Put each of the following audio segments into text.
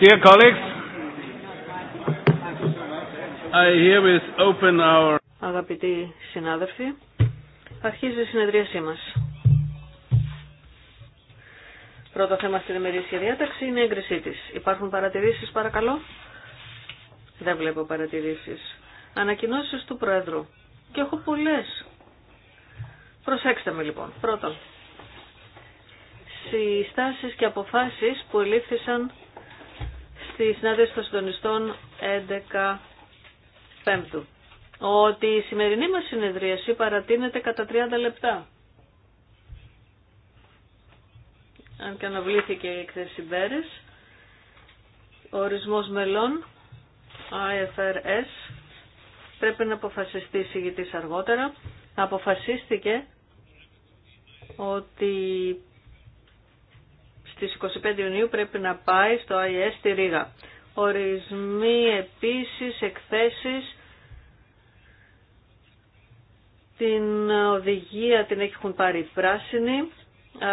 Dear colleagues, open Αγαπητοί συνάδελφοι, αρχίζει η συνεδρίασή μας. Πρώτο θέμα στην ημερήσια διάταξη είναι η έγκρισή της. Υπάρχουν παρατηρήσεις παρακαλώ. Δεν βλέπω παρατηρήσεις. Ανακοινώσεις του Πρόεδρου. Και έχω πολλέ. Προσέξτε με λοιπόν. Πρώτον, συστάσεις και αποφάσεις που ελήφθησαν στη συνάντηση των συντονιστών 11 Πέμπτου ότι η σημερινή μας συνεδρίαση παρατείνεται κατά 30 λεπτά. Αν και αναβλήθηκε η εκθέση Μπέρες, ορισμός μελών, IFRS, πρέπει να αποφασιστεί συγητής αργότερα. Αποφασίστηκε ότι στις 25 Ιουνίου πρέπει να πάει στο ΑΕΣ στη Ρήγα. Ορισμοί επίσης εκθέσεις την οδηγία την έχουν πάρει πράσινη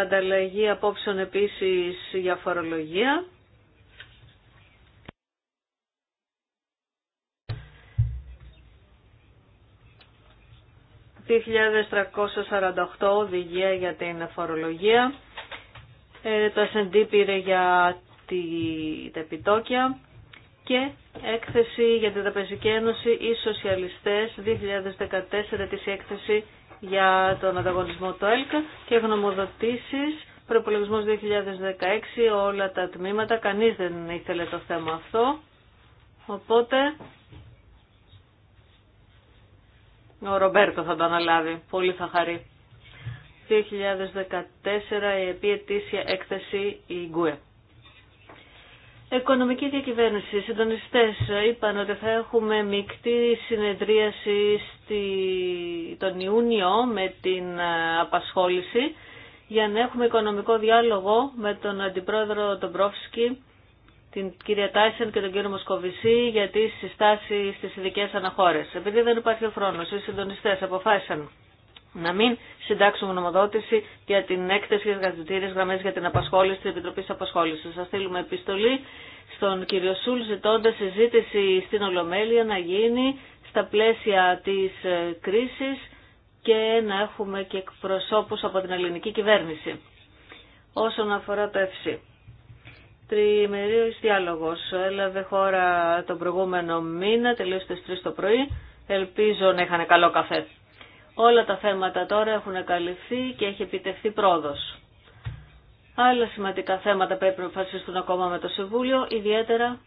ανταλλαγή απόψεων επίσης για φορολογία. ...2348 οδηγία για την φορολογία... Ε, το S&D πήρε για τη, τα επιτόκια και έκθεση για την Τραπεζική Ένωση ή Σοσιαλιστές 2014 της έκθεση για τον ανταγωνισμό του ΕΛΚΑ και γνωμοδοτήσεις προπολογισμός 2016 όλα τα τμήματα κανείς δεν ήθελε το θέμα αυτό οπότε ο Ρομπέρτο θα το αναλάβει πολύ θα χαρεί 2014 η επιετήσια έκθεση η ΓΚΟΕ. Οικονομική διακυβέρνηση. Οι συντονιστέ είπαν ότι θα έχουμε μεικτή συνεδρίαση στη... τον Ιούνιο με την ε, απασχόληση για να έχουμε οικονομικό διάλογο με τον Αντιπρόεδρο Τομπρόφσκι, την κυρία Τάισεν και τον κύριο Μοσκοβισή για τι συστάσει στι ειδικέ αναχώρε. Επειδή δεν υπάρχει ο χρόνο, οι συντονιστέ αποφάσισαν να μην συντάξουμε γνωμοδότηση για την έκθεση για γραμμές γραμμέ για την απασχόληση τη Επιτροπή Απασχόληση. Σα στείλουμε επιστολή στον κύριο Σούλ ζητώντα συζήτηση στην Ολομέλεια να γίνει στα πλαίσια τη ε, κρίση και να έχουμε και εκπροσώπου από την ελληνική κυβέρνηση. Όσον αφορά το ΕΦΣΥ. Τριμερίος διάλογος έλαβε χώρα τον προηγούμενο μήνα, τελείωσε στις 3 το πρωί. Ελπίζω να είχαν καλό καφέ. Όλα τα θέματα τώρα έχουν καλυφθεί και έχει επιτευχθεί πρόοδος. Άλλα σημαντικά θέματα πρέπει να αποφασιστούν ακόμα με το Συμβούλιο, ιδιαίτερα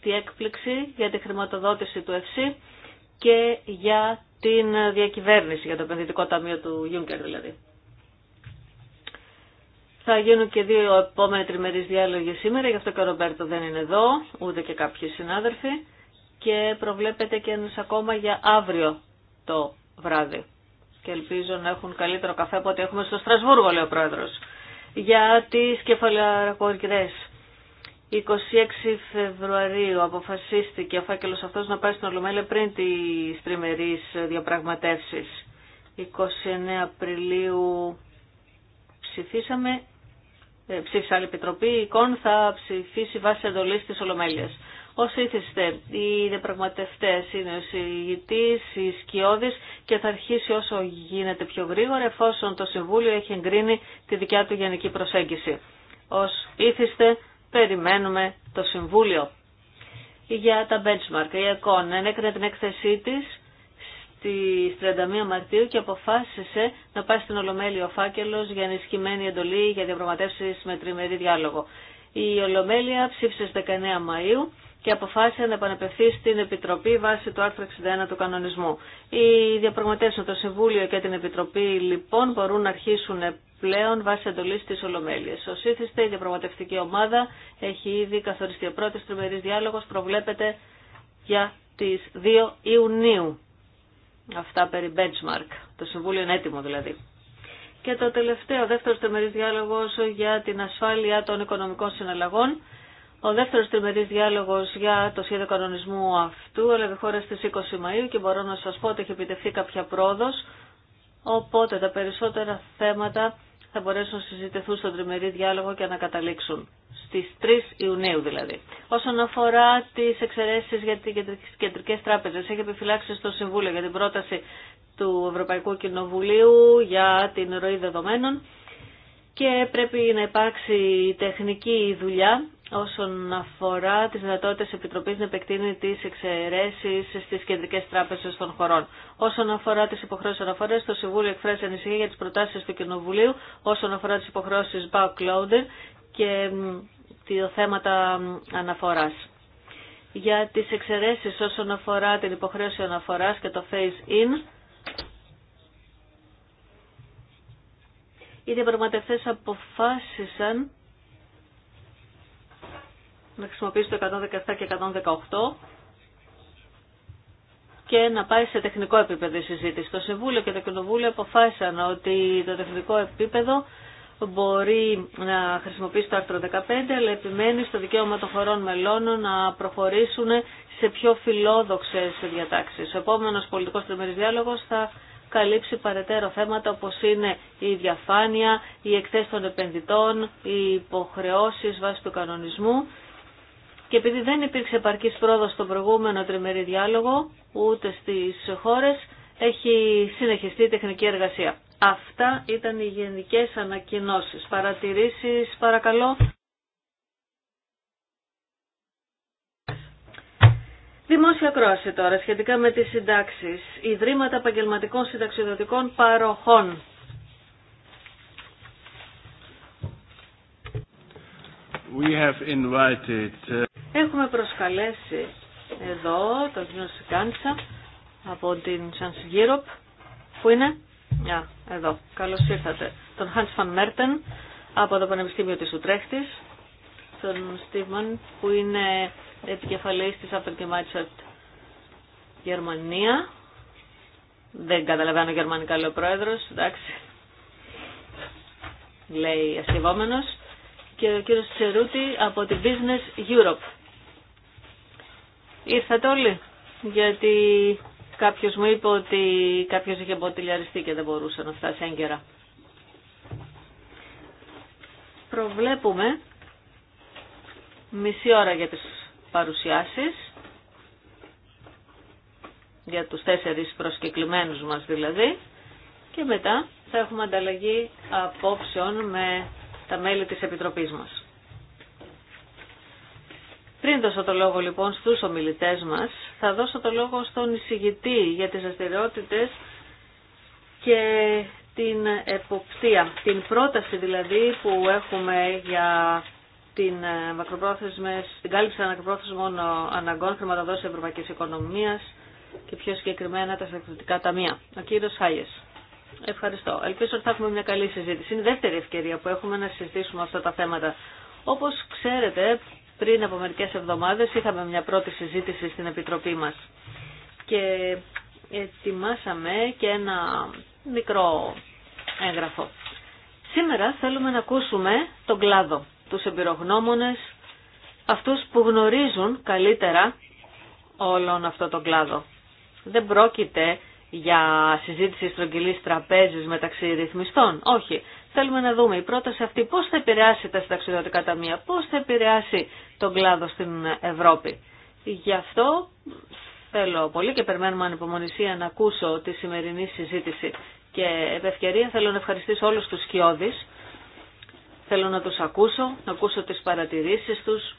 τη έκπληξη για τη χρηματοδότηση του ΕΦΣΥ και για την διακυβέρνηση, για το επενδυτικό ταμείο του Juncker δηλαδή. Θα γίνουν και δύο επόμενοι τριμερείς διάλογοι σήμερα, γι' αυτό και ο Ρομπέρτο δεν είναι εδώ, ούτε και κάποιοι συνάδελφοι. Και προβλέπεται και ένας ακόμα για αύριο το βράδυ. Και ελπίζω να έχουν καλύτερο καφέ από ό,τι έχουμε στο Στρασβούργο, λέει ο πρόεδρο. Για τι κεφαλαρακορκιδές. 26 Φεβρουαρίου αποφασίστηκε ο φάκελο αυτός να πάει στην Ολομέλεια πριν τι τριμερεί διαπραγματεύσεις. 29 Απριλίου ψηφίσαμε, ε, άλλη επιτροπή, η ΚΟΝ θα ψηφίσει βάσει εντολή τη Ολομέλειας. Ω ήθιστε, οι διαπραγματευτές είναι ο συγητής, οι σκιώδης και θα αρχίσει όσο γίνεται πιο γρήγορα εφόσον το Συμβούλιο έχει εγκρίνει τη δικιά του γενική προσέγγιση. Ως ήθιστε, περιμένουμε το Συμβούλιο. Για τα benchmark, η ΕΚΟΝ έκανε την έκθεσή της στις 31 Μαρτίου και αποφάσισε να πάει στην Ολομέλεια ο φάκελος για ενισχυμένη εντολή για διαπραγματεύσεις με τριμερή διάλογο. Η Ολομέλεια ψήφισε στις 19 Μαΐου και αποφάσισε να επανεπευθεί στην Επιτροπή βάσει του άρθρου 61 του κανονισμού. Οι διαπραγματεύσει με το Συμβούλιο και την Επιτροπή λοιπόν μπορούν να αρχίσουν πλέον βάσει εντολή τη Ολομέλεια. Ω ήθιστε, η διαπραγματευτική ομάδα έχει ήδη καθοριστεί. Ο πρώτο τριμερή διάλογο προβλέπεται για τι 2 Ιουνίου. Αυτά περί benchmark. Το Συμβούλιο είναι έτοιμο δηλαδή. Και το τελευταίο, δεύτερο τριμερή διάλογο για την ασφάλεια των οικονομικών συναλλαγών ο δεύτερο τριμερή διάλογο για το σχέδιο κανονισμού αυτού έλαβε χώρα στι 20 Μαου και μπορώ να σα πω ότι έχει επιτευχθεί κάποια πρόοδο, οπότε τα περισσότερα θέματα θα μπορέσουν να συζητηθούν στον τριμερή διάλογο και να καταλήξουν. στι 3 Ιουνίου δηλαδή. Όσον αφορά τι εξαιρέσει για τι κεντρικέ τράπεζε, έχει επιφυλάξει στο Συμβούλιο για την πρόταση του Ευρωπαϊκού Κοινοβουλίου για την ροή δεδομένων και πρέπει να υπάρξει τεχνική δουλειά όσον αφορά τις δυνατότητες Επιτροπής να επεκτείνει τις εξαιρέσεις στις κεντρικές τράπεζες των χωρών. Όσον αφορά τις υποχρεώσεις αναφορές, το Συμβούλιο εκφράζει ανησυχία για τις προτάσεις του Κοινοβουλίου όσον αφορά τις υποχρεώσεις Backloader και τα θέματα αναφοράς. Για τις εξαιρέσεις όσον αφορά την υποχρέωση αναφοράς και το phase-in, οι διαπραγματευτές αποφάσισαν να χρησιμοποιήσει το 117 και 118 και να πάει σε τεχνικό επίπεδο η συζήτηση. Το Συμβούλιο και το Κοινοβούλιο αποφάσισαν ότι το τεχνικό επίπεδο μπορεί να χρησιμοποιήσει το άρθρο 15, αλλά επιμένει στο δικαίωμα των χωρών μελών να προχωρήσουν σε πιο φιλόδοξες διατάξεις. Ο επόμενο πολιτικό τριμερή διάλογο θα καλύψει παρετέρω θέματα όπως είναι η διαφάνεια, οι εκθέσεις των επενδυτών, οι υποχρεώσεις βάσει του κανονισμού και επειδή δεν υπήρξε επαρκής πρόοδος στον προηγούμενο τριμερή διάλογο, ούτε στις χώρες, έχει συνεχιστεί η τεχνική εργασία. Αυτά ήταν οι γενικές ανακοινώσεις. Παρατηρήσεις, παρακαλώ. Δημόσια κρόση τώρα σχετικά με τις συντάξεις. Ιδρύματα επαγγελματικών συνταξιδοτικών παροχών. We have uh, Έχουμε προσκαλέσει εδώ τον κύριο Σικάντσα από την Chance Europe. Πού είναι? Ναι, εδώ. Καλώς ήρθατε. Τον Hans Μέρτεν από το Πανεπιστήμιο της Ουτρέχτης. Τον Στίβμαν που είναι επικεφαλής της Aftergemeinschaft Γερμανία. Δεν καταλαβαίνω γερμανικά λέει ο πρόεδρος. Εντάξει. Λέει και ο κύριος Τσερούτη από την Business Europe. Ήρθατε όλοι, γιατί κάποιος μου είπε ότι κάποιος είχε μποτιλιαριστεί και δεν μπορούσε να φτάσει έγκαιρα. Προβλέπουμε μισή ώρα για τις παρουσιάσεις, για τους τέσσερις προσκεκλημένους μας δηλαδή, και μετά θα έχουμε ανταλλαγή απόψεων με τα μέλη της Επιτροπής μας. Πριν δώσω το λόγο λοιπόν στους ομιλητές μας, θα δώσω το λόγο στον εισηγητή για τις δραστηριότητε και την εποπτεία. Την πρόταση δηλαδή που έχουμε για την, ε, την κάλυψη ανακροπρόθεσμων ε, αναγκών χρηματοδότηση ευρωπαϊκής οικονομίας και πιο συγκεκριμένα τα στρατιωτικά ταμεία. Ο κύριος Χάγες. Ευχαριστώ. Ελπίζω ότι θα έχουμε μια καλή συζήτηση. Είναι η δεύτερη ευκαιρία που έχουμε να συζητήσουμε αυτά τα θέματα. Όπως ξέρετε, πριν από μερικές εβδομάδες είχαμε μια πρώτη συζήτηση στην Επιτροπή μας και ετοιμάσαμε και ένα μικρό έγγραφο. Σήμερα θέλουμε να ακούσουμε τον κλάδο, τους εμπειρογνώμονες, αυτούς που γνωρίζουν καλύτερα όλον αυτό τον κλάδο. Δεν πρόκειται για συζήτηση στρογγυλή τραπέζης μεταξύ ρυθμιστών. Όχι. Θέλουμε να δούμε η πρόταση αυτή πώς θα επηρεάσει τα συνταξιδωτικά ταμεία, πώς θα επηρεάσει τον κλάδο στην Ευρώπη. Γι' αυτό θέλω πολύ και περιμένουμε ανυπομονησία να ακούσω τη σημερινή συζήτηση. Και επ' ευκαιρία θέλω να ευχαριστήσω όλους τους σκιώδεις. Θέλω να τους ακούσω, να ακούσω τις παρατηρήσεις τους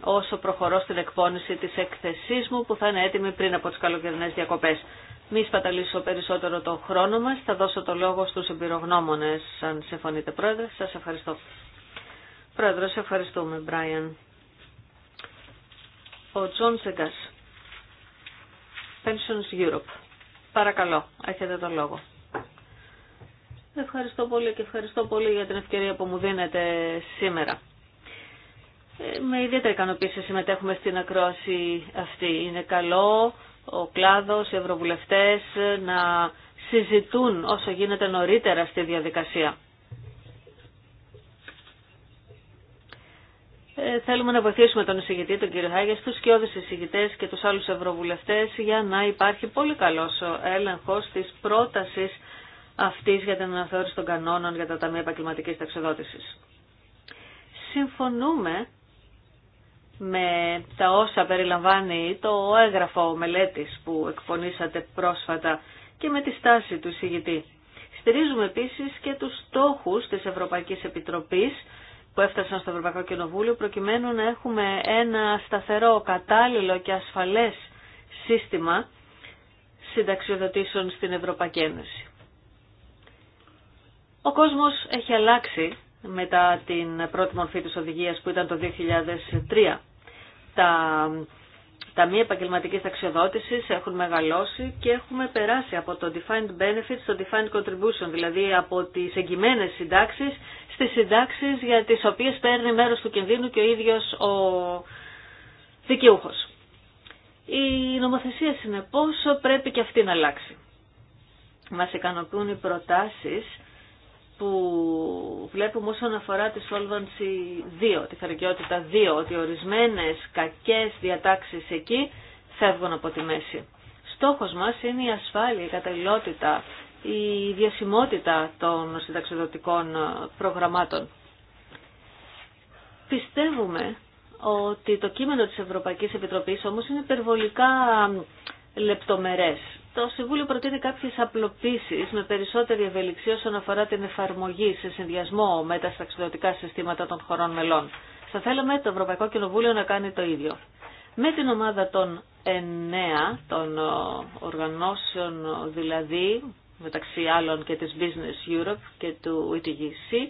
όσο προχωρώ στην εκπόνηση της εκθεσής μου που θα είναι έτοιμη πριν από τις καλοκαιρινές διακοπές μη σπαταλήσω περισσότερο το χρόνο μας. Θα δώσω το λόγο στους εμπειρογνώμονες, αν συμφωνείτε πρόεδρε. Σας ευχαριστώ. Πρόεδρο, σε ευχαριστούμε, Μπράιαν. Ο Τζον Σεγκάς, Pensions Europe. Παρακαλώ, έχετε το λόγο. Ευχαριστώ πολύ και ευχαριστώ πολύ για την ευκαιρία που μου δίνετε σήμερα. Ε, με ιδιαίτερη ικανοποίηση συμμετέχουμε στην ακρόαση αυτή. Είναι καλό ο κλάδος, οι ευρωβουλευτές να συζητούν όσο γίνεται νωρίτερα στη διαδικασία. Ε, θέλουμε να βοηθήσουμε τον εισηγητή, τον κύριο Χάγια, τους σκιώδεις εισηγητές και τους άλλους ευρωβουλευτές για να υπάρχει πολύ καλός ο έλεγχος της πρότασης αυτής για την αναθεώρηση των κανόνων για τα Ταμεία Επαγγελματικής Ταξιδότησης. Συμφωνούμε με τα όσα περιλαμβάνει το έγγραφο μελέτης που εκπονήσατε πρόσφατα και με τη στάση του εισηγητή. Στηρίζουμε επίσης και τους στόχους της Ευρωπαϊκής Επιτροπής που έφτασαν στο Ευρωπαϊκό Κοινοβούλιο προκειμένου να έχουμε ένα σταθερό, κατάλληλο και ασφαλές σύστημα συνταξιοδοτήσεων στην Ευρωπαϊκή Ένωση. Ο κόσμος έχει αλλάξει μετά την πρώτη μορφή της οδηγίας που ήταν το 2003. Τα ταμεία μη επαγγελματική έχουν μεγαλώσει και έχουμε περάσει από το defined benefit στο defined contribution, δηλαδή από τις εγκυμένες συντάξεις στις συντάξεις για τις οποίες παίρνει μέρος του κινδύνου και ο ίδιος ο δικαιούχος. Η νομοθεσία συνεπώς, πρέπει και αυτή να αλλάξει. Μας ικανοποιούν οι προτάσει που βλέπουμε όσον αφορά τη Solvency 2, τη χαρικιότητα 2, ότι ορισμένες κακές διατάξεις εκεί φεύγουν από τη μέση. Στόχος μας είναι η ασφάλεια, η καταλληλότητα, η διασημότητα των συνταξιδοτικών προγραμμάτων. Πιστεύουμε ότι το κείμενο της Ευρωπαϊκής Επιτροπής όμως είναι υπερβολικά λεπτομερές το Συμβούλιο προτείνει κάποιε απλοποίησει με περισσότερη ευελιξία όσον αφορά την εφαρμογή σε συνδυασμό με τα σταξιδωτικά συστήματα των χωρών μελών. Θα θέλαμε το Ευρωπαϊκό Κοινοβούλιο να κάνει το ίδιο. Με την ομάδα των 9, των ε, οργανώσεων δηλαδή, μεταξύ άλλων και της Business Europe και του ETGC,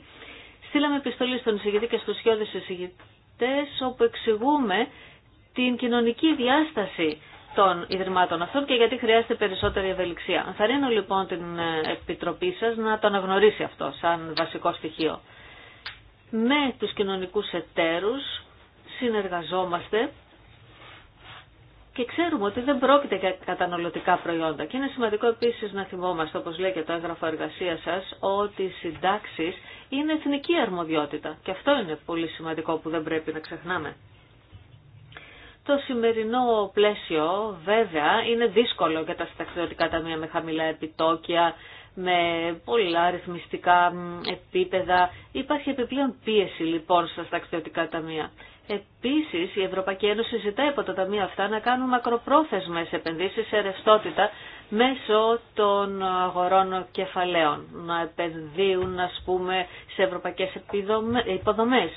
στείλαμε επιστολή στον εισηγητή και στους χιώδες εισηγητές όπου εξηγούμε την κοινωνική διάσταση των Ιδρυμάτων αυτών και γιατί χρειάζεται περισσότερη ευελιξία. ρίνω λοιπόν την ε, Επιτροπή σας να το αναγνωρίσει αυτό σαν βασικό στοιχείο. Με τους κοινωνικούς εταίρους συνεργαζόμαστε και ξέρουμε ότι δεν πρόκειται για κατανολωτικά προϊόντα. Και είναι σημαντικό επίσης να θυμόμαστε, όπως λέει και το έγγραφο εργασία σας, ότι οι συντάξει είναι εθνική αρμοδιότητα. Και αυτό είναι πολύ σημαντικό που δεν πρέπει να ξεχνάμε. Το σημερινό πλαίσιο βέβαια είναι δύσκολο για τα συνταξιδοτικά ταμεία με χαμηλά επιτόκια, με πολλά αριθμιστικά επίπεδα. Υπάρχει επιπλέον πίεση λοιπόν στα συνταξιδοτικά ταμεία. Επίσης η Ευρωπαϊκή Ένωση ζητάει από τα ταμεία αυτά να κάνουν μακροπρόθεσμες επενδύσεις σε ρευστότητα μέσω των αγορών κεφαλαίων. Να επενδύουν ας πούμε σε ευρωπαϊκές υποδομές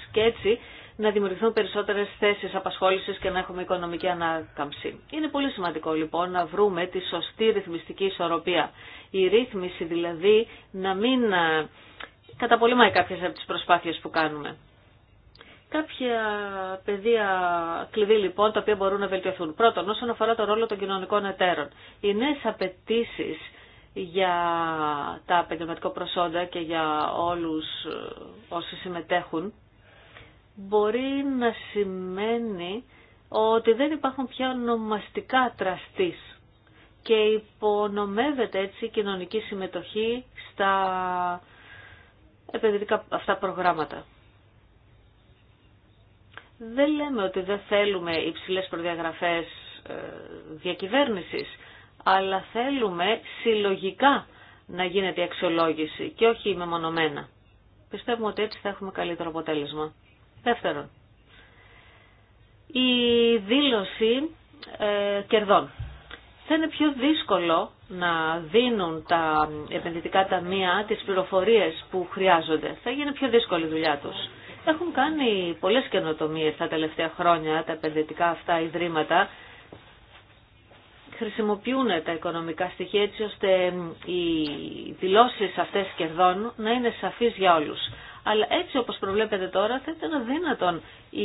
να δημιουργηθούν περισσότερε θέσει απασχόληση και να έχουμε οικονομική ανάκαμψη. Είναι πολύ σημαντικό λοιπόν να βρούμε τη σωστή ρυθμιστική ισορροπία. Η ρύθμιση δηλαδή να μην ε, καταπολεμάει κάποιε από τι προσπάθειε που κάνουμε. Κάποια πεδία κλειδί λοιπόν τα οποία μπορούν να βελτιωθούν. Πρώτον, όσον αφορά το ρόλο των κοινωνικών εταίρων. Οι νέε απαιτήσει για τα επαγγελματικό προσόντα και για όλους ε, όσοι συμμετέχουν μπορεί να σημαίνει ότι δεν υπάρχουν πια ονομαστικά τραστής και υπονομεύεται έτσι η κοινωνική συμμετοχή στα επενδυτικά αυτά προγράμματα. Δεν λέμε ότι δεν θέλουμε υψηλές προδιαγραφές ε, διακυβέρνησης, αλλά θέλουμε συλλογικά να γίνεται η αξιολόγηση και όχι μεμονωμένα. Πιστεύουμε ότι έτσι θα έχουμε καλύτερο αποτέλεσμα. Δεύτερον, η δήλωση ε, κερδών. Θα είναι πιο δύσκολο να δίνουν τα επενδυτικά ταμεία τις πληροφορίες που χρειάζονται. Θα γίνει πιο δύσκολη η δουλειά τους. Έχουν κάνει πολλές καινοτομίες τα τελευταία χρόνια τα επενδυτικά αυτά ιδρύματα. Χρησιμοποιούν τα οικονομικά στοιχεία έτσι ώστε οι δηλώσεις αυτές κερδών να είναι σαφείς για όλους. Αλλά έτσι όπως προβλέπετε τώρα θα ήταν αδύνατον οι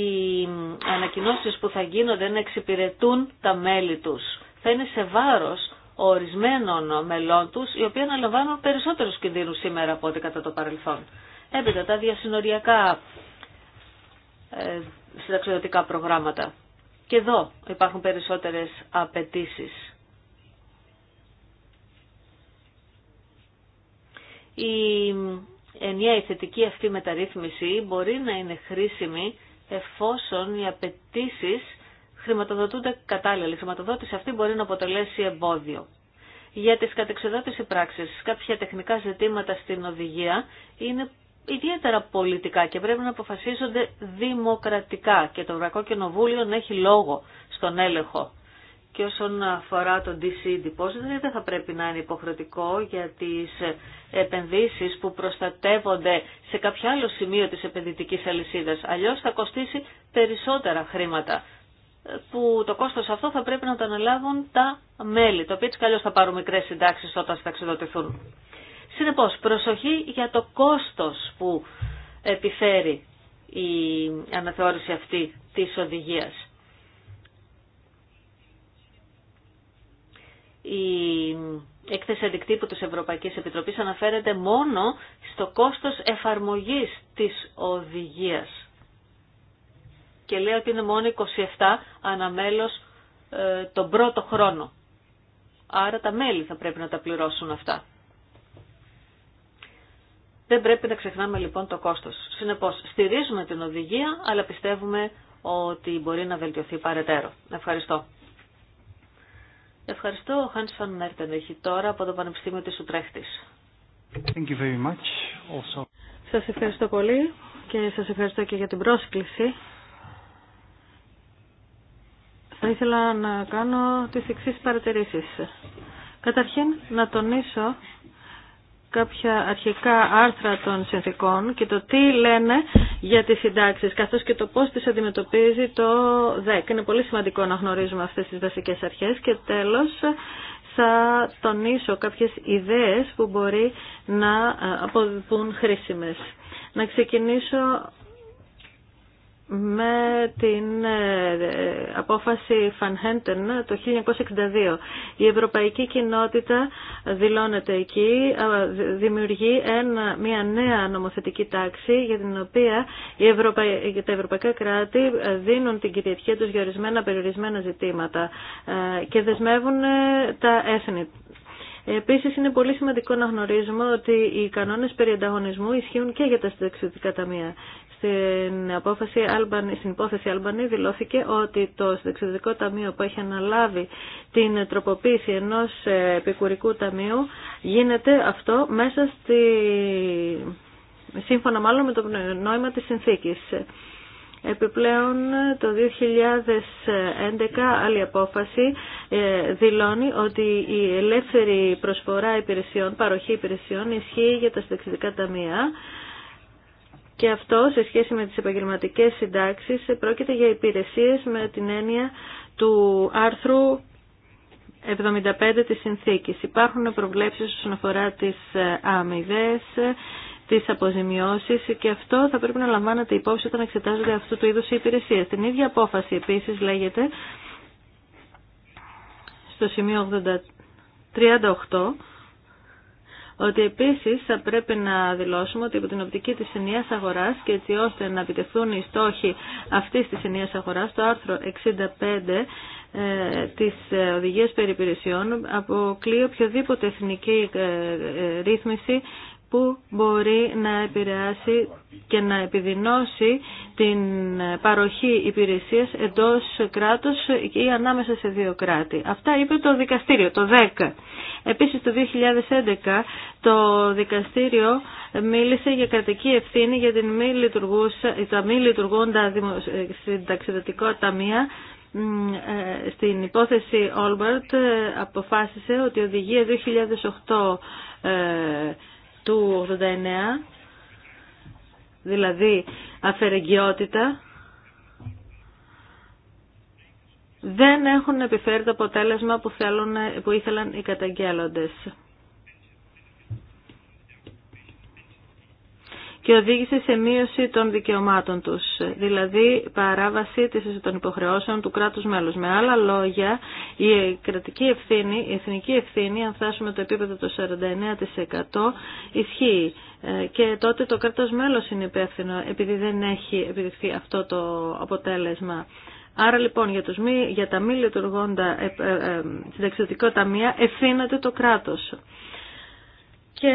ανακοινώσεις που θα γίνονται να εξυπηρετούν τα μέλη τους. Θα είναι σε βάρος ορισμένων μελών τους, οι οποίοι αναλαμβάνουν περισσότερους κινδύνους σήμερα από ό,τι κατά το παρελθόν. Έπειτα τα διασυνοριακά ε, συνταξιδοτικά προγράμματα. Και εδώ υπάρχουν περισσότερες απαιτήσει. ή ενιαία η θετική αυτή μεταρρύθμιση μπορεί να είναι χρήσιμη εφόσον οι απαιτήσει χρηματοδοτούνται κατάλληλα. Η χρηματοδότηση αυτή μπορεί να αποτελέσει εμπόδιο. Για τις κατεξοδότηση πράξεις, κάποια τεχνικά ζητήματα στην οδηγία είναι ιδιαίτερα πολιτικά και πρέπει να αποφασίζονται δημοκρατικά και το Ευρωπαϊκό Κοινοβούλιο να έχει λόγο στον έλεγχο και όσον αφορά το DC deposit, δεν θα πρέπει να είναι υποχρεωτικό για τις επενδύσεις που προστατεύονται σε κάποιο άλλο σημείο της επενδυτικής αλυσίδας. Αλλιώς θα κοστίσει περισσότερα χρήματα που το κόστος αυτό θα πρέπει να το αναλάβουν τα μέλη, το οποίο έτσι καλώς θα πάρουν μικρές συντάξεις όταν ταξιδοτηθούν. Συνεπώς, προσοχή για το κόστος που επιφέρει η αναθεώρηση αυτή της οδηγίας. η έκθεση αντικτύπου της Ευρωπαϊκής Επιτροπής αναφέρεται μόνο στο κόστος εφαρμογής της οδηγίας. Και λέει ότι είναι μόνο 27 αναμέλος ε, τον πρώτο χρόνο. Άρα τα μέλη θα πρέπει να τα πληρώσουν αυτά. Δεν πρέπει να ξεχνάμε λοιπόν το κόστος. Συνεπώς, στηρίζουμε την οδηγία, αλλά πιστεύουμε ότι μπορεί να βελτιωθεί παρετέρω. Ευχαριστώ. Ευχαριστώ. Ο Χάνς Φαν Μέρτεν έχει τώρα από το Πανεπιστήμιο της Ουτρέχτης. Thank Also... Σας ευχαριστώ πολύ και σας ευχαριστώ και για την πρόσκληση. Θα ήθελα να κάνω τις εξής παρατηρήσεις. Καταρχήν να τονίσω κάποια αρχικά άρθρα των συνθήκων και το τι λένε για τις συντάξεις, καθώς και το πώς τις αντιμετωπίζει το ΔΕΚ. Είναι πολύ σημαντικό να γνωρίζουμε αυτές τις βασικές αρχές και τέλος θα τονίσω κάποιες ιδέες που μπορεί να ε, αποδειπούν χρήσιμες. Να ξεκινήσω με την ε, ε, απόφαση Φανχέντεν το 1962. Η ευρωπαϊκή κοινότητα δηλώνεται εκεί δημιουργεί ένα, μια νέα νομοθετική τάξη για την οποία οι τα ευρωπαϊκά κράτη ε, δίνουν την κυριαρχία τους για ορισμένα περιορισμένα ζητήματα ε, και δεσμεύουν ε, τα έθνη. Επίση, είναι πολύ σημαντικό να γνωρίζουμε ότι οι κανόνες περί ανταγωνισμού ισχύουν και για τα συνταξιδικά ταμεία στην, απόφαση στην υπόθεση Αλμπανή δηλώθηκε ότι το συνταξιδικό ταμείο που έχει αναλάβει την τροποποίηση ενός ε, επικουρικού ταμείου γίνεται αυτό μέσα στη, σύμφωνα μάλλον με το νόημα της συνθήκης. Επιπλέον το 2011 άλλη απόφαση ε, δηλώνει ότι η ελεύθερη προσφορά υπηρεσιών, παροχή υπηρεσιών ισχύει για τα συνταξιδικά ταμεία και αυτό σε σχέση με τις επαγγελματικές συντάξεις πρόκειται για υπηρεσίες με την έννοια του άρθρου 75 της συνθήκης. Υπάρχουν προβλέψεις όσον αφορά τις άμοιβες, ε, τις αποζημιώσεις και αυτό θα πρέπει να λαμβάνεται υπόψη όταν εξετάζονται αυτού του είδους οι υπηρεσίες. Την ίδια απόφαση επίσης λέγεται στο σημείο 38 ότι επίση θα πρέπει να δηλώσουμε ότι από την οπτική της ενιαία αγοράς και έτσι ώστε να επιτεθούν οι στόχοι αυτής της ενιαία αγοράς, το άρθρο 65 ε, της ε, οδηγίας περιπηρεσιών αποκλεί οποιοδήποτε εθνική ε, ρύθμιση που μπορεί να επηρεάσει και να επιδεινώσει την παροχή υπηρεσίας εντός κράτους ή ανάμεσα σε δύο κράτη. Αυτά είπε το δικαστήριο, το 10. Επίσης το 2011 το δικαστήριο μίλησε για κρατική ευθύνη για την μη τα μη λειτουργούντα συνταξιδοτικό ταμεία ε, στην υπόθεση Όλμπαρτ ε, αποφάσισε ότι η οδηγία 2008 του 89, δηλαδή αφαιρεγγιότητα, δεν έχουν επιφέρει το αποτέλεσμα που, θέλουν, που ήθελαν οι καταγγέλλοντες. και οδήγησε σε μείωση των δικαιωμάτων τους, δηλαδή παράβαση των υποχρεώσεων του κράτους μέλους. Με άλλα λόγια, η κρατική ευθύνη, η εθνική ευθύνη, αν φτάσουμε το επίπεδο το 49% ισχύει ε, και τότε το κράτος μέλος είναι υπεύθυνο επειδή δεν έχει επιδειχθεί αυτό το αποτέλεσμα. Άρα λοιπόν για, τους για τα μη λειτουργώντα ε, ε, ε ταμεία ευθύνεται το κράτος. Και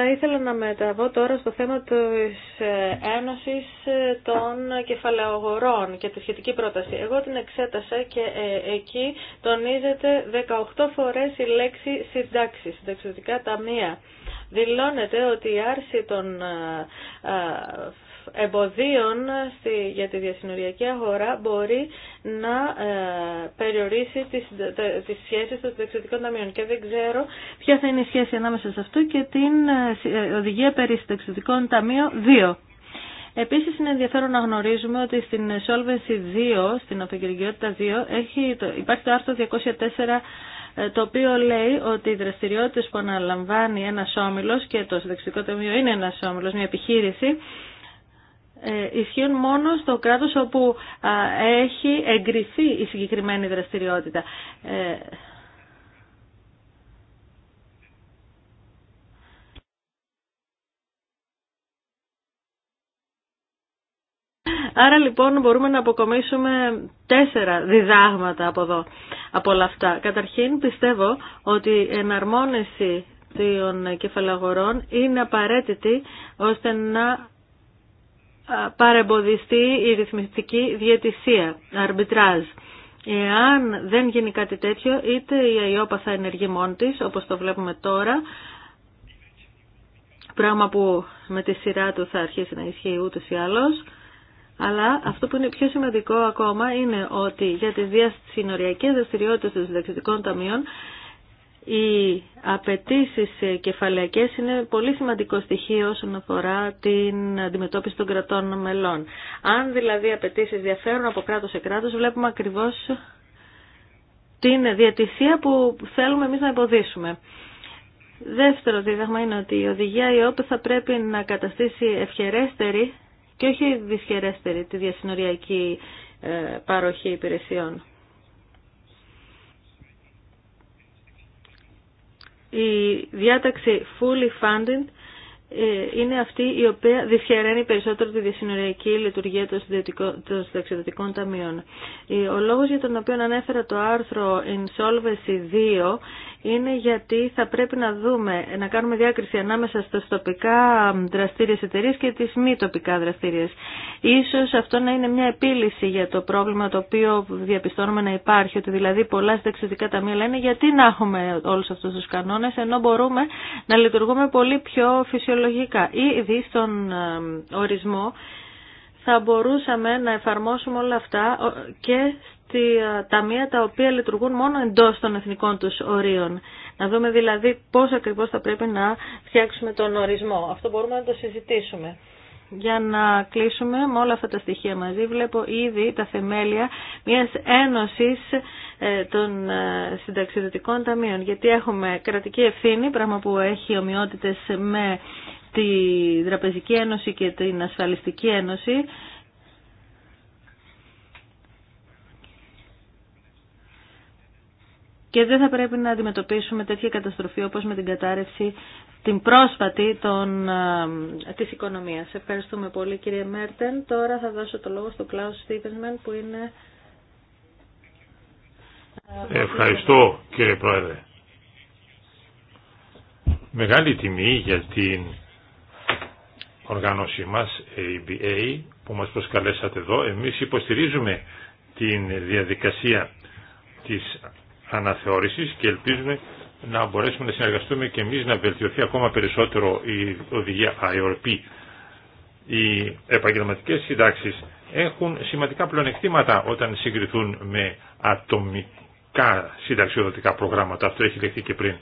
θα ήθελα να μεταβώ τώρα στο θέμα της ε, Ένωσης ε, των Κεφαλαιογορών και τη σχετική πρόταση. Εγώ την εξέτασα και ε, εκεί τονίζεται 18 φορές η λέξη συντάξει, συνταξιωτικά ταμεία. Δηλώνεται ότι η άρση των εμποδίων στη, για τη διασυνοριακή αγορά μπορεί να ε, περιορίσει τις, τε, τις σχέσεις των συνταξιωτικών ταμείων. Και δεν ξέρω ποια θα είναι η σχέση ανάμεσα σε αυτό και την ε, ε, οδηγία περί συνταξιωτικών ταμείων 2. Επίσης είναι ενδιαφέρον να γνωρίζουμε ότι στην Solvency 2, στην Αυτοκυριακότητα 2, έχει, υπάρχει το άρθρο 204 το οποίο λέει ότι οι δραστηριότητες που αναλαμβάνει ένας όμιλος και το συνταξιδικό ταμείο είναι ένας όμιλος, μια επιχείρηση, ε, ισχύουν μόνο στο κράτος όπου έχει εγκριθεί η συγκεκριμένη δραστηριότητα. Ε, Άρα λοιπόν μπορούμε να αποκομίσουμε τέσσερα διδάγματα από από όλα αυτά. Καταρχήν πιστεύω ότι η εναρμόνιση των κεφαλαγορών είναι απαραίτητη ώστε να παρεμποδιστεί η ρυθμιστική διαιτησία, αρμπιτράζ. Εάν δεν γίνει κάτι τέτοιο, είτε η ΑΙΟΠΑ θα ενεργεί μόνη τη, όπως το βλέπουμε τώρα, πράγμα που με τη σειρά του θα αρχίσει να ισχύει ούτως ή άλλως, αλλά αυτό που είναι πιο σημαντικό ακόμα είναι ότι για τις διασυνοριακές δραστηριότητες των συνταξιδικών ταμείων οι απαιτήσει κεφαλαϊκές είναι πολύ σημαντικό στοιχείο όσον αφορά την αντιμετώπιση των κρατών μελών. Αν δηλαδή οι απαιτήσει διαφέρουν από κράτος σε κράτος, βλέπουμε ακριβώς την διατησία που θέλουμε εμείς να εμποδίσουμε. Δεύτερο δίδαγμα είναι ότι η οδηγία η θα πρέπει να καταστήσει ευχερέστερη και όχι δυσχερέστερη τη διασυνοριακή ε, παροχή υπηρεσιών. η διάταξη fully funded ε, είναι αυτή η οποία δυσχεραίνει περισσότερο τη διασυνοριακή λειτουργία των συνταξιδοτικών ταμείων. Ε, ο λόγος για τον οποίο ανέφερα το άρθρο Insolvency 2 είναι γιατί θα πρέπει να δούμε, να κάνουμε διάκριση ανάμεσα στις τοπικά δραστήριες εταιρείε και τις μη τοπικά δραστήριες. Ίσως αυτό να είναι μια επίλυση για το πρόβλημα το οποίο διαπιστώνουμε να υπάρχει, ότι δηλαδή πολλά συνταξιδοτικά ταμεία λένε γιατί να έχουμε όλους αυτούς τους κανόνες, ενώ μπορούμε να λειτουργούμε πολύ πιο φυσιολογικά Ήδη στον ε, ορισμό θα μπορούσαμε να εφαρμόσουμε όλα αυτά και στη ε, ταμεία τα οποία λειτουργούν μόνο εντός των εθνικών τους ορίων. Να δούμε δηλαδή πώς ακριβώς θα πρέπει να φτιάξουμε τον ορισμό. Αυτό μπορούμε να το συζητήσουμε. Για να κλείσουμε με όλα αυτά τα στοιχεία μαζί βλέπω ήδη τα θεμέλια μιας ένωσης ε, των συνταξιδοτικών ταμείων γιατί έχουμε κρατική ευθύνη, πράγμα που έχει ομοιότητες με τη Δραπεζική Ένωση και την Ασφαλιστική Ένωση και δεν θα πρέπει να αντιμετωπίσουμε τέτοια καταστροφή όπως με την κατάρρευση την πρόσφατη των, της οικονομίας. Ευχαριστούμε πολύ κύριε Μέρτεν. Τώρα θα δώσω το λόγο στον Κλάου Στίβενμεν που είναι... Ευχαριστώ κύριε Πρόεδρε. Μεγάλη τιμή για την οργάνωσή μας, ABA, που μας προσκαλέσατε εδώ. Εμείς υποστηρίζουμε την διαδικασία της αναθεώρησης και ελπίζουμε να μπορέσουμε να συνεργαστούμε και εμείς να βελτιωθεί ακόμα περισσότερο η οδηγία IORP. Οι επαγγελματικές συντάξεις έχουν σημαντικά πλεονεκτήματα όταν συγκριθούν με ατομικά συνταξιοδοτικά προγράμματα. Αυτό έχει λεχθεί και πριν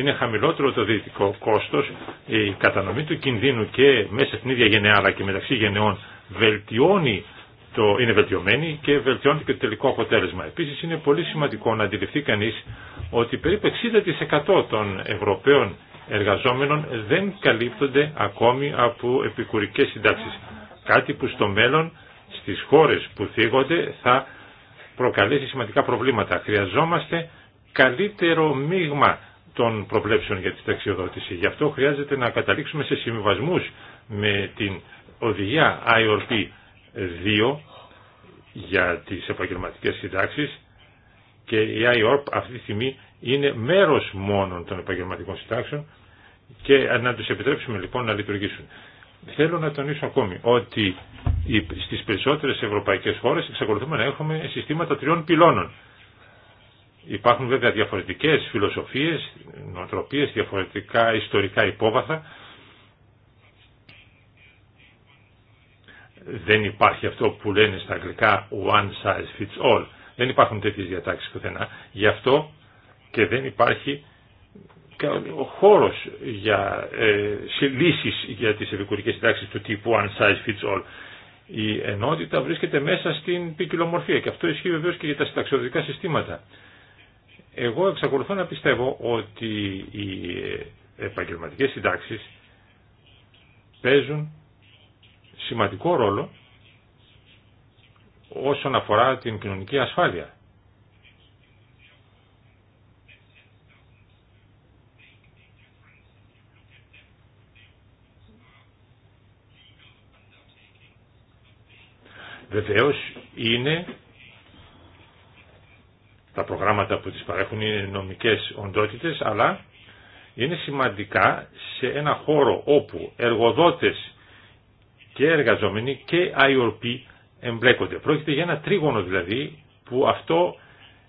είναι χαμηλότερο το δυτικό κόστος, η κατανομή του κινδύνου και μέσα στην ίδια γενεά αλλά και μεταξύ γενεών βελτιώνει το, είναι βελτιωμένη και βελτιώνει και το τελικό αποτέλεσμα. Επίσης είναι πολύ σημαντικό να αντιληφθεί κανείς ότι περίπου 60% των Ευρωπαίων εργαζόμενων δεν καλύπτονται ακόμη από επικουρικές συντάξεις. Κάτι που στο μέλλον στις χώρες που θίγονται θα προκαλέσει σημαντικά προβλήματα. Χρειαζόμαστε καλύτερο μείγμα των προβλέψεων για τη ταξιοδότηση. Γι' αυτό χρειάζεται να καταλήξουμε σε συμβιβασμούς με την οδηγία IORP 2 για τις επαγγελματικές συντάξεις και η IORP αυτή τη στιγμή είναι μέρος μόνο των επαγγελματικών συντάξεων και να τους επιτρέψουμε λοιπόν να λειτουργήσουν. Θέλω να τονίσω ακόμη ότι στις περισσότερες ευρωπαϊκές χώρες εξακολουθούμε να έχουμε συστήματα τριών πυλώνων. Υπάρχουν βέβαια διαφορετικές φιλοσοφίες, νοοτροπίες, διαφορετικά ιστορικά υπόβαθα. Δεν υπάρχει αυτό που λένε στα αγγλικά one size fits all. Δεν υπάρχουν τέτοιες διατάξεις πουθενά. Γι' αυτό και δεν υπάρχει ο χώρος για ε, λύσεις για τις ευικουρικές συντάξεις του τύπου one size fits all. Η ενότητα βρίσκεται μέσα στην ποικιλομορφία και αυτό ισχύει βεβαίως και για τα συνταξιοδοτικά συστήματα. Εγώ εξακολουθώ να πιστεύω ότι οι επαγγελματικές συντάξεις παίζουν σημαντικό ρόλο όσον αφορά την κοινωνική ασφάλεια. Βεβαίως είναι τα προγράμματα που τις παρέχουν είναι νομικές οντότητες, αλλά είναι σημαντικά σε ένα χώρο όπου εργοδότες και εργαζόμενοι και IOP εμπλέκονται. Πρόκειται για ένα τρίγωνο δηλαδή που αυτό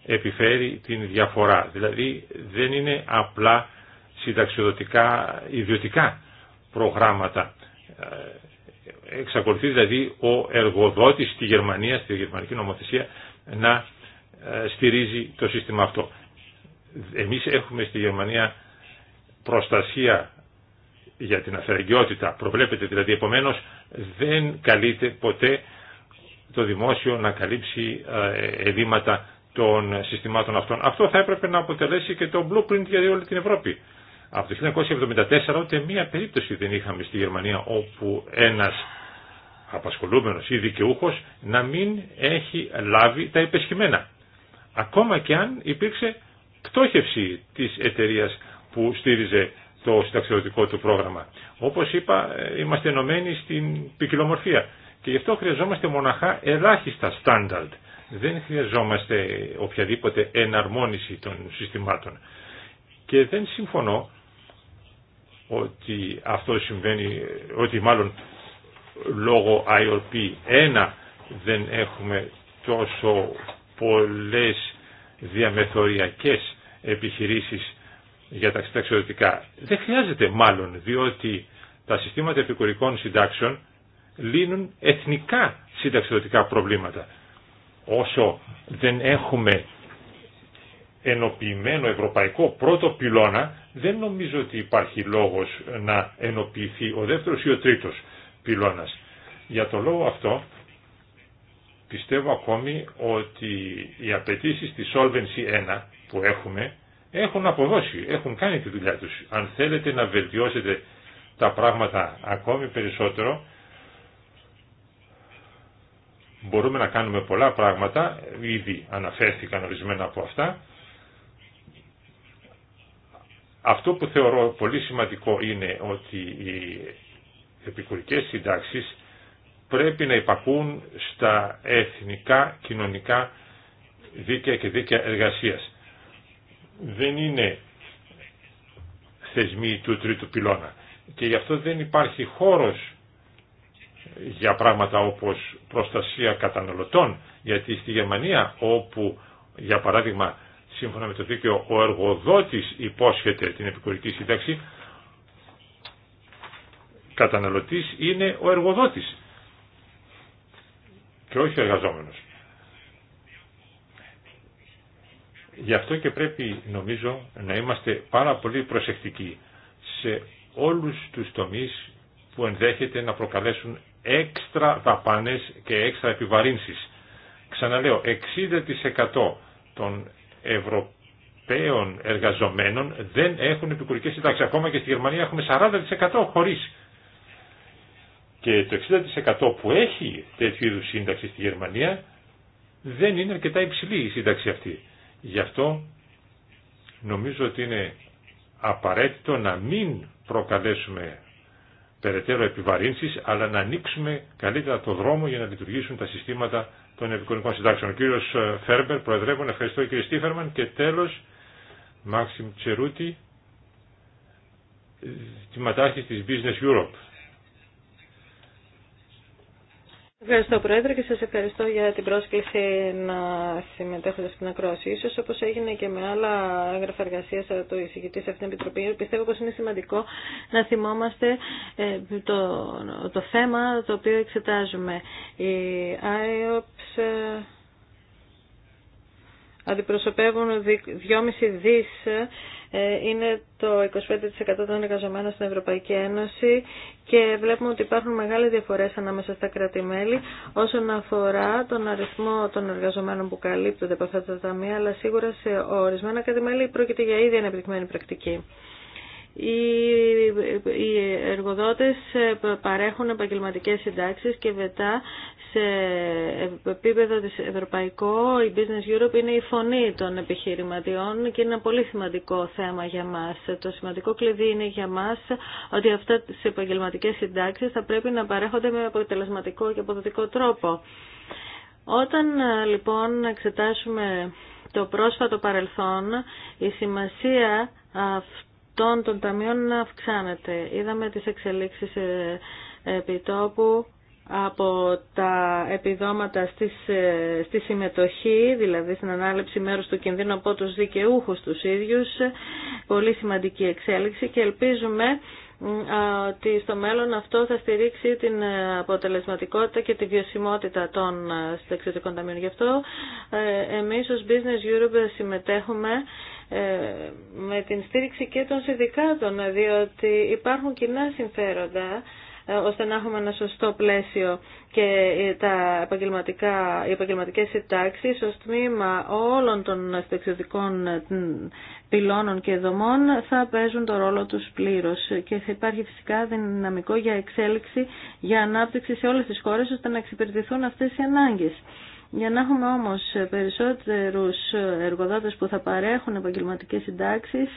επιφέρει την διαφορά. Δηλαδή δεν είναι απλά συνταξιοδοτικά ιδιωτικά προγράμματα. Ε, εξακολουθεί δηλαδή ο εργοδότης στη Γερμανία, στη γερμανική νομοθεσία, να ε, στηρίζει το σύστημα αυτό. Εμείς έχουμε στη Γερμανία προστασία για την αφαιρεγγιότητα, προβλέπεται δηλαδή, επομένως δεν καλείται ποτέ το δημόσιο να καλύψει ε, ελλείμματα των συστημάτων αυτών. Αυτό θα έπρεπε να αποτελέσει και το blueprint για όλη την Ευρώπη. Από το 1974 ούτε μία περίπτωση δεν είχαμε στη Γερμανία όπου ένας απασχολούμενος ή δικαιούχος να μην έχει λάβει τα υπεσχημένα ακόμα και αν υπήρξε πτώχευση της εταιρείας που στήριζε το συνταξιδοτικό του πρόγραμμα. Όπως είπα, ε, είμαστε ενωμένοι στην ποικιλομορφία και γι' αυτό χρειαζόμαστε μοναχά ελάχιστα στάνταρτ. Δεν χρειαζόμαστε οποιαδήποτε εναρμόνιση των συστημάτων. Και δεν συμφωνώ ότι αυτό συμβαίνει, ε, ότι μάλλον λόγω IOP 1 δεν έχουμε τόσο πολλές διαμεθοριακές επιχειρήσεις για τα συνταξιδοτικά. Δεν χρειάζεται μάλλον, διότι τα συστήματα επικουρικών συντάξεων λύνουν εθνικά συνταξιδοτικά προβλήματα. Όσο δεν έχουμε ενοποιημένο ευρωπαϊκό πρώτο πυλώνα, δεν νομίζω ότι υπάρχει λόγος να ενοποιηθεί ο δεύτερος ή ο τρίτος πυλώνας. Για το λόγο αυτό πιστεύω ακόμη ότι οι απαιτήσει της Solvency 1 που έχουμε έχουν αποδώσει, έχουν κάνει τη δουλειά τους. Αν θέλετε να βελτιώσετε τα πράγματα ακόμη περισσότερο, μπορούμε να κάνουμε πολλά πράγματα, ήδη αναφέρθηκαν ορισμένα από αυτά. Αυτό που θεωρώ πολύ σημαντικό είναι ότι οι επικουρικές συντάξεις πρέπει να υπακούν στα εθνικά κοινωνικά δίκαια και δίκαια εργασίας. Δεν είναι θεσμοί του τρίτου πυλώνα και γι' αυτό δεν υπάρχει χώρος για πράγματα όπως προστασία καταναλωτών γιατί στη Γερμανία όπου για παράδειγμα σύμφωνα με το δίκαιο ο εργοδότης υπόσχεται την επικουρική σύνταξη καταναλωτής είναι ο εργοδότης και όχι ο εργαζόμενος. Γι' αυτό και πρέπει νομίζω να είμαστε πάρα πολύ προσεκτικοί σε όλους τους τομείς που ενδέχεται να προκαλέσουν έξτρα δαπάνες και έξτρα επιβαρύνσεις. Ξαναλέω, 60% των Ευρωπαίων εργαζομένων δεν έχουν επικουρικές συντάξεις. Ακόμα και στη Γερμανία έχουμε 40% χωρίς και το 60% που έχει τέτοιου είδου σύνταξη στη Γερμανία δεν είναι αρκετά υψηλή η σύνταξη αυτή. Γι' αυτό νομίζω ότι είναι απαραίτητο να μην προκαλέσουμε περαιτέρω επιβαρύνσεις, αλλά να ανοίξουμε καλύτερα το δρόμο για να λειτουργήσουν τα συστήματα των επικονικών συντάξεων. Ο κύριος ε, Φέρμπερ, Προεδρεύον, ευχαριστώ κύριε Στίφερμαν και τέλος Μάξιμ Τσερούτη, ε, τη της Business Europe. Ευχαριστώ Πρόεδρε και σας ευχαριστώ για την πρόσκληση να συμμετέχετε στην ακρόαση. Ίσως όπως έγινε και με άλλα έγγραφα εργασία του εισηγητή σε αυτήν την Επιτροπή, πιστεύω πως είναι σημαντικό να θυμόμαστε ε, το, το θέμα το οποίο εξετάζουμε. Οι IOPS ε, αντιπροσωπεύουν 2,5 δις ε, ε, είναι το 25% των εργαζομένων στην Ευρωπαϊκή Ένωση και βλέπουμε ότι υπάρχουν μεγάλες διαφορές ανάμεσα στα κράτη-μέλη όσον αφορά τον αριθμό των εργαζομένων που καλύπτονται από αυτά τα ταμεία, αλλά σίγουρα σε ορισμένα κράτη-μέλη πρόκειται για ήδη ανεπτυγμένη πρακτική. Οι εργοδότες παρέχουν επαγγελματικές συντάξεις και μετά σε επίπεδο της ευρωπαϊκό, η Business Europe είναι η φωνή των επιχειρηματιών και είναι ένα πολύ σημαντικό θέμα για μας. Το σημαντικό κλειδί είναι για μας ότι αυτά τις επαγγελματικές συντάξεις θα πρέπει να παρέχονται με αποτελεσματικό και αποδοτικό τρόπο. Όταν λοιπόν εξετάσουμε το πρόσφατο παρελθόν, η σημασία αυτών των ταμείων αυξάνεται. Είδαμε τις εξελίξεις ε, επιτόπου από τα επιδόματα στη, ε, στη συμμετοχή, δηλαδή στην ανάληψη μέρους του κινδύνου από τους δικαιούχους τους ίδιους. Πολύ σημαντική εξέλιξη και ελπίζουμε ότι στο μέλλον αυτό θα στηρίξει την ε, αποτελεσματικότητα και τη βιωσιμότητα των ε, συνταξιωτικών ταμείων. Γι' αυτό εμείς ως Business Europe συμμετέχουμε με την στήριξη και των συνδικάτων, διότι υπάρχουν κοινά συμφέροντα ε, ώστε να έχουμε ένα σωστό πλαίσιο και ε, τα επαγγελματικά, οι επαγγελματικέ συντάξει ως τμήμα όλων των αστεξιωτικών ε, πυλώνων και δομών θα παίζουν το ρόλο του πλήρω. και θα υπάρχει φυσικά δυναμικό για εξέλιξη, για ανάπτυξη σε όλε τι χώρε, ώστε να εξυπηρετηθούν αυτέ οι ανάγκε. Για να έχουμε όμως περισσότερους εργοδότες που θα παρέχουν επαγγελματικές συντάξεις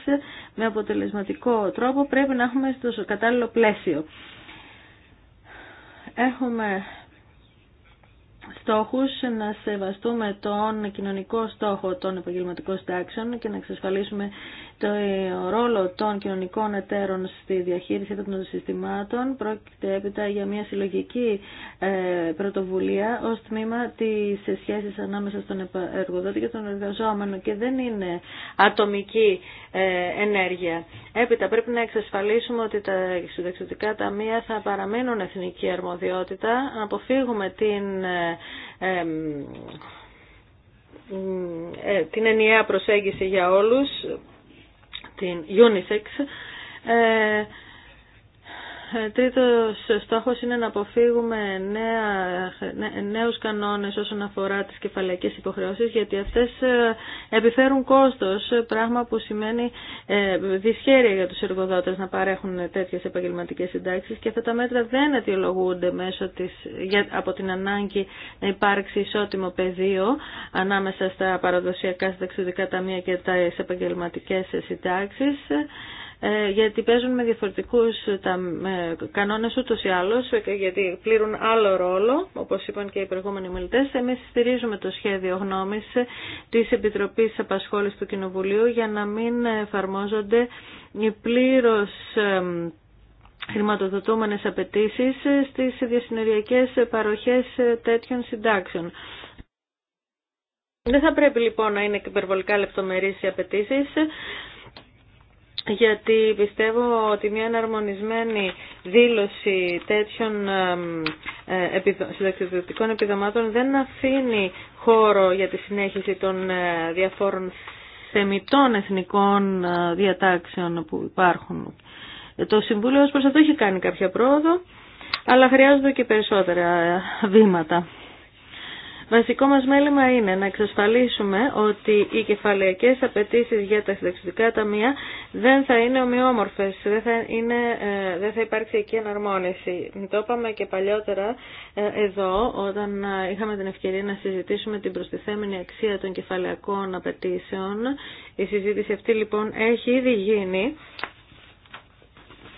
με αποτελεσματικό τρόπο πρέπει να έχουμε στο κατάλληλο πλαίσιο έχουμε στόχους να σεβαστούμε τον κοινωνικό στόχο των επαγγελματικών συντάξεων και να εξασφαλίσουμε το ρόλο των κοινωνικών εταίρων στη διαχείριση των συστημάτων πρόκειται έπειτα για μια συλλογική ε, πρωτοβουλία ως τμήμα της σχέσης ανάμεσα στον εργοδότη και τον εργαζόμενο και δεν είναι ατομική ε, ενέργεια. Έπειτα πρέπει να εξασφαλίσουμε ότι τα εξουδεξιωτικά ταμεία θα παραμείνουν εθνική αρμοδιότητα, να αποφύγουμε την ε, την ενιαία προσέγγιση για όλους την UNICEF τρίτος στόχος είναι να αποφύγουμε νέα, νέους κανόνες όσον αφορά τις κεφαλαϊκές υποχρεώσεις γιατί αυτές ε, επιφέρουν κόστος, πράγμα που σημαίνει ε, δυσχέρεια για τους εργοδότες να παρέχουν τέτοιες επαγγελματικές συντάξεις και αυτά τα μέτρα δεν αιτιολογούνται μέσω της, από την ανάγκη να υπάρξει ισότιμο πεδίο ανάμεσα στα παραδοσιακά συνταξιδικά ταμεία και τα επαγγελματικές συντάξεις. Ε, γιατί παίζουν με διαφορετικούς τα, κανόνες ούτως ή άλλως, γιατί πλήρουν άλλο ρόλο, όπως είπαν και οι προηγούμενοι μιλητές. Εμείς στηρίζουμε το σχέδιο γνώμης της Επιτροπής Απασχόλησης του Κοινοβουλίου για να μην εφαρμόζονται πλήρως χρηματοδοτούμενες απαιτήσει στις διασυνοριακές παροχές τέτοιων συντάξεων. Δεν θα πρέπει λοιπόν να είναι υπερβολικά λεπτομερείς οι απαιτήσει γιατί πιστεύω ότι μια εναρμονισμένη δήλωση τέτοιων ε, συνταξιδοτικών επιδομάτων δεν αφήνει χώρο για τη συνέχιση των ε, διαφόρων θεμητών εθνικών ε, διατάξεων που υπάρχουν. Το Συμβούλιο ως προς αυτό έχει κάνει κάποια πρόοδο, αλλά χρειάζονται και περισσότερα βήματα. Βασικό μας μέλημα είναι να εξασφαλίσουμε ότι οι κεφαλαιακές απαιτήσει για τα συνταξιδικά ταμεία δεν θα είναι ομοιόμορφες, δεν θα, είναι, ε, δεν θα υπάρξει εκεί εναρμόνιση. Το είπαμε και παλιότερα ε, εδώ όταν ε, είχαμε την ευκαιρία να συζητήσουμε την προστιθέμενη αξία των κεφαλαιακών απαιτήσεων. Η συζήτηση αυτή λοιπόν έχει ήδη γίνει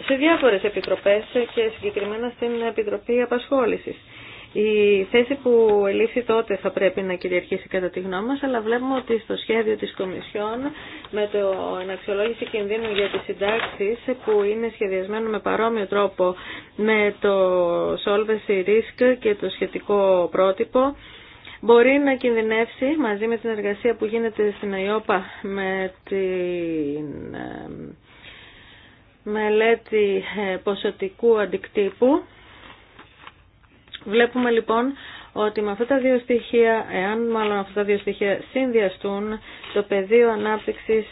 σε διάφορες επιτροπές και συγκεκριμένα στην Επιτροπή Απασχόλησης. Η θέση που ελήφθη τότε θα πρέπει να κυριαρχήσει κατά τη γνώμη μας, αλλά βλέπουμε ότι στο σχέδιο της Κομισιόν με το αναξιολόγηση κινδύνου για τις συντάξεις που είναι σχεδιασμένο με παρόμοιο τρόπο με το Solvency Risk και το σχετικό πρότυπο, μπορεί να κινδυνεύσει μαζί με την εργασία που γίνεται στην ΑΙΟΠΑ με την ε, μελέτη ε, ποσοτικού αντικτύπου Βλέπουμε λοιπόν ότι με αυτά τα δύο στοιχεία, εάν μάλλον αυτά τα δύο στοιχεία συνδυαστούν, το πεδίο ανάπτυξης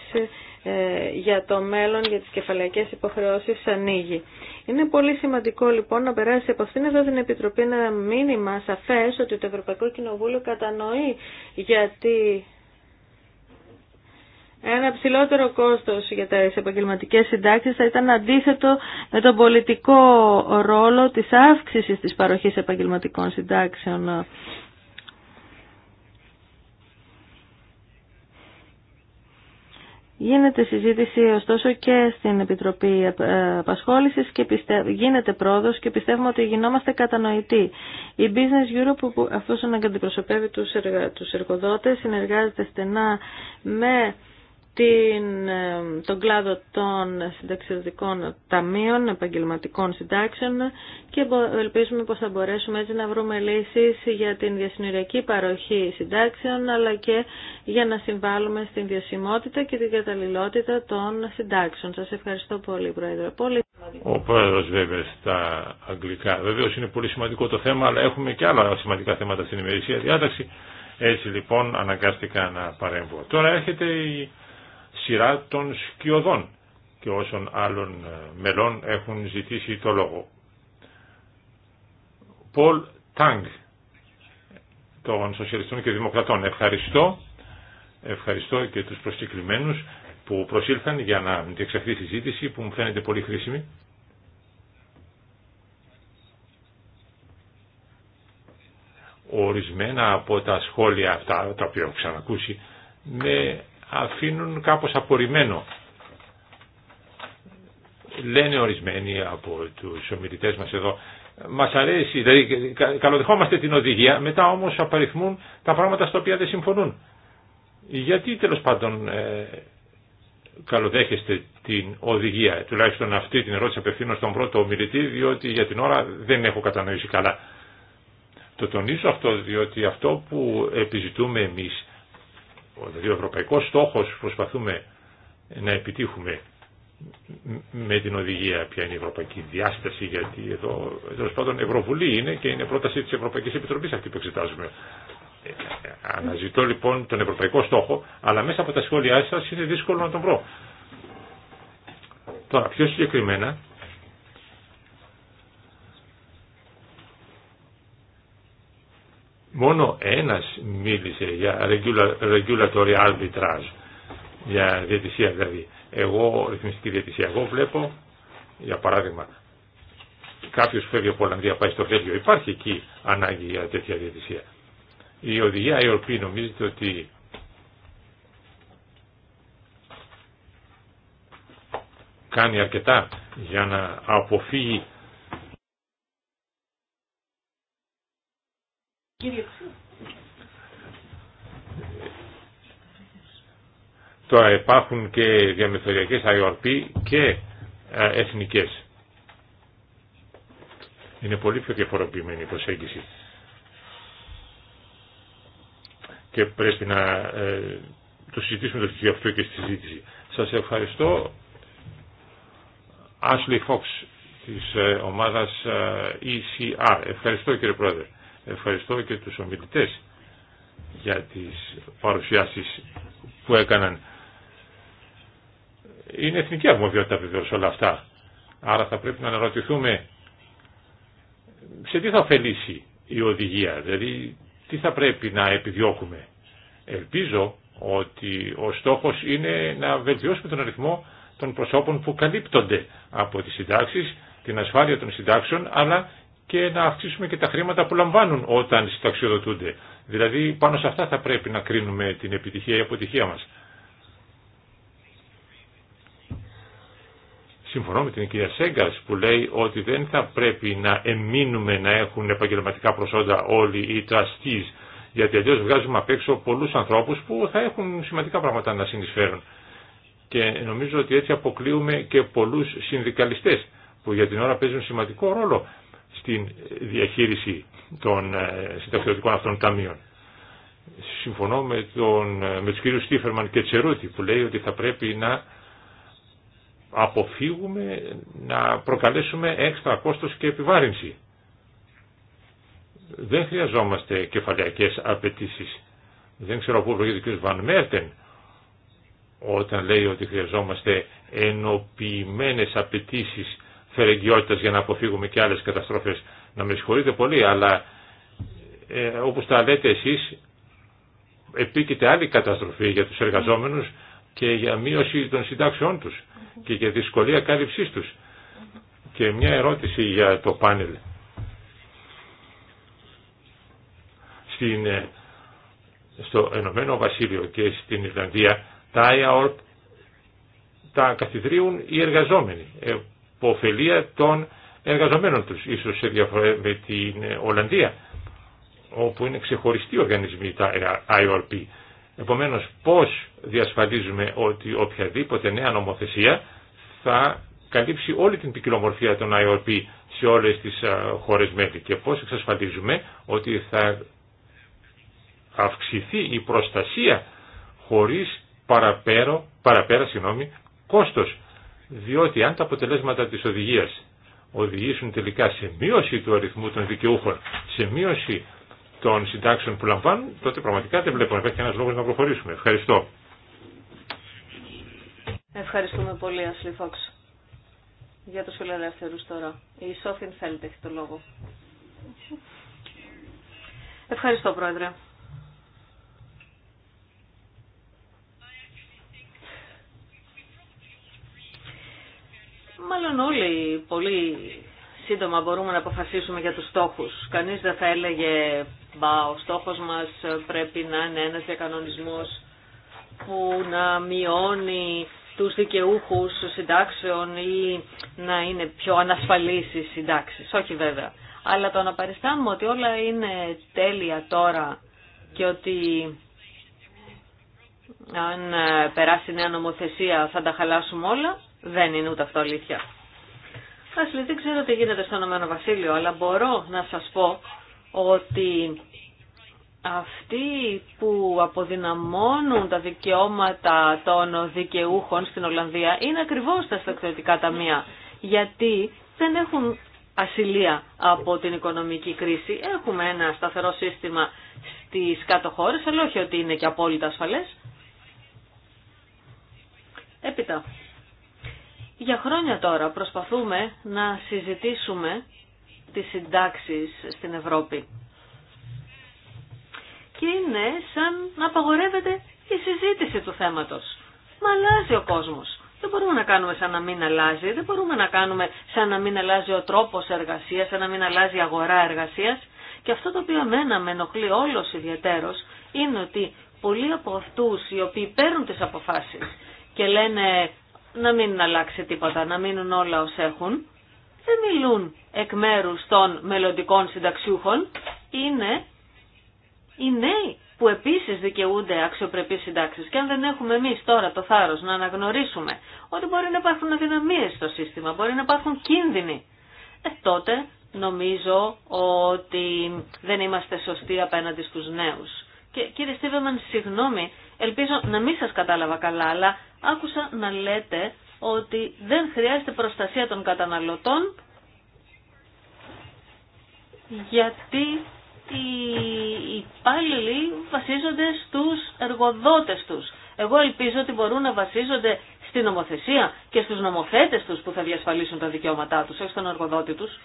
ε, για το μέλλον, για τις κεφαλαϊκές υποχρεώσεις ανοίγει. Είναι πολύ σημαντικό λοιπόν να περάσει από αυτήν εδώ την Επιτροπή ένα μήνυμα σαφές ότι το Ευρωπαϊκό Κοινοβούλιο κατανοεί γιατί ένα ψηλότερο κόστος για τις επαγγελματικές συντάξεις θα ήταν αντίθετο με τον πολιτικό ρόλο της αύξησης της παροχής επαγγελματικών συντάξεων. Γίνεται συζήτηση ωστόσο και στην Επιτροπή ε, Απασχόλησης και γίνεται πρόοδος και πιστεύουμε ότι γινόμαστε κατανοητοί. Η Business Europe, που αφού να αντιπροσωπεύει τους, εργοδότες, συνεργάζεται στενά με την, ε, τον κλάδο των συνταξιδοτικών ταμείων, επαγγελματικών συντάξεων και ελπίζουμε πως θα μπορέσουμε έτσι να βρούμε λύσεις για την διασυνοριακή παροχή συντάξεων αλλά και για να συμβάλλουμε στην διασημότητα και την καταλληλότητα των συντάξεων. Σας ευχαριστώ πολύ Πρόεδρε. Πολύ Ο Πρόεδρος βέβαια στα αγγλικά. Βεβαίω είναι πολύ σημαντικό το θέμα αλλά έχουμε και άλλα σημαντικά θέματα στην ημερησία διάταξη. Έτσι λοιπόν αναγκάστηκα να παρέμβω. Τώρα έρχεται η σειρά των σκιωδών και όσων άλλων ε, μελών έχουν ζητήσει το λόγο. Πολ Τάγκ των Σοσιαλιστών και Δημοκρατών. Ευχαριστώ, ευχαριστώ και τους προσκεκλημένους που προσήλθαν για να διεξαχθεί η συζήτηση που μου φαίνεται πολύ χρήσιμη. Ορισμένα από τα σχόλια αυτά, τα οποία έχω ξανακούσει, αφήνουν κάπως απορριμμένο. Λένε ορισμένοι από τους ομιλητές μας εδώ, μας αρέσει, δηλαδή καλοδεχόμαστε την οδηγία, μετά όμως απαριθμούν τα πράγματα στα οποία δεν συμφωνούν. Γιατί τέλος πάντων ε, καλοδέχεστε την οδηγία, τουλάχιστον αυτή την ερώτηση απευθύνω στον πρώτο ομιλητή, διότι για την ώρα δεν έχω κατανοήσει καλά. Το τονίζω αυτό διότι αυτό που επιζητούμε εμείς Δηλαδή ο ευρωπαϊκός στόχος που προσπαθούμε να επιτύχουμε με την οδηγία ποια είναι η ευρωπαϊκή διάσταση γιατί εδώ τέλο πάντων Ευρωβουλή είναι και είναι πρόταση της Ευρωπαϊκής Επιτροπής αυτή που εξετάζουμε. Ε, αναζητώ λοιπόν τον ευρωπαϊκό στόχο αλλά μέσα από τα σχόλιά σας είναι δύσκολο να τον βρω. Τώρα πιο συγκεκριμένα Μόνο ένας μίλησε για regulatory arbitrage, για διατησία δηλαδή. Εγώ, ρυθμιστική διατησία εγώ βλέπω, για παράδειγμα, κάποιος φεύγει από Ολλανδία, πάει στο Βέλγιο, υπάρχει εκεί ανάγκη για τέτοια διαιτησία. Η οδηγία ΕΟΠΗ νομίζετε ότι κάνει αρκετά για να αποφύγει Τώρα υπάρχουν και διαμεθοριακές IORP και ε, εθνικές. Είναι πολύ πιο διαφοροποιημένη η προσέγγιση. Και πρέπει να ε, το συζητήσουμε το στοιχείο αυτό και στη συζήτηση. Σας ευχαριστώ. Ashley Fox της ε, ομάδας ECR. Ευχαριστώ κύριε Πρόεδρε. Ευχαριστώ και τους ομιλητές για τις παρουσιάσεις που έκαναν. Είναι εθνική αρμοδιότητα βεβαίως όλα αυτά. Άρα θα πρέπει να αναρωτηθούμε σε τι θα ωφελήσει η οδηγία, δηλαδή τι θα πρέπει να επιδιώκουμε. Ελπίζω ότι ο στόχος είναι να βελτιώσουμε τον αριθμό των προσώπων που καλύπτονται από τις συντάξεις, την ασφάλεια των συντάξεων, αλλά και να αυξήσουμε και τα χρήματα που λαμβάνουν όταν συνταξιοδοτούνται. Δηλαδή πάνω σε αυτά θα πρέπει να κρίνουμε την επιτυχία ή αποτυχία μας. Συμφωνώ με την κυρία Σέγκας που λέει ότι δεν θα πρέπει να εμείνουμε να έχουν επαγγελματικά προσόντα όλοι οι τραστείς γιατί αλλιώς βγάζουμε απ' έξω πολλούς ανθρώπους που θα έχουν σημαντικά πράγματα να συνεισφέρουν. Και νομίζω ότι έτσι αποκλείουμε και πολλούς συνδικαλιστές που για την ώρα παίζουν σημαντικό ρόλο στην διαχείριση των ε, συνταξιδοτικών αυτών ταμείων. Συμφωνώ με, τον, ε, με τους κύριους Στίφερμαν και Τσερούτη που λέει ότι θα πρέπει να αποφύγουμε να προκαλέσουμε έξτρα κόστος και επιβάρυνση. Δεν χρειαζόμαστε κεφαλαιακές απαιτήσει. Δεν ξέρω πού προηγείται ο κ. Βαν Μέρτεν όταν λέει ότι χρειαζόμαστε ενοποιημένες απαιτήσει φερεγγιότητα για να αποφύγουμε και άλλε καταστροφές. Να με συγχωρείτε πολύ, αλλά ε, όπως τα λέτε εσείς, επίκειται άλλη καταστροφή για τους εργαζόμενους και για μείωση των συντάξεών του και για δυσκολία κάλυψής τους. Και μια ερώτηση για το πάνελ. Στην, ε, στο Ενωμένο Βασίλειο και στην Ιρλανδία τα IAORP τα καθιδρύουν οι εργαζόμενοι. Ε, υποφελία των εργαζομένων τους, ίσως σε διαφορά με την Ολλανδία, όπου είναι ξεχωριστοί οργανισμοί τα IORP. Επομένως, πώς διασφαλίζουμε ότι οποιαδήποτε νέα νομοθεσία θα καλύψει όλη την ποικιλομορφία των IORP σε όλες τις χώρες μέλη και πώς εξασφαλίζουμε ότι θα αυξηθεί η προστασία χωρίς παραπέρα, παραπέρα συγγνώμη, κόστος διότι αν τα αποτελέσματα της οδηγίας οδηγήσουν τελικά σε μείωση του αριθμού των δικαιούχων, σε μείωση των συντάξεων που λαμβάνουν, τότε πραγματικά δεν βλέπω να υπάρχει ένας λόγος να προχωρήσουμε. Ευχαριστώ. Ευχαριστούμε πολύ, Ασλή Φόξ. Για τους φιλελεύθερους τώρα. Η Σόφιν θέλετε έχει το λόγο. Ευχαριστώ, Πρόεδρε. Μάλλον όλοι πολύ σύντομα μπορούμε να αποφασίσουμε για τους στόχους. Κανείς δεν θα έλεγε, μπα, ο στόχος μας πρέπει να είναι ένας διακανονισμός που να μειώνει τους δικαιούχους συντάξεων ή να είναι πιο και ότι αν περάσει οι συντάξεις. Όχι βέβαια. Αλλά το να ότι όλα είναι τέλεια τώρα και ότι αν περάσει νέα νομοθεσία θα τα χαλάσουμε όλα, δεν είναι ούτε αυτό αλήθεια. Άσυλη, δεν ξέρω τι γίνεται στον Ηνωμένο Βασίλειο, αλλά μπορώ να σας πω ότι αυτοί που αποδυναμώνουν τα δικαιώματα των δικαιούχων στην Ολλανδία είναι ακριβώς τα στρατιωτικά ταμεία, γιατί δεν έχουν ασυλία από την οικονομική κρίση. Έχουμε ένα σταθερό σύστημα στις κάτω χώρες, αλλά όχι ότι είναι και απόλυτα ασφαλές. Έπειτα, για χρόνια τώρα προσπαθούμε να συζητήσουμε τις συντάξεις στην Ευρώπη. Και είναι σαν να απαγορεύεται η συζήτηση του θέματος. Μα αλλάζει ο κόσμος. Δεν μπορούμε να κάνουμε σαν να μην αλλάζει, δεν μπορούμε να κάνουμε σαν να μην αλλάζει ο τρόπος εργασίας, σαν να μην αλλάζει η αγορά εργασίας. Και αυτό το οποίο εμένα με ενοχλεί όλος είναι ότι πολλοί από αυτούς οι οποίοι παίρνουν τις αποφάσεις και λένε να μην αλλάξει τίποτα, να μείνουν όλα ως έχουν. Δεν μιλούν εκ μέρου των μελλοντικών συνταξιούχων. Είναι οι νέοι που επίσης δικαιούνται αξιοπρεπείς συντάξεις. Και αν δεν έχουμε εμείς τώρα το θάρρος να αναγνωρίσουμε ότι μπορεί να υπάρχουν αδυναμίες στο σύστημα, μπορεί να υπάρχουν κίνδυνοι, ε, τότε νομίζω ότι δεν είμαστε σωστοί απέναντι στους νέους. Και κύριε Στίβεμαν, συγγνώμη, ελπίζω να μην σας κατάλαβα καλά, αλλά άκουσα να λέτε ότι δεν χρειάζεται προστασία των καταναλωτών γιατί οι υπάλληλοι βασίζονται στους εργοδότες τους. Εγώ ελπίζω ότι μπορούν να βασίζονται στην νομοθεσία και στους νομοθέτες τους που θα διασφαλίσουν τα δικαιώματά τους, όχι στον εργοδότη τους.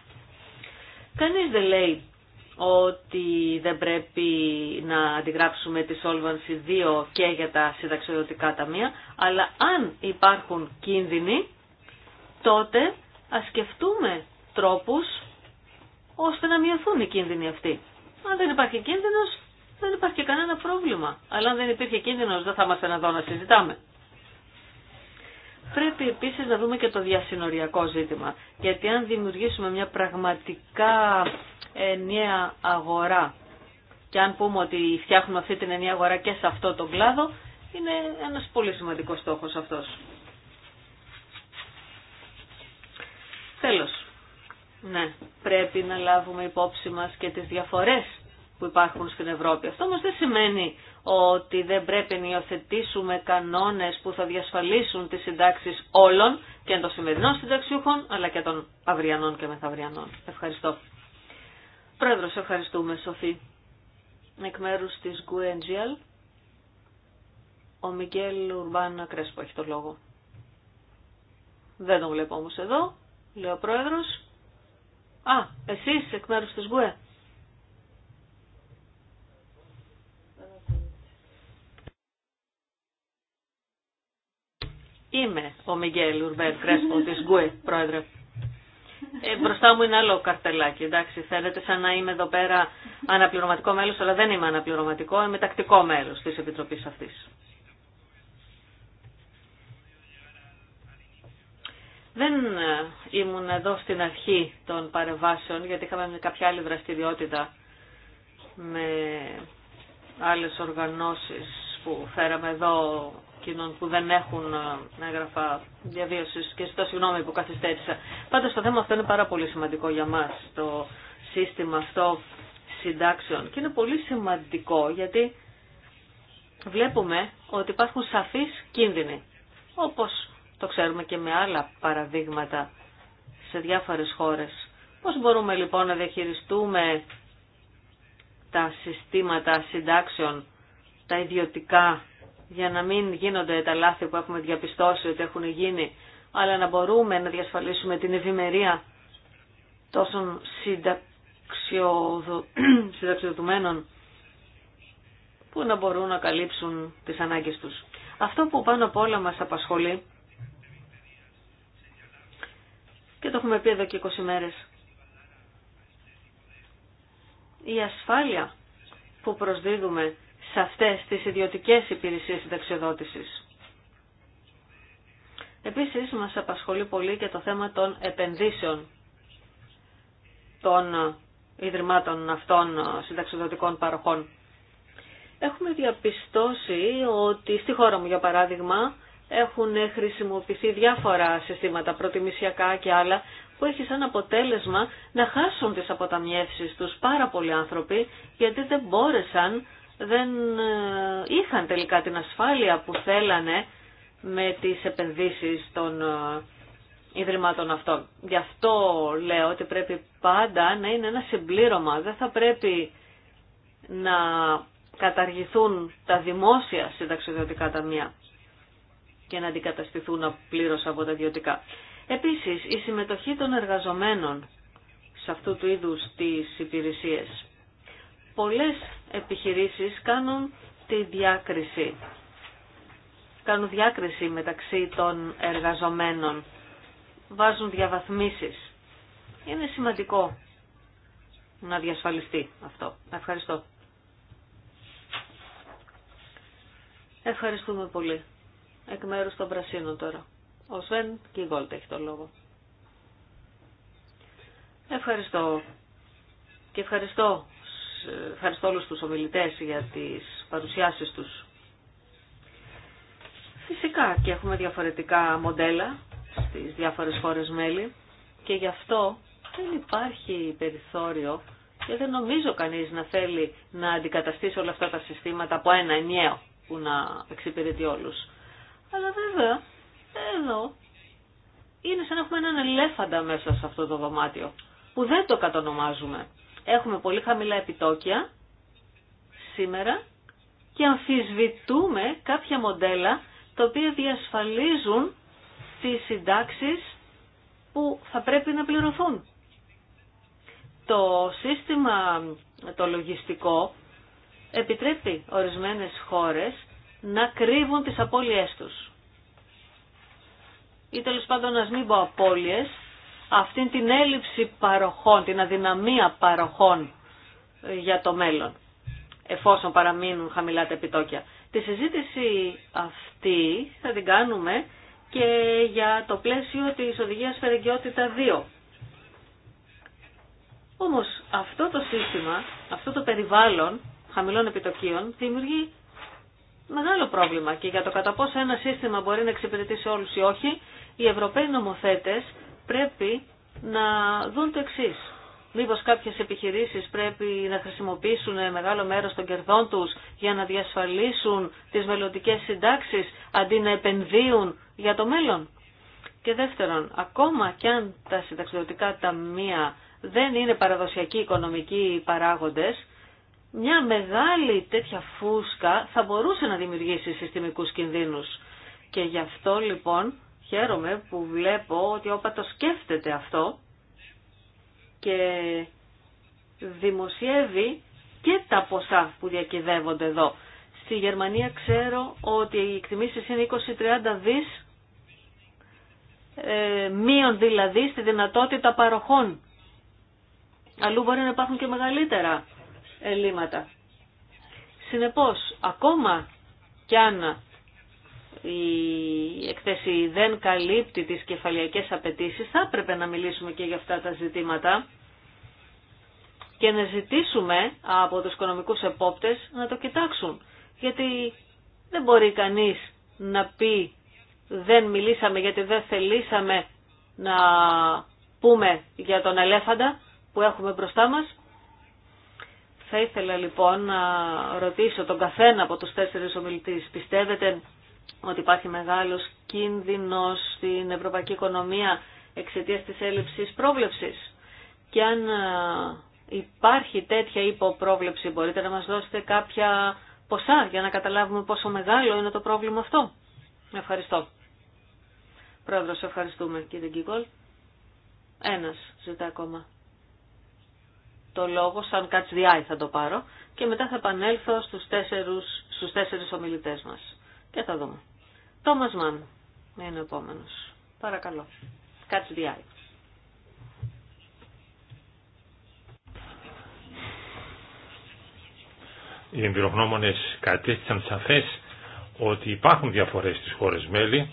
Κανείς δεν λέει ότι δεν πρέπει να αντιγράψουμε τη Solvency 2 και για τα συνταξιοδοτικά ταμεία, αλλά αν υπάρχουν κίνδυνοι, τότε ας σκεφτούμε τρόπους ώστε να μειωθούν οι κίνδυνοι αυτοί. Αν δεν υπάρχει κίνδυνος, δεν υπάρχει κανένα πρόβλημα. Αλλά αν δεν υπήρχε κίνδυνος, δεν θα είμαστε εδώ να συζητάμε. Πρέπει επίσης να δούμε και το διασυνοριακό ζήτημα, γιατί αν δημιουργήσουμε μια πραγματικά ενιαία αγορά και αν πούμε ότι φτιάχνουμε αυτή την ενιαία αγορά και σε αυτό τον κλάδο, είναι ένας πολύ σημαντικός στόχος αυτός. Τέλος. Ναι, πρέπει να λάβουμε υπόψη μας και τις διαφορές που υπάρχουν στην Ευρώπη. Αυτό όμως δεν σημαίνει ότι δεν πρέπει να υιοθετήσουμε κανόνες που θα διασφαλίσουν τις συντάξεις όλων και των σημερινών συνταξιούχων αλλά και των αυριανών και μεθαυριανών. Ευχαριστώ. Πρόεδρος, ευχαριστούμε Σοφή. Εκ μέρους της Γκουέντζιαλ ο Μικέλ Ουρμπάν Κρέσπο έχει το λόγο. Δεν τον βλέπω όμως εδώ, λέει ο πρόεδρος. Α, εσείς εκ μέρους της Γκουέντζιαλ. Είμαι ο Μιγγέλ Ουρβέρ Κρέσπο της Γκουε, πρόεδρε. Ε, μπροστά μου είναι άλλο καρτελάκι, εντάξει, θέλετε σαν να είμαι εδώ πέρα αναπληρωματικό μέλος, αλλά δεν είμαι αναπληρωματικό, είμαι τακτικό μέλος της Επιτροπής αυτής. Δεν ε, ήμουν εδώ στην αρχή των παρεμβάσεων, γιατί είχαμε κάποια άλλη δραστηριότητα με άλλες οργανώσεις που φέραμε εδώ εκείνων που δεν έχουν ε, έγγραφα διαβίωση και ζητώ συγγνώμη που καθυστέρησα. Πάντως το θέμα αυτό είναι πάρα πολύ σημαντικό για μα το σύστημα αυτό συντάξεων. Και είναι πολύ σημαντικό γιατί βλέπουμε ότι υπάρχουν σαφείς κίνδυνοι, όπως το ξέρουμε και με άλλα παραδείγματα σε διάφορε χώρες. Πώ μπορούμε λοιπόν να διαχειριστούμε τα συστήματα συντάξεων, τα ιδιωτικά για να μην γίνονται τα λάθη που έχουμε διαπιστώσει ότι έχουν γίνει, αλλά να μπορούμε να διασφαλίσουμε την ευημερία τόσων που να μπορούν να καλύψουν τις ανάγκες τους. Αυτό που πάνω απ' όλα μας απασχολεί και το έχουμε πει εδώ και 20 μέρες η ασφάλεια που προσδίδουμε σε αυτές τις ιδιωτικές υπηρεσίες συνταξιοδότησης. Επίσης μας απασχολεί πολύ και το θέμα των επενδύσεων των Ιδρυμάτων αυτών συνταξιοδοτικών παροχών. Έχουμε διαπιστώσει ότι στη χώρα μου, για παράδειγμα, έχουν χρησιμοποιηθεί διάφορα συστήματα προτιμησιακά και άλλα που έχει σαν αποτέλεσμα να χάσουν τις αποταμιεύσεις τους πάρα πολλοί άνθρωποι γιατί δεν μπόρεσαν δεν ε, είχαν τελικά την ασφάλεια που θέλανε με τις επενδύσεις των ε, Ιδρυμάτων αυτών. Γι' αυτό λέω ότι πρέπει πάντα να είναι ένα συμπλήρωμα. Δεν θα πρέπει να καταργηθούν τα δημόσια συνταξιδιωτικά ταμεία και να αντικαταστηθούν πλήρως από τα ιδιωτικά. Επίσης, η συμμετοχή των εργαζομένων σε αυτού του είδους τις υπηρεσίες πολλές επιχειρήσεις κάνουν τη διάκριση. Κάνουν διάκριση μεταξύ των εργαζομένων. Βάζουν διαβαθμίσεις. Είναι σημαντικό να διασφαλιστεί αυτό. Ευχαριστώ. Ευχαριστούμε πολύ. Εκ μέρους των Πρασίνων τώρα. Ο Σβέν και η έχει το λόγο. Ευχαριστώ. Και ευχαριστώ ευχαριστώ όλους τους ομιλητές για τις παρουσιάσεις τους. Φυσικά και έχουμε διαφορετικά μοντέλα στις διάφορες χώρες μέλη και γι' αυτό δεν υπάρχει περιθώριο και δεν νομίζω κανείς να θέλει να αντικαταστήσει όλα αυτά τα συστήματα από ένα ενιαίο που να εξυπηρετεί όλους. Αλλά βέβαια, εδώ είναι σαν να έχουμε έναν ελέφαντα μέσα σε αυτό το δωμάτιο που δεν το κατονομάζουμε. Έχουμε πολύ χαμηλά επιτόκια σήμερα και αμφισβητούμε κάποια μοντέλα τα οποία διασφαλίζουν τις συντάξεις που θα πρέπει να πληρωθούν. Το σύστημα το λογιστικό επιτρέπει ορισμένες χώρες να κρύβουν τις απώλειές τους. Ή τέλο πάντων να μην πω απώλειες, αυτήν την έλλειψη παροχών, την αδυναμία παροχών ε, για το μέλλον, εφόσον παραμείνουν χαμηλά τα επιτόκια. Τη συζήτηση αυτή θα την κάνουμε και για το πλαίσιο της οδηγίας Φερεγκαιότητα 2. Όμως αυτό το σύστημα, αυτό το περιβάλλον χαμηλών επιτοκίων δημιουργεί μεγάλο πρόβλημα και για το κατά πόσο ένα σύστημα μπορεί να εξυπηρετήσει όλους ή όχι, οι Ευρωπαίοι νομοθέτες πρέπει να δουν το εξή. Μήπω κάποιες επιχειρήσεις πρέπει να χρησιμοποιήσουν μεγάλο μέρος των κερδών του για να διασφαλίσουν τις μελλοντικέ συντάξεις αντί να επενδύουν για το μέλλον. Και δεύτερον, ακόμα κι αν τα συνταξιδοτικά ταμεία δεν είναι παραδοσιακοί οικονομικοί παράγοντες, μια μεγάλη τέτοια φούσκα θα μπορούσε να δημιουργήσει συστημικούς κινδύνους. Και γι' αυτό λοιπόν Χαίρομαι που βλέπω ότι όπα το σκέφτεται αυτό και δημοσιεύει και τα ποσά που διακυδεύονται εδώ. Στη Γερμανία ξέρω ότι οι εκτιμήσεις είναι 20-30 δις, ε, μείον δηλαδή στη δυνατότητα παροχών. Αλλού μπορεί να υπάρχουν και μεγαλύτερα ελλείμματα. Συνεπώς, ακόμα κι αν η εκθέση δεν καλύπτει τις κεφαλιακές απαιτήσεις, θα έπρεπε να μιλήσουμε και για αυτά τα ζητήματα και να ζητήσουμε από τους οικονομικούς επόπτες να το κοιτάξουν. Γιατί δεν μπορεί κανείς να πει δεν μιλήσαμε γιατί δεν θελήσαμε να πούμε για τον ελέφαντα που έχουμε μπροστά μας. Θα ήθελα λοιπόν να ρωτήσω τον καθένα από τους τέσσερις ομιλητές. Πιστεύετε ότι υπάρχει μεγάλος κίνδυνος στην ευρωπαϊκή οικονομία εξαιτίας της έλλειψης πρόβλεψης. Και αν ε, υπάρχει τέτοια υποπρόβλεψη, μπορείτε να μας δώσετε κάποια ποσά για να καταλάβουμε πόσο μεγάλο είναι το πρόβλημα αυτό. Ευχαριστώ. Πρόεδρος, ευχαριστούμε κύριε Γκίγκολ. Ένας ζητά ακόμα το λόγο, σαν catch the eye θα το πάρω και μετά θα επανέλθω στους στους τέσσερις ομιλητές μας. Και θα δούμε. Τόμας Μαν είναι ο επόμενος. Παρακαλώ. Κάτσε διάρκεια. Οι εμπειρογνώμονες κατέστησαν σαφές ότι υπάρχουν διαφορές στις χώρες μέλη,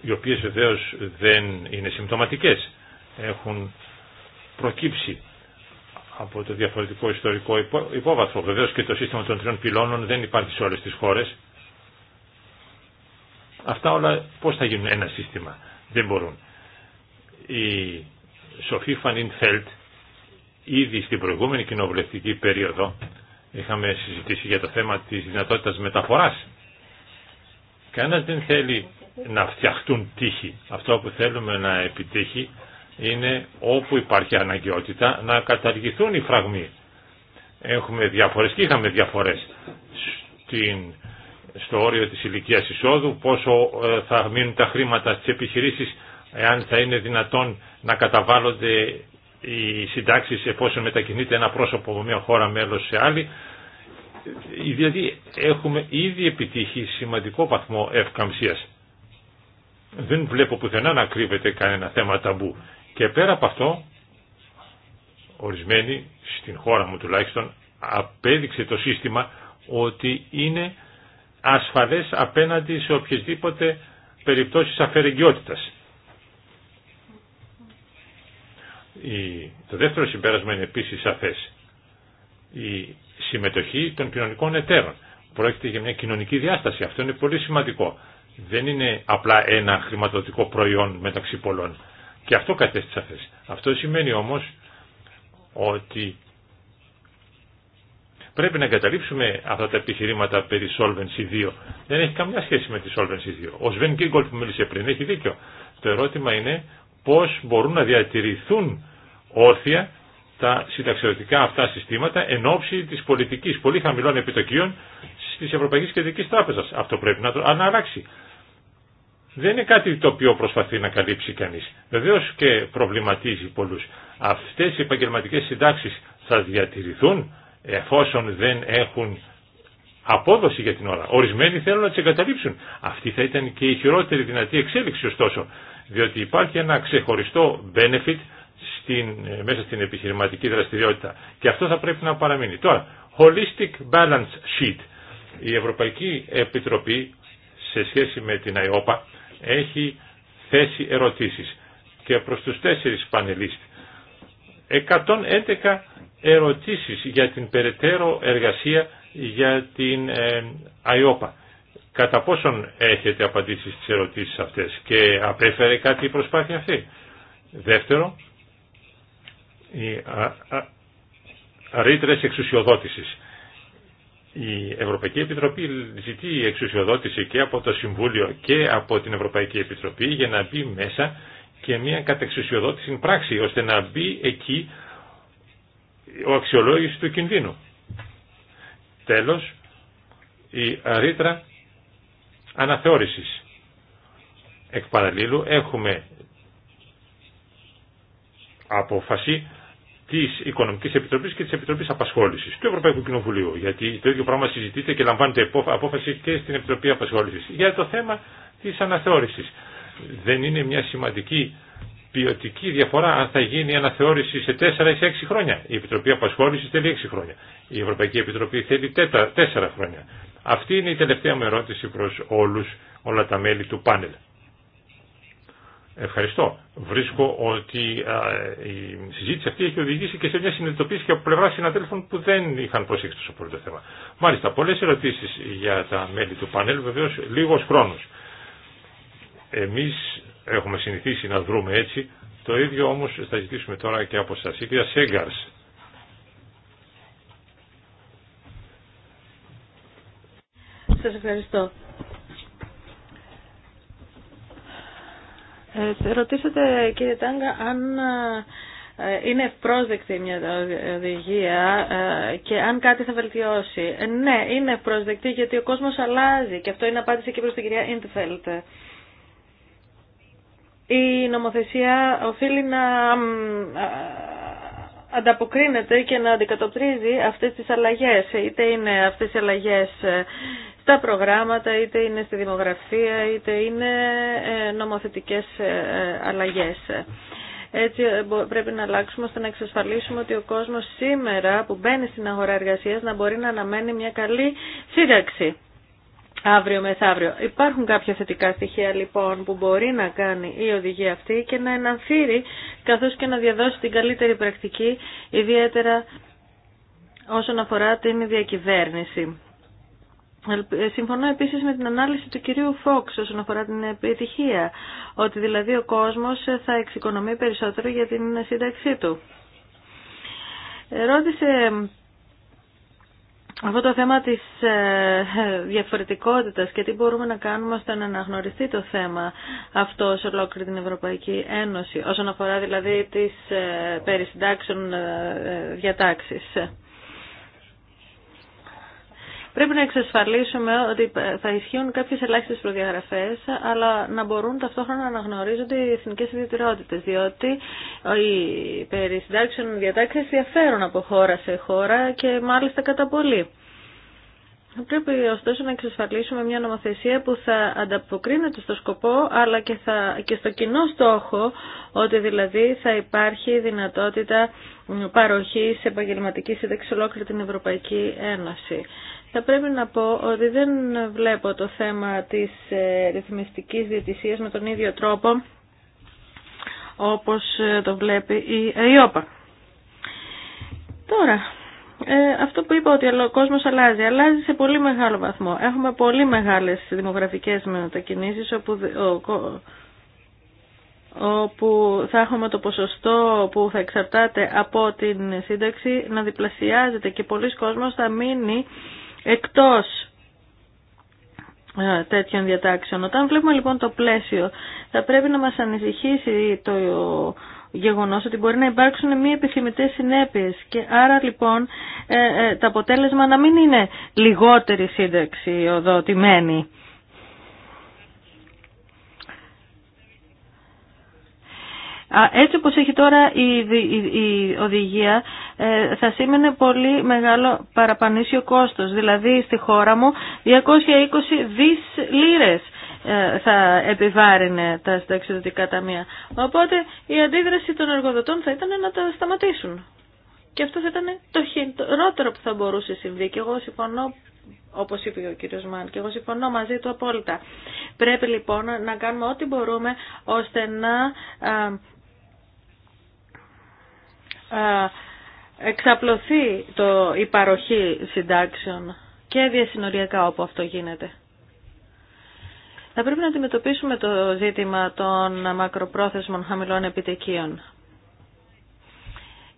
οι οποίες βεβαίως δεν είναι συμπτωματικές. Έχουν προκύψει από το διαφορετικό ιστορικό υπόβαθρο. Βεβαίως και το σύστημα των τριών πυλώνων δεν υπάρχει σε όλες τις χώρες. Αυτά όλα πώς θα γίνουν ένα σύστημα. Δεν μπορούν. Η Σοφή Φανίν Φέλτ ήδη στην προηγούμενη κοινοβουλευτική περίοδο είχαμε συζητήσει για το θέμα της δυνατότητας μεταφοράς. Κανένας δεν θέλει να φτιαχτούν τείχη. Αυτό που θέλουμε να επιτύχει είναι όπου υπάρχει αναγκαιότητα να καταργηθούν οι φραγμοί. Έχουμε διαφορές και είχαμε διαφορές στην στο όριο της ηλικίας εισόδου, πόσο ε, θα μείνουν τα χρήματα στις επιχειρήσεις, εάν θα είναι δυνατόν να καταβάλλονται οι συντάξεις εφόσον μετακινείται ένα πρόσωπο από μια χώρα μέλος σε άλλη. Ε, δηλαδή έχουμε ήδη επιτύχει σημαντικό βαθμό ευκαμψίας. Δεν βλέπω πουθενά να κρύβεται κανένα θέμα ταμπού. Και πέρα από αυτό, ορισμένοι, στην χώρα μου τουλάχιστον, απέδειξε το σύστημα ότι είναι ασφαλές απέναντι σε οποιασδήποτε περιπτώσεις αφαιρεγγιότητας. Το δεύτερο συμπέρασμα είναι επίσης σαφές. Η συμμετοχή των κοινωνικών εταίρων. Πρόκειται για μια κοινωνική διάσταση. Αυτό είναι πολύ σημαντικό. Δεν είναι απλά ένα χρηματοδοτικό προϊόν μεταξύ πολλών. Και αυτό κατέστησε σαφές. Αυτό σημαίνει όμως ότι Πρέπει να εγκαταλείψουμε αυτά τα επιχειρήματα περί Solvency 2. Δεν έχει καμιά σχέση με τη Solvency 2. Ο Σβέν Κίγκολ που μίλησε πριν έχει δίκιο. Το ερώτημα είναι πώς μπορούν να διατηρηθούν όρθια τα συνταξιωτικά αυτά συστήματα εν ώψη της πολιτικής πολύ χαμηλών επιτοκίων τη Ευρωπαϊκή Κεντρικής Τράπεζας. Αυτό πρέπει να το αναλλάξει. Δεν είναι κάτι το οποίο προσπαθεί να καλύψει κανείς. Βεβαίως και προβληματίζει πολλούς. Αυτές οι επαγγελματικέ συντάξεις θα διατηρηθούν εφόσον δεν έχουν απόδοση για την ώρα. Ορισμένοι θέλουν να τι εγκαταλείψουν. Αυτή θα ήταν και η χειρότερη δυνατή εξέλιξη ωστόσο, διότι υπάρχει ένα ξεχωριστό benefit στην, ε, μέσα στην επιχειρηματική δραστηριότητα και αυτό θα πρέπει να παραμείνει. Τώρα, Holistic Balance Sheet. Η Ευρωπαϊκή Επιτροπή σε σχέση με την ΑΕΟΠΑ έχει θέσει ερωτήσεις και προς τους τέσσερις πανελίστ 111 ερωτήσεις για την περαιτέρω εργασία για την ε, ΑΙΟΠΑ. Κατά πόσον έχετε απαντήσει στις ερωτήσεις αυτές και απέφερε κάτι η προσπάθεια αυτή. Δεύτερο, οι ρήτρες εξουσιοδότησης. Η Ευρωπαϊκή Επιτροπή ζητεί εξουσιοδότηση και από το Συμβούλιο και από την Ευρωπαϊκή Επιτροπή για να μπει μέσα και μια κατεξουσιοδότηση πράξη ώστε να μπει εκεί ο αξιολόγηση του κινδύνου. Τέλος, η ρήτρα αναθεώρησης. Εκ παραλλήλου έχουμε απόφαση τη οικονομική επιτροπή και τη επιτροπή Απασχόλησης του Ευρωπαϊκού Κοινοβουλίου, γιατί το ίδιο πράγμα συζητείται και λαμβάνεται απόφαση και στην Επιτροπή απασχόληση για το θέμα τη αναθεώρηση δεν είναι μια σημαντική ποιοτική διαφορά αν θα γίνει αναθεώρηση σε 4 ή σε 6 χρόνια. Η Επιτροπή Απασχόληση θέλει 6 χρόνια. Η Ευρωπαϊκή Επιτροπή θέλει 4 χρόνια. Αυτή είναι η τελευταία μου ερώτηση προ όλου, όλα τα μέλη του πάνελ. Ευχαριστώ. Βρίσκω ότι η συζήτηση αυτή έχει οδηγήσει και σε μια συνειδητοποίηση και από πλευρά συναδέλφων που δεν είχαν προσέξει τόσο πολύ το θέμα. Μάλιστα, πολλέ ερωτήσει για τα μέλη του πάνελ, βεβαίω λίγο χρόνο. Εμείς έχουμε συνηθίσει να δρούμε έτσι, το ίδιο όμως θα ζητήσουμε τώρα και από σας. Η κυρία Σέγκαρς. Σας ευχαριστώ. Ε, ρωτήσατε κύριε Τάγκα αν ε, είναι ευπρόσδεκτη μια οδηγία ε, και αν κάτι θα βελτιώσει. Ε, ναι, είναι ευπρόσδεκτη γιατί ο κόσμος αλλάζει και αυτό είναι απάντηση και προς την κυρία Ιντφέλτ η νομοθεσία οφείλει να ανταποκρίνεται και να αντικατοπτρίζει αυτές τις αλλαγές. Είτε είναι αυτές οι αλλαγές ε, στα προγράμματα, είτε είναι στη δημογραφία, είτε είναι ε, νομοθετικές ε, αλλαγές. Έτσι πρέπει να αλλάξουμε ώστε να εξασφαλίσουμε ότι ο κόσμος σήμερα που μπαίνει στην αγορά εργασίας να μπορεί να αναμένει μια καλή σύνταξη αύριο μεθαύριο. Υπάρχουν κάποια θετικά στοιχεία λοιπόν που μπορεί να κάνει η οδηγία αυτή και να εναμφύρει καθώς και να διαδώσει την καλύτερη πρακτική ιδιαίτερα όσον αφορά την διακυβέρνηση. Ε, συμφωνώ επίσης με την ανάλυση του κυρίου Φόξ όσον αφορά την επιτυχία, ότι δηλαδή ο κόσμος θα εξοικονομεί περισσότερο για την σύνταξή του. Ρώτησε αυτό το θέμα της ε, διαφορετικότητας και τι μπορούμε να κάνουμε ώστε να αναγνωριστεί το θέμα αυτό σε ολόκληρη την Ευρωπαϊκή Ένωση, όσον αφορά δηλαδή τις ε, περισυντάξεων ε, διατάξεις. Πρέπει να εξασφαλίσουμε ότι θα ισχύουν κάποιε ελάχιστε προδιαγραφέ, αλλά να μπορούν ταυτόχρονα να αναγνωρίζονται οι εθνικέ ιδιαιτερότητε. διότι οι περί συντάξεων διατάξεις διαφέρουν από χώρα σε χώρα και μάλιστα κατά πολύ. Πρέπει ωστόσο να εξασφαλίσουμε μια νομοθεσία που θα ανταποκρίνεται στο σκοπό αλλά και, θα, και στο κοινό στόχο ότι δηλαδή θα υπάρχει δυνατότητα παροχής επαγγελματικής σύνταξης ολόκληρη την Ευρωπαϊκή Ένωση θα πρέπει να πω ότι δεν βλέπω το θέμα της ε, ρυθμιστικής διαιτησίας με τον ίδιο τρόπο όπως ε, το βλέπει η ΕΙΟΠΑ. Τώρα, ε, αυτό που είπα ότι ο κόσμος αλλάζει, αλλάζει σε πολύ μεγάλο βαθμό. Έχουμε πολύ μεγάλες δημογραφικές μετακινήσεις όπου, όπου θα έχουμε το ποσοστό που θα εξαρτάται από την σύνταξη να διπλασιάζεται και πολλοί κόσμος θα μείνει εκτός ε, τέτοιων διατάξεων. Όταν βλέπουμε λοιπόν το πλαίσιο, θα πρέπει να μας ανησυχήσει το γεγονός ότι μπορεί να υπάρξουν μη επιθυμητές συνέπειες και άρα λοιπόν ε, ε, το αποτέλεσμα να μην είναι λιγότερη σύνταξη οδοτημένη. Έτσι όπως έχει τώρα η οδηγία ε, θα σήμαινε πολύ μεγάλο παραπανήσιο κόστος. Δηλαδή στη χώρα μου 220 δις λίρες ε, θα επιβάρυνε τα συνταξιδοτικά ταμεία. Οπότε η αντίδραση των εργοδοτών θα ήταν να τα σταματήσουν. Και αυτό θα ήταν το χειρότερο που θα μπορούσε συμβεί. Και εγώ συμφωνώ όπως είπε ο κύριος Μάν και εγώ συμφωνώ μαζί του απόλυτα. Πρέπει λοιπόν να κάνουμε ό,τι μπορούμε ώστε να εξαπλωθεί το, η παροχή συντάξεων και διασυνοριακά όπου αυτό γίνεται. Θα πρέπει να αντιμετωπίσουμε το ζήτημα των μακροπρόθεσμων χαμηλών επιτεκίων.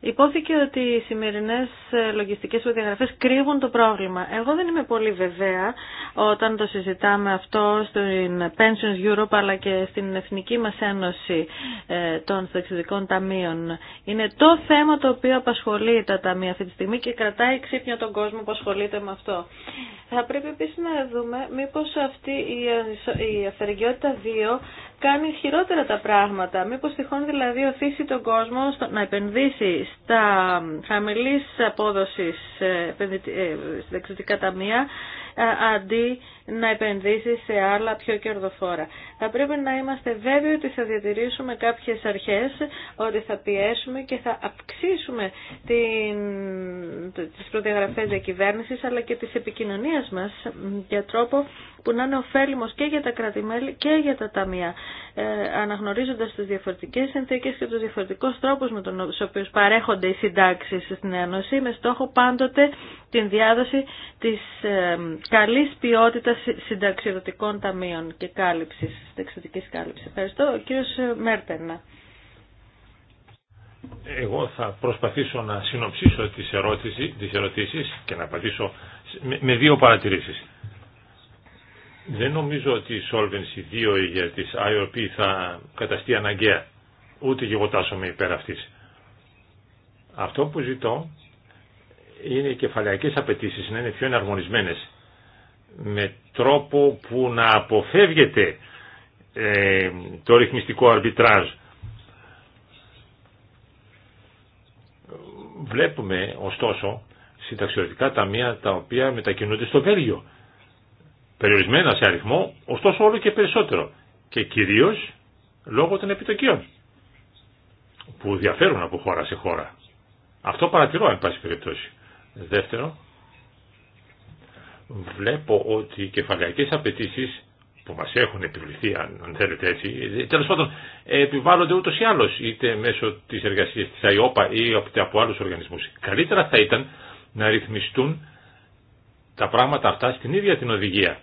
Υπόθηκε ότι οι σημερινές ε, λογιστικές προδιαγραφέ κρύβουν το πρόβλημα. Εγώ δεν είμαι πολύ βεβαία όταν το συζητάμε αυτό στην Pensions Europe αλλά και στην Εθνική μας Ένωση ε, των Σταξιδικών Ταμείων. Είναι το θέμα το οποίο απασχολεί τα ταμεία αυτή τη στιγμή και κρατάει ξύπνιο τον κόσμο που ασχολείται με αυτό. Θα πρέπει επίση να δούμε μήπως αυτή η αφαιρεγγιότητα 2 κάνει χειρότερα τα πράγματα. Μήπω τυχόν δηλαδή οθήσει τον κόσμο στο να επενδύσει στα χαμηλής απόδοσης ε, δεξιτικά ε, ταμεία ε, αντί να επενδύσει σε άλλα πιο κερδοφόρα. Θα πρέπει να είμαστε βέβαιοι ότι θα διατηρήσουμε κάποιες αρχές, ότι θα πιέσουμε και θα αυξήσουμε την, τις προδιαγραφές διακυβέρνησης αλλά και τις επικοινωνίες μας για τρόπο που να είναι ωφέλιμος και για τα κρατημέλη και για τα ταμεία, ε, αναγνωρίζοντας τις διαφορετικές συνθήκες και τους διαφορετικούς τρόπους με τους οποίους παρέχονται οι συντάξεις στην Ένωση, με στόχο πάντοτε την διάδοση της ε, καλής ποιότητας συνταξιδοτικών ταμείων και κάλυψης, συνταξιδοτικής κάλυψης. Ευχαριστώ. Ο κύριος ε, Μέρτενα. Εγώ θα προσπαθήσω να συνοψίσω τις, ερώτηση, τις ερωτήσεις και να απαντήσω με δύο παρατηρήσεις. Δεν νομίζω ότι η Solvency 2 για τις IOP θα καταστεί αναγκαία. Ούτε και εγώ υπέρ αυτής. Αυτό που ζητώ είναι οι κεφαλαϊκές απαιτήσεις να είναι πιο εναρμονισμένες με τρόπο που να αποφεύγεται ε, το ρυθμιστικό αρμπιτράζ. Βλέπουμε ωστόσο συνταξιωτικά ταμεία τα οποία μετακινούνται στο Βέλγιο. Περιορισμένα σε αριθμό, ωστόσο όλο και περισσότερο. Και κυρίως λόγω των επιτοκίων που διαφέρουν από χώρα σε χώρα. Αυτό παρατηρώ εν πάση περιπτώσει. Δεύτερο, βλέπω ότι οι κεφαλαϊκές απαιτήσει που μας έχουν επιβληθεί αν θέλετε έτσι, ε, τέλος πάντων επιβάλλονται ούτως ή άλλως είτε μέσω της εργασίας της ΑΙΟΠΑ ή από άλλους οργανισμούς. Καλύτερα θα ήταν να ρυθμιστούν τα πράγματα αυτά στην ίδια την οδηγία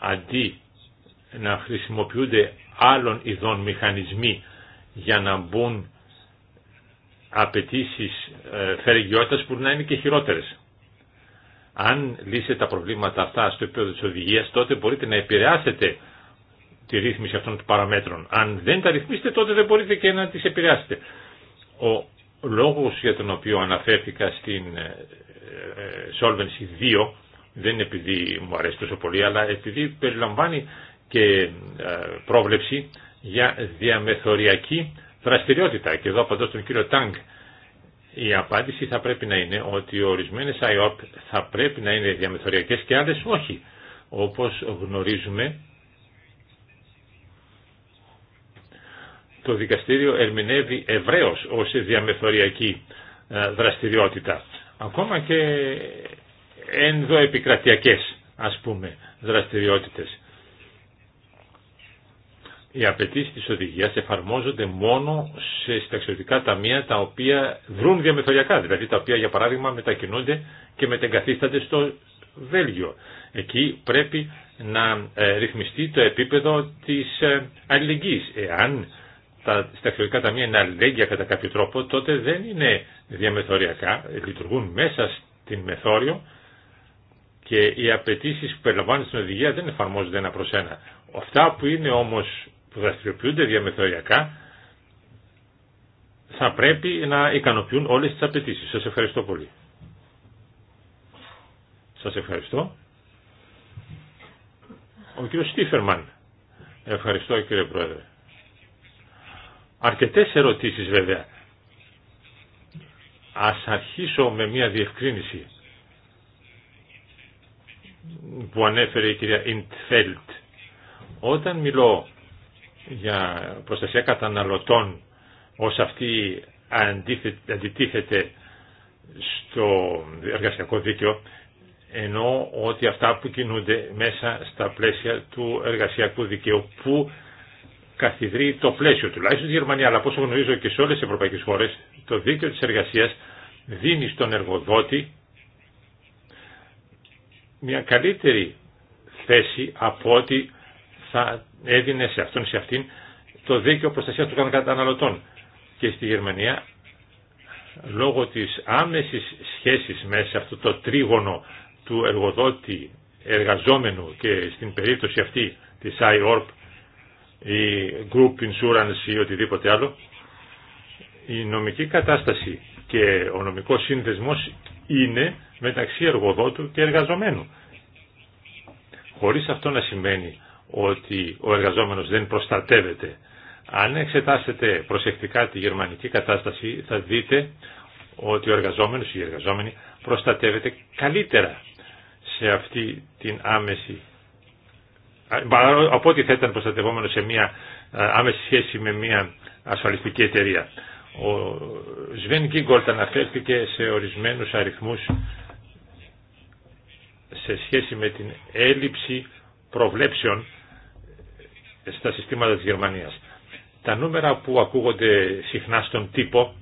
αντί να χρησιμοποιούνται άλλων ειδών μηχανισμοί για να μπουν απαιτήσει ε, φερεγιότητα που να είναι και χειρότερες. Αν λύσετε τα προβλήματα αυτά στο επίπεδο της οδηγίας, τότε μπορείτε να επηρεάσετε τη ρύθμιση αυτών των παραμέτρων. Αν δεν τα ρυθμίσετε, τότε δεν μπορείτε και να τις επηρεάσετε. Ο λόγος για τον οποίο αναφέρθηκα στην ε, ε, Solvency 2, δεν είναι επειδή μου αρέσει τόσο πολύ, αλλά επειδή περιλαμβάνει και πρόβλεψη για διαμεθοριακή δραστηριότητα. Και εδώ απαντώ στον κύριο Τάγκ. Η απάντηση θα πρέπει να είναι ότι ορισμένες IOP θα πρέπει να είναι διαμεθοριακές και άλλες όχι. Όπως γνωρίζουμε, το δικαστήριο ερμηνεύει ευρέως ως διαμεθοριακή ε, δραστηριότητα. Ακόμα και ενδοεπικρατειακές, ας πούμε, δραστηριότητες οι απαιτήσει τη οδηγία εφαρμόζονται μόνο σε συνταξιωτικά ταμεία τα οποία βρουν διαμεθοριακά, δηλαδή τα οποία για παράδειγμα μετακινούνται και μετεγκαθίστανται στο Βέλγιο. Εκεί πρέπει να ε, ρυθμιστεί το επίπεδο της ε, αλληλεγγύη. Εάν τα συνταξιωτικά ταμεία είναι αλληλέγγυα κατά κάποιο τρόπο, τότε δεν είναι διαμεθοριακά, λειτουργούν μέσα στην μεθόριο και οι απαιτήσει που περιλαμβάνουν στην οδηγία δεν εφαρμόζονται ένα προ ένα. Αυτά που είναι όμως που δραστηριοποιούνται διαμεθοριακά θα πρέπει να ικανοποιούν όλες τις απαιτήσεις. Σας ευχαριστώ πολύ. Σας ευχαριστώ. Ο κύριος Στίφερμαν. Ευχαριστώ κύριε Πρόεδρε. Αρκετές ερωτήσεις βέβαια. Ας αρχίσω με μια διευκρίνηση που ανέφερε η κυρία Ιντφέλτ. Όταν μιλώ για προστασία καταναλωτών ως αυτή αντιτίθεται στο εργασιακό δίκαιο ενώ ότι αυτά που κινούνται μέσα στα πλαίσια του εργασιακού δικαίου που καθιδρεί το πλαίσιο τουλάχιστον στη Γερμανία αλλά πόσο γνωρίζω και σε όλες τις ευρωπαϊκές χώρες το δίκαιο της εργασίας δίνει στον εργοδότη μια καλύτερη θέση από ότι θα έδινε σε αυτόν σε αυτήν το δίκαιο προστασία των καταναλωτών. Και στη Γερμανία, λόγω της άμεσης σχέσης μέσα σε αυτό το τρίγωνο του εργοδότη εργαζόμενου και στην περίπτωση αυτή της IORP ή Group Insurance ή οτιδήποτε άλλο, η νομική κατάσταση και ο νομικός σύνδεσμος είναι μεταξύ εργοδότου και εργαζομένου. Χωρίς αυτό να σημαίνει ότι ο εργαζόμενος δεν προστατεύεται. Αν εξετάσετε προσεκτικά τη γερμανική κατάσταση θα δείτε ότι ο εργαζόμενος ή οι εργαζόμενοι προστατεύεται καλύτερα σε αυτή την άμεση από ό,τι θα ήταν προστατευόμενο σε μια άμεση σχέση με μια ασφαλιστική εταιρεία. Ο Σβέν Γκίγκολτ αναφέρθηκε σε ορισμένους αριθμούς σε σχέση με την έλλειψη προβλέψεων στα συστήματα της Γερμανίας. Τα νούμερα που ακούγονται συχνά στον τύπο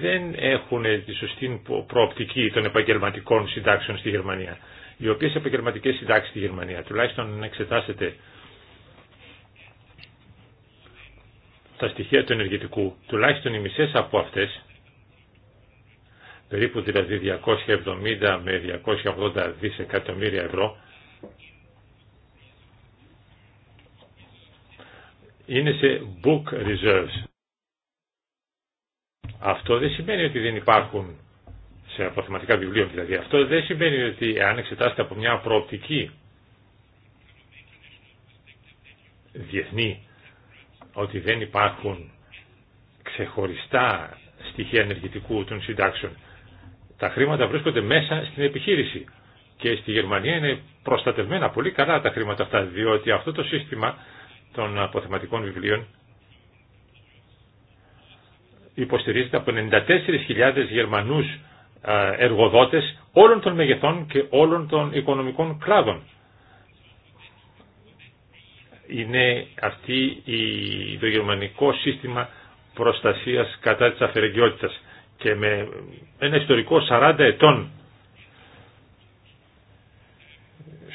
δεν έχουν τη σωστή προοπτική των επαγγελματικών συντάξεων στη Γερμανία. Οι οποίε επαγγελματικέ συντάξει στη Γερμανία, τουλάχιστον να εξετάσετε τα στοιχεία του ενεργητικού, τουλάχιστον οι μισέ από αυτέ περίπου δηλαδή 270 με 280 δισεκατομμύρια ευρώ, είναι σε book reserves. Αυτό δεν σημαίνει ότι δεν υπάρχουν σε αποθεματικά βιβλία δηλαδή. Αυτό δεν σημαίνει ότι αν εξετάσετε από μια προοπτική διεθνή ότι δεν υπάρχουν ξεχωριστά στοιχεία ενεργητικού των συντάξεων. Τα χρήματα βρίσκονται μέσα στην επιχείρηση και στη Γερμανία είναι προστατευμένα πολύ καλά τα χρήματα αυτά, διότι αυτό το σύστημα των αποθεματικών βιβλίων υποστηρίζεται από 94.000 Γερμανούς εργοδότες όλων των μεγεθών και όλων των οικονομικών κλάδων. Είναι αυτή η, το γερμανικό σύστημα προστασίας κατά της αφαιρεγγιότητας και με ένα ιστορικό 40 ετών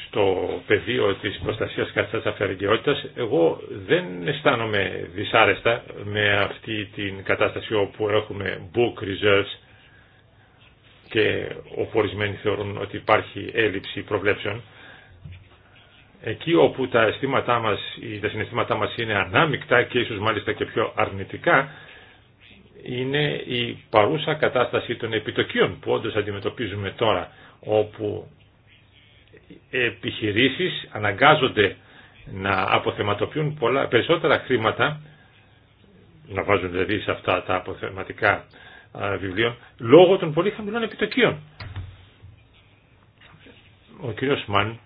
στο πεδίο της προστασίας καθένας αφαιρεγγιότητας, εγώ δεν αισθάνομαι δυσάρεστα με αυτή την κατάσταση όπου έχουμε book reserves και όπου θεωρούν ότι υπάρχει έλλειψη προβλέψεων. Εκεί όπου τα, αισθήματά μας, τα συναισθήματά μας είναι ανάμεικτα και ίσως μάλιστα και πιο αρνητικά, είναι η παρούσα κατάσταση των επιτοκίων που όντως αντιμετωπίζουμε τώρα, όπου επιχειρήσεις αναγκάζονται να αποθεματοποιούν πολλά, περισσότερα χρήματα, να βάζουν δηλαδή σε αυτά τα αποθεματικά βιβλία λόγω των πολύ χαμηλών επιτοκίων. Ο κ. Μαν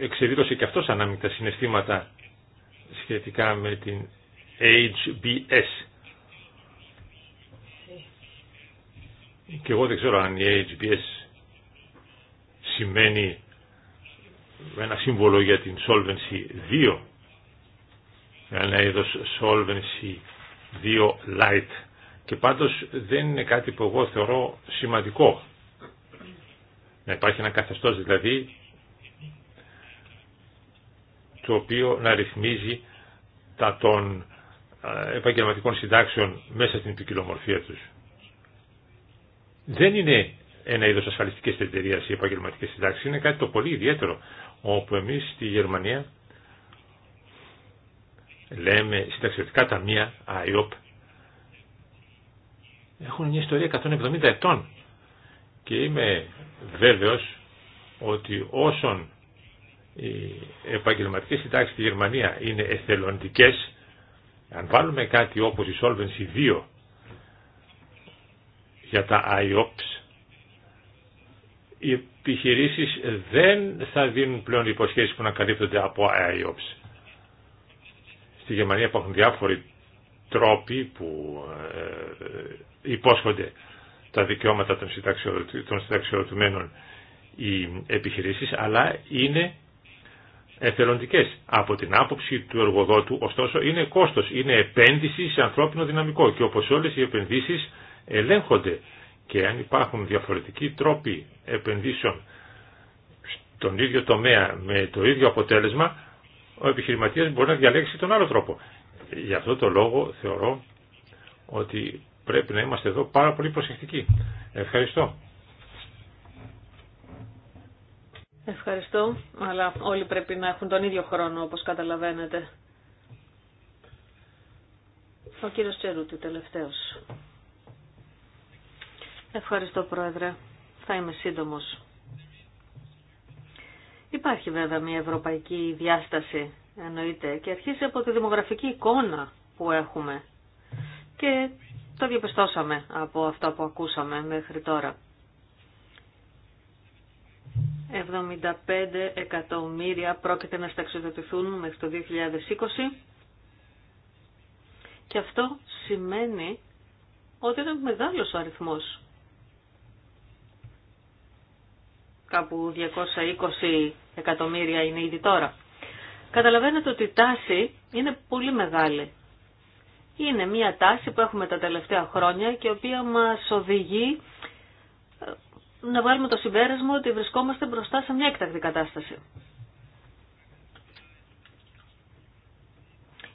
ε, εξεδίδωσε και αυτός ανάμεικτα συναισθήματα σχετικά με την HBS. Και εγώ δεν ξέρω αν η HBS σημαίνει ένα σύμβολο για την Solvency 2, ένα είδος Solvency 2 Light. Και πάντως δεν είναι κάτι που εγώ θεωρώ σημαντικό. Να υπάρχει ένα καθεστώς δηλαδή το οποίο να ρυθμίζει τα των επαγγελματικών συντάξεων μέσα στην ποικιλομορφία του Δεν είναι ένα είδος ασφαλιστικής εταιρεία οι επαγγελματικέ συντάξει, είναι κάτι το πολύ ιδιαίτερο, όπου εμείς στη Γερμανία λέμε συνταξιωτικά ταμεία, ΑΙΟΠ, έχουν μια ιστορία 170 ετών και είμαι βέβαιο ότι όσον οι επαγγελματικέ συντάξει στη Γερμανία είναι εθελοντικές αν βάλουμε κάτι όπως η Solvency 2 για τα IOPS, οι επιχειρήσει δεν θα δίνουν πλέον υποσχέσεις που να καλύπτονται από IOPS. Στη Γερμανία υπάρχουν διάφοροι τρόποι που ε, υπόσχονται τα δικαιώματα των συνταξιοδοτημένων οι επιχειρήσεις, αλλά είναι Εθελοντικέ, Από την άποψη του εργοδότου, ωστόσο, είναι κόστος, είναι επένδυση σε ανθρώπινο δυναμικό και όπως όλες οι επενδύσεις ελέγχονται και αν υπάρχουν διαφορετικοί τρόποι επενδύσεων στον ίδιο τομέα με το ίδιο αποτέλεσμα, ο επιχειρηματίας μπορεί να διαλέξει τον άλλο τρόπο. Γι' αυτό το λόγο θεωρώ ότι πρέπει να είμαστε εδώ πάρα πολύ προσεκτικοί. Ευχαριστώ. Ευχαριστώ, αλλά όλοι πρέπει να έχουν τον ίδιο χρόνο, όπως καταλαβαίνετε. Ο κύριος Τσερούτη, τελευταίος. Ευχαριστώ, Πρόεδρε. Θα είμαι σύντομος. Υπάρχει βέβαια μια ευρωπαϊκή διάσταση, εννοείται, και αρχίζει από τη δημογραφική εικόνα που έχουμε. Και το διαπιστώσαμε από αυτά που ακούσαμε μέχρι τώρα. 75 εκατομμύρια πρόκειται να σταξιδοτηθούν μέχρι το 2020 και αυτό σημαίνει ότι είναι μεγάλος ο αριθμός. Κάπου 220 εκατομμύρια είναι ήδη τώρα. Καταλαβαίνετε ότι η τάση είναι πολύ μεγάλη. Είναι μια τάση που έχουμε τα τελευταία χρόνια και η οποία μας οδηγεί να βάλουμε το συμπέρασμα ότι βρισκόμαστε μπροστά σε μια έκτακτη κατάσταση.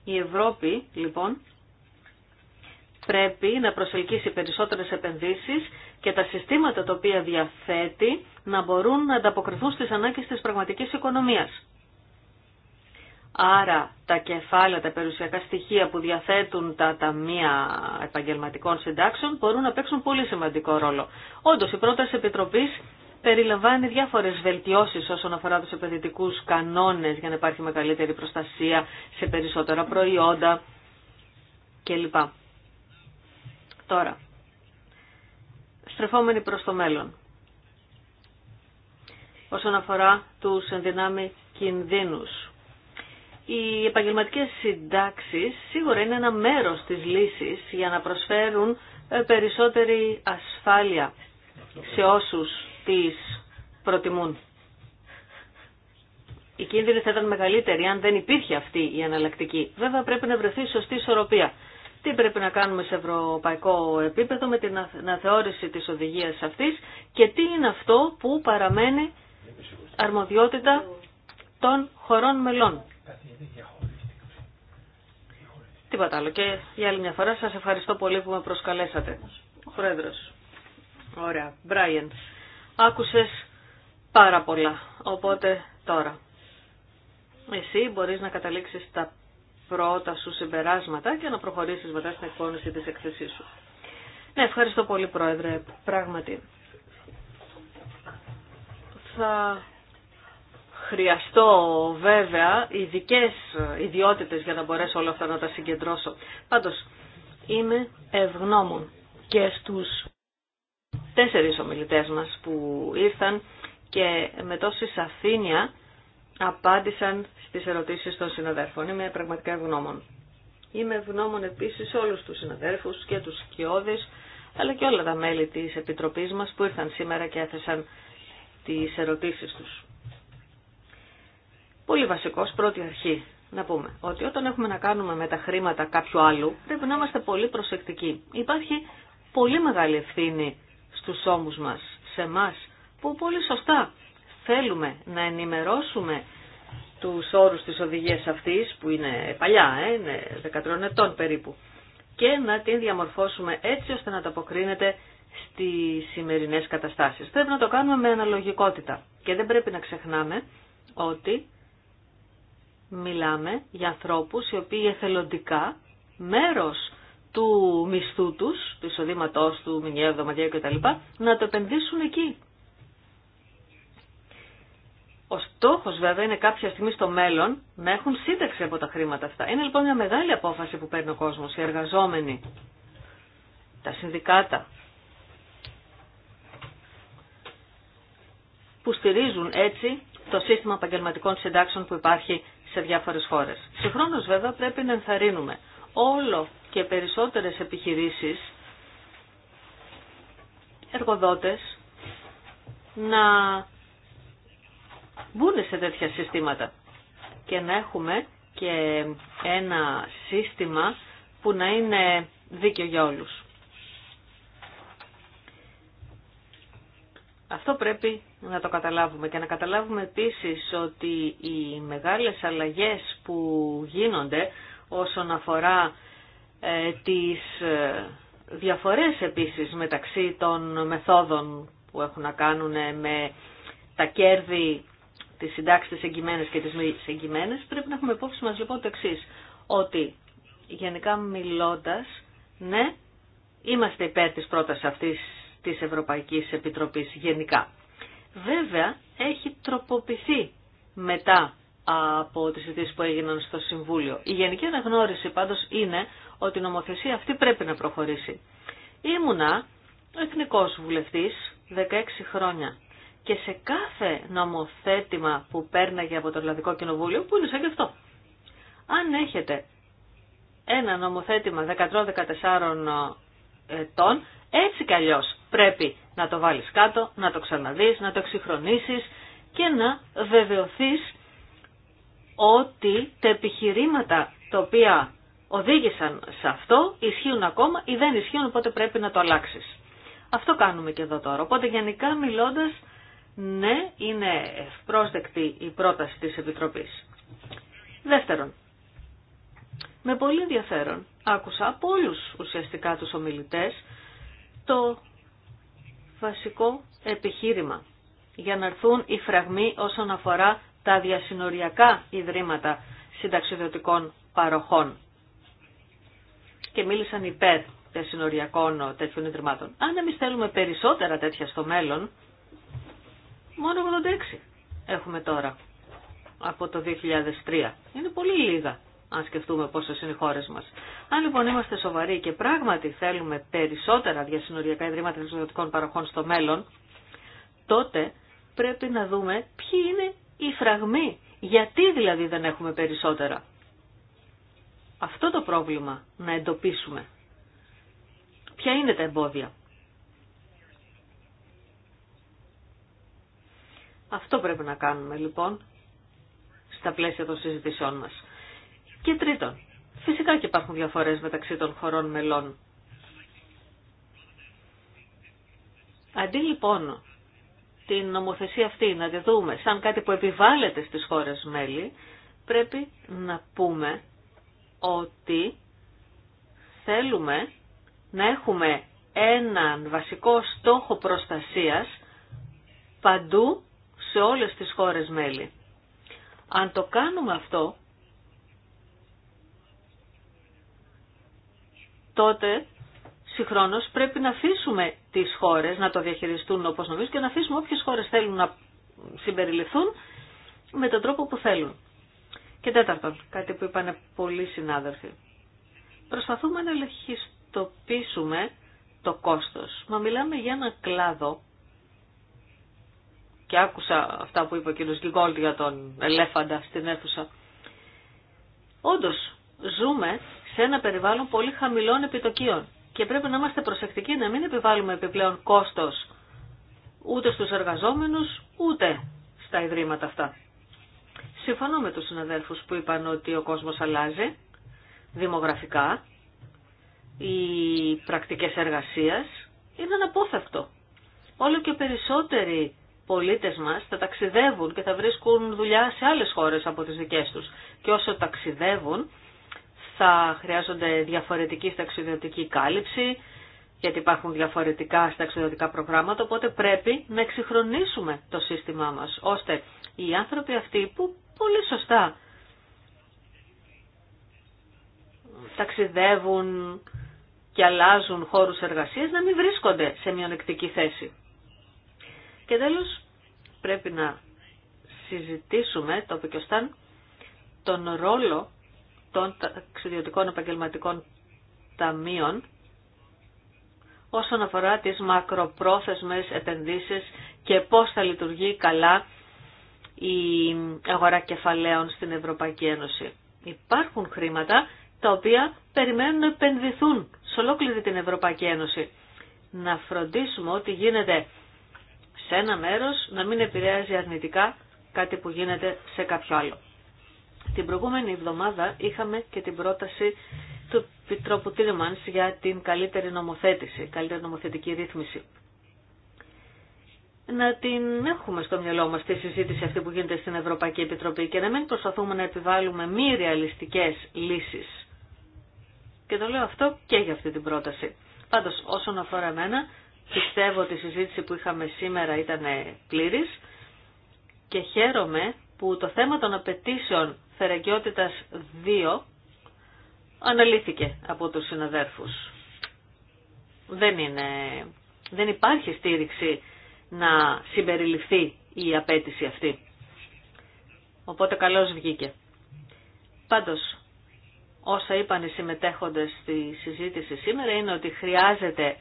Η Ευρώπη, λοιπόν, πρέπει να προσελκύσει περισσότερες επενδύσεις και τα συστήματα τα οποία διαθέτει να μπορούν να ανταποκριθούν στις ανάγκες της πραγματικής οικονομίας. Άρα τα κεφάλαια, τα περιουσιακά στοιχεία που διαθέτουν τα ταμεία επαγγελματικών συντάξεων μπορούν να παίξουν πολύ σημαντικό ρόλο. Όντω, η πρόταση Επιτροπή περιλαμβάνει διάφορε βελτιώσει όσον αφορά του επενδυτικού κανόνε για να υπάρχει μεγαλύτερη προστασία σε περισσότερα προϊόντα κλπ. Τώρα, στρεφόμενοι προς το μέλλον. Όσον αφορά τους ενδυνάμει κινδύνους οι επαγγελματικέ συντάξεις σίγουρα είναι ένα μέρος της λύσης για να προσφέρουν ε, περισσότερη ασφάλεια σε όσους τις προτιμούν. Οι κίνδυνοι θα ήταν μεγαλύτεροι αν δεν υπήρχε αυτή η αναλλακτική. Βέβαια πρέπει να βρεθεί σωστή ισορροπία. Τι πρέπει να κάνουμε σε ευρωπαϊκό επίπεδο με την αναθεώρηση της οδηγίας αυτής και τι είναι αυτό που παραμένει αρμοδιότητα των χωρών μελών. Τίποτα άλλο. Και για άλλη μια φορά σας ευχαριστώ πολύ που με προσκαλέσατε. Ο Πρόεδρος. Ωραία. Μπράιεν, άκουσες πάρα πολλά. Οπότε τώρα. Εσύ μπορείς να καταλήξεις τα πρώτα σου συμπεράσματα και να προχωρήσεις μετά στην εκπόνηση της εκθεσής σου. Ναι, ευχαριστώ πολύ Πρόεδρε. Πράγματι. Θα χρειαστώ βέβαια ειδικέ ιδιότητες για να μπορέσω όλα αυτά να τα συγκεντρώσω. Πάντως είμαι ευγνώμων και στους τέσσερις ομιλητές μας που ήρθαν και με τόση σαφήνεια απάντησαν στις ερωτήσεις των συναδέρφων. Είμαι πραγματικά ευγνώμων. Είμαι ευγνώμων επίσης όλους τους συναδέρφους και τους σκιώδες, αλλά και όλα τα μέλη της Επιτροπής μας που ήρθαν σήμερα και έθεσαν τις ερωτήσεις τους. Πολύ βασικός πρώτη αρχή να πούμε ότι όταν έχουμε να κάνουμε με τα χρήματα κάποιου άλλου πρέπει να είμαστε πολύ προσεκτικοί. Υπάρχει πολύ μεγάλη ευθύνη στους ώμους μας, σε εμά, που πολύ σωστά θέλουμε να ενημερώσουμε τους όρους της οδηγίας αυτής που είναι παλιά, ε, είναι 13 ετών περίπου και να την διαμορφώσουμε έτσι ώστε να ανταποκρίνεται στις σημερινές καταστάσεις. Πρέπει να το κάνουμε με αναλογικότητα και δεν πρέπει να ξεχνάμε ότι μιλάμε για ανθρώπους οι οποίοι εθελοντικά μέρος του μισθού τους, του εισοδήματός του, μηνιαίου, τα κτλ. να το επενδύσουν εκεί. Ο στόχος βέβαια είναι κάποια στιγμή στο μέλλον να έχουν σύνταξη από τα χρήματα αυτά. Είναι λοιπόν μια μεγάλη απόφαση που παίρνει ο κόσμος, οι εργαζόμενοι, τα συνδικάτα, που στηρίζουν έτσι το σύστημα επαγγελματικών συντάξεων που υπάρχει σε διάφορες χώρες. Συγχρόνως βέβαια πρέπει να ενθαρρύνουμε όλο και περισσότερες επιχειρήσεις, εργοδότες, να μπουν σε τέτοια συστήματα και να έχουμε και ένα σύστημα που να είναι δίκαιο για όλους. Αυτό πρέπει να το καταλάβουμε και να καταλάβουμε επίσης ότι οι μεγάλες αλλαγές που γίνονται όσον αφορά ε, τις ε, διαφορές επίσης μεταξύ των μεθόδων που έχουν να κάνουν ε, με τα κέρδη της συντάξης της εγκυμένης και τις μη εγκυμένης, πρέπει να έχουμε υπόψη μας λοιπόν το εξή ότι γενικά μιλώντας, ναι, είμαστε υπέρ της πρότασης αυτής της Ευρωπαϊκής Επιτροπής γενικά. Βέβαια, έχει τροποποιηθεί μετά από τις ειδήσεις που έγιναν στο Συμβούλιο. Η γενική αναγνώριση πάντως είναι ότι η νομοθεσία αυτή πρέπει να προχωρήσει. Ήμουνα εθνικός βουλευτής 16 χρόνια και σε κάθε νομοθέτημα που πέρναγε από το Ελλαδικό Κοινοβούλιο, που είναι σαν και αυτό. Αν έχετε ένα νομοθέτημα 13-14 ετών, έτσι κι αλλιώς πρέπει να το βάλεις κάτω, να το ξαναδείς, να το εξυγχρονίσεις και να βεβαιωθείς ότι τα επιχειρήματα τα οποία οδήγησαν σε αυτό ισχύουν ακόμα ή δεν ισχύουν οπότε πρέπει να το αλλάξεις. Αυτό κάνουμε και εδώ τώρα. Οπότε γενικά μιλώντας, ναι, είναι ευπρόσδεκτη η πρόταση της Επιτροπής. Δεύτερον, με πολύ ενδιαφέρον άκουσα από όλου ουσιαστικά τους ομιλητές το βασικό επιχείρημα για να έρθουν οι φραγμοί όσον αφορά τα διασυνοριακά ιδρύματα συνταξιδοτικών παροχών. Και μίλησαν υπέρ διασυνοριακών τέτοιων ιδρυμάτων. Αν εμεί θέλουμε περισσότερα τέτοια στο μέλλον, μόνο 86 έχουμε τώρα από το 2003. Είναι πολύ λίγα αν σκεφτούμε πόσε είναι οι χώρε μα. Αν λοιπόν είμαστε σοβαροί και πράγματι θέλουμε περισσότερα διασυνοριακά ιδρύματα εξωτερικών παροχών στο μέλλον, τότε πρέπει να δούμε ποιοι είναι οι φραγμοί. Γιατί δηλαδή δεν έχουμε περισσότερα. Αυτό το πρόβλημα να εντοπίσουμε. Ποια είναι τα εμπόδια. Αυτό πρέπει να κάνουμε λοιπόν στα πλαίσια των συζητησιών μας. Και τρίτον, φυσικά και υπάρχουν διαφορές μεταξύ των χωρών μελών. Αντί λοιπόν την νομοθεσία αυτή να τη δούμε σαν κάτι που επιβάλλεται στις χώρες μέλη, πρέπει να πούμε ότι θέλουμε να έχουμε έναν βασικό στόχο προστασίας παντού σε όλες τις χώρες μέλη. Αν το κάνουμε αυτό, τότε συγχρόνως πρέπει να αφήσουμε τις χώρες να το διαχειριστούν όπως νομίζουν και να αφήσουμε όποιες χώρες θέλουν να συμπεριληφθούν με τον τρόπο που θέλουν. Και τέταρτον, κάτι που είπανε πολλοί συνάδελφοι. Προσπαθούμε να ελεγχιστοποιήσουμε το κόστος. Μα μιλάμε για ένα κλάδο και άκουσα αυτά που είπε ο κ. Γκίγκολτ για τον ελέφαντα στην αίθουσα. Όντως, ζούμε σε ένα περιβάλλον πολύ χαμηλών επιτοκίων και πρέπει να είμαστε προσεκτικοί να μην επιβάλλουμε επιπλέον κόστος ούτε στους εργαζόμενους ούτε στα ιδρύματα αυτά. Συμφωνώ με του συναδέλφους που είπαν ότι ο κόσμος αλλάζει δημογραφικά, οι πρακτικές εργασίας είναι αναπόφευκτο. Όλο και περισσότεροι πολίτες μας θα ταξιδεύουν και θα βρίσκουν δουλειά σε άλλες χώρες από τις δικές τους. Και όσο ταξιδεύουν θα χρειάζονται διαφορετική σταξιδιωτική κάλυψη, γιατί υπάρχουν διαφορετικά σταξιδιωτικά προγράμματα, οπότε πρέπει να εξυγχρονίσουμε το σύστημά μας, ώστε οι άνθρωποι αυτοί που πολύ σωστά ταξιδεύουν και αλλάζουν χώρους εργασίας να μην βρίσκονται σε μειονεκτική θέση. Και τέλος πρέπει να συζητήσουμε, το είπε και τον ρόλο των ταξιδιωτικών επαγγελματικών ταμείων όσον αφορά τις μακροπρόθεσμες επενδύσεις και πώς θα λειτουργεί καλά η αγορά κεφαλαίων στην Ευρωπαϊκή Ένωση. Υπάρχουν χρήματα τα οποία περιμένουν να επενδυθούν σε ολόκληρη την Ευρωπαϊκή Ένωση. Να φροντίσουμε ότι γίνεται σε ένα μέρος να μην επηρεάζει αρνητικά κάτι που γίνεται σε κάποιο άλλο. Την προηγούμενη εβδομάδα είχαμε και την πρόταση του Επιτρόπου Τίλεμανς για την καλύτερη νομοθέτηση, καλύτερη νομοθετική ρύθμιση. Να την έχουμε στο μυαλό μας τη συζήτηση αυτή που γίνεται στην Ευρωπαϊκή Επιτροπή και να μην προσπαθούμε να επιβάλλουμε μη ρεαλιστικές λύσεις. Και το λέω αυτό και για αυτή την πρόταση. Πάντως όσον αφορά εμένα πιστεύω ότι η συζήτηση που είχαμε σήμερα ήταν πλήρης και χαίρομαι που το θέμα των απαιτήσεων Θερακιότητας 2 αναλύθηκε από τους συναδέρφους. Δεν, δεν υπάρχει στήριξη να συμπεριληφθεί η απέτηση αυτή. Οπότε καλώς βγήκε. Πάντως, όσα είπαν οι συμμετέχοντες στη συζήτηση σήμερα είναι ότι χρειάζεται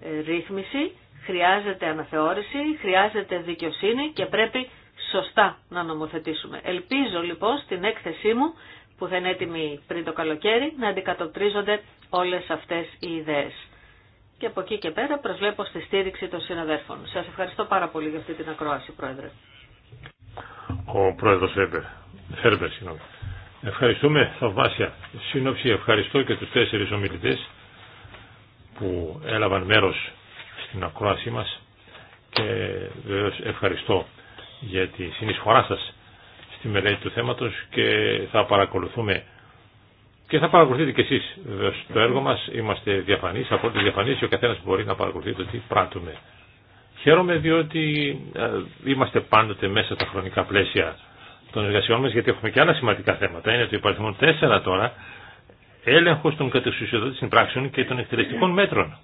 ε, ρύθμιση, χρειάζεται αναθεώρηση, χρειάζεται δικαιοσύνη και πρέπει σωστά να νομοθετήσουμε. Ελπίζω λοιπόν στην έκθεσή μου που θα είναι έτοιμη πριν το καλοκαίρι να αντικατοπτρίζονται όλες αυτές οι ιδέες. Και από εκεί και πέρα προσβλέπω στη στήριξη των συναδέρφων. Σας ευχαριστώ πάρα πολύ για αυτή την ακρόαση, Πρόεδρε. Ο Πρόεδρος Φέρμπερ, Ευχαριστούμε θαυμάσια. Σύνοψη ευχαριστώ και τους τέσσερις ομιλητές που έλαβαν μέρος στην ακρόασή μας και βεβαίως ευχαριστώ για τη συνεισφορά σας στη μελέτη του θέματος και θα παρακολουθούμε και θα παρακολουθείτε και εσείς το έργο μας. Είμαστε διαφανείς, απόλυτα διαφανείς και ο καθένας μπορεί να παρακολουθεί το τι πράττουμε. Χαίρομαι διότι ε, είμαστε πάντοτε μέσα στα χρονικά πλαίσια των εργασιών μας γιατί έχουμε και άλλα σημαντικά θέματα. Είναι το υπαριθμό 4 τώρα, έλεγχος των κατεξουσιοδότησης συμπράξεων και των εκτελεστικών μέτρων.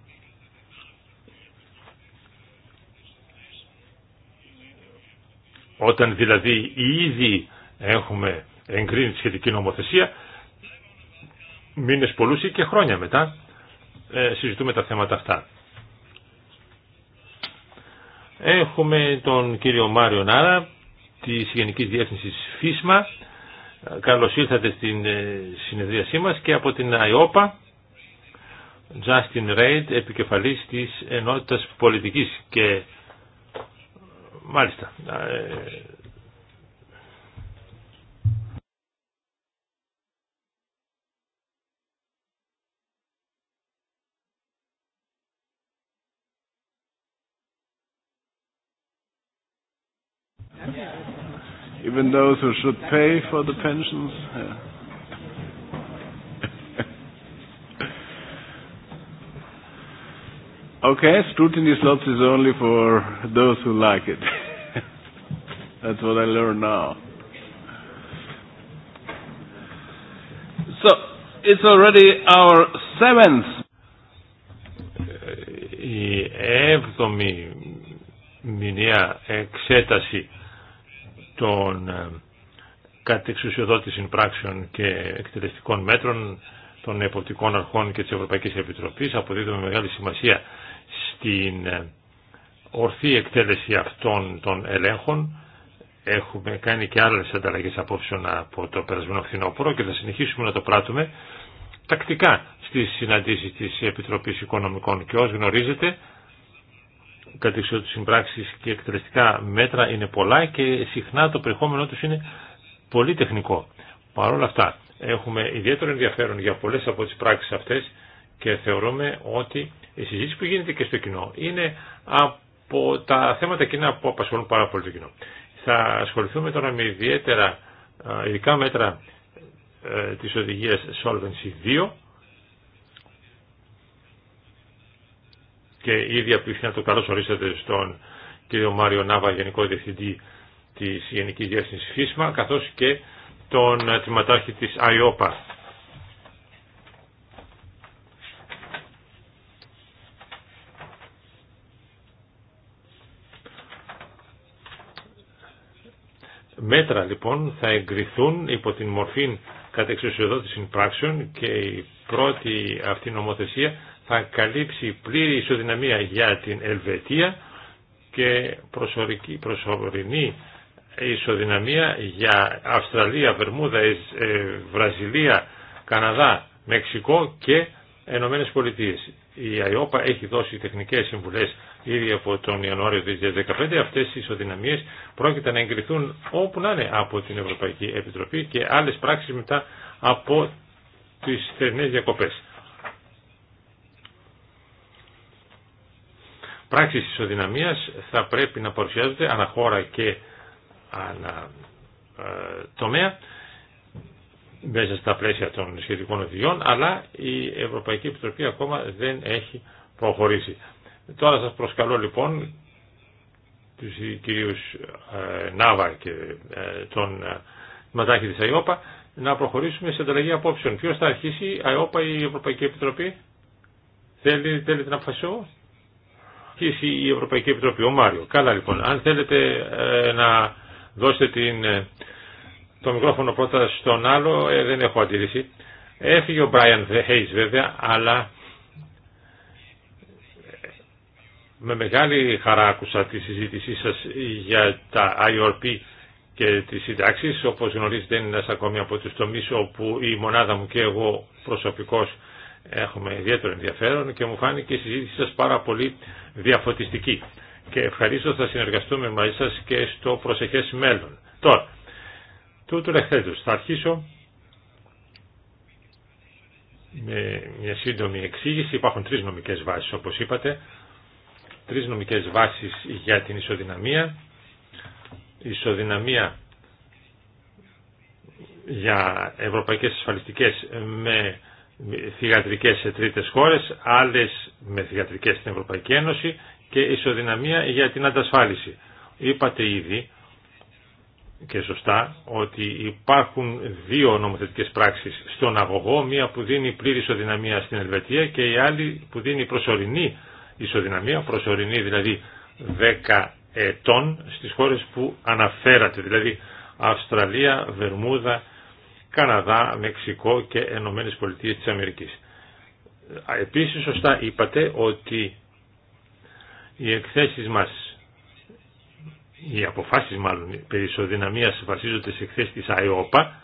Όταν δηλαδή ήδη έχουμε εγκρίνει τη σχετική νομοθεσία, μήνες πολλούς ή και χρόνια μετά ε, συζητούμε τα θέματα αυτά. Έχουμε τον κύριο Μάριο Νάρα τη Γενικής Διεύθυνσης ΦΙΣΜΑ. Καλώς ήρθατε στην ε, συνεδρίασή μας και από την ΑΙΟΠΑ Justin Reid, επικεφαλής της Ενότητας Πολιτικής και Μάλιστα. Even those who should pay for the pensions. Yeah. Okay, scrutiny slots is only for those who like it. That's what I learned now. So, it's already our seventh. Η έβδομη μηνιαία εξέταση των ε, κατεξουσιοδότησης πράξεων και εκτελεστικών μέτρων των εποπτικών αρχών και της Ευρωπαϊκής Επιτροπής αποδίδουμε μεγάλη σημασία την ε, ορθή εκτέλεση αυτών των ελέγχων. Έχουμε κάνει και άλλες ανταλλαγές απόψεων από το περασμένο φθινόπωρο και θα συνεχίσουμε να το πράττουμε τακτικά στις συναντήσεις της Επιτροπής Οικονομικών και ως γνωρίζετε κατεξιότητες συμπράξεις και εκτελεστικά μέτρα είναι πολλά και συχνά το περιεχόμενό τους είναι πολύ τεχνικό. Παρ' όλα αυτά έχουμε ιδιαίτερο ενδιαφέρον για πολλές από τις πράξεις αυτές και θεωρούμε ότι η συζήτηση που γίνεται και στο κοινό είναι από τα θέματα κοινά που απασχολούν πάρα πολύ το κοινό. Θα ασχοληθούμε τώρα με ιδιαίτερα ε, ειδικά μέτρα ε, της οδηγίας Solvency 2 και ήδη από να το καλώς ορίσατε στον κύριο Μάριο Νάβα, Γενικό Διευθυντή της Γενικής Διεύθυνσης ΦΙΣΜΑ, καθώς και τον ε, τριματάρχη της ΑΙΟΠΑ μέτρα λοιπόν θα εγκριθούν υπό την μορφή κατεξουσιοδότηση πράξεων και η πρώτη αυτή νομοθεσία θα καλύψει πλήρη ισοδυναμία για την Ελβετία και προσωρική, προσωρινή ισοδυναμία για Αυστραλία, Βερμούδα, ε, ε, Βραζιλία, Καναδά, Μεξικό και Ενωμένες Πολιτείες. Η ΑΙΟΠΑ έχει δώσει τεχνικές συμβουλές ήδη από τον Ιανουάριο 2015 αυτές οι ισοδυναμίες πρόκειται να εγκριθούν όπου να είναι από την Ευρωπαϊκή Επιτροπή και άλλες πράξεις μετά από τις θερινές διακοπές. Πράξεις ισοδυναμίας θα πρέπει να παρουσιάζονται αναχώρα και ανα ε, τομέα μέσα στα πλαίσια των σχετικών οδηγιών αλλά η Ευρωπαϊκή Επιτροπή ακόμα δεν έχει προχωρήσει. Τώρα σας προσκαλώ λοιπόν τους κυρίους ε, Νάβα και ε, τον ε, Ματάκη της ΑΙΟΠΑ να προχωρήσουμε σε ανταλλαγή απόψεων. Ποιος θα αρχίσει, η ΑΙΟΠΑ ή η Ευρωπαϊκή Επιτροπή. Θέλει, θέλετε να αποφασίσω. Αρχίσει η Ευρωπαϊκή Επιτροπή, ο Μάριο. Καλά λοιπόν, αν θέλετε να δώσετε την, το μικρόφωνο πρώτα στον άλλο, δεν έχω αντίρρηση. Έφυγε ο μπραιαν Hayes βέβαια, αλλά Με μεγάλη χαρά άκουσα τη συζήτησή σας για τα IRP και τις συντάξεις. Όπως γνωρίζετε είναι ένας ακόμη από τους τομείς όπου η μονάδα μου και εγώ προσωπικώς έχουμε ιδιαίτερο ενδιαφέρον και μου φάνηκε η συζήτησή σας πάρα πολύ διαφωτιστική. Και ευχαρίστω θα συνεργαστούμε μαζί σας και στο προσεχές μέλλον. Τώρα, τούτου λεχθέντος, θα αρχίσω με μια σύντομη εξήγηση. Υπάρχουν τρεις νομικές βάσεις όπως είπατε τρεις νομικές βάσεις για την ισοδυναμία. Ισοδυναμία για ευρωπαϊκές ασφαλιστικές με θηγατρικές σε τρίτες χώρες, άλλες με θηγατρικές στην Ευρωπαϊκή Ένωση και ισοδυναμία για την αντασφάλιση. Είπατε ήδη και σωστά ότι υπάρχουν δύο νομοθετικές πράξεις στον αγωγό, μία που δίνει πλήρη ισοδυναμία στην Ελβετία και η άλλη που δίνει προσωρινή ισοδυναμία, προσωρινή δηλαδή 10 ετών στις χώρες που αναφέρατε, δηλαδή Αυστραλία, Βερμούδα, Καναδά, Μεξικό και Ενωμένες Πολιτείες της Αμερικής. Επίσης σωστά είπατε ότι οι εκθέσεις μας, οι αποφάσεις μάλλον περί ισοδυναμίας βασίζονται σε εκθέσεις της ΑΕΟΠΑ,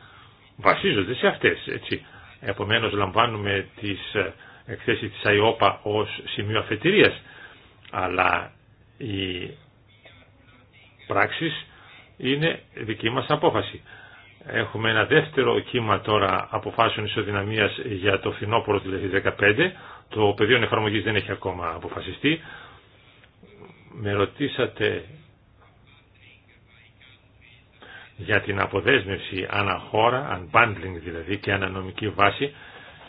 βασίζονται σε αυτές, έτσι. Επομένως λαμβάνουμε τις ...εκθέσει της ΑΙΟΠΑ ως σημείο αφετηρίας, αλλά οι πράξεις είναι δική μας απόφαση. Έχουμε ένα δεύτερο κύμα τώρα αποφάσεων ισοδυναμίας για το φθινόπωρο του 2015. Το πεδίο εφαρμογής δεν έχει ακόμα αποφασιστεί. Με ρωτήσατε για την αποδέσμευση αναχώρα, unbundling δηλαδή και ανανομική βάση.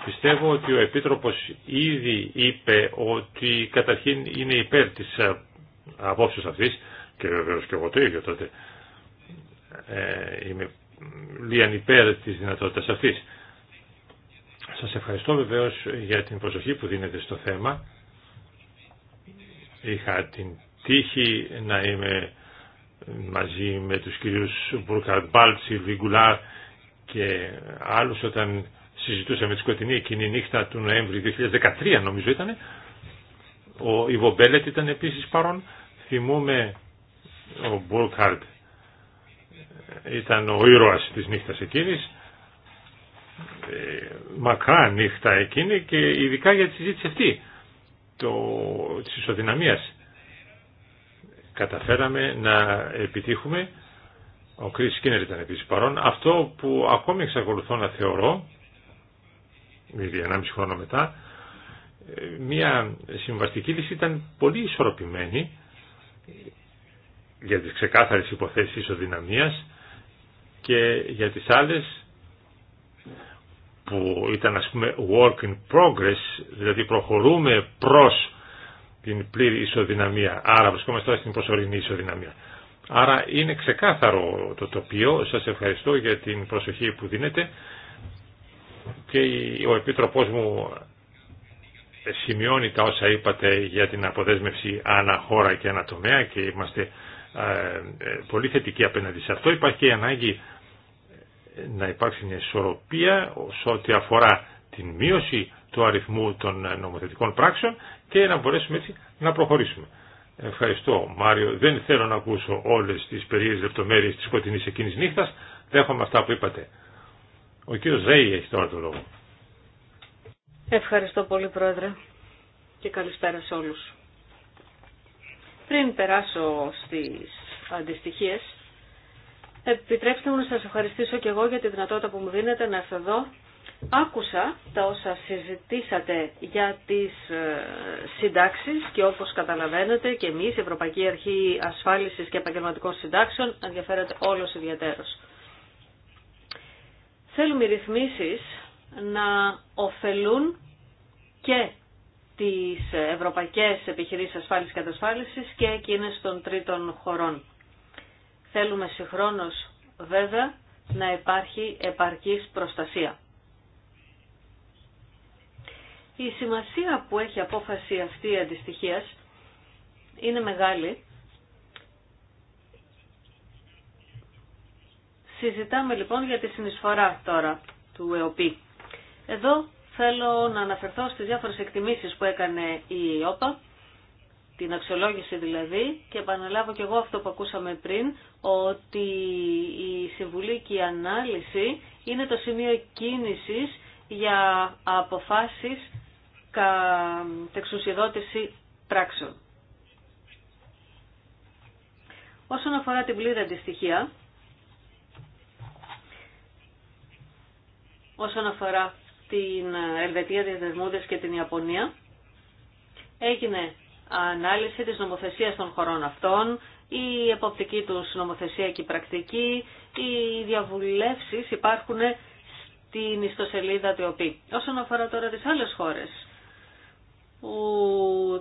Πιστεύω ότι ο Επίτροπος ήδη είπε ότι καταρχήν είναι υπέρ της ε, απόψεως αυτής και βεβαίως και εγώ το ίδιο τότε ε, είμαι λίαν υπέρ της δυνατότητας αυτής. Σας ευχαριστώ βεβαίως για την προσοχή που δίνετε στο θέμα. Είχα την τύχη να είμαι μαζί με τους κυρίους Μπουρκαρντ Μπάλτ, και άλλους όταν συζητούσαμε τη σκοτεινή εκείνη νύχτα του Νοέμβρη 2013 νομίζω ήταν. Ο Ιβο Μπέλετ ήταν επίσης παρόν. Θυμούμε ο Μπορκάρτ. ήταν ο ήρωας της νύχτας εκείνης. Ε, μακρά νύχτα εκείνη και ειδικά για τη συζήτηση αυτή το, της ισοδυναμίας. Καταφέραμε να επιτύχουμε ο Κρίς Σκίνερ ήταν επίσης παρόν. Αυτό που ακόμη εξακολουθώ να θεωρώ ήδη 1,5 χρόνο μετά, μια συμβαστική λύση ήταν πολύ ισορροπημένη για τις ξεκάθαρες υποθέσεις ισοδυναμίας και για τις άλλες που ήταν ας πούμε work in progress, δηλαδή προχωρούμε προς την πλήρη ισοδυναμία. Άρα βρισκόμαστε τώρα στην προσωρινή ισοδυναμία. Άρα είναι ξεκάθαρο το τοπίο. Σας ευχαριστώ για την προσοχή που δίνετε και ο Επίτροπός μου σημειώνει τα όσα είπατε για την αποδέσμευση ανά χώρα και ανά τομέα και είμαστε ε, ε, πολύ θετικοί απέναντι σε αυτό. Υπάρχει και η ανάγκη να υπάρξει μια ισορροπία σε ό,τι αφορά την μείωση του αριθμού των νομοθετικών πράξεων και να μπορέσουμε έτσι να προχωρήσουμε. Ευχαριστώ Μάριο. Δεν θέλω να ακούσω όλες τις περίεργες λεπτομέρειες της σκοτεινής εκείνης νύχτας. Δέχομαι αυτά που είπατε. Ο κύριος Ρέι έχει τώρα το λόγο. Ευχαριστώ πολύ Πρόεδρε και καλησπέρα σε όλους. Πριν περάσω στις αντιστοιχίες, επιτρέψτε μου να σας ευχαριστήσω και εγώ για τη δυνατότητα που μου δίνετε να έρθω εδώ. Άκουσα τα όσα συζητήσατε για τις ε, συντάξεις και όπως καταλαβαίνετε και εμείς η Ευρωπαϊκή Αρχή Ασφάλισης και Επαγγελματικών Συντάξεων ενδιαφέρεται όλος ιδιαίτερος. Θέλουμε οι ρυθμίσεις να ωφελούν και τις ευρωπαϊκές επιχειρήσεις ασφάλισης και κατασφάλισης και εκείνες των τρίτων χωρών. Θέλουμε συγχρόνως βέβαια να υπάρχει επαρκής προστασία. Η σημασία που έχει απόφαση αυτή αντιστοιχίας είναι μεγάλη Συζητάμε λοιπόν για τη συνεισφορά τώρα του ΕΟΠΗ. Εδώ θέλω να αναφερθώ στις διάφορες εκτιμήσεις που έκανε η ΕΟΠΑ, την αξιολόγηση δηλαδή, και επαναλάβω και εγώ αυτό που ακούσαμε πριν, ότι η συμβουλή και η ανάλυση είναι το σημείο κίνησης για αποφάσεις εξουσιοδότηση πράξεων. Όσον αφορά την πλήρη αντιστοιχεία, όσον αφορά την Ελβετία, τις Δεσμούδες και την Ιαπωνία. Έγινε ανάλυση της νομοθεσίας των χωρών αυτών, η εποπτική τους νομοθεσία και η πρακτική, οι διαβουλεύσεις υπάρχουν στην ιστοσελίδα του ΟΠΗ. Όσον αφορά τώρα τις άλλες χώρες, ο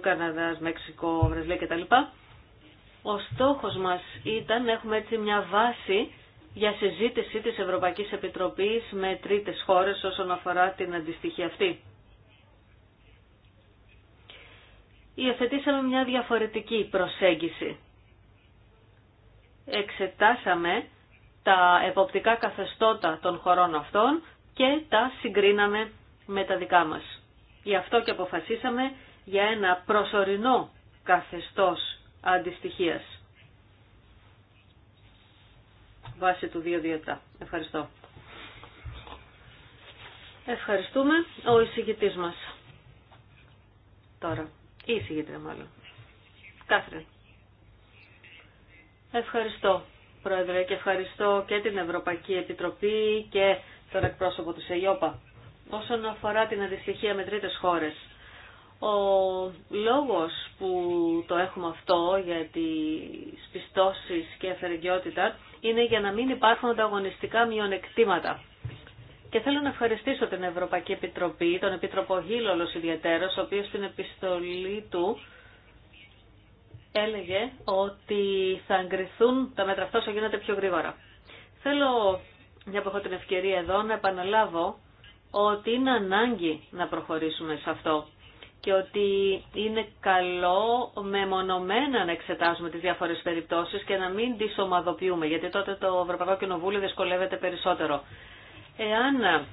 Καναδάς, Μεξικό, Βραζιλία κτλ. Ο στόχος μας ήταν να έχουμε έτσι μια βάση για συζήτηση της Ευρωπαϊκής Επιτροπής με τρίτες χώρες όσον αφορά την αντιστοιχία αυτή. Υιοθετήσαμε μια διαφορετική προσέγγιση. Εξετάσαμε τα εποπτικά καθεστώτα των χωρών αυτών και τα συγκρίναμε με τα δικά μας. Γι' αυτό και αποφασίσαμε για ένα προσωρινό καθεστώς αντιστοιχίας βάση του 2.2.7. Ευχαριστώ. Ευχαριστούμε. Ο εισηγητής μας. Τώρα. Ή εισηγητή μάλλον. Κάθριν. Ευχαριστώ, Πρόεδρε, και ευχαριστώ και την Ευρωπαϊκή Επιτροπή και τον εκπρόσωπο του ΕΙΟΠΑ. Όσον αφορά την αντιστοιχία με τρίτες χώρες, ο λόγος που το έχουμε αυτό για τις πιστώσεις και αφαιρεγγιότητα είναι για να μην υπάρχουν ανταγωνιστικά μειονεκτήματα. Και θέλω να ευχαριστήσω την Ευρωπαϊκή Επιτροπή, τον Επιτροπό Γήλολος ιδιαίτερο, ο οποίο στην επιστολή του έλεγε ότι θα εγκριθούν τα μέτρα αυτά όσο γίνεται πιο γρήγορα. Θέλω, μια που έχω την ευκαιρία εδώ, να επαναλάβω ότι είναι ανάγκη να προχωρήσουμε σε αυτό και ότι είναι καλό μεμονωμένα να εξετάζουμε τις διάφορες περιπτώσεις και να μην τις ομαδοποιούμε, γιατί τότε το Ευρωπαϊκό Κοινοβούλιο δυσκολεύεται περισσότερο. Εάν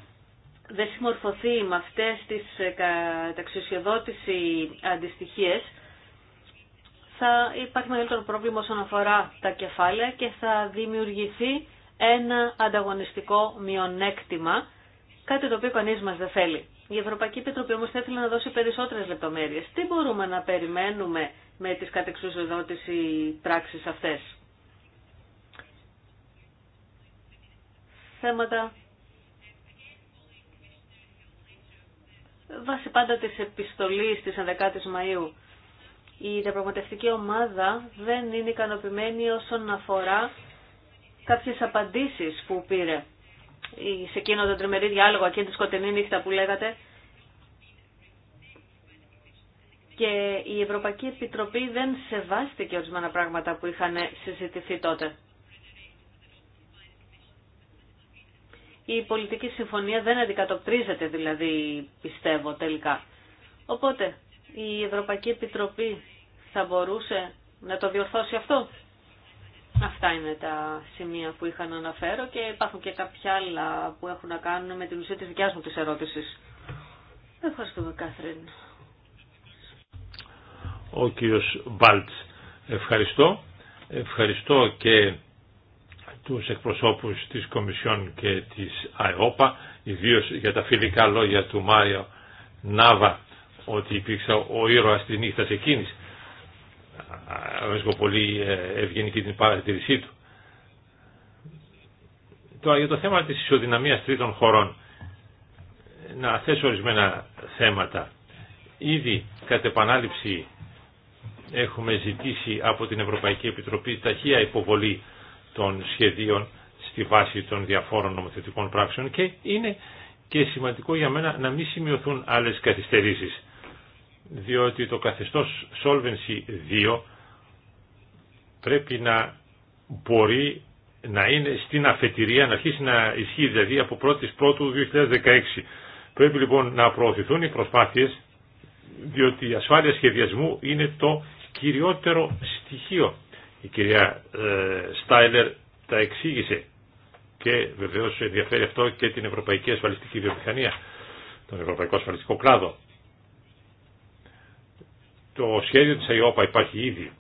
δεν συμμορφωθεί με αυτές τις ε, ταξιοσχεδότηση αντιστοιχίες, θα υπάρχει μεγαλύτερο πρόβλημα όσον αφορά τα κεφάλαια και θα δημιουργηθεί ένα ανταγωνιστικό μειονέκτημα, κάτι το οποίο κανείς μας δεν θέλει. Η Ευρωπαϊκή Επιτροπή όμως θα να δώσει περισσότερες λεπτομέρειες. Τι μπορούμε να περιμένουμε με τις κατεξουσιοδότηση πράξεις αυτές. Θέματα βάσει πάντα της επιστολής της 11ης Μαΐου. Η διαπραγματευτική ομάδα δεν είναι ικανοποιημένη όσον αφορά κάποιες απαντήσεις που πήρε σε εκείνο τον τριμερή διάλογο, εκείνη τη σκοτεινή νύχτα που λέγατε. Και η Ευρωπαϊκή Επιτροπή δεν σεβάστηκε ορισμένα πράγματα που είχαν συζητηθεί τότε. Η πολιτική συμφωνία δεν αντικατοπτρίζεται δηλαδή, πιστεύω τελικά. Οπότε, η Ευρωπαϊκή Επιτροπή θα μπορούσε να το διορθώσει αυτό. Αυτά είναι τα σημεία που είχα να αναφέρω και υπάρχουν και κάποια άλλα που έχουν να κάνουν με την ουσία της δικιάς μου της ερώτησης. Ευχαριστούμε Κάθριν. Ο κύριος Μπάλτς. Ευχαριστώ. Ευχαριστώ και τους εκπροσώπους της Κομισιόν και της ΑΕΟΠΑ, ιδίως για τα φιλικά λόγια του Μάριο Νάβα, ότι υπήρξε ο ήρωας τη νύχτας εκείνης βρίσκω πολύ ε, ευγενική την παρατηρησή του. Τώρα για το θέμα της ισοδυναμίας τρίτων χωρών. Να θέσω ορισμένα θέματα. Ήδη κατ' επανάληψη έχουμε ζητήσει από την Ευρωπαϊκή Επιτροπή ταχεία υποβολή των σχεδίων στη βάση των διαφόρων νομοθετικών πράξεων και είναι και σημαντικό για μένα να μην σημειωθούν άλλες καθυστερήσεις διότι το καθεστώς Solvency 2 πρέπει να μπορεί να είναι στην αφετηρία, να αρχίσει να ισχύει δηλαδή από 1η Πρώτου 2016. Πρέπει λοιπόν να προωθηθούν οι προσπάθειες διότι η ασφάλεια σχεδιασμού είναι το κυριότερο στοιχείο. Η κυρία ε, Στάιλερ τα εξήγησε και βεβαίως ενδιαφέρει αυτό και την Ευρωπαϊκή Ασφαλιστική Βιομηχανία, τον Ευρωπαϊκό Ασφαλιστικό Κλάδο. Το σχέδιο της ΑΙΟΠΑ υπάρχει ήδη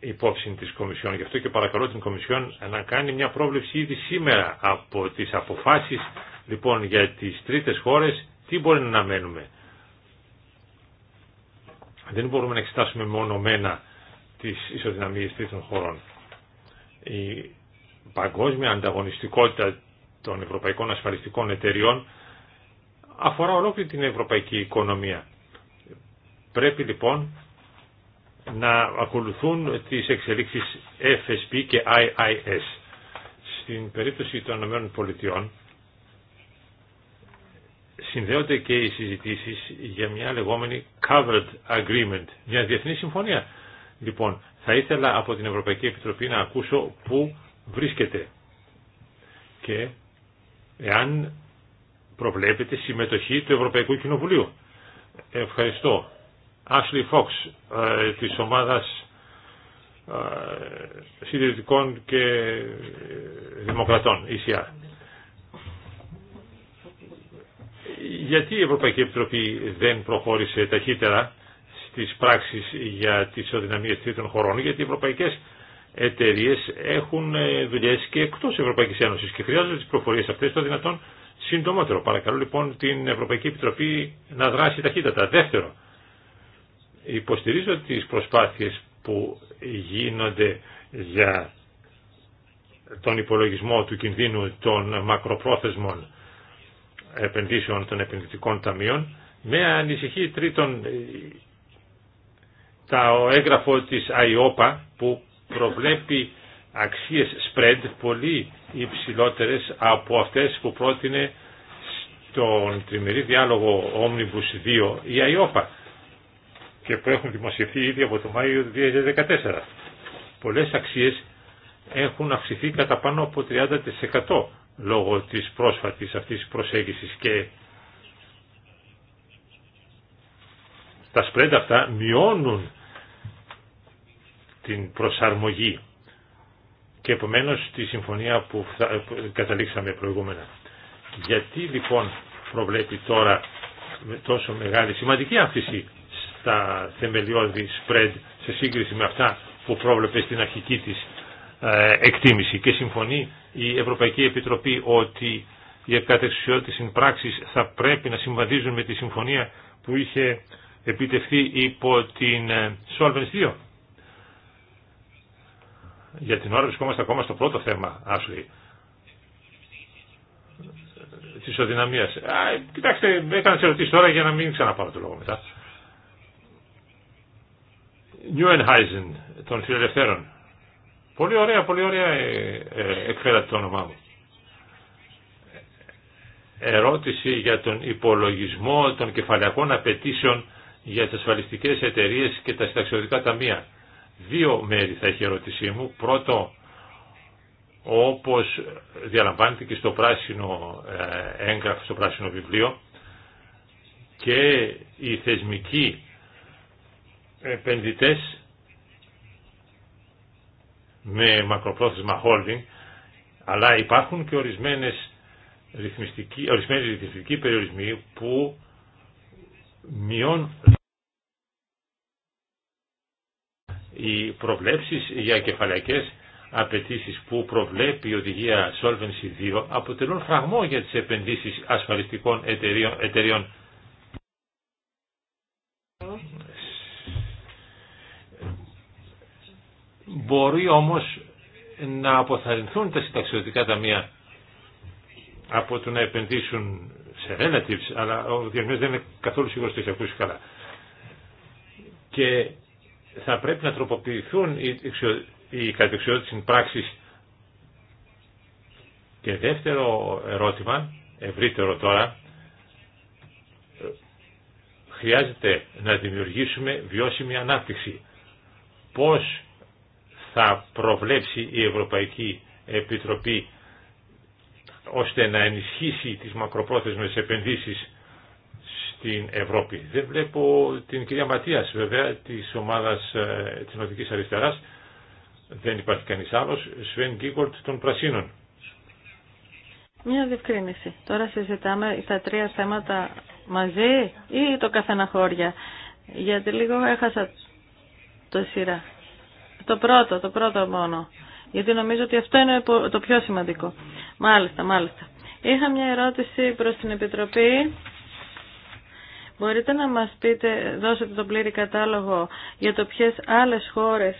υπόψη της Κομισιόν. Γι' αυτό και παρακαλώ την Κομισιόν να κάνει μια πρόβλεψη ήδη σήμερα από τις αποφάσεις λοιπόν για τις τρίτες χώρες τι μπορεί να αναμένουμε. Δεν μπορούμε να εξετάσουμε μόνο μένα τις ισοδυναμίες τρίτων χωρών. Η παγκόσμια ανταγωνιστικότητα των ευρωπαϊκών ασφαλιστικών εταιριών αφορά ολόκληρη την ευρωπαϊκή οικονομία. Πρέπει λοιπόν να ακολουθούν τις εξελίξεις FSP και IIS. Στην περίπτωση των ΗΠΑ συνδέονται και οι συζητήσεις για μια λεγόμενη covered agreement, μια διεθνή συμφωνία. Λοιπόν, θα ήθελα από την Ευρωπαϊκή Επιτροπή να ακούσω πού βρίσκεται και εάν προβλέπεται συμμετοχή του Ευρωπαϊκού Κοινοβουλίου. Ευχαριστώ. Ashley Φόξ ε, της ομάδας ε, συντηρητικών και ε, δημοκρατών, ECR. Γιατί η Ευρωπαϊκή Επιτροπή δεν προχώρησε ταχύτερα στις πράξεις για τις οδυναμίες τρίτων χωρών, γιατί οι ευρωπαϊκές εταιρείε έχουν ε, δουλειές και εκτός Ευρωπαϊκής Ένωση και χρειάζονται τι προφορίες αυτέ το δυνατόν συντομότερο. Παρακαλώ λοιπόν την Ευρωπαϊκή Επιτροπή να δράσει ταχύτατα. Δεύτερο, Υποστηρίζω τις προσπάθειες που γίνονται για τον υπολογισμό του κινδύνου των μακροπρόθεσμων επενδύσεων των επενδυτικών ταμείων. Με ανησυχεί τρίτον τα έγγραφο της ΑΙΟΠΑ που προβλέπει αξίες spread πολύ υψηλότερες από αυτές που πρότεινε στον τριμερή διάλογο Omnibus 2 η ΑΙΟΠΑ και που έχουν δημοσιευθεί ήδη από το Μάιο 2014. Πολλές αξίες έχουν αυξηθεί κατά πάνω από 30% λόγω της πρόσφατης αυτής προσέγγισης και τα σπρέντα αυτά μειώνουν την προσαρμογή και επομένως τη συμφωνία που καταλήξαμε προηγούμενα. Γιατί λοιπόν προβλέπει τώρα με τόσο μεγάλη σημαντική αύξηση τα θεμελιώδη spread σε σύγκριση με αυτά που πρόβλεπε στην αρχική της ε, εκτίμηση και συμφωνεί η Ευρωπαϊκή Επιτροπή ότι οι στην συμπράξεις θα πρέπει να συμβαδίζουν με τη συμφωνία που είχε επιτευχθεί υπό την ε, Solvens 2. Για την ώρα βρισκόμαστε ακόμα στο πρώτο θέμα, Άσλη, Τη ισοδυναμίας. κοιτάξτε, έκανα τι ερωτήσει τώρα για να μην ξαναπάρω το λόγο μετά. Νιουενχάιζεν των Φιλελευθέρων. Πολύ ωραία, πολύ ωραία ε, ε, εκφέρατε το όνομά μου. Ερώτηση για τον υπολογισμό των κεφαλαιακών απαιτήσεων για τις ασφαλιστικές εταιρείες και τα συνταξιωτικά ταμεία. Δύο μέρη θα έχει ερώτησή μου. Πρώτο, όπως διαλαμβάνεται και στο πράσινο ε, έγγραφο, στο πράσινο βιβλίο, και η θεσμική επενδυτές με μακροπρόθεσμα holding, αλλά υπάρχουν και ορισμένες ρυθμιστικοί, ορισμένοι ρυθμιστικοί περιορισμοί που μειώνουν οι προβλέψεις για κεφαλαϊκές απαιτήσεις που προβλέπει η οδηγία Solvency 2 αποτελούν φραγμό για τις επενδύσεις ασφαλιστικών εταιρείων. εταιριών Μπορεί όμως να αποθαρρυνθούν τα συνταξιωτικά ταμεία από το να επενδύσουν σε relatives, αλλά ο Διονύος δεν είναι καθόλου σίγουρος ότι έχει ακούσει καλά. Και θα πρέπει να τροποποιηθούν οι κατεξιότητες πράξεις. Και δεύτερο ερώτημα, ευρύτερο τώρα, χρειάζεται να δημιουργήσουμε βιώσιμη ανάπτυξη. Πώς θα προβλέψει η Ευρωπαϊκή Επιτροπή ώστε να ενισχύσει τις μακροπρόθεσμες επενδύσεις στην Ευρώπη. Δεν βλέπω την κυρία Ματίας βέβαια της ομάδας ε, της Νοτικής Αριστεράς. Δεν υπάρχει κανείς άλλος. Σβέν Γκίγκολτ των Πρασίνων. Μια διευκρίνηση. Τώρα συζητάμε τα τρία θέματα μαζί ή το καθένα χώρια. Γιατί λίγο έχασα το σειρά. Το πρώτο, το πρώτο μόνο. Γιατί νομίζω ότι αυτό είναι το πιο σημαντικό. Μάλιστα, μάλιστα. Είχα μια ερώτηση προς την Επιτροπή. Μπορείτε να μας πείτε, δώσετε τον πλήρη κατάλογο για το ποιες άλλες χώρες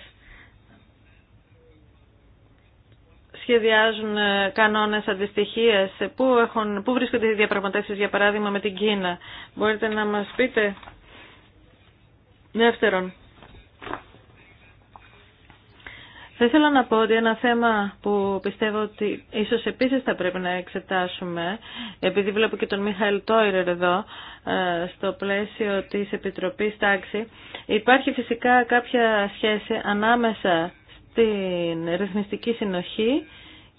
σχεδιάζουν ε, κανόνες αντιστοιχίας, ε, πού, έχουν, πού βρίσκονται οι διαπραγματεύσεις για παράδειγμα με την Κίνα. Μπορείτε να μας πείτε. Δεύτερον, Θα ήθελα να πω ότι ένα θέμα που πιστεύω ότι ίσως επίσης θα πρέπει να εξετάσουμε, επειδή βλέπω και τον Μιχαήλ Τόιρερ εδώ, ε, στο πλαίσιο της Επιτροπής Τάξη, υπάρχει φυσικά κάποια σχέση ανάμεσα στην ρυθμιστική συνοχή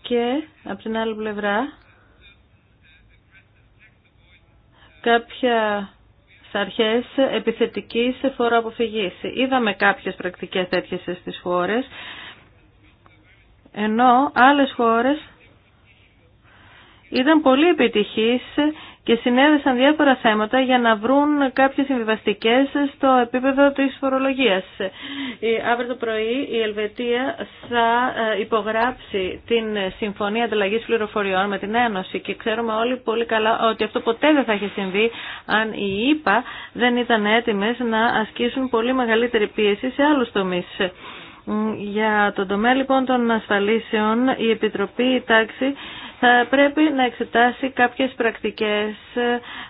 και από την άλλη πλευρά κάποια αρχές επιθετικής φοροαποφυγής. Είδαμε κάποιες πρακτικές τέτοιες στις χώρες ενώ άλλες χώρες ήταν πολύ επιτυχείς και συνέδεσαν διάφορα θέματα για να βρουν κάποιες συμβιβαστικές στο επίπεδο της φορολογίας. Αύριο το πρωί η Ελβετία θα ε, υπογράψει την Συμφωνία ανταλλαγή Πληροφοριών με την Ένωση και ξέρουμε όλοι πολύ καλά ότι αυτό ποτέ δεν θα είχε συμβεί αν οι ΙΠΑ δεν ήταν έτοιμες να ασκήσουν πολύ μεγαλύτερη πίεση σε άλλους τομείς. Για τον τομέα λοιπόν των ασφαλίσεων η Επιτροπή η Τάξη θα πρέπει να εξετάσει κάποιες πρακτικές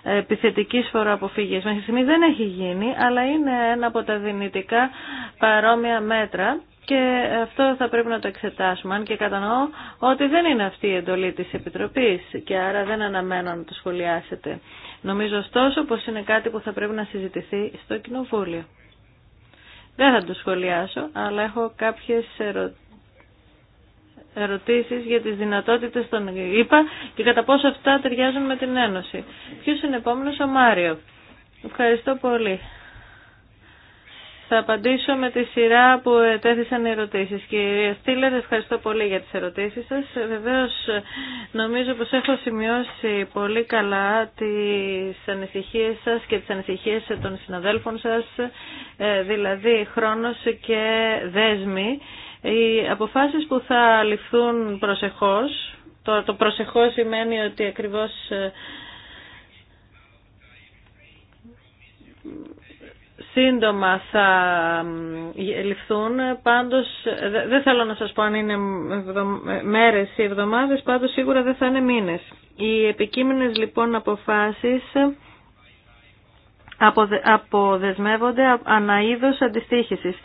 ε, επιθετικής φοροαποφύγης. Μέχρι στιγμή δεν έχει γίνει, αλλά είναι ένα από τα δυνητικά παρόμοια μέτρα και αυτό θα πρέπει να το εξετάσουμε, αν και κατανοώ ότι δεν είναι αυτή η εντολή της Επιτροπής και άρα δεν αναμένω να το σχολιάσετε. Νομίζω ωστόσο πως είναι κάτι που θα πρέπει να συζητηθεί στο Κοινοβούλιο. Δεν θα το σχολιάσω, αλλά έχω κάποιες ερωτήσεις για τις δυνατότητες των ΙΠΑ και κατά πόσο αυτά ταιριάζουν με την Ένωση. Ποιος είναι επόμενος, ο Μάριο. Ευχαριστώ πολύ. Θα απαντήσω με τη σειρά που τέθησαν οι ερωτήσεις. Κυρία Στήλερ, ευχαριστώ πολύ για τις ερωτήσεις σας. Βεβαίως, νομίζω πως έχω σημειώσει πολύ καλά τις ανησυχίες σας και τις ανησυχίες των συναδέλφων σας, ε, δηλαδή χρόνος και δέσμη. Οι αποφάσεις που θα ληφθούν προσεχώς, το, το προσεχώς σημαίνει ότι ακριβώς ε, σύντομα θα ληφθούν. Πάντως, δεν θέλω να σας πω αν είναι μέρες ή εβδομάδες, πάντως σίγουρα δεν θα είναι μήνες. Οι επικείμενες λοιπόν αποφάσεις αποδεσμεύονται αναείδος αντιστοίχησης.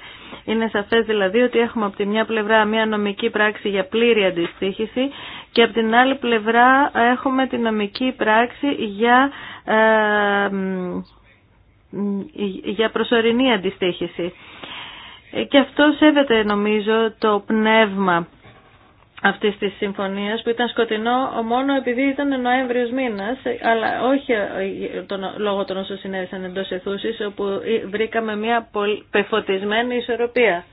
Είναι σαφές δηλαδή ότι έχουμε από τη μια πλευρά μια νομική πράξη για πλήρη αντιστοίχηση και από την άλλη πλευρά έχουμε τη νομική πράξη για ε, για προσωρινή αντιστοίχηση. Και αυτό σέβεται νομίζω το πνεύμα αυτής της συμφωνίας που ήταν σκοτεινό μόνο επειδή ήταν Νοέμβριος μήνας αλλά όχι τον, λόγω των όσων συνέβησαν εντός αιθούσης όπου βρήκαμε μια πεφωτισμένη ισορροπία.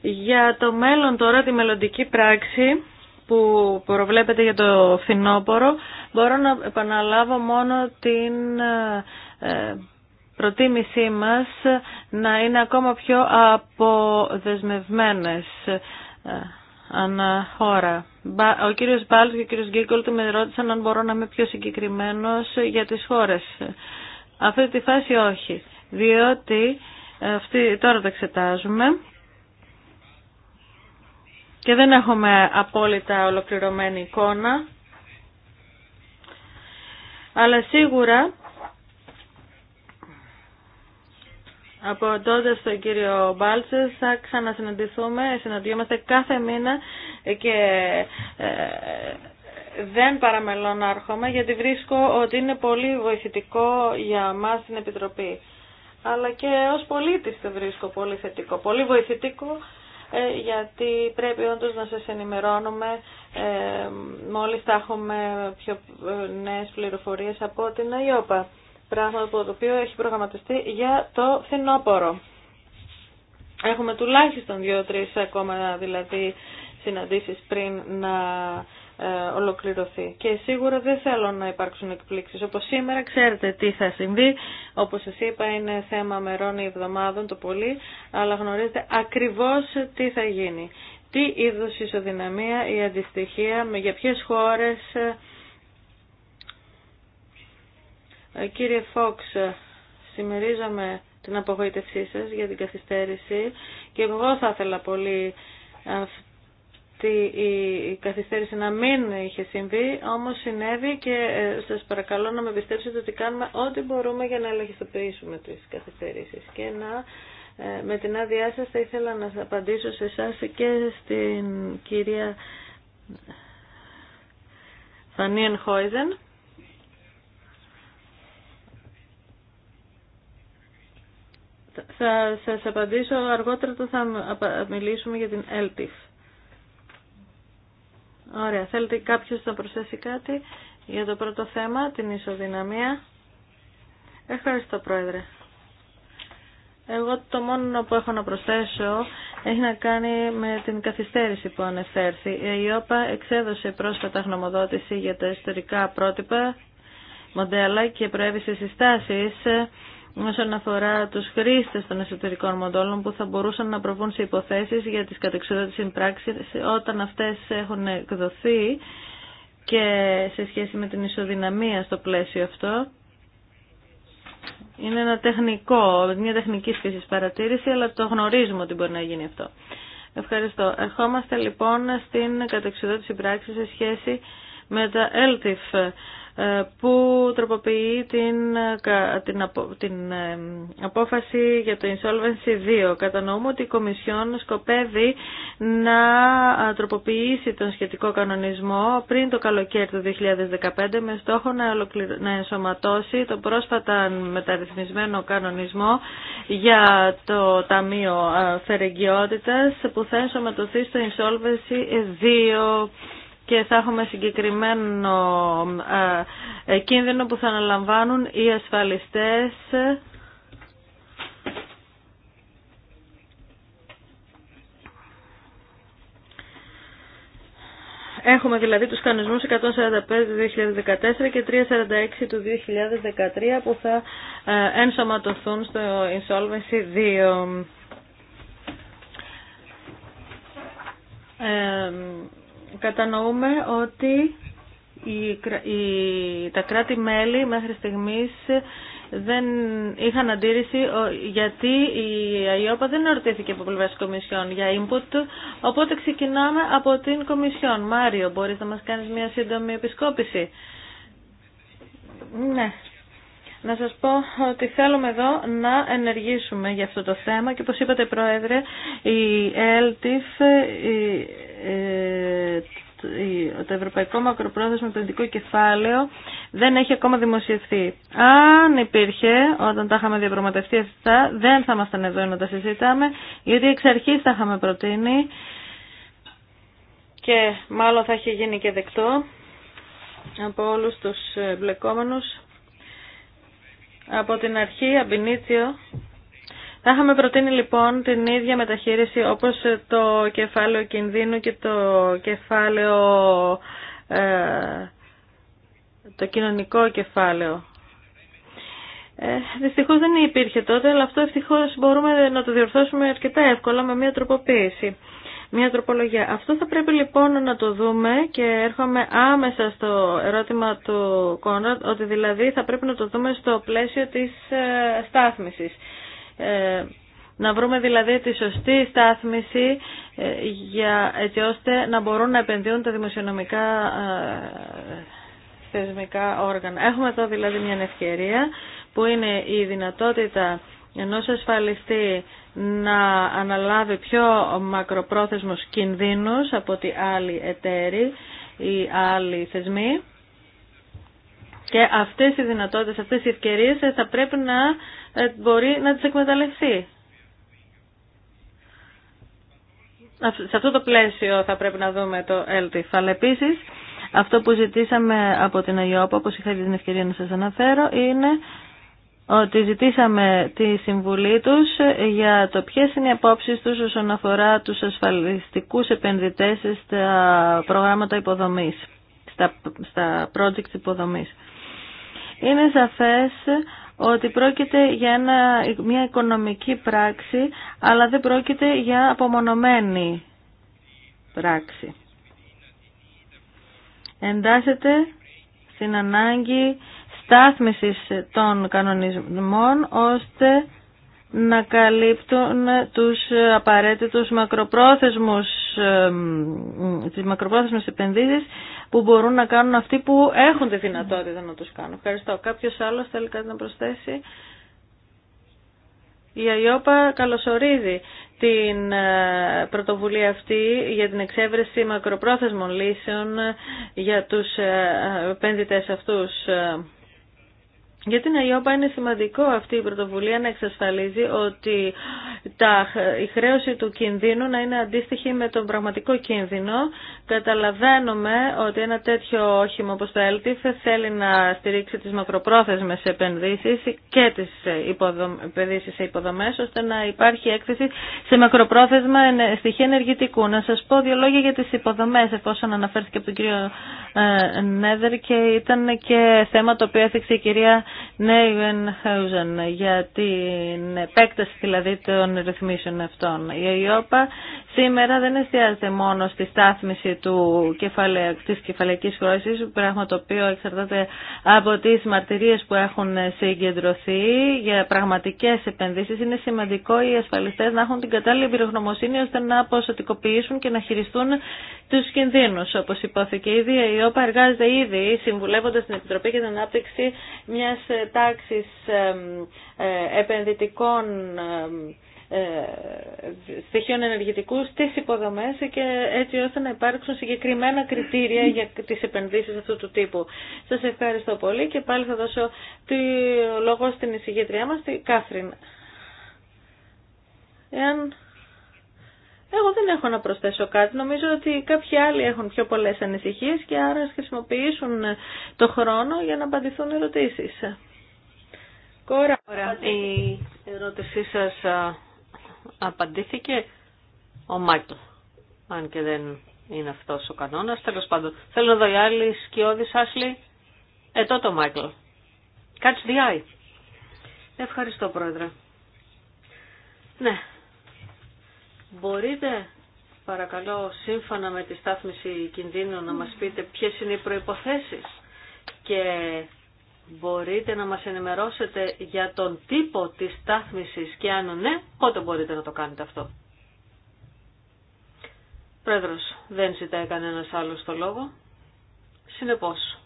Για το μέλλον τώρα τη μελλοντική πράξη που προβλέπεται για το φινόπορο μπορώ να επαναλάβω μόνο την ε, προτίμησή μας να είναι ακόμα πιο αποδεσμευμένες ε, αναχώρα. Ο κύριος Μπάλτς και ο κύριος Γκίκολτ με ρώτησαν αν μπορώ να είμαι πιο συγκεκριμένος για τις χώρες. Αυτή τη φάση όχι, διότι αυτή, τώρα το εξετάζουμε και δεν έχουμε απόλυτα ολοκληρωμένη εικόνα, αλλά σίγουρα Από τότε στον κύριο Μπάλτσε θα ξανασυναντηθούμε, συναντιόμαστε κάθε μήνα και ε, δεν παραμελώ να έρχομαι γιατί βρίσκω ότι είναι πολύ βοηθητικό για μας την Επιτροπή. Αλλά και ως πολίτης το βρίσκω πολύ θετικό, πολύ βοηθητικό ε, γιατί πρέπει όντως να σας ενημερώνουμε ε, μόλις θα έχουμε πιο νέες πληροφορίες από την ΑΙΟΠΑ πράγμα που το οποίο έχει προγραμματιστεί για το φθινόπωρο. Έχουμε τουλάχιστον δύο-τρεις ακόμα δηλαδή συναντήσεις πριν να ε, ολοκληρωθεί. Και σίγουρα δεν θέλω να υπάρξουν εκπλήξεις. Όπως σήμερα ξέρετε τι θα συμβεί. Όπως σας είπα είναι θέμα μερών ή εβδομάδων το πολύ, αλλά γνωρίζετε ακριβώς τι θα γίνει. Τι είδους ισοδυναμία ή αντιστοιχεία, για ποιες χώρες, ε, κύριε Φόξ, συμμερίζομαι την απογοήτευσή σας για την καθυστέρηση και εγώ θα ήθελα πολύ αυτή η καθυστέρηση να μην είχε συμβεί, όμως συνέβη και ε, σας παρακαλώ να με πιστέψετε ότι κάνουμε ό,τι μπορούμε για να ελεγχιστοποιήσουμε τις καθυστερήσεις και να ε, με την άδειά σας θα ήθελα να απαντήσω σε εσά και στην κυρία Φανίεν Χόιζεν. Θα σας απαντήσω αργότερα το θα μιλήσουμε για την LTIF. Ωραία. Θέλετε κάποιος να προσθέσει κάτι για το πρώτο θέμα, την ισοδυναμία. Ευχαριστώ Πρόεδρε. Εγώ το μόνο που έχω να προσθέσω έχει να κάνει με την καθυστέρηση που ανεφέρθη. Η ΟΠΑ εξέδωσε πρόσφατα γνωμοδότηση για τα ιστορικά πρότυπα, μοντέλα και προέβησε συστάσεις όσον αφορά τους χρήστες των εσωτερικών μοντόλων που θα μπορούσαν να προβούν σε υποθέσεις για τις κατεξοδότητες συμπράξεις όταν αυτές έχουν εκδοθεί και σε σχέση με την ισοδυναμία στο πλαίσιο αυτό. Είναι ένα τεχνικό, μια τεχνική φύση παρατήρηση, αλλά το γνωρίζουμε ότι μπορεί να γίνει αυτό. Ευχαριστώ. Ερχόμαστε λοιπόν στην κατεξοδότηση πράξη σε σχέση με τα LTIF. Ε, που τροποποιεί την, την, την ε, απόφαση για το Insolvency 2. Κατανοούμε ότι η Κομισιόν σκοπεύει να ε, τροποποιήσει τον σχετικό κανονισμό πριν το καλοκαίρι του 2015 με στόχο να, να ενσωματώσει τον πρόσφατα μεταρρυθμισμένο κανονισμό για το Ταμείο Φερεγγιότητας που θα ενσωματωθεί στο Insolvency 2 και θα έχουμε συγκεκριμένο ε, ε, κίνδυνο που θα αναλαμβάνουν οι ασφαλιστές Έχουμε δηλαδή τους κανονισμούς 145 του 2014 και 346 του 2013 που θα ε, ενσωματωθούν στο Insolvency 2 κατανοούμε ότι τα κράτη-μέλη μέχρι στιγμής δεν είχαν αντίρρηση γιατί η ΑΙΟΠΑ δεν ερωτήθηκε από πλευρά τη Κομισιόν για input. Οπότε ξεκινάμε από την Κομισιόν. Μάριο, μπορείς να μας κάνεις μια σύντομη επισκόπηση. Ναι, να σας πω ότι θέλουμε εδώ να ενεργήσουμε για αυτό το θέμα και όπως είπατε Πρόεδρε, η ΕΛΤΙΦ, ε, το Ευρωπαϊκό Μακροπρόθεσμο Επενδυτικό Κεφάλαιο δεν έχει ακόμα δημοσιευθεί. Αν υπήρχε, όταν τα είχαμε διαπραγματευτεί αυτά, δεν θα ήμασταν εδώ να τα συζητάμε, γιατί εξ αρχής τα είχαμε προτείνει και μάλλον θα έχει γίνει και δεκτό από όλους τους μπλεκόμενους από την αρχή, αμπινίτσιο, θα είχαμε προτείνει λοιπόν την ίδια μεταχείριση όπως το κεφάλαιο κινδύνου και το κεφάλαιο, ε, το κοινωνικό κεφάλαιο. Ε, δυστυχώς δεν υπήρχε τότε, αλλά αυτό ευτυχώς μπορούμε να το διορθώσουμε αρκετά εύκολα με μια τροποποίηση μια τροπολογία. Αυτό θα πρέπει λοιπόν να το δούμε και έρχομαι άμεσα στο ερώτημα του Κόνρατ, ότι δηλαδή θα πρέπει να το δούμε στο πλαίσιο της ε, στάθμισης. Ε, να βρούμε δηλαδή τη σωστή στάθμηση, ε, για, έτσι ώστε να μπορούν να επενδύουν τα δημοσιονομικά θεσμικά όργανα. Έχουμε εδώ δηλαδή μια ευκαιρία που είναι η δυνατότητα ενός ασφαλιστή να αναλάβει πιο μακροπρόθεσμους κινδύνους από ότι άλλοι εταίροι ή άλλη θεσμοί. Και αυτές οι δυνατότητες, αυτές οι ευκαιρίες θα πρέπει να ε, μπορεί να τις εκμεταλλευτεί. Σε αυτό το πλαίσιο θα πρέπει να δούμε το LTIF. Αλλά επίσης, αυτό που ζητήσαμε από την ΕΙΟΠΑ, όπως είχα την ευκαιρία να σας αναφέρω, είναι ότι ζητήσαμε τη συμβουλή τους για το ποιες είναι οι απόψεις τους όσον αφορά τους ασφαλιστικούς επενδυτές στα προγράμματα υποδομής, στα, στα project υποδομής. Είναι σαφές ότι πρόκειται για μια οικονομική πράξη, αλλά δεν πρόκειται για απομονωμένη πράξη. Εντάσσεται στην ανάγκη στάθμισης των κανονισμών ώστε να καλύπτουν τους απαραίτητους μακροπρόθεσμους, τις μακροπρόθεσμες επενδύσεις που μπορούν να κάνουν αυτοί που έχουν τη δυνατότητα να τους κάνουν. Ευχαριστώ. Κάποιος άλλος θέλει κάτι να προσθέσει. Η ΑΙΟΠΑ καλωσορίζει την ε, πρωτοβουλία αυτή για την εξέβρεση μακροπρόθεσμων λύσεων για τους ε, επενδυτές αυτούς. Ε, για την ΑΙΟΠΑ είναι σημαντικό αυτή η πρωτοβουλία να εξασφαλίζει ότι τα, η χρέωση του κινδύνου να είναι αντίστοιχη με τον πραγματικό κίνδυνο. Καταλαβαίνουμε ότι ένα τέτοιο όχημα όπως το ΕΛΤΙΦ θέλει να στηρίξει τις μακροπρόθεσμες επενδύσεις και τις υποδομ, επενδύσεις σε υποδομές ώστε να υπάρχει έκθεση σε μακροπρόθεσμα στοιχεία ενεργητικού. Να σας πω δύο λόγια για τις υποδομές εφόσον αναφέρθηκε από τον κύριο ε, Νέδερ και ήταν και θέμα το οποίο έθιξε η κυρία Νέιγενχάουζεν για την επέκταση δηλαδή των ρυθμίσεων αυτών. Η ΕΙΟΠΑ σήμερα δεν εστιάζεται μόνο στη στάθμιση του κεφαλαι... της κεφαλαϊκής χρώσης, πράγμα το οποίο εξαρτάται από τις μαρτυρίες που έχουν συγκεντρωθεί για πραγματικές επενδύσεις. Είναι σημαντικό οι ασφαλιστές να έχουν την κατάλληλη εμπειρογνωμοσύνη ώστε να αποσωτικοποιήσουν και να χειριστούν τους κινδύνους. Όπως υπόθηκε ήδη, η ΕΙΟΠΑ εργάζεται ήδη συμβουλεύοντας την Επιτροπή για την Ανάπτυξη μιας ε, τάξεις ε, επενδυτικών ε, στοιχείων ενεργητικού στις υποδομές και έτσι ώστε να υπάρξουν συγκεκριμένα κριτήρια για τις επενδύσεις αυτού του τύπου. Σας ευχαριστώ πολύ και πάλι θα δώσω τη λόγο στην εισηγήτριά μας, την Κάθριν. Εάν εγώ δεν έχω να προσθέσω κάτι. Νομίζω ότι κάποιοι άλλοι έχουν πιο πολλές ανησυχίες και άρα ας χρησιμοποιήσουν ε, το χρόνο για να απαντηθούν ερωτήσεις. Κόρα, η ερώτησή σας ε, απαντήθηκε ο Μάικλ, αν και δεν είναι αυτός ο κανόνας. Τέλο πάντων, θέλω να δω οι άλλοι σκιώδη Άσλι. Ε, τότε ο Μάικλ. Catch the eye. Ευχαριστώ, Πρόεδρε. Ναι, Μπορείτε παρακαλώ σύμφωνα με τη στάθμιση κινδύνου να μας πείτε ποιες είναι οι προϋποθέσεις και μπορείτε να μας ενημερώσετε για τον τύπο της στάθμισης και αν ναι, πότε μπορείτε να το κάνετε αυτό. Πρόεδρος, δεν ζητάει κανένας άλλος το λόγο. Συνεπώς,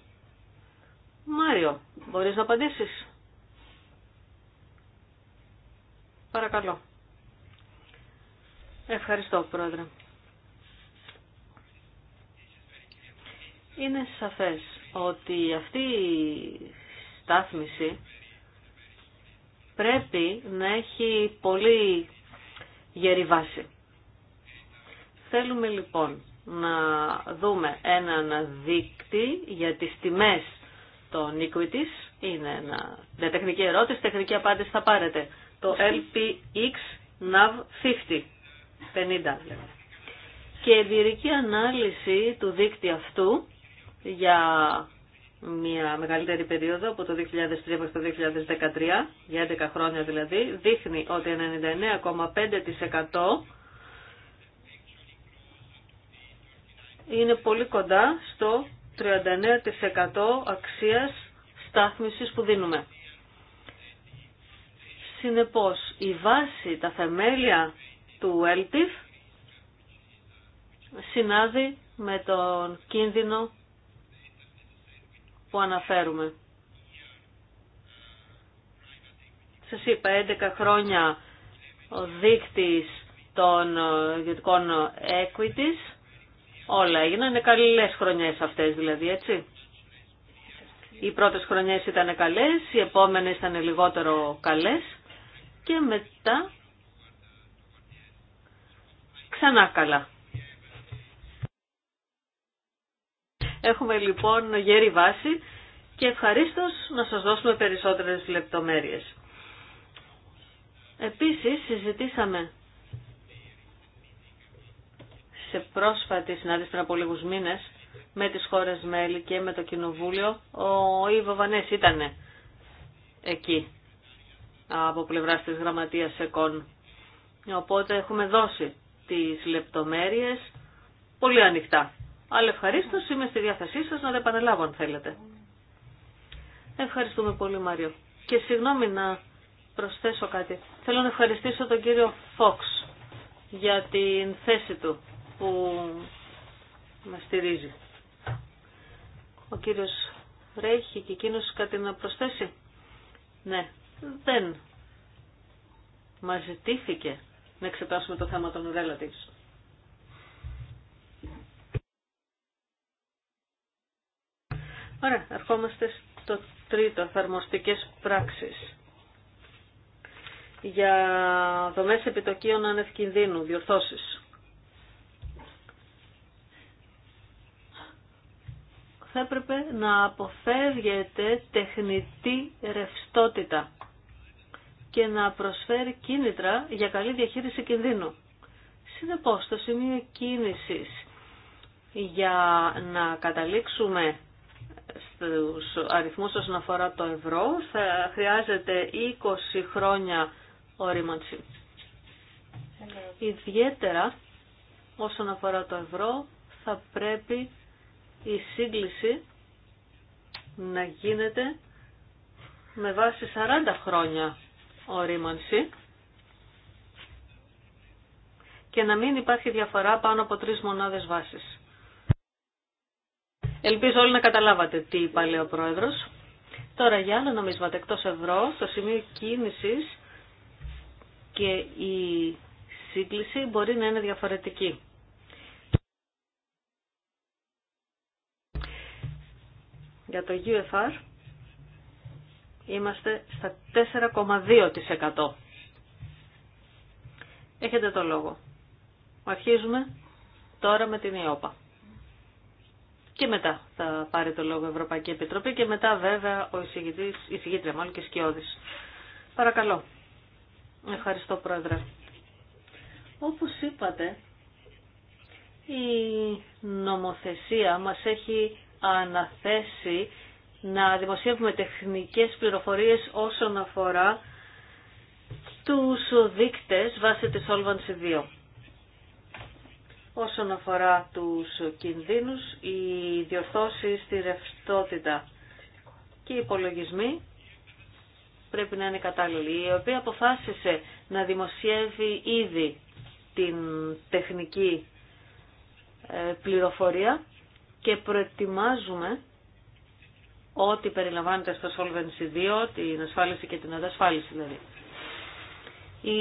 Μάριο, μπορείς να απαντήσεις. Παρακαλώ. Ευχαριστώ, Πρόεδρε. Είναι σαφές ότι αυτή η στάθμιση πρέπει να έχει πολύ γερή Θέλουμε λοιπόν να δούμε έναν δείκτη για τις τιμές των equities. Είναι ένα, τεχνική ερώτηση, τεχνική απάντηση θα πάρετε. Το LPX NAV 50. 50. Και η εμπειρική ανάλυση του δίκτυα αυτού για μια μεγαλύτερη περίοδο από το 2003 μέχρι το 2013, για 11 χρόνια δηλαδή, δείχνει ότι 99,5% είναι πολύ κοντά στο 39% αξίας στάθμισης που δίνουμε. Συνεπώς, η βάση, τα θεμέλια του ΕΛΤΙΦ συνάδει με τον κίνδυνο που αναφέρουμε. Σας είπα, 11 χρόνια ο δείκτης των ιδιωτικών equities, όλα έγιναν, είναι καλές χρονιές αυτές δηλαδή, έτσι. Οι πρώτες χρονιές ήταν καλές, οι επόμενες ήταν λιγότερο καλές και μετά Ξανά καλά. Έχουμε λοιπόν γέρη βάση και ευχαρίστως να σας δώσουμε περισσότερες λεπτομέρειες. Επίσης συζητήσαμε σε πρόσφατη συνάντηση πριν από λίγους μήνες με τις χώρες μέλη και με το Κοινοβούλιο. Ο Ιβο Βανές ήταν εκεί από πλευράς της Γραμματείας ΕΚΟΝ. Οπότε έχουμε δώσει τις λεπτομέρειες πολύ ανοιχτά. Αλλά ευχαρίστω είμαι στη διάθεσή σας να τα επαναλάβω αν θέλετε. Ευχαριστούμε πολύ Μάριο. Και συγγνώμη να προσθέσω κάτι. Θέλω να ευχαριστήσω τον κύριο Φόξ για την θέση του που μας στηρίζει. Ο κύριος Ρέχει και εκείνο κάτι να προσθέσει. Ναι, δεν μας ζητήθηκε να εξετάσουμε το θέμα των relatives. Ωραία, ερχόμαστε στο τρίτο, Θερμοστικές πράξεις. Για δομές επιτοκίων ανευκινδύνου, διορθώσεις. Θα έπρεπε να αποφεύγεται τεχνητή ρευστότητα και να προσφέρει κίνητρα για καλή διαχείριση κινδύνου. Συνεπώς, το σημείο κίνησης για να καταλήξουμε στους αριθμούς όσον αφορά το ευρώ θα χρειάζεται 20 χρόνια ορίμανση. Ιδιαίτερα όσον αφορά το ευρώ θα πρέπει η σύγκληση να γίνεται με βάση 40 χρόνια ορίμανση και να μην υπάρχει διαφορά πάνω από τρεις μονάδες βάσης. Ελπίζω όλοι να καταλάβατε τι είπα, λέει ο Πρόεδρος. Τώρα για άλλο νομίσματα εκτός ευρώ, το σημείο κίνησης και η σύγκληση μπορεί να είναι διαφορετική. Για το UFR Είμαστε στα 4,2%. Έχετε το λόγο. Αρχίζουμε τώρα με την ΙΟΠΑ. Και μετά θα πάρει το λόγο η Ευρωπαϊκή Επιτροπή και μετά βέβαια ο εισηγητής, η εισηγήτρια μάλλον και σκιώδης. Παρακαλώ. Ευχαριστώ Πρόεδρε. Όπως είπατε, η νομοθεσία μας έχει αναθέσει να δημοσιεύουμε τεχνικές πληροφορίες όσον αφορά τους δείκτες βάσει της Solvency 2. Όσον αφορά τους κινδύνους, οι διορθώσεις στη ρευστότητα και οι υπολογισμοί πρέπει να είναι κατάλληλοι. Η οποία αποφάσισε να δημοσιεύει ήδη την τεχνική ε, πληροφορία και προετοιμάζουμε ό,τι περιλαμβάνεται στο Solvency 2, την ασφάλιση και την αντασφάλιση δηλαδή. Οι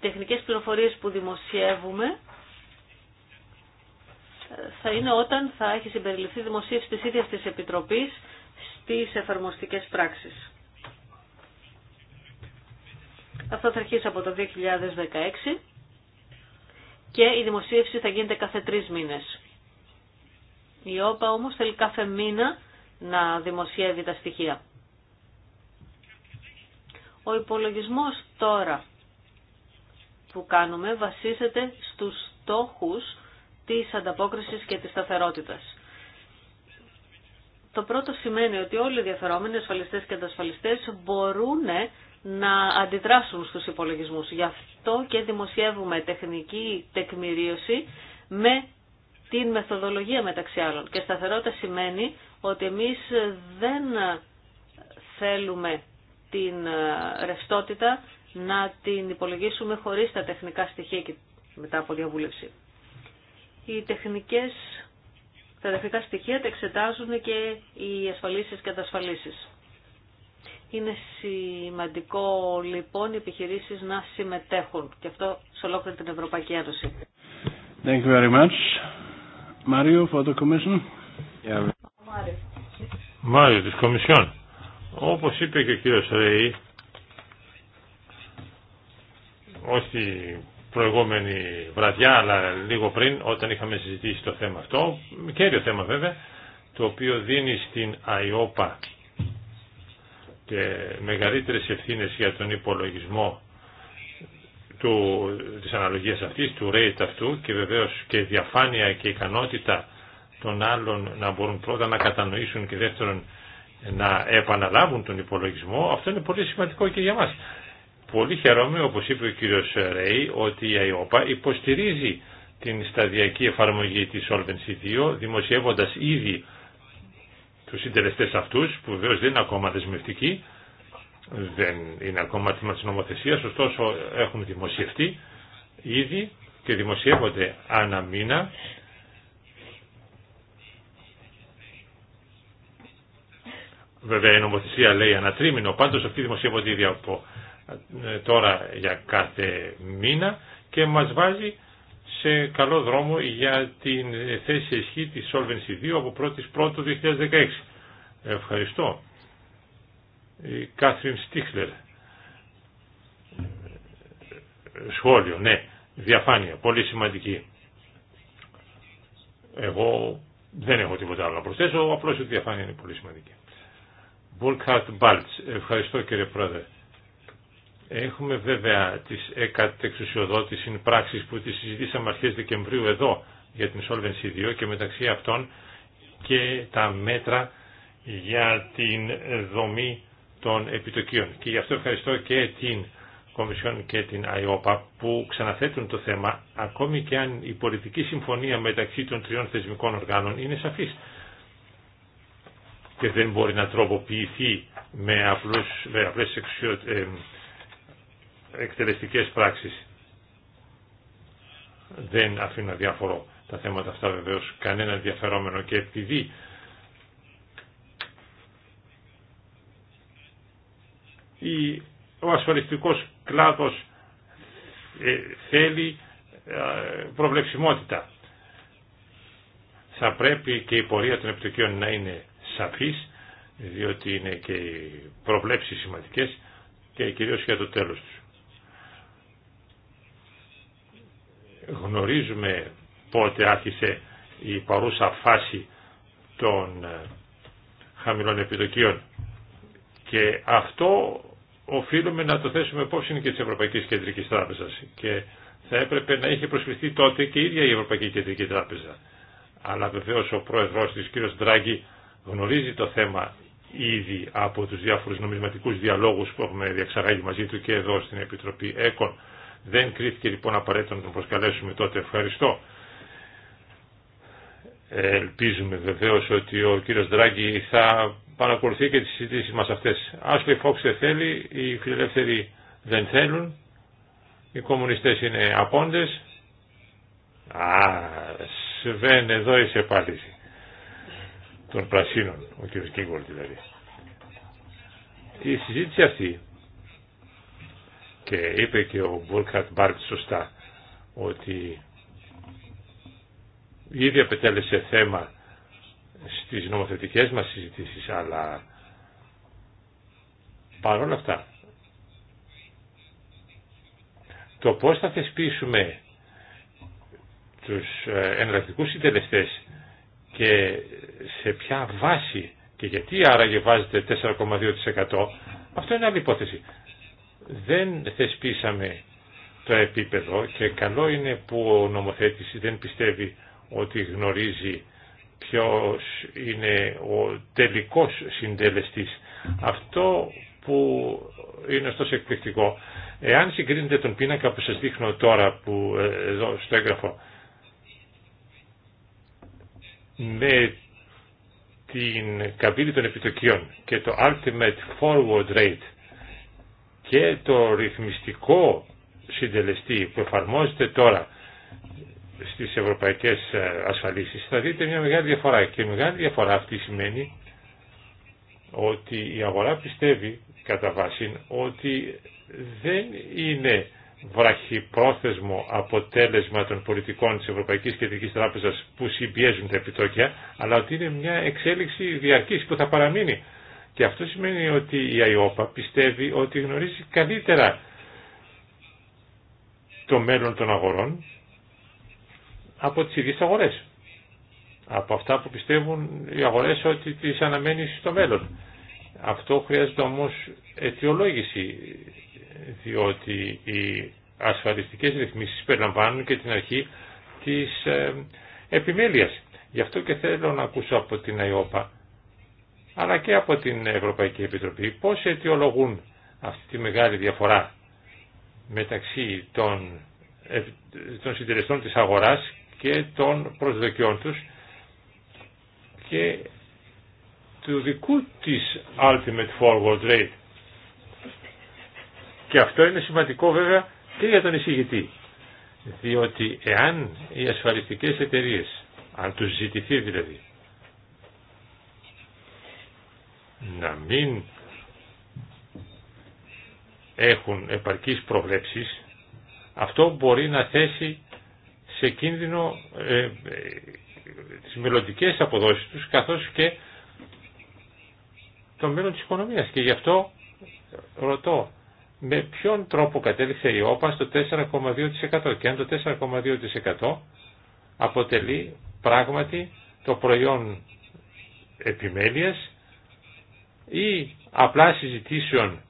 τεχνικές πληροφορίες που δημοσιεύουμε ε, θα είναι όταν θα έχει συμπεριληφθεί δημοσίευση της ίδιας της Επιτροπής στις εφαρμοστικές πράξεις. Αυτό θα αρχίσει από το 2016 και η δημοσίευση θα γίνεται κάθε τρεις μήνες. Η ΟΠΑ όμως θέλει κάθε μήνα να δημοσιεύει τα στοιχεία. Ο υπολογισμός τώρα που κάνουμε βασίζεται στους στόχους της ανταπόκρισης και της σταθερότητας. Το πρώτο σημαίνει ότι όλοι οι διαφερόμενοι ασφαλιστές και αντασφαλιστές μπορούν να αντιδράσουν στους υπολογισμούς. Γι' αυτό και δημοσιεύουμε τεχνική τεκμηρίωση με την μεθοδολογία μεταξύ άλλων. Και σταθερότητα σημαίνει ότι εμείς δεν θέλουμε την ρευστότητα να την υπολογίσουμε χωρίς τα τεχνικά στοιχεία και μετά από διαβούλευση. Οι τεχνικές, τα τεχνικά στοιχεία τα εξετάζουν και οι ασφαλίσεις και τα ασφαλίσεις. Είναι σημαντικό λοιπόν οι επιχειρήσεις να συμμετέχουν και αυτό σε ολόκληρη την Ευρωπαϊκή Ένωση. Thank you very much. Mario for the Μάλιστα, τη Κομισιόν. Όπως είπε και ο κύριος Ρέι όχι προηγούμενη βραδιά, αλλά λίγο πριν, όταν είχαμε συζητήσει το θέμα αυτό, κέριο θέμα βέβαια, το οποίο δίνει στην ΑΙΟΠΑ και μεγαλύτερες ευθύνες για τον υπολογισμό του, της αναλογίας αυτής, του rate αυτού και βεβαίως και διαφάνεια και ικανότητα των άλλων να μπορούν πρώτα να κατανοήσουν και δεύτερον να επαναλάβουν τον υπολογισμό, αυτό είναι πολύ σημαντικό και για μας. Πολύ χαίρομαι, όπως είπε ο κύριος Ρέι, ότι η ΑΕΟΠΑ υποστηρίζει την σταδιακή εφαρμογή της Solvency 2, δημοσιεύοντας ήδη τους συντελεστές αυτούς, που βεβαίως δεν είναι ακόμα δεσμευτικοί, δεν είναι ακόμα τμήμα της νομοθεσίας, ωστόσο έχουν δημοσιευτεί ήδη και δημοσιεύονται ανά μήνα Βέβαια η νομοθεσία λέει ένα τρίμηνο, πάντως αυτή δημοσιεύονται ήδη από ε, τώρα για κάθε μήνα και μας βάζει σε καλό δρόμο για την ε, θέση ισχύ της Solvency 2 από 1η Πρώτου 2016. Ευχαριστώ. Η Κάθριν Στίχλερ. Σχόλιο, ναι. Διαφάνεια, πολύ σημαντική. Εγώ δεν έχω τίποτα άλλο να προσθέσω, απλώς η διαφάνεια είναι πολύ σημαντική. Ευχαριστώ κύριε Πρόεδρε. Έχουμε βέβαια τις εκατεξουσιοδότηση πράξεις που τις συζητήσαμε αρχές Δεκεμβρίου εδώ για την Solvency 2 και μεταξύ αυτών και τα μέτρα για την δομή των επιτοκίων. Και γι' αυτό ευχαριστώ και την Κομισιόν και την ΑΕΟΠΑ που ξαναθέτουν το θέμα ακόμη και αν η πολιτική συμφωνία μεταξύ των τριών θεσμικών οργάνων είναι σαφής και δεν μπορεί να τροποποιηθεί με, απλούς, με απλές ε, εκτελεστικές πράξεις. Δεν αφήνω διάφορο τα θέματα αυτά βεβαίως κανένα ενδιαφερόμενο και επειδή η, ο ασφαλιστικός κλάδος ε, θέλει ε, προβλεψιμότητα. Θα πρέπει και η πορεία των επιτοκίων να είναι σαφείς, διότι είναι και οι προβλέψεις σημαντικές και κυρίως για το τέλος τους. Γνωρίζουμε πότε άρχισε η παρούσα φάση των ε, χαμηλών επιδοκίων και αυτό οφείλουμε να το θέσουμε υπόψη και της Ευρωπαϊκής Κεντρικής Τράπεζας και θα έπρεπε να είχε προσφυθεί τότε και η ίδια η Ευρωπαϊκή Κεντρική Τράπεζα. Αλλά βεβαίως ο πρόεδρος της κ. Ντράγκη γνωρίζει το θέμα ήδη από τους διάφορους νομισματικούς διαλόγους που έχουμε διαξαγάγει μαζί του και εδώ στην Επιτροπή ΕΚΟΝ. Δεν κρίθηκε λοιπόν απαραίτητο να τον προσκαλέσουμε τότε. Ευχαριστώ. Ελπίζουμε βεβαίως ότι ο κύριος Δράγκη θα παρακολουθεί και τις συζητήσεις μας αυτές. Άσλι Φόξ δεν θέλει, οι φιλελεύθεροι δεν θέλουν, οι κομμουνιστές είναι απόντες. Α, Σβέν, εδώ είσαι πάλι των Πρασίνων, ο κ. Κίγκολ δηλαδή. Η συζήτηση αυτή και είπε και ο Μπούρκαρτ Μπάρτ σωστά ότι ήδη πετέλεσε θέμα στις νομοθετικές μας συζητήσεις αλλά παρόλα αυτά το πώς θα θεσπίσουμε τους ε, εναλλακτικούς συντελεστές και σε ποια βάση και γιατί άραγε βάζετε 4,2% αυτό είναι άλλη υπόθεση. Δεν θεσπίσαμε το επίπεδο και καλό είναι που ο νομοθέτης δεν πιστεύει ότι γνωρίζει ποιος είναι ο τελικός συντελεστής. Αυτό που είναι ωστόσο εκπληκτικό, εάν συγκρίνετε τον πίνακα που σας δείχνω τώρα που, ε, εδώ στο έγγραφο με την καμπύλη των επιτοκίων και το ultimate forward rate και το ρυθμιστικό συντελεστή που εφαρμόζεται τώρα στις ευρωπαϊκές ε, ασφαλίσεις θα δείτε μια μεγάλη διαφορά και η μεγάλη διαφορά αυτή σημαίνει ότι η αγορά πιστεύει κατά βάση ότι δεν είναι βραχυπρόθεσμο αποτέλεσμα των πολιτικών της Ευρωπαϊκής Κεντρικής Τράπεζας που συμπιέζουν τα επιτόκια, αλλά ότι είναι μια εξέλιξη διαρκής που θα παραμείνει. Και αυτό σημαίνει ότι η ΑΙΟΠΑ πιστεύει ότι γνωρίζει καλύτερα το μέλλον των αγορών από τις ίδιες αγορές. Από αυτά που πιστεύουν οι αγορές ότι τις αναμένει στο μέλλον. Αυτό χρειάζεται όμως αιτιολόγηση διότι οι ασφαλιστικές ρυθμίσεις περιλαμβάνουν και την αρχή της ε, επιμέλειας. Γι' αυτό και θέλω να ακούσω από την ΑΕΟΠΑ αλλά και από την Ευρωπαϊκή Επιτροπή πώς αιτιολογούν αυτή τη μεγάλη διαφορά μεταξύ των, ε, των συντηρηστών της αγοράς και των προσδοκιών τους και του δικού της Ultimate Forward Rate και αυτό είναι σημαντικό βέβαια και για τον εισηγητή. Διότι εάν οι ασφαλιστικές εταιρείες, αν τους ζητηθεί δηλαδή, να μην έχουν επαρκείς προβλέψεις, αυτό μπορεί να θέσει σε κίνδυνο ε, ε τις μελλοντικές αποδόσεις τους καθώς και το μέλλον της οικονομίας. Και γι' αυτό ρωτώ, με ποιον τρόπο κατέληξε η ΟΠΑ στο 4,2% και αν το 4,2% αποτελεί πράγματι το προϊόν επιμέλειας ή απλά συζητήσεων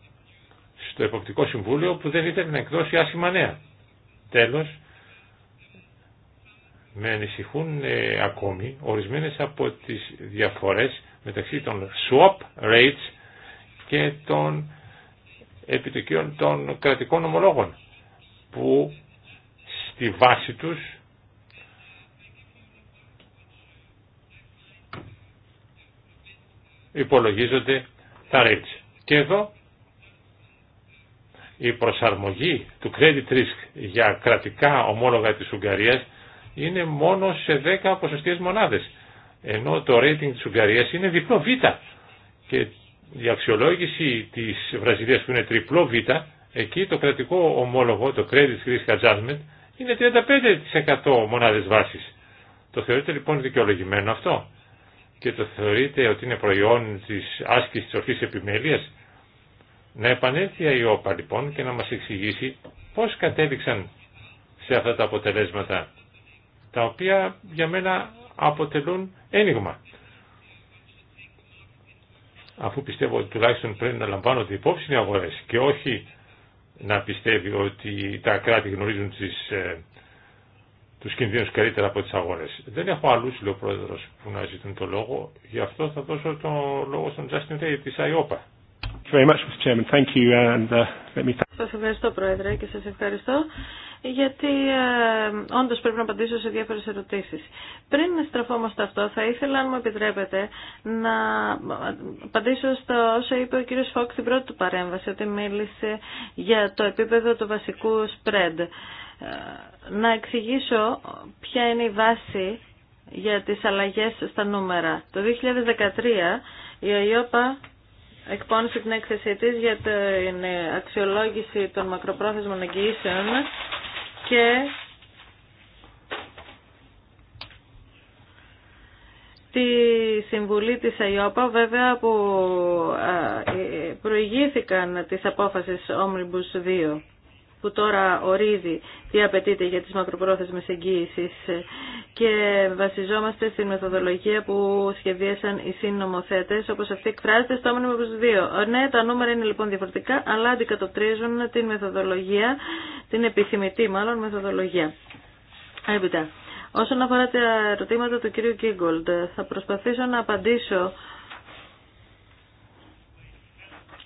στο Εποπτικό Συμβούλιο που δεν ήθελε να εκδώσει άσχημα νέα. Τέλος, με ανησυχούν ε, ακόμη ορισμένες από τις διαφορές μεταξύ των swap rates και των επιτοκίων των κρατικών ομολόγων που στη βάση τους υπολογίζονται τα rates. Και εδώ η προσαρμογή του credit risk για κρατικά ομόλογα της Ουγγαρίας είναι μόνο σε 10 ποσοστιαίες μονάδες. Ενώ το rating της Ουγγαρίας είναι διπλό β. Και η αξιολόγηση της Βραζιλίας που είναι τριπλό β, εκεί το κρατικό ομόλογο, το credit risk adjustment, είναι 35% μονάδες βάσης. Το θεωρείτε λοιπόν δικαιολογημένο αυτό και το θεωρείτε ότι είναι προϊόν της άσκησης της ορθής επιμέλειας. Να επανέλθει η ΟΠΑ λοιπόν και να μας εξηγήσει πώς κατέληξαν σε αυτά τα αποτελέσματα, τα οποία για μένα αποτελούν ένιγμα αφού πιστεύω ότι τουλάχιστον πρέπει να λαμβάνονται υπόψη οι αγορέ και όχι να πιστεύει ότι τα κράτη γνωρίζουν τις, ε, τους κινδύνους καλύτερα από τις αγορές. Δεν έχω αλλού λέει ο πρόεδρος, που να ζητούν το λόγο, γι' αυτό θα δώσω το λόγο στον Justin Day της ΑΙΟΠΑ. Σας ευχαριστώ Πρόεδρε και σας ευχαριστώ γιατί ε, όντως πρέπει να απαντήσω σε διάφορες ερωτήσεις. Πριν στραφώ στραφόμαστε αυτό, θα ήθελα, αν μου επιτρέπετε, να απαντήσω στα όσα είπε ο κύριος Φόκ την πρώτη του παρέμβαση, ότι μίλησε για το επίπεδο του βασικού spread. Ε, να εξηγήσω ποια είναι η βάση για τις αλλαγές στα νούμερα. Το 2013 η ΟΙΟΠΑ εκπώνησε την έκθεσή της για την αξιολόγηση των μακροπρόθεσμων εγγυήσεων και τη συμβουλή της ΑΙΟΠΑ βέβαια που ε, προηγήθηκαν τις απόφασες Omnibus 2 που τώρα ορίζει τι απαιτείται για τις μακροπρόθεσμες εγγύησεις και βασιζόμαστε στην μεθοδολογία που σχεδίασαν οι συνομοθέτες όπως αυτή εκφράζεται στο μήνυμα 2. Ναι, τα νούμερα είναι λοιπόν διαφορετικά αλλά αντικατοπτρίζουν την μεθοδολογία, την επιθυμητή μάλλον μεθοδολογία. Έπειτα, όσον αφορά τα ερωτήματα του κύριου Κίγκολντ, θα προσπαθήσω να απαντήσω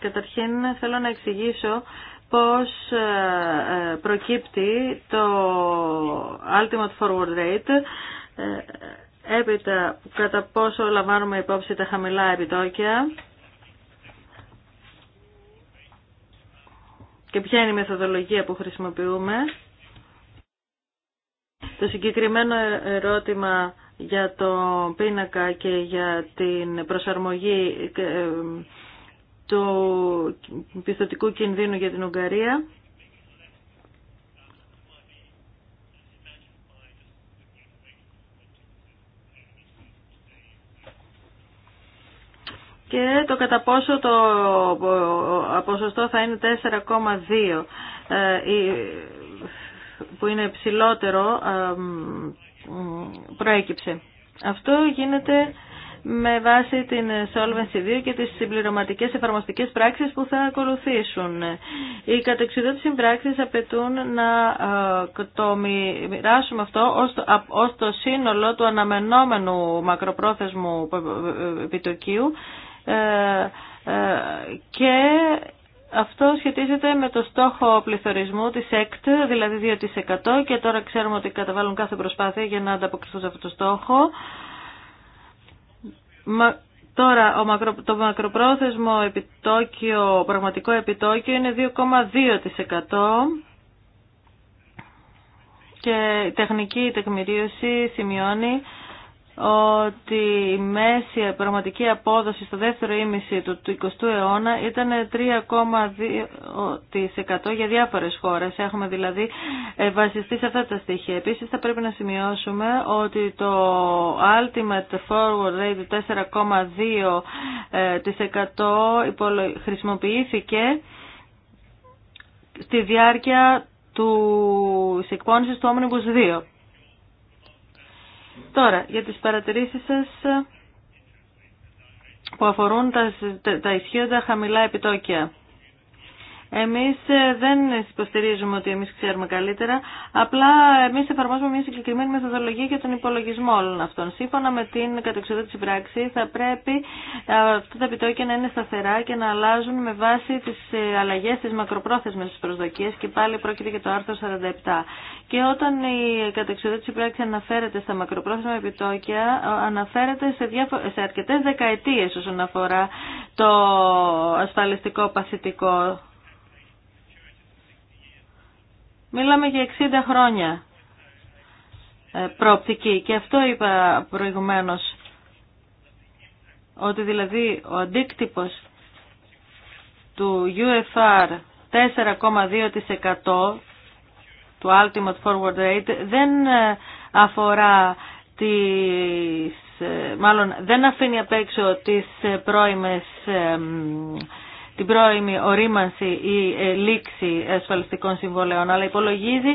Καταρχήν θέλω να εξηγήσω πώς ε, ε, προκύπτει το ultimate forward rate ε, έπειτα κατά πόσο λαμβάνουμε υπόψη τα χαμηλά επιτόκια και ποια είναι η μεθοδολογία που χρησιμοποιούμε. Το συγκεκριμένο ερώτημα για το πίνακα και για την προσαρμογή του πιστοτικού κινδύνου για την Ουγγαρία. και το κατά πόσο το ποσοστό θα είναι 4,2 ε, που είναι ψηλότερο ε, προέκυψε. Αυτό γίνεται με βάση την Solvency 2 και τις συμπληρωματικές εφαρμοστικές πράξεις που θα ακολουθήσουν. Οι κατεξιδότητες συμπράξεις απαιτούν να ε, το μοιράσουμε αυτό ως το σύνολο του αναμενόμενου μακροπρόθεσμου ε, ε, επιτοκίου και αυτό σχετίζεται με το στόχο πληθωρισμού της ΕΚΤ, δηλαδή 2% και τώρα ξέρουμε ότι καταβάλουν κάθε προσπάθεια για να ανταποκριθούν σε αυτό το στόχο. Μα, τώρα ο το μακροπρόθεσμο επιτόκιο, πραγματικό επιτόκιο είναι 2,2% και η τεχνική τεκμηρίωση σημειώνει ότι η μέση πραγματική απόδοση στο δεύτερο ήμιση του 20ου αιώνα ήταν 3,2% για διάφορες χώρες. Έχουμε δηλαδή ε, βασιστεί σε αυτά τα στοιχεία. Επίσης θα πρέπει να σημειώσουμε ότι το Ultimate Forward Rate 4,2% χρησιμοποιήθηκε στη διάρκεια του εκπόνησης του Omnibus 2. Τώρα, για τις παρατηρήσεις σας ε, που αφορούν τα ισχύοντα χαμηλά επιτόκια. Εμείς ε, δεν υποστηρίζουμε ότι εμείς ξέρουμε καλύτερα, απλά εμείς εφαρμόζουμε μια συγκεκριμένη μεθοδολογία για τον υπολογισμό όλων αυτών. Σύμφωνα με την κατεξοδότηση πράξη θα πρέπει ε, αυτά τα επιτόκια να είναι σταθερά και να αλλάζουν με βάση τις ε, αλλαγές της μακροπρόθεσμες της προσδοκίας και πάλι πρόκειται για το άρθρο 47. Και όταν η κατεξοδότηση πράξη αναφέρεται στα μακροπρόθεσμα επιτόκια, αναφέρεται σε, διάφο... σε αρκετές δεκαετίες όσον αφορά το ασφαλιστικό παθητικό Μιλάμε για 60 χρόνια ε, προοπτική και αυτό είπα προηγουμένως ότι δηλαδή ο αντίκτυπος του UFR 4,2% του Ultimate Forward Rate δεν ε, αφορά τις, ε, μάλλον δεν αφήνει απ' έξω τις πρώιμες την πρώιμη ορίμανση ή ε, λήξη ασφαλιστικών συμβολέων, αλλά υπολογίζει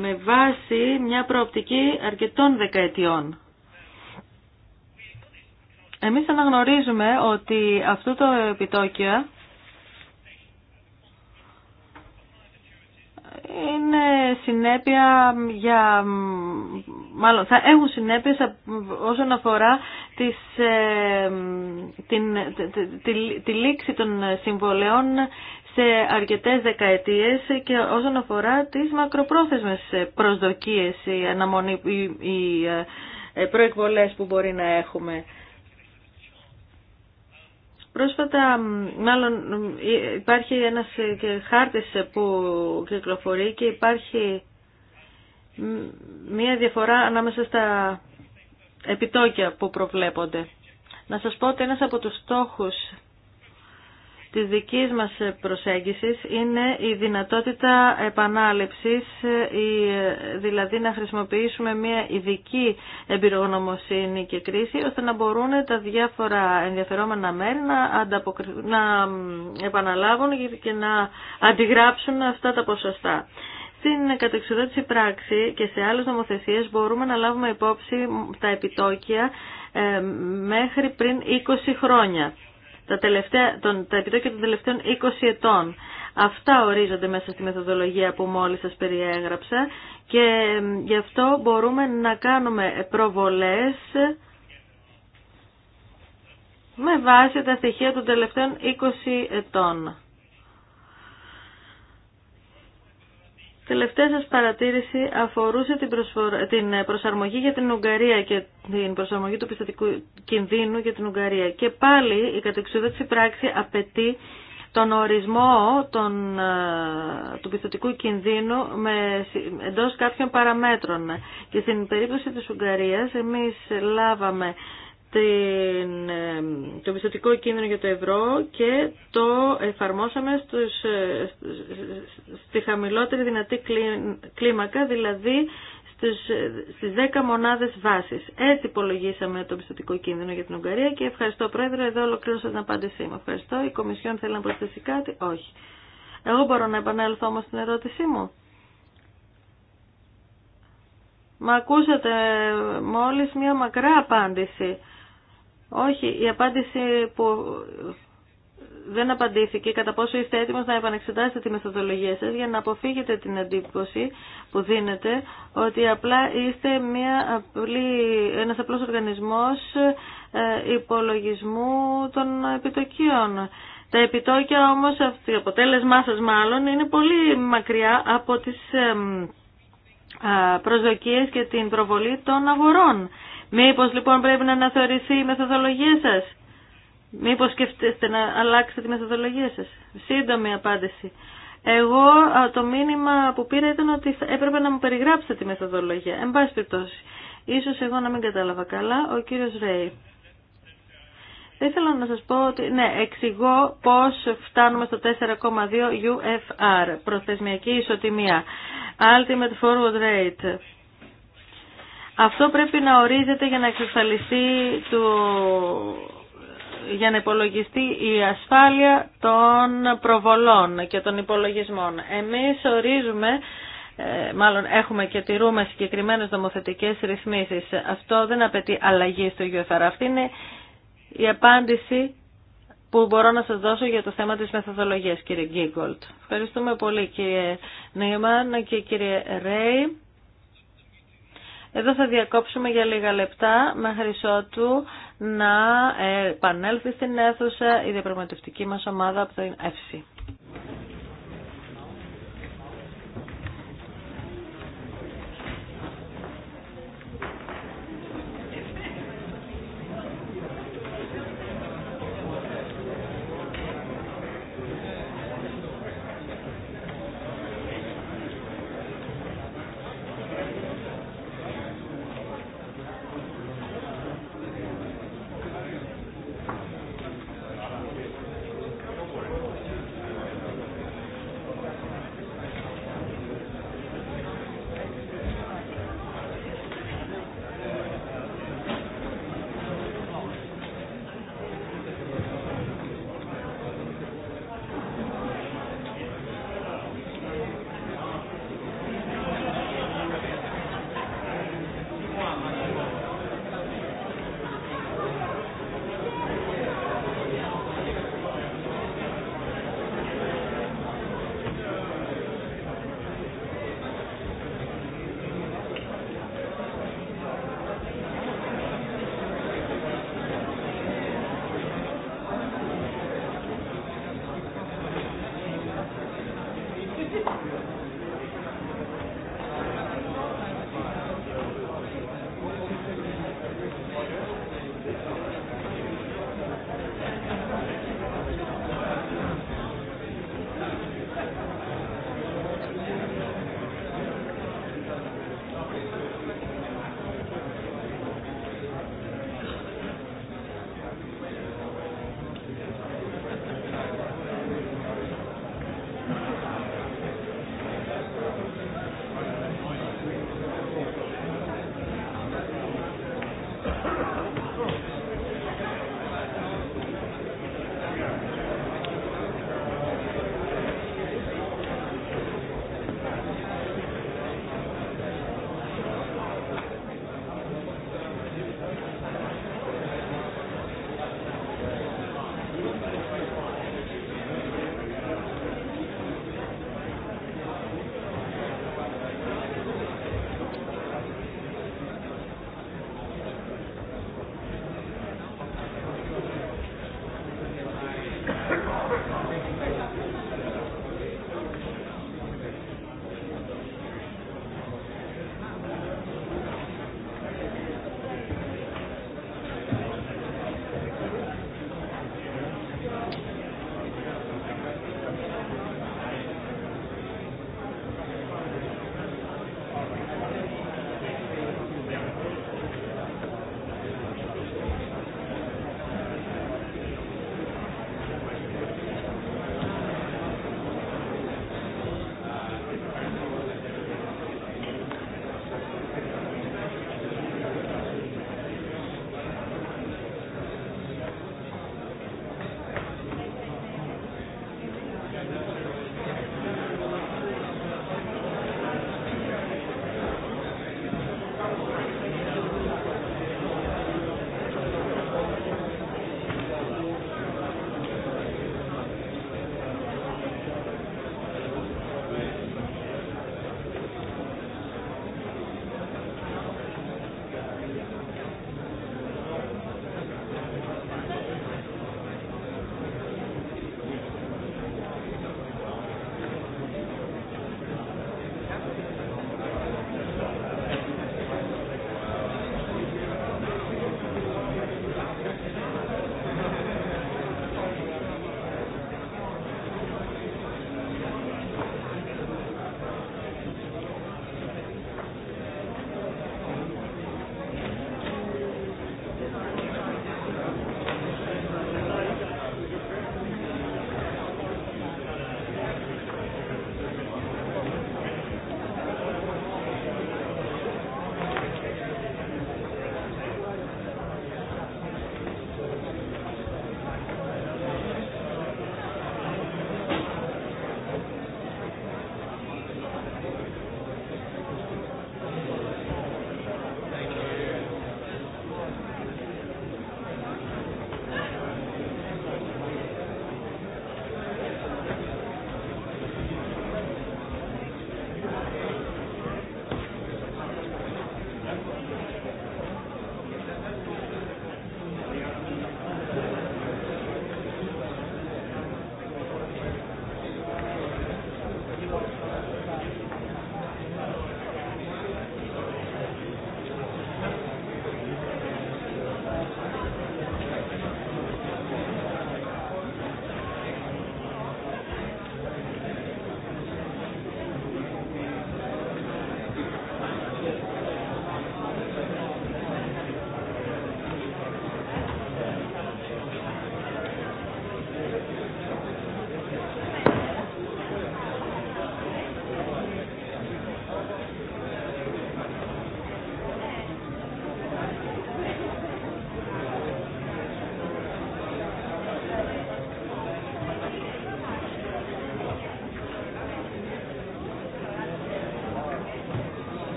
με βάση μια προοπτική αρκετών δεκαετιών. Εμείς αναγνωρίζουμε ότι αυτό το επιτόκιο είναι συνέπεια για, μάλλον θα έχουν συνέπειες όσον αφορά τις, ε, την, τη, τη, λήξη των συμβολέων σε αρκετές δεκαετίες και όσον αφορά τις μακροπρόθεσμες προσδοκίες, η αναμονή, οι, ε, προεκβολές που μπορεί να έχουμε. Πρόσφατα, μάλλον υπάρχει ένας ε, χάρτης ε, που κυκλοφορεί και υπάρχει μία διαφορά ανάμεσα στα επιτόκια που προβλέπονται. Να σας πω ότι ένας από τους στόχους Τη δική μας προσέγγιση είναι η δυνατότητα επανάληψης, δηλαδή να χρησιμοποιήσουμε μια ειδική εμπειρογνωμοσύνη και κρίση, ώστε να μπορούν τα διάφορα ενδιαφερόμενα μέρη να, να επαναλάβουν και να αντιγράψουν αυτά τα ποσοστά. Στην κατεξοδότηση πράξη και σε άλλες νομοθεσίες μπορούμε να λάβουμε υπόψη τα επιτόκια ε, μέχρι πριν 20 χρόνια τα, τελευταία, τον τα επιτόκια των τελευταίων 20 ετών. Αυτά ορίζονται μέσα στη μεθοδολογία που μόλις σας περιέγραψα και γι' αυτό μπορούμε να κάνουμε προβολές με βάση τα στοιχεία των τελευταίων 20 ετών. τελευταία σας παρατήρηση αφορούσε την, την προσαρμογή για την Ουγγαρία και την προσαρμογή του πιστατικού κινδύνου για την Ουγγαρία. Και πάλι η κατεξοδότηση πράξη απαιτεί τον ορισμό ε, του πιστοτικού κινδύνου με, εντός κάποιων παραμέτρων. Και στην περίπτωση της Ουγγαρίας εμείς λάβαμε την, το πιστοτικό κίνδυνο για το ευρώ και το εφαρμόσαμε στους, ε, στη χαμηλότερη δυνατή κλίμακα, δηλαδή στους, ε, στις 10 μονάδες βάσης. Έτσι υπολογίσαμε το πιστοτικό κίνδυνο για την Ουγγαρία και ευχαριστώ Πρόεδρε, εδώ ολοκλήρωσα την απάντησή μου. Ευχαριστώ, η Κομισιόν θέλει να προσθέσει κάτι, όχι. Εγώ μπορώ να επανέλθω όμως στην ερώτησή μου. Μα ακούσατε μόλις μία μακρά απάντηση. Όχι, η απάντηση που δεν απαντήθηκε κατά πόσο είστε έτοιμος να επανεξετάσετε τη μεθοδολογία σας για να αποφύγετε την εντύπωση που δίνετε ότι απλά είστε μια απλή, ένας απλός οργανισμός ε, υπολογισμού των επιτοκίων. Τα επιτόκια όμως, το αποτέλεσμά σας μάλλον, είναι πολύ μακριά από τις προσδοκίες και την προβολή των αγορών. Μήπως λοιπόν πρέπει να αναθεωρηθεί η μεθοδολογία σας. Μήπως σκεφτείτε να αλλάξετε τη μεθοδολογία σας. Σύντομη απάντηση. Εγώ το μήνυμα που πήρα ήταν ότι έπρεπε να μου περιγράψετε τη μεθοδολογία. Εν πάση περιπτώσει. Ίσως εγώ να μην κατάλαβα καλά. Ο κύριος Ρέι. Θα ήθελα να σας πω ότι, ναι, εξηγώ πώς φτάνουμε στο 4,2 UFR, προθεσμιακή ισοτιμία, ultimate forward rate. Αυτό πρέπει να ορίζεται για να εξασφαλιστεί το για να υπολογιστεί η ασφάλεια των προβολών και των υπολογισμών. Εμείς ορίζουμε ε, μάλλον έχουμε και τηρούμε συγκεκριμένες νομοθετικές ρυθμίσεις. Αυτό δεν απαιτεί αλλαγή στο UFR. Αυτή είναι η απάντηση που μπορώ να σας δώσω για το θέμα της μεθοδολογίας, κύριε Γκίγκολτ. Ευχαριστούμε πολύ, κύριε Νίμαν και κύριε Ρέι. Εδώ θα διακόψουμε για λίγα λεπτά μέχρι ότου να ε, επανέλθει στην αίθουσα η διαπραγματευτική μας ομάδα από την ΕΦΣΥ.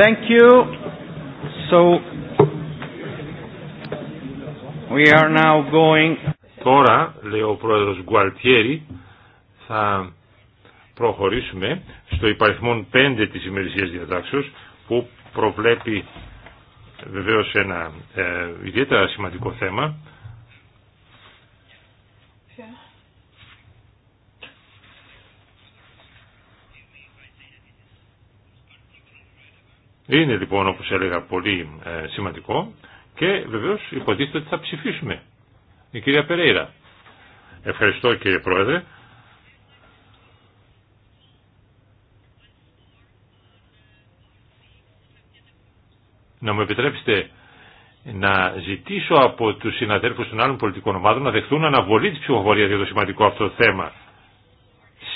Thank you. So we are now going. Τώρα, λέει ο πρόεδρος Γκουαλτιέρη, θα προχωρήσουμε στο υπαριθμόν 5 τη ημερησίας διατάξεως που προβλέπει βεβαίω ένα ε, ιδιαίτερα σημαντικό θέμα Είναι λοιπόν όπως έλεγα πολύ ε, σημαντικό και βεβαίως υποτίθεται ότι θα ψηφίσουμε. Η κυρία Περέιρα. Ευχαριστώ κύριε Πρόεδρε. Να μου επιτρέψετε να ζητήσω από τους συναδέλφους των άλλων πολιτικών ομάδων να δεχθούν αναβολή της ψηφοφορίας για το σημαντικό αυτό θέμα.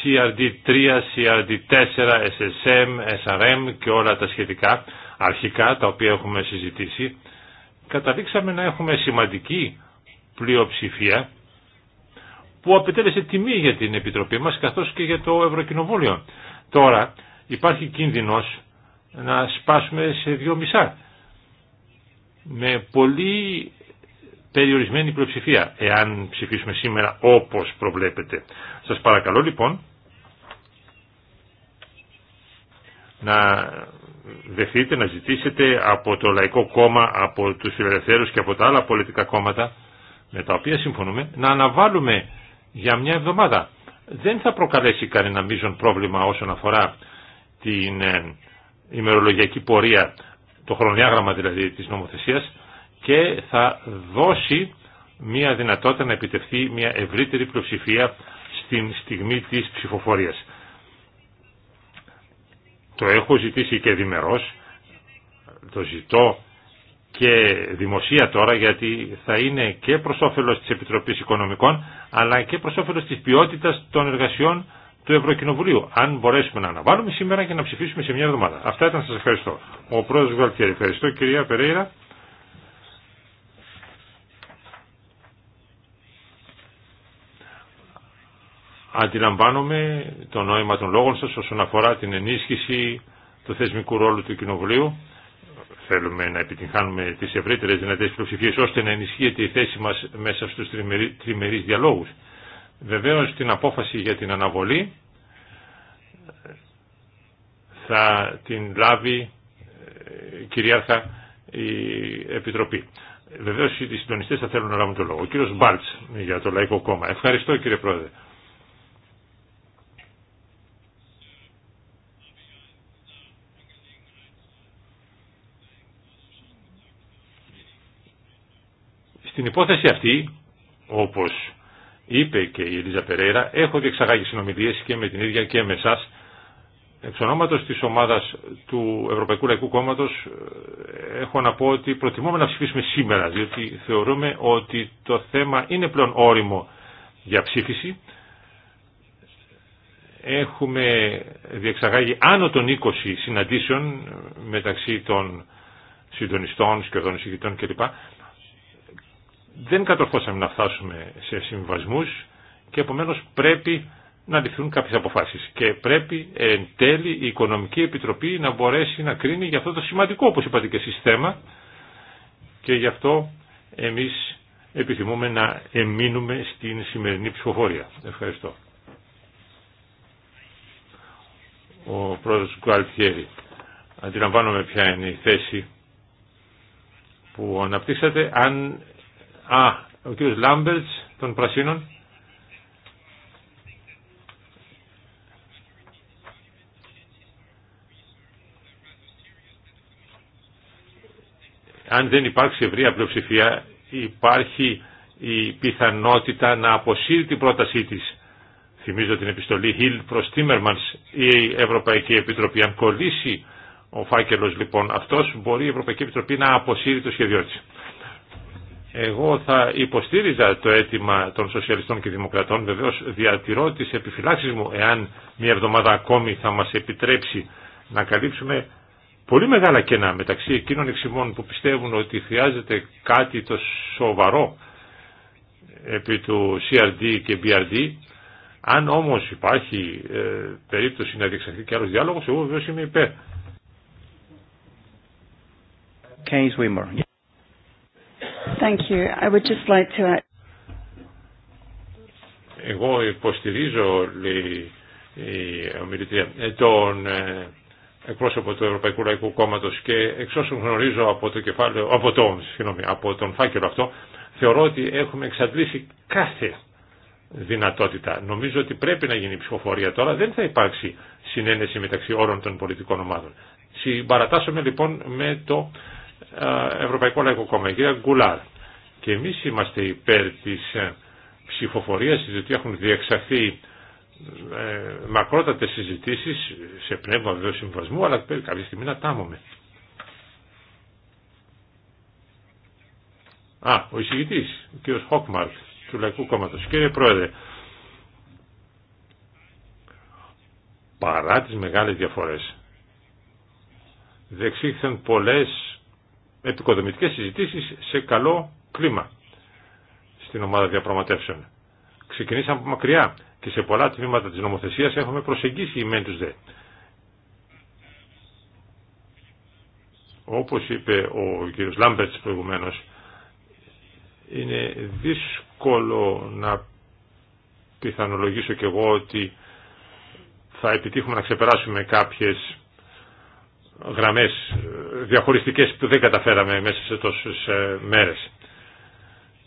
CRD3, CRD4, SSM, SRM και όλα τα σχετικά αρχικά τα οποία έχουμε συζητήσει καταλήξαμε να έχουμε σημαντική πλειοψηφία που απαιτέλεσε τιμή για την Επιτροπή μας καθώς και για το Ευρωκοινοβούλιο. Τώρα υπάρχει κίνδυνος να σπάσουμε σε δύο μισά με πολύ περιορισμένη πλειοψηφία εάν ψηφίσουμε σήμερα όπως προβλέπετε. Σας παρακαλώ λοιπόν να δεθείτε, να ζητήσετε από το Λαϊκό Κόμμα, από τους Φιλελευθέρους και από τα άλλα πολιτικά κόμματα με τα οποία συμφωνούμε, να αναβάλουμε για μια εβδομάδα. Δεν θα προκαλέσει κανένα μείζον πρόβλημα όσον αφορά την ε, ημερολογιακή πορεία, το χρονοδιάγραμμα δηλαδή της νομοθεσίας και θα δώσει μια δυνατότητα να επιτευχθεί μια ευρύτερη πλειοψηφία στην στιγμή της ψηφοφορίας. Το έχω ζητήσει και διμερός, το ζητώ και δημοσία τώρα γιατί θα είναι και προς όφελος της Επιτροπής Οικονομικών αλλά και προς όφελος της ποιότητας των εργασιών του Ευρωκοινοβουλίου. Αν μπορέσουμε να αναβάλουμε σήμερα και να ψηφίσουμε σε μια εβδομάδα. Αυτά ήταν σας ευχαριστώ. Ο πρόεδρος Ευχαριστώ κυρία Περέιρα. Αντιλαμβάνομαι το νόημα των λόγων σας όσον αφορά την ενίσχυση του θεσμικού ρόλου του Κοινοβουλίου. Θέλουμε να επιτυγχάνουμε τις ευρύτερες δυνατές πλειοψηφίες ώστε να ενισχύεται η θέση μας μέσα στους τριμερείς διαλόγους. Βεβαίως την απόφαση για την αναβολή θα την λάβει ε, κυρίαρχα η Επιτροπή. Βεβαίως οι συντονιστές θα θέλουν να λάβουν το λόγο. Ο κύριος Μπάλτς για το Λαϊκό Κόμμα. Ευχαριστώ κύριε Πρόεδρε. Στην υπόθεση αυτή, όπως είπε και η Ελίζα Περέρα, έχω διεξαγάγει συνομιλίες και με την ίδια και με εσάς, Εξ ονόματος της ομάδας του Ευρωπαϊκού Λαϊκού Κόμματος ε, έχω να πω ότι προτιμούμε να ψηφίσουμε σήμερα, διότι θεωρούμε ότι το θέμα είναι πλέον όριμο για ψήφιση. Έχουμε διεξαγάγει άνω των 20 συναντήσεων μεταξύ των συντονιστών, σκεδών συγκριτών κλπ δεν κατορθώσαμε να φτάσουμε σε συμβασμούς και επομένως πρέπει να ληφθούν κάποιες αποφάσεις και πρέπει εν τέλει η Οικονομική Επιτροπή να μπορέσει να κρίνει για αυτό το σημαντικό όπως είπατε και εσείς και γι' αυτό εμείς επιθυμούμε να εμείνουμε στην σημερινή ψηφοφόρια. Ευχαριστώ. Ο πρόεδρος Γκουαλτιέρη. Αντιλαμβάνομαι ποια είναι η θέση που αναπτύξατε. Αν Α, ο κύριος Λάμπερτς των Πρασίνων. Αν δεν υπάρξει ευρεία πλειοψηφία, υπάρχει η πιθανότητα να αποσύρει την πρότασή της. Θυμίζω την επιστολή Hill προς Timmermans η Ευρωπαϊκή Επιτροπή. Αν κολλήσει ο φάκελος λοιπόν αυτός, μπορεί η Ευρωπαϊκή Επιτροπή να αποσύρει το σχέδιό της. Εγώ θα υποστήριζα το αίτημα των Σοσιαλιστών και Δημοκρατών. Βεβαίως διατηρώ τις επιφυλάξεις μου εάν μια εβδομάδα ακόμη θα μας επιτρέψει να καλύψουμε πολύ μεγάλα κενά μεταξύ εκείνων εξημών που πιστεύουν ότι χρειάζεται κάτι το σοβαρό επί του CRD και BRD. Αν όμως υπάρχει ε, περίπτωση να διεξαχθεί και άλλος διάλογος, εγώ βεβαίως είμαι υπέρ. Εγώ υποστηρίζω, η ομιλητρία, ε, τον ε, εκπρόσωπο του Ευρωπαϊκού Λαϊκού Κόμματο και εξ όσων γνωρίζω από το κεφάλαιο, από, τον φάκελο αυτό, θεωρώ ότι έχουμε εξαντλήσει κάθε δυνατότητα. Νομίζω ότι πρέπει να γίνει ψηφοφορία τώρα. Δεν θα υπάρξει συνένεση μεταξύ όλων των πολιτικών ομάδων. Συμπαρατάσσομαι λοιπόν με το ε, Ευρωπαϊκό Λαϊκό Κόμμα. Η Γκουλάρ. Και εμείς είμαστε υπέρ της ε, ψηφοφορίας, διότι έχουν διεξαχθεί ε, μακρότατες συζητήσεις σε πνεύμα βεβαίω συμβασμού, αλλά πρέπει κάποια στιγμή να τάμουμε. Α, ο εισηγητής, ο κ. Χόκμαρτ του Λαϊκού Κόμματος. Κύριε Πρόεδρε, παρά τις μεγάλες διαφορές, δεξήχθηκαν πολλές επικοδομητικές συζητήσεις σε καλό κλίμα στην ομάδα διαπραγματεύσεων. Ξεκινήσαμε από μακριά και σε πολλά τμήματα της νομοθεσίας έχουμε προσεγγίσει οι μεν δε. Όπως είπε ο κ. Λάμπερτς προηγουμένως, είναι δύσκολο να πιθανολογήσω κι εγώ ότι θα επιτύχουμε να ξεπεράσουμε κάποιες γραμμές ε, διαχωριστικές που δεν καταφέραμε μέσα σε τόσες ε, μέρες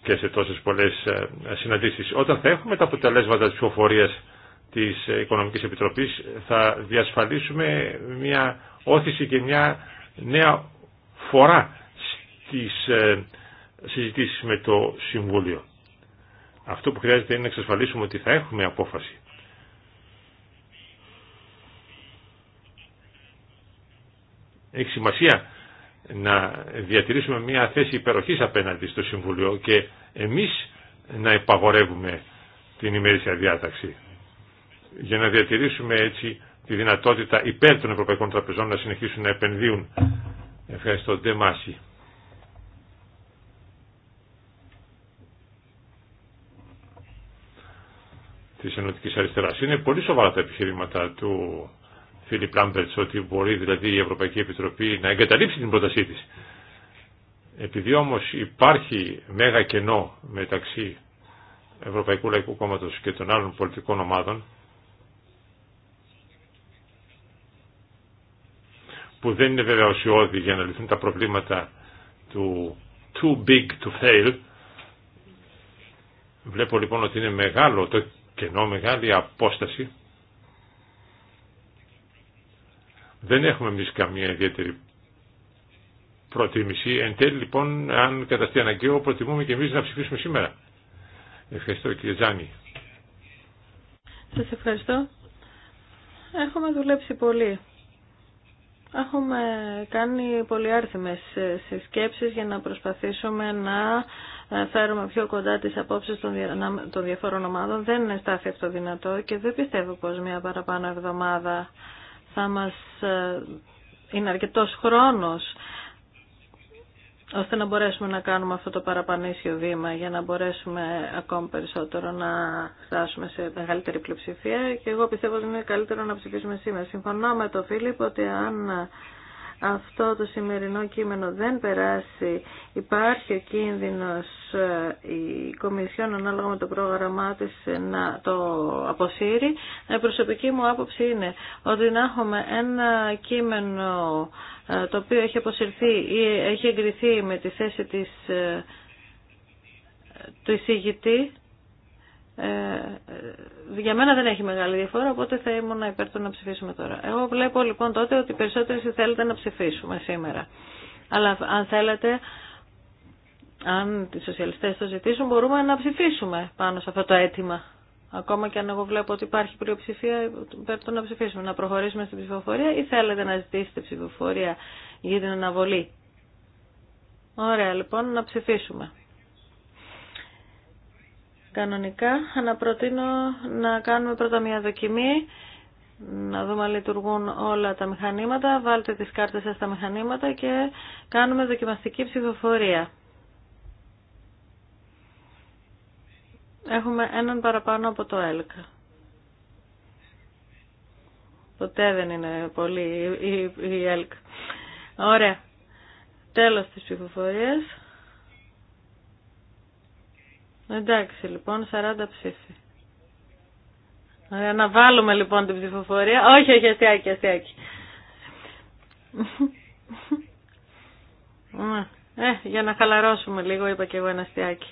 και σε τόσες πολλές ε, συναντήσεις. Όταν θα έχουμε τα αποτελέσματα της ψηφοφορίας της ε, Οικονομικής Επιτροπής θα διασφαλίσουμε μια όθηση και μια νέα φορά στις ε, συζητήσεις με το Συμβούλιο. Αυτό που χρειάζεται είναι να εξασφαλίσουμε ότι θα έχουμε απόφαση. Έχει σημασία να διατηρήσουμε μια θέση υπεροχής απέναντι στο Συμβουλίο και εμείς να υπαγορεύουμε την ημερήσια διάταξη για να διατηρήσουμε έτσι τη δυνατότητα υπέρ των Ευρωπαϊκών Τραπεζών να συνεχίσουν να επενδύουν. Ευχαριστώ. Της Ενωτικής Αριστεράς. Είναι πολύ σοβαρά τα επιχειρήματα του Φίλιπ Λάμπερτ ότι μπορεί δηλαδή η Ευρωπαϊκή Επιτροπή να εγκαταλείψει την πρότασή τη, Επειδή όμω υπάρχει μέγα κενό μεταξύ Ευρωπαϊκού Λαϊκού Κόμματο και των άλλων πολιτικών ομάδων που δεν είναι βέβαια ουσιώδη για να λυθούν τα προβλήματα του too big to fail βλέπω λοιπόν ότι είναι μεγάλο το κενό, μεγάλη απόσταση Δεν έχουμε εμεί καμία ιδιαίτερη προτίμηση. Εν τέλει λοιπόν, αν καταστεί αναγκαίο, προτιμούμε και εμείς να ψηφίσουμε σήμερα. Ευχαριστώ κύριε Τζάνι. Σας ευχαριστώ. Έχουμε δουλέψει πολύ. Έχουμε κάνει σε συσκέψεις για να προσπαθήσουμε να ε, φέρουμε πιο κοντά τις απόψεις των διαφόρων ομάδων. Δεν είναι αυτό δυνατό και δεν πιστεύω πως μια παραπάνω εβδομάδα θα μας ε, είναι αρκετός χρόνος ώστε να μπορέσουμε να κάνουμε αυτό το παραπανήσιο βήμα για να μπορέσουμε ακόμη περισσότερο να φτάσουμε σε μεγαλύτερη πλειοψηφία και εγώ πιστεύω ότι είναι καλύτερο να ψηφίσουμε σήμερα. Συμφωνώ με τον Φίλιπ ότι αν αυτό το σημερινό κείμενο δεν περάσει, υπάρχει ο κίνδυνος ε, η Κομισιόν ανάλογα με το πρόγραμμά της να το αποσύρει. Η ε, προσωπική μου άποψη είναι ότι να έχουμε ένα κείμενο ε, το οποίο έχει αποσυρθεί ή έχει εγκριθεί με τη θέση της, του εισηγητή ε, για μένα δεν έχει μεγάλη διαφορά, οπότε θα ήμουν υπέρ του να ψηφίσουμε τώρα. Εγώ βλέπω λοιπόν τότε ότι οι περισσότεροι θέλετε να ψηφίσουμε σήμερα. Αλλά αν θέλετε, αν οι σοσιαλιστές το ζητήσουν, μπορούμε να ψηφίσουμε πάνω σε αυτό το αίτημα. Ακόμα και αν εγώ βλέπω ότι υπάρχει πλειοψηφία, υπέρ του να ψηφίσουμε, να προχωρήσουμε στην ψηφοφορία ή θέλετε να ζητήσετε ψηφοφορία για την αναβολή. Ωραία, λοιπόν, να ψηφίσουμε κανονικά. Αναπροτείνω να κάνουμε πρώτα μια δοκιμή, να δούμε αν λειτουργούν όλα τα μηχανήματα. Βάλτε τις κάρτες σας στα μηχανήματα και κάνουμε δοκιμαστική ψηφοφορία. Έχουμε έναν παραπάνω από το ΕΛΚΑ. Ποτέ δεν είναι πολύ η, έλκα. η ΕΛΚ. Ωραία. Τέλος της ψηφοφορίας. Εντάξει λοιπόν, 40 ψήφοι. Ωραία, να βάλουμε λοιπόν την ψηφοφορία. Όχι, όχι, αστιάκι, αστιάκι. Ναι. Ε, για να χαλαρώσουμε λίγο, είπα και εγώ ένα αστιάκι.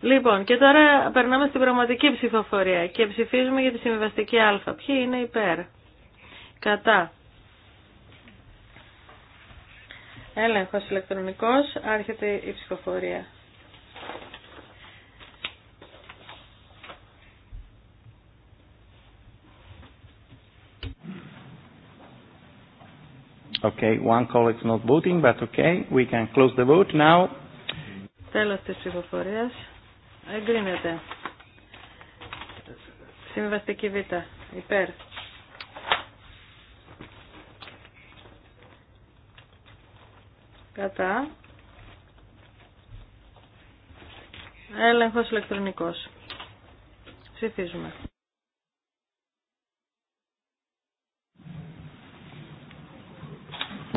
Λοιπόν, και τώρα περνάμε στην πραγματική ψηφοφορία και ψηφίζουμε για τη συμβιβαστική α. Ποιοι είναι πέρ? Κατά. Έλεγχος ηλεκτρονικός, άρχεται η ψηφοφορία. Okay, one is not voting, but okay, we can close the vote now. Τέλος της ψηφοφορίας. Εγκρίνεται. Συμβαστική Β. Υπέρ. Κατά. Έλεγχος ηλεκτρονικός. Ψηφίζουμε.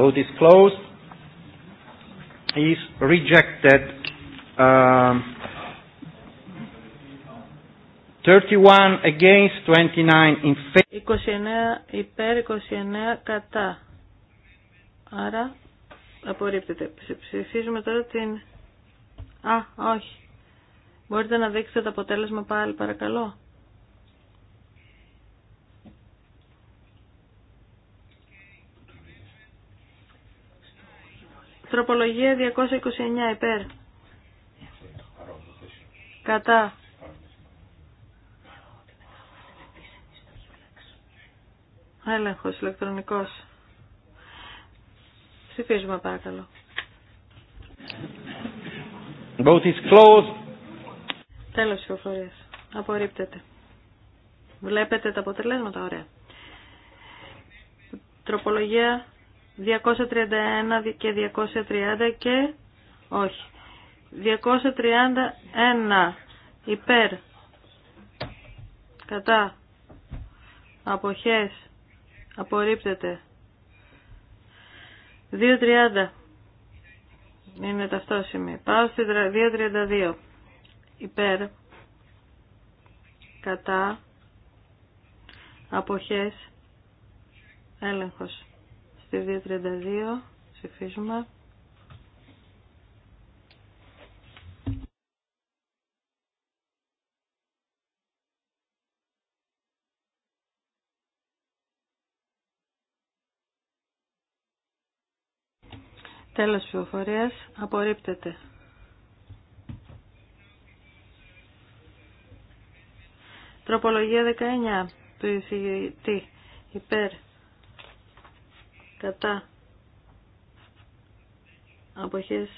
So this clause Is rejected. Um, 31 against 29 in favor. 29 υπέρ 29 κατά. Άρα απορρίπτεται. Ψηφίζουμε τώρα την... Α, όχι. Μπορείτε να δείξετε το αποτέλεσμα πάλι παρακαλώ. Τροπολογία 229 υπέρ. Κατά. Έλεγχος ηλεκτρονικός. Ψηφίζουμε παρακαλώ. Both is closed. Τέλος Απορρίπτεται. Βλέπετε τα αποτελέσματα, ωραία. Τροπολογία 231 και 230 και όχι. 231 υπέρ κατά αποχές απορρίπτεται 2.30 είναι ταυτόσημη πάω στη 2.32 υπέρ κατά αποχές έλεγχος Στη 232 ψηφίζουμε. Τέλος ψηφοφορίας. Απορρίπτεται. Τροπολογία 19 του εισηγητή υπέρ κατά αποχές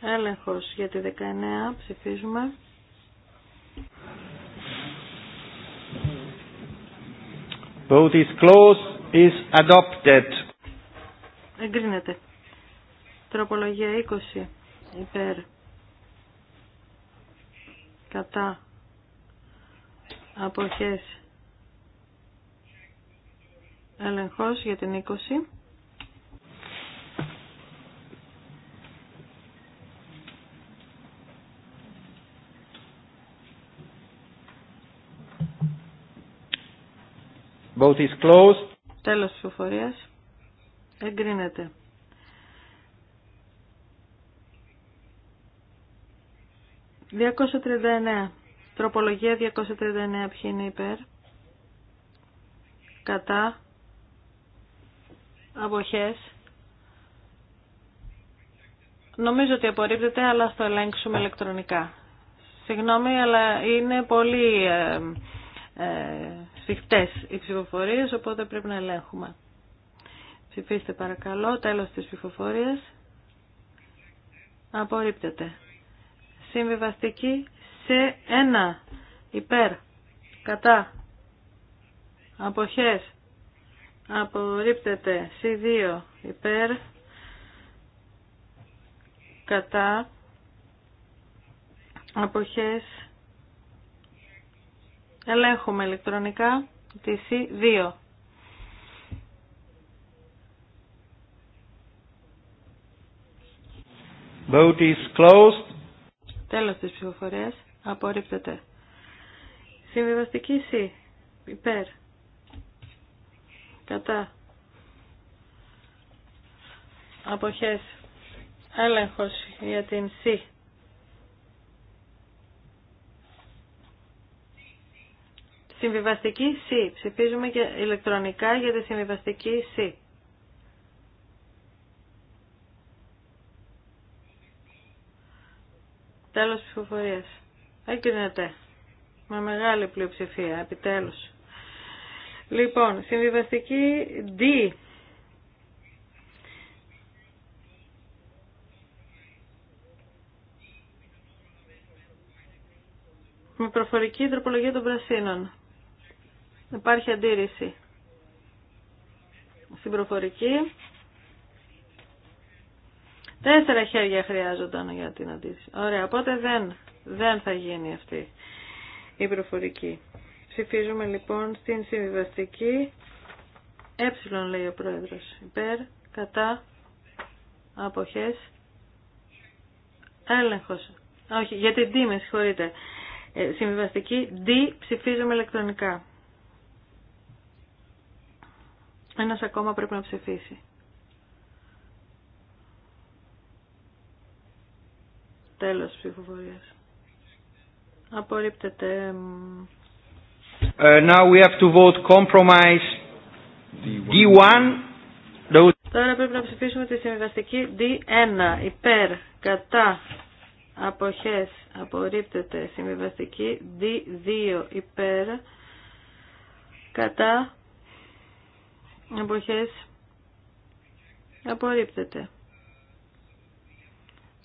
έλεγχος για τη 19 ψηφίζουμε Vote is closed is adopted. Εγκρίνεται. Τροπολογία 20 υπέρ κατά αποχές Έλεγχος για την 20. Both is closed. Τέλος της Εγκρίνετε. Εγκρίνεται. «239». Τροπολογία 239. Ποιοι είναι υπέρ. Κατά. Αποχές. Νομίζω ότι απορρίπτεται, αλλά θα το ελέγξουμε ηλεκτρονικά. Συγγνώμη, αλλά είναι πολύ ε, ε, σφιχτές οι ψηφοφορίες, οπότε πρέπει να ελέγχουμε. Ψηφίστε παρακαλώ, τέλος της ψηφοφορίας. Απορρίπτεται. Συμβιβαστική σε ένα. Υπέρ. Κατά. Αποχές απορρίπτεται C2 υπέρ κατά αποχές ελέγχουμε ηλεκτρονικά τη C2 Vote is closed. Τέλος της ψηφοφορίας απορρίπτεται συμβιβαστική C υπέρ Κατά. Αποχές. Έλεγχος για την C. Συμβιβαστική C. Ψηφίζουμε και ηλεκτρονικά για τη συμβιβαστική C. Τέλος ψηφοφορίας. Έκρινεται Με μεγάλη πλειοψηφία, επιτέλους. Λοιπόν, συμβιβαστική D. Με προφορική τροπολογία των πρασίνων. Υπάρχει αντίρρηση. Στην προφορική. Τέσσερα χέρια χρειάζονταν για την αντίρρηση. Ωραία, οπότε δεν, δεν θα γίνει αυτή η προφορική. Ψηφίζουμε λοιπόν στην συμβιβαστική ε λέει ο πρόεδρος. Υπέρ, κατά, αποχές, έλεγχος. Όχι, για την D με συγχωρείτε. Ε, συμβιβαστική D ψηφίζουμε ηλεκτρονικά. Ένας ακόμα πρέπει να ψηφίσει. Τέλος ψηφοφορίας. Απορρίπτεται... Uh, D1. Τώρα πρέπει να ψηφίσουμε τη συμβιβαστική D1. Υπέρ, κατά, αποχές, απορρίπτεται. Συμβιβαστική D2. Υπέρ, κατά, αποχές, απορρίπτεται.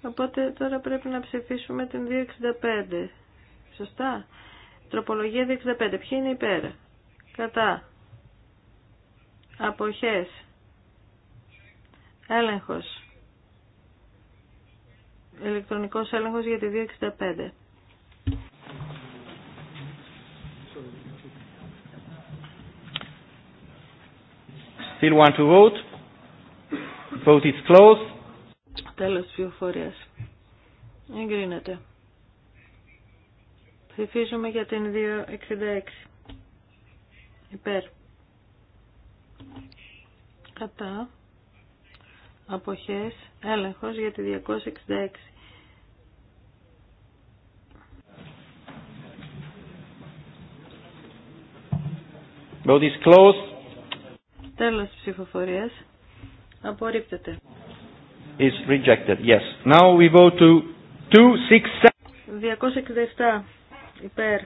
Οπότε τώρα πρέπει να ψηφίσουμε την 265. Σωστά. Τροπολογία 265. Ποιοι είναι υπέρ. Κατά. Αποχές. Έλεγχος. Ηλεκτρονικός έλεγχος για τη 265. Still want to vote? Vote is closed. Τέλος της πληροφορίας. Εγκρίνεται. Ψηφίζουμε για την 266. Υπέρ. Κατά. Αποχές. Έλεγχος για τη 266. Vote is closed. Τέλος ψηφοφορίας. Απορρίπτεται. Is rejected. Yes. Now we vote to 267. 267 υπέρ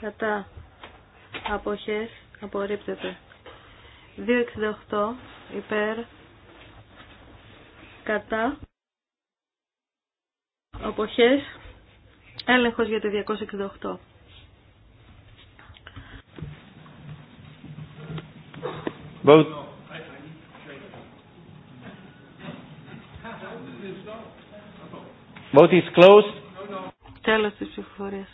κατά αποχές απορρίπτεται 268 υπέρ κατά αποχές έλεγχος για το 268 Vote. Vote is closed. Τέλος της ψηφοφορίας.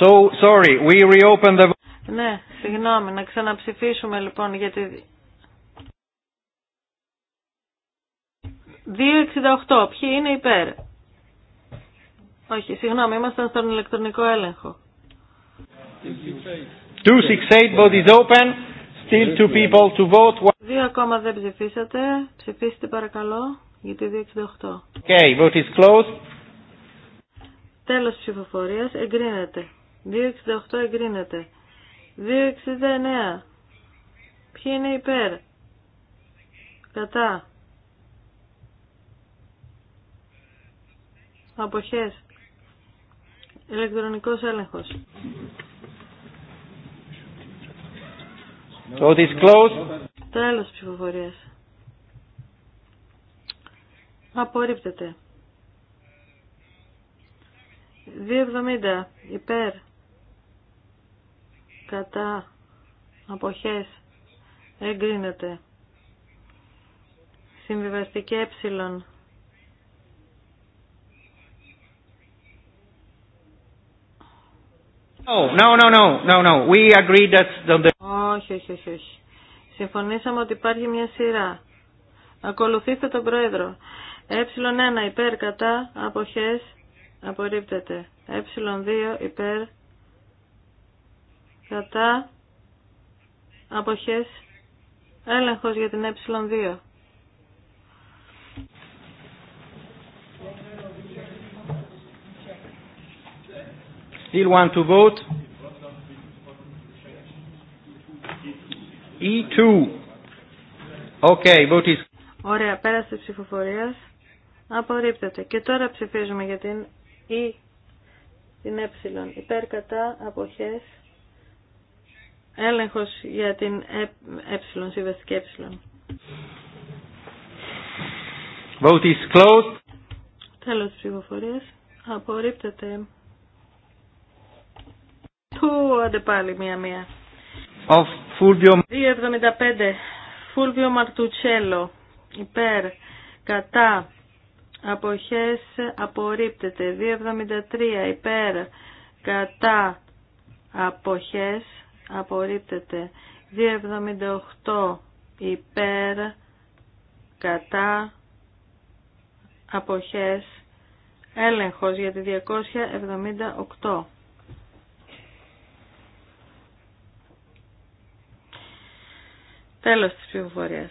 So, sorry, we reopen the... Ναι, συγγνώμη, να ξαναψηφίσουμε λοιπόν γιατί... 2.68, ποιοι είναι υπέρ. Όχι, συγγνώμη, ήμασταν στον ηλεκτρονικό έλεγχο. 268 vote is open. Still two people to vote. Δύο ακόμα δεν ψηφίσατε. Ψηφίστε παρακαλώ. Γιατί 268. Okay, vote is closed. Τέλος ψηφοφορίας. Εγκρίνεται. 268 εγκρίνεται. 269. Ποιοι είναι υπέρ. Κατά. Αποχές. Ηλεκτρονικός έλεγχος. Vote is Τέλος ψηφοφορίας. Απορρίπτεται. 2,70 υπέρ κατά αποχές εγκρίνεται. Συμβιβαστική ε. Όχι, όχι, όχι, όχι. Συμφωνήσαμε ότι υπάρχει μια σειρά. Ακολουθήστε τον Πρόεδρο. Ε1 υπέρ κατά αποχές απορρίπτεται. Ε2 υπέρ κατά αποχές έλεγχος για την ε2. Still want to vote? E2. Okay, vote is... Ωραία, πέρασε ψηφοφορίας απορρίπτεται. Και τώρα ψηφίζουμε για την Ή, την Ε, υπέρ κατά αποχές, έλεγχος για την Ε, ε συμβαστική Ε. Vote is closed. Τέλος της ψηφοφορίας. Απορρίπτεται. Του, άντε πάλι μία-μία. Of Fulvio... 2.75. Φούλβιο Μαρτουτσέλο. Υπέρ. Κατά αποχές απορρίπτεται 273 υπέρ κατά αποχές απορρίπτεται 278 υπέρ κατά αποχές έλεγχος για τη 278 Τέλος της ψηφοφορίας.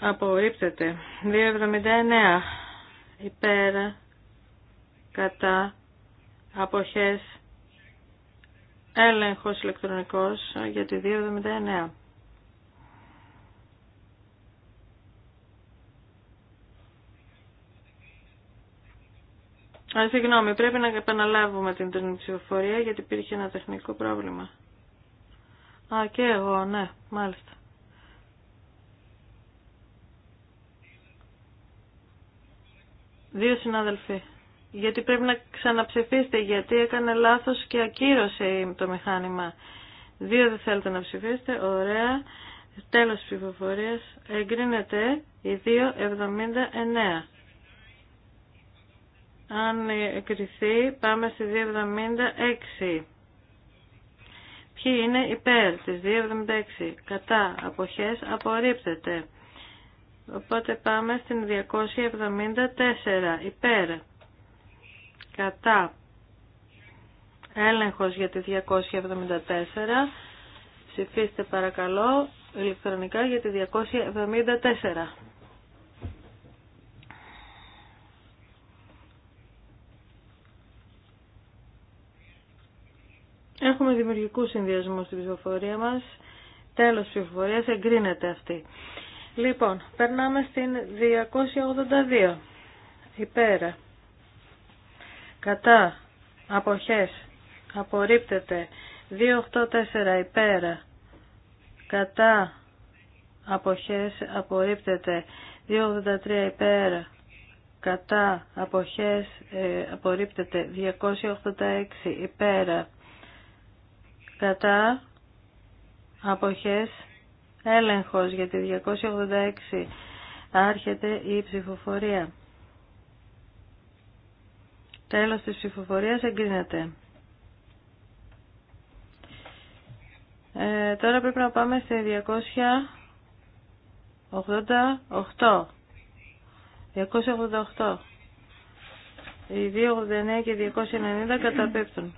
Απορρίπτεται. 279 υπέρ κατά αποχές έλεγχος ηλεκτρονικός για τη 279. Α, συγγνώμη, πρέπει να επαναλάβουμε την, την ψηφοφορία γιατί υπήρχε ένα τεχνικό πρόβλημα. Α, και εγώ, ναι, μάλιστα. Δύο συνάδελφοι. Γιατί πρέπει να ξαναψηφίσετε, γιατί έκανε λάθος και ακύρωσε το μηχάνημα. Δύο δεν θέλετε να ψηφίσετε. Ωραία. Τέλος της ψηφοφορίας. Εγκρίνεται η 2.79. Αν εγκριθεί, πάμε στη 2.76. Ποιοι είναι υπέρ της 2.76. Κατά αποχές απορρίπτεται. Οπότε πάμε στην 274 υπέρ. Κατά. Έλεγχος για τη 274. Ψηφίστε παρακαλώ ηλεκτρονικά για τη 274. Έχουμε δημιουργικού συνδυασμού στην ψηφοφορία μας. Τέλος ψηφοφορίας εγκρίνεται αυτή. Λοιπόν, περνάμε στην 282. Υπέρα. Κατά. Αποχές. Απορρίπτεται. 284. Υπέρα. Κατά. Αποχές. Απορρίπτεται. 283. Υπέρα. Κατά. Αποχές. Ε, απορρίπτεται. 286. Υπέρα. Κατά. Αποχές Έλεγχος για τη 286. Άρχεται η ψηφοφορία. Τέλος της ψηφοφορίας εγκρίνεται. Ε, τώρα πρέπει να πάμε στη 288. 288. Οι 289 και 290 καταπέπτουν.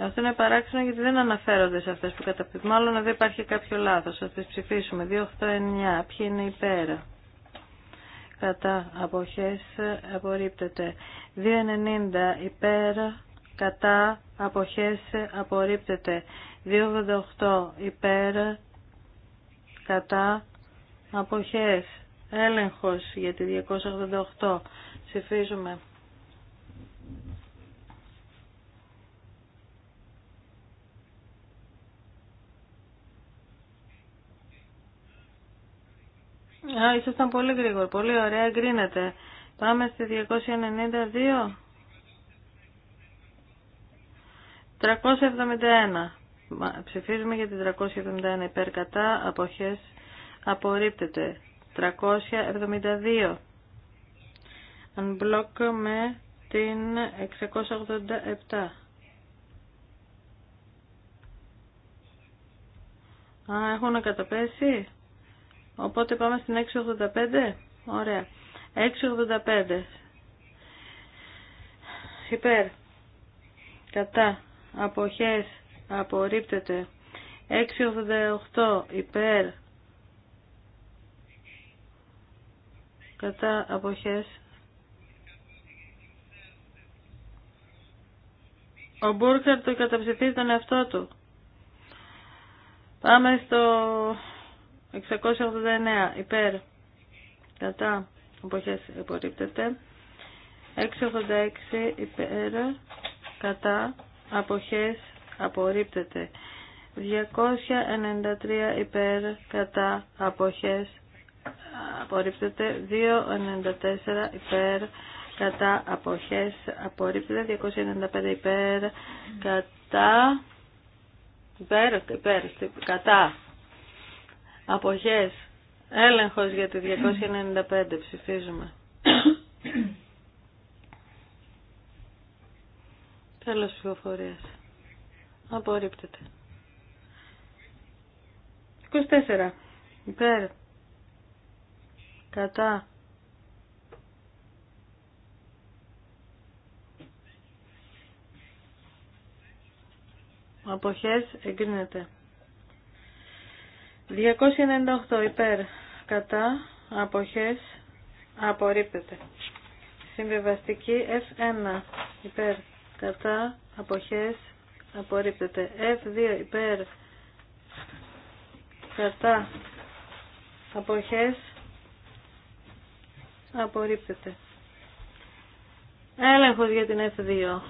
Αυτό είναι παράξενο γιατί δεν αναφέρονται σε αυτές που καταπίπτουν. Μάλλον δεν υπάρχει κάποιο λάθος. Θα τις ψηφίσουμε. 2, 8, 9. Ποιοι είναι υπέρ. Κατά αποχές απορρίπτεται. 2,90 υπέρ. Κατά αποχές απορρίπτεται. 2,88 υπέρ. Κατά αποχές. Έλεγχος για τη 288. Ψηφίζουμε. Α, ήσασταν πολύ γρήγορο. Πολύ ωραία, εγκρίνεται. Πάμε στη 292. 371. Ψηφίζουμε για τη 371. Υπέρ κατά, αποχές, απορρίπτεται. 372. Unblock με την 687. Α, έχουν καταπέσει. Οπότε πάμε στην 685. Ωραία. 685. Υπέρ. Κατά. Αποχές. Απορρίπτεται. 688. Υπέρ. Κατά. Αποχές. Ο Μπούρκαρ το καταψηφίζει τον εαυτό του. Πάμε στο 689 υπέρ κατά εποχές απορρίπτεται 686 υπέρ κατά αποχές απορρίπτεται 293 υπέρ κατά αποχές απορρίπτεται 294 υπέρ κατά αποχές απορρίπτεται 295 υπέρ κατά υπέρ, υπέρ κατά Αποχές. Έλεγχος για τη 295. Ψηφίζουμε. Τέλος ψηφοφορίας. Απορρίπτεται. 24. Υπέρ. Κατά. Αποχές εγκρίνεται. 298 υπέρ κατά αποχές απορρίπτεται. Συμβιβαστική F1 υπέρ κατά αποχές απορρίπτεται. F2 υπέρ κατά αποχές απορρίπτεται. Έλεγχος για την F2.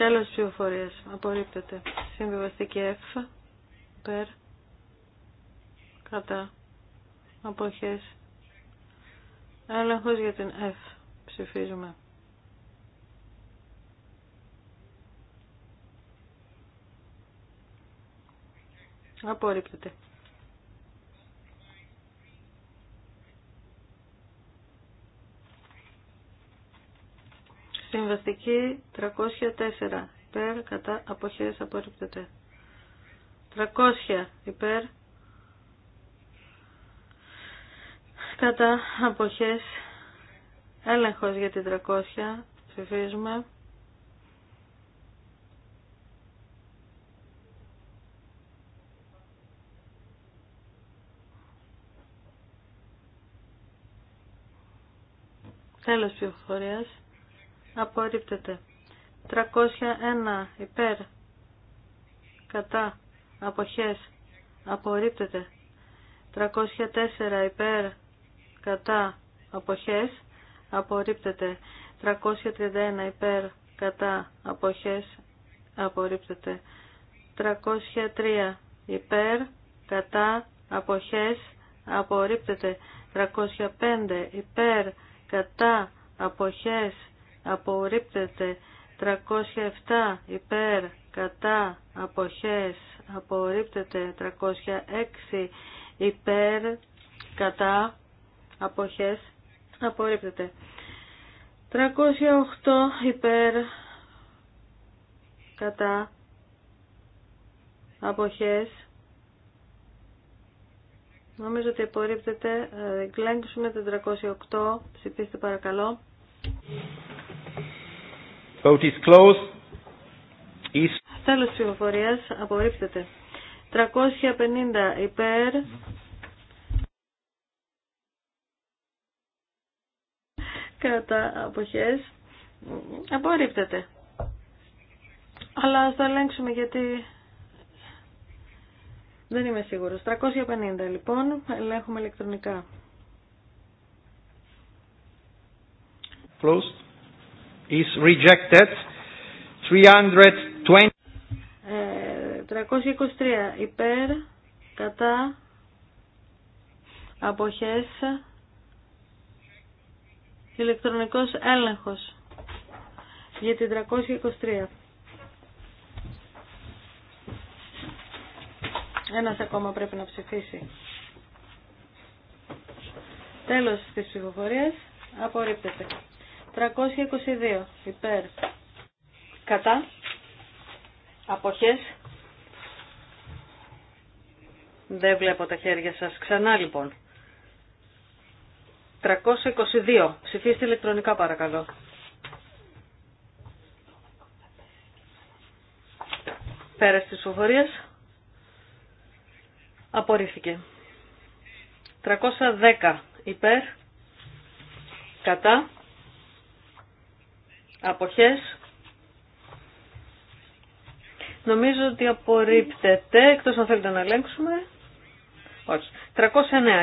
Τέλος της πληροφορίας. Απορρίπτεται. Συμβιβαστική F. Περ. Κατά. Αποχές. Έλεγχος για την F. Ψηφίζουμε. Απορρίπτεται. Συμβαστική 304. Υπέρ, κατά, αποχές, απορρίπτεται. 300. Υπέρ, κατά, αποχές, έλεγχος για την 300. Ψηφίζουμε. Τέλος πληροφορίας απορρίπτεται. 301 υπέρ κατά αποχές απορρίπτεται. 304 υπέρ κατά αποχές απορρίπτεται. 331 υπέρ κατά αποχές απορρίπτεται. 303 υπέρ κατά αποχές απορρίπτεται. 305 υπέρ κατά αποχές απορρίπτεται 307 υπέρ κατά αποχές απορρίπτεται 306 υπέρ κατά αποχές απορρίπτεται 308 υπέρ κατά αποχές Νομίζω ότι απορρίπτεται. Εγκλέγξουμε το 308. Ψηφίστε παρακαλώ. Τέλο τη closed. Απορρίπτεται. 350 υπέρ. Κατά αποχές. Απορρίπτεται. Αλλά ας το ελέγξουμε γιατί δεν είμαι σίγουρος. 350 λοιπόν. Ελέγχουμε ηλεκτρονικά. Closed is rejected. 320. 323 ε, υπέρ, κατά, αποχές, ηλεκτρονικός έλεγχος για την 323. Ένας ακόμα πρέπει να ψηφίσει. Τέλος της ψηφοφορίας. Απορρίπτεται. 322 υπέρ κατά αποχές δεν βλέπω τα χέρια σας ξανά λοιπόν 322 ψηφίστε ηλεκτρονικά παρακαλώ πέρας τις οφορίες. απορρίφθηκε 310 υπέρ κατά αποχές νομίζω ότι απορρίπτεται εκτός αν θέλετε να ελέγξουμε όχι 309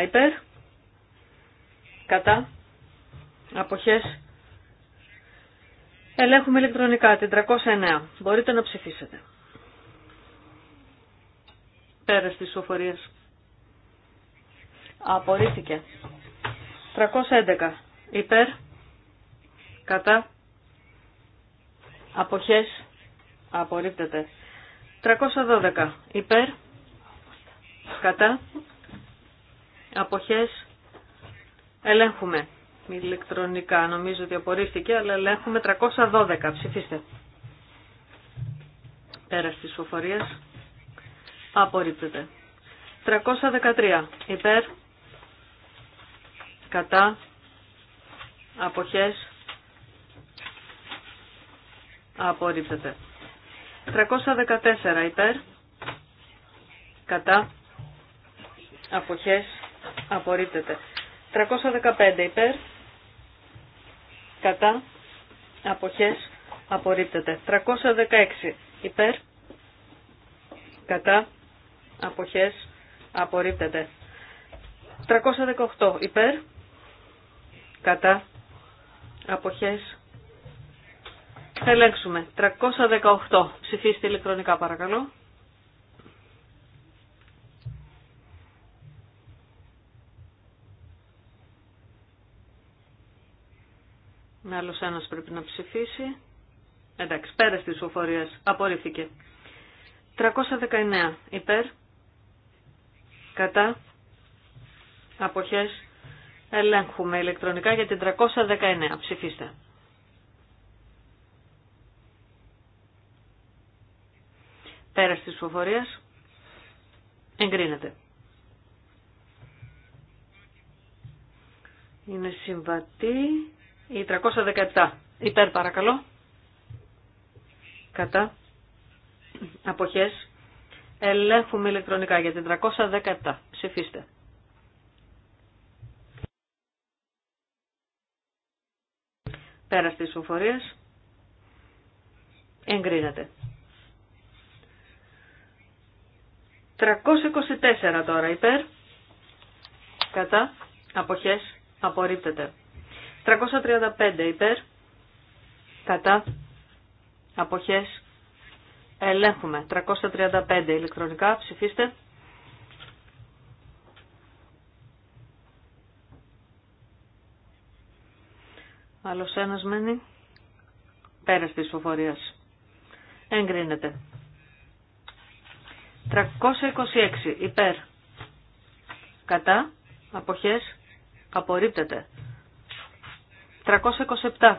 υπέρ κατά αποχές ελέγχουμε ηλεκτρονικά την 309 μπορείτε να ψηφίσετε Πέρα της σοφορίας απορρίφθηκε 311 υπέρ κατά Αποχές. Απορρίπτεται. 312. Υπέρ. Κατά. Αποχές. Ελέγχουμε. Ηλεκτρονικά νομίζω ότι απορρίφθηκε, αλλά ελέγχουμε 312. Ψηφίστε. Πέρα της φοφορίας. Απορρίπτεται. 313. Υπέρ. Κατά. Αποχές. Απορρίπτεται. 314 υπέρ. Κατά. Αποχές. Απορρίπτεται. 315 υπέρ. Κατά. Αποχές. Απορρίπτεται. 316 υπέρ. Κατά. Αποχές. Απορρίπτεται. 318 υπέρ. Κατά. Αποχές. Θα ελέγξουμε. 318. Ψηφίστε ηλεκτρονικά παρακαλώ. Άλλος ένα πρέπει να ψηφίσει. Εντάξει, πέρα τη οφορίες. Απορρίφθηκε. 319. Υπέρ. Κατά. Αποχές. Ελέγχουμε ηλεκτρονικά για την 319. Ψηφίστε. Πέρας της ψηφοφορίας. Εγκρίνεται. Είναι συμβατή η 317. Υπέρ παρακαλώ. Κατά. Αποχές. Ελέγχουμε ηλεκτρονικά για την 317. Ψηφίστε. Πέρας της ψηφοφορίας. Εγκρίνεται. 324 τώρα υπέρ. Κατά. Αποχές. Απορρίπτεται. 335 υπέρ. Κατά. Αποχές. Ελέγχουμε. 335 ηλεκτρονικά. Ψηφίστε. Άλλος ένας μένει. Πέρας της ψηφοφορίας. Εγκρίνεται. 326 υπέρ. Κατά. Αποχές. Απορρίπτεται. 327.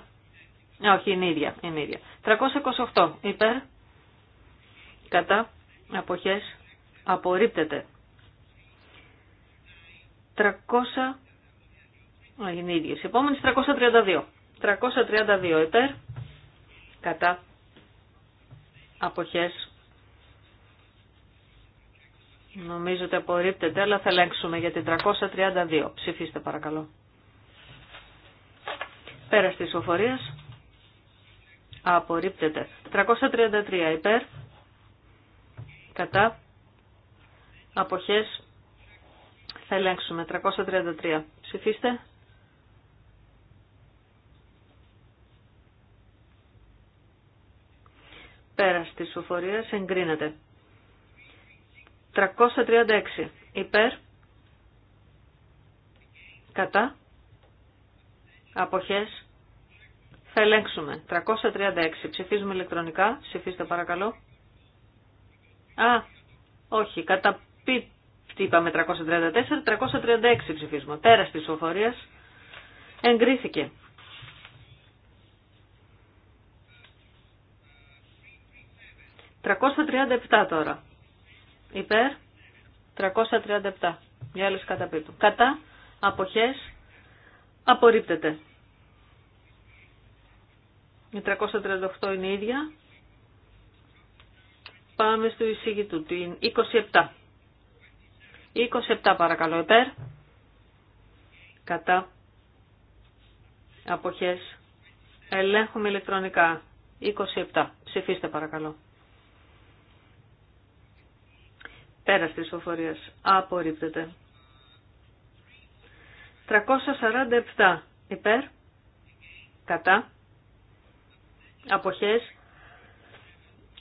όχι, είναι ίδια. Είναι ίδια. 328 υπέρ. Κατά. Αποχές. Απορρίπτεται. 300. Όχι, είναι ίδιες. 332. 332 υπέρ. Κατά. Αποχές Νομίζω ότι απορρίπτεται, αλλά θα ελέγξουμε για την 332. Ψηφίστε παρακαλώ. Πέρα τις οφορίες. Απορρίπτεται. 333 υπέρ. Κατά. Αποχές. Θα ελέγξουμε. 333. Ψηφίστε. Πέρα τις οφορίες. εγκρίνεται. 336 υπέρ, κατά, αποχές, θα ελέγξουμε. 336 ψηφίζουμε ηλεκτρονικά, ψηφίστε παρακαλώ. Α, όχι, κατά πι, τι είπαμε 334, 336 ψηφίζουμε. Πέρας της οφορίας εγκρίθηκε. 337 τώρα. Υπέρ 337. Για άλλες καταπίπτουν. Κατά αποχές απορρίπτεται. Η 338 είναι η ίδια. Πάμε στο εισηγητού, την 27. 27 παρακαλώ, υπέρ. Κατά. Αποχές. Ελέγχουμε ηλεκτρονικά. 27. Ψηφίστε παρακαλώ. Πέρας της οφόριας, Απορρίπτεται. 347 υπέρ. Κατά. Αποχές.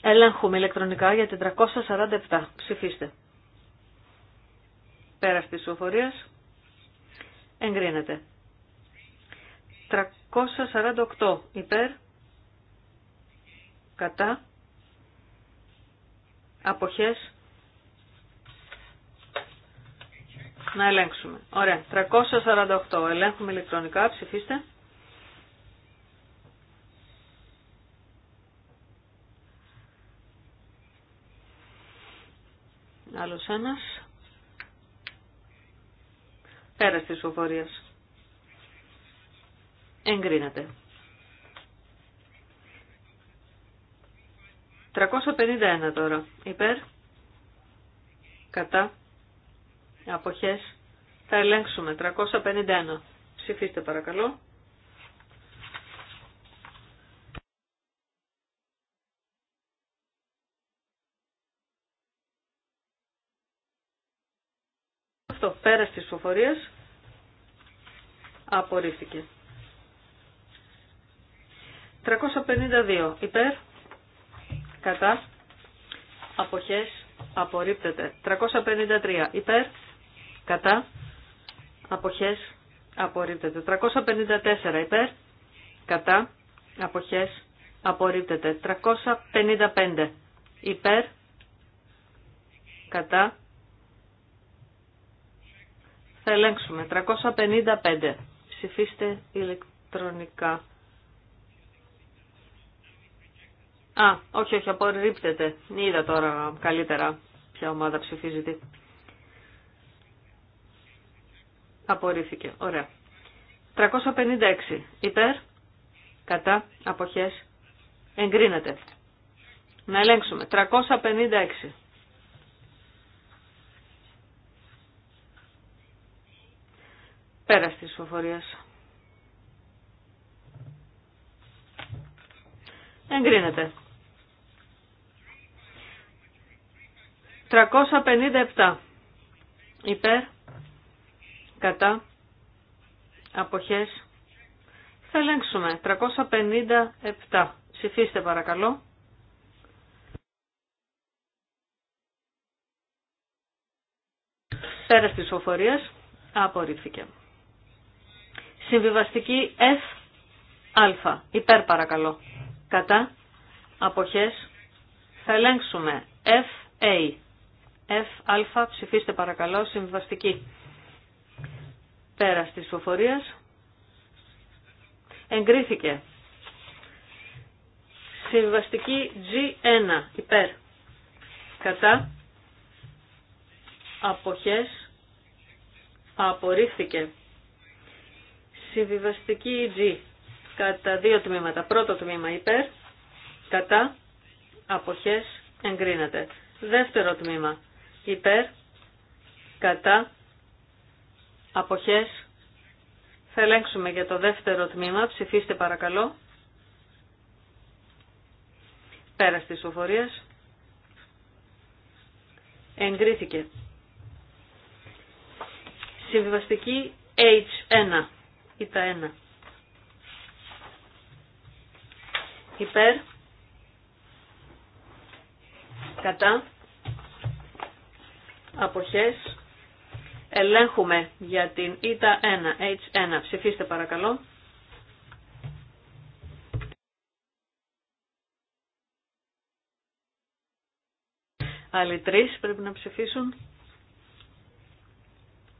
Ελέγχουμε ηλεκτρονικά για 347. Ψηφίστε. Πέρας της οφόριας, Εγκρίνεται. 348 υπέρ. Κατά. Αποχές Να ελέγξουμε. Ωραία. 348. Ελέγχουμε ηλεκτρονικά. Ψηφίστε. Άλλος ένας. Πέρας της οφορίας. Εγκρίνεται. 351 τώρα. Υπέρ. Κατά αποχές θα ελέγξουμε. 351. Ψηφίστε παρακαλώ. Αυτό πέρα της ψηφοφορίας απορρίφθηκε. 352. Υπέρ, κατά, αποχές, απορρίπτεται. 353. Υπέρ, κατά, αποχές, απορρίπτεται. 354 υπέρ, κατά, αποχές, απορρίπτεται. 355 υπέρ, κατά, θα ελέγξουμε. 355. Ψηφίστε ηλεκτρονικά. Α, όχι, όχι, απορρίπτεται. Είδα τώρα καλύτερα ποια ομάδα ψηφίζεται. Απορρίφθηκε. Ωραία. 356. Υπέρ. Κατά. Αποχές. Εγκρίνεται. Να ελέγξουμε. 356. Πέρας της ψηφοφορίας. Εγκρίνεται. 357. Υπέρ κατά, αποχές, θα ελέγξουμε. 357. Ψηφίστε παρακαλώ. Πέρας της οφορίας απορρίφθηκε. Συμβιβαστική F α. Υπέρ παρακαλώ. Κατά. Αποχές. Θα ελέγξουμε. F A. F α. Ψηφίστε παρακαλώ. Συμβιβαστική. Πέρας της ψηφοφορίας. Εγκρίθηκε. Συμβαστική G1 υπέρ. Κατά. Αποχές. Απορρίφθηκε. Συμβιβαστική G. Κατά δύο τμήματα. Πρώτο τμήμα υπέρ. Κατά. Αποχές. Εγκρίνεται. Δεύτερο τμήμα. Υπέρ. Κατά. Αποχές. Θα ελέγξουμε για το δεύτερο τμήμα. Ψηφίστε παρακαλώ. Πέρα της οφορίας. Εγκρίθηκε. Συμβιβαστική H1. Ήτα 1. τα 1 Κατά. Αποχές Ελέγχουμε για την ΙΤΑ 1, H1. Ψηφίστε παρακαλώ. Άλλοι τρεις πρέπει να ψηφίσουν.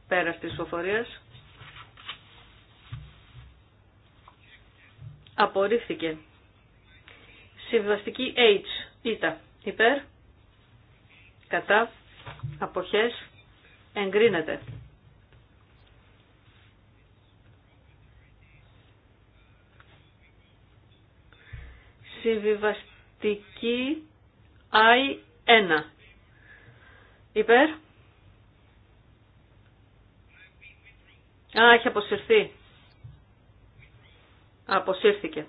Πέρα της ψηφοφορίας. Απορρίφθηκε. Συμβαστική H, ήτα, υπέρ, της φοφορίας. απορριφθηκε συμβαστικη h αποχές, εγκρίνεται. Συμβιβαστική I1. Υπέρ. Α, έχει αποσυρθεί. Αποσύρθηκε.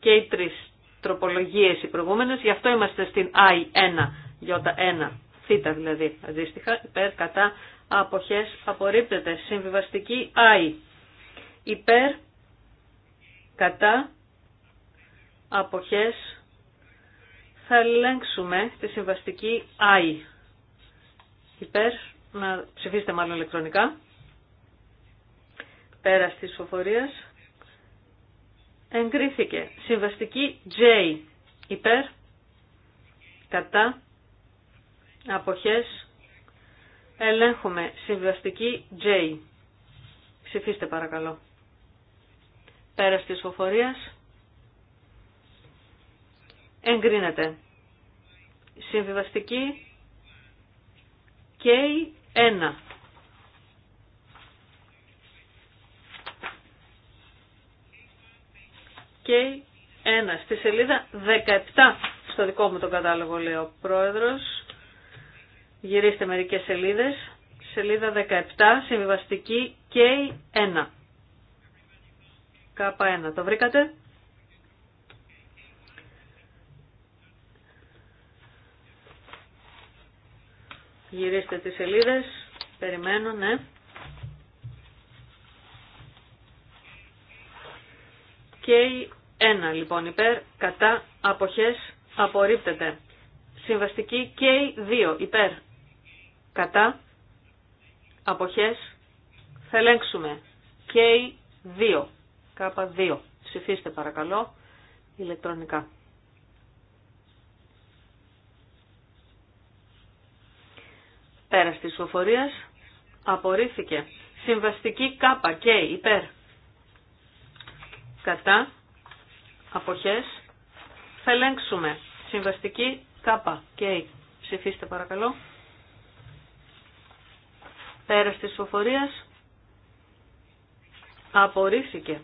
Και οι τρεις τροπολογίες οι προηγούμενες, γι' αυτό είμαστε στην I1, J1 δηλαδή αντίστοιχα, υπέρ κατά αποχές απορρίπτεται. Συμβιβαστική I. Υπέρ κατά αποχές θα ελέγξουμε τη συμβαστική I. Υπέρ, να ψηφίσετε μάλλον ηλεκτρονικά. Πέρα της φοφορία Εγκρίθηκε. Συμβαστική J. Υπέρ, κατά, αποχές ελέγχουμε συμβιβαστική J. Ψηφίστε παρακαλώ. Πέρας της φοφορίας εγκρίνεται. Συμβιβαστική K1. K1 στη σελίδα 17 στο δικό μου το κατάλογο λέει ο πρόεδρος Γυρίστε μερικές σελίδες. Σελίδα 17, συμβιβαστική K1. K1. Το βρήκατε? Γυρίστε τις σελίδες. Περιμένω, ναι. K1 λοιπόν υπέρ, κατά, αποχές, απορρίπτεται. Συμβαστική K2 υπέρ, κατά, αποχές, θα ελέγξουμε. K2, K2. Ψηφίστε παρακαλώ, ηλεκτρονικά. Πέρας της απορίθηκε απορρίφθηκε. Συμβαστική K, υπέρ. Κατά, αποχές, θα ελέγξουμε. Συμβαστική K, Ψηφίστε παρακαλώ. Πέρας της σοφορίας απορρίφθηκε.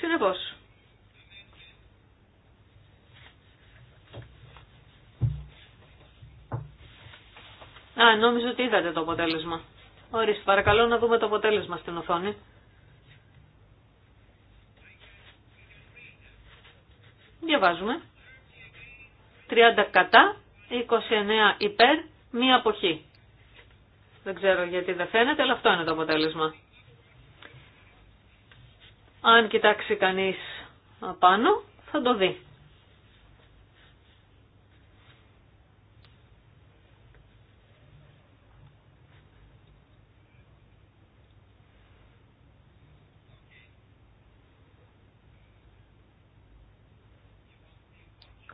Συνεπώς, Α, νόμιζα ότι είδατε το αποτέλεσμα. Ορίστε, παρακαλώ να δούμε το αποτέλεσμα στην οθόνη. Διαβάζουμε. 30 κατά, 29 υπέρ, μία αποχή. Δεν ξέρω γιατί δεν φαίνεται, αλλά αυτό είναι το αποτέλεσμα. Αν κοιτάξει κανείς απάνω, θα το δει.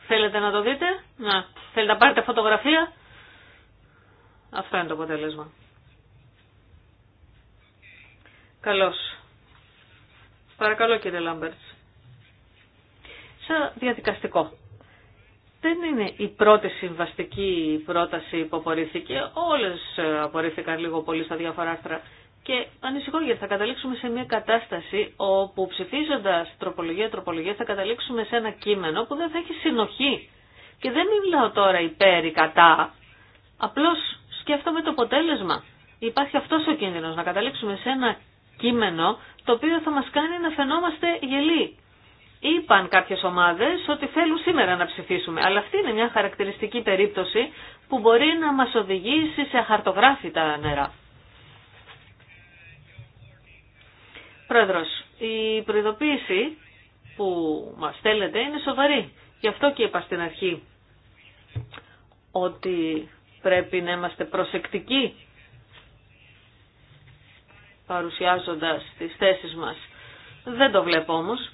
Θέλετε να το δείτε. Να. Θέλετε να πάρετε φωτογραφία. Αυτό είναι το αποτέλεσμα. Καλώς. Παρακαλώ κύριε Λάμπερτς. Σαν διαδικαστικό. Δεν είναι η πρώτη συμβαστική πρόταση που απορρίφθηκε. Όλες ε, απορρίφθηκαν λίγο πολύ στα διάφορα άρθρα. Και ανησυχώ γιατί θα καταλήξουμε σε μια κατάσταση όπου ψηφίζοντα τροπολογία-τροπολογία θα καταλήξουμε σε ένα κείμενο που δεν θα έχει συνοχή. Και δεν μιλάω τώρα υπέρ ή κατά. Απλώς με το αποτέλεσμα. Υπάρχει αυτό ο κίνδυνο να καταλήξουμε σε ένα κείμενο το οποίο θα μας κάνει να φαινόμαστε γελοί. Είπαν κάποιες ομάδες ότι θέλουν σήμερα να ψηφίσουμε, αλλά αυτή είναι μια χαρακτηριστική περίπτωση που μπορεί να μας οδηγήσει σε αχαρτογράφητα νερά. Πρόεδρος, η προειδοποίηση που μας στέλνετε είναι σοβαρή. Γι' αυτό και είπα στην αρχή ότι πρέπει να είμαστε προσεκτικοί παρουσιάζοντας τις θέσεις μας. Δεν το βλέπω όμως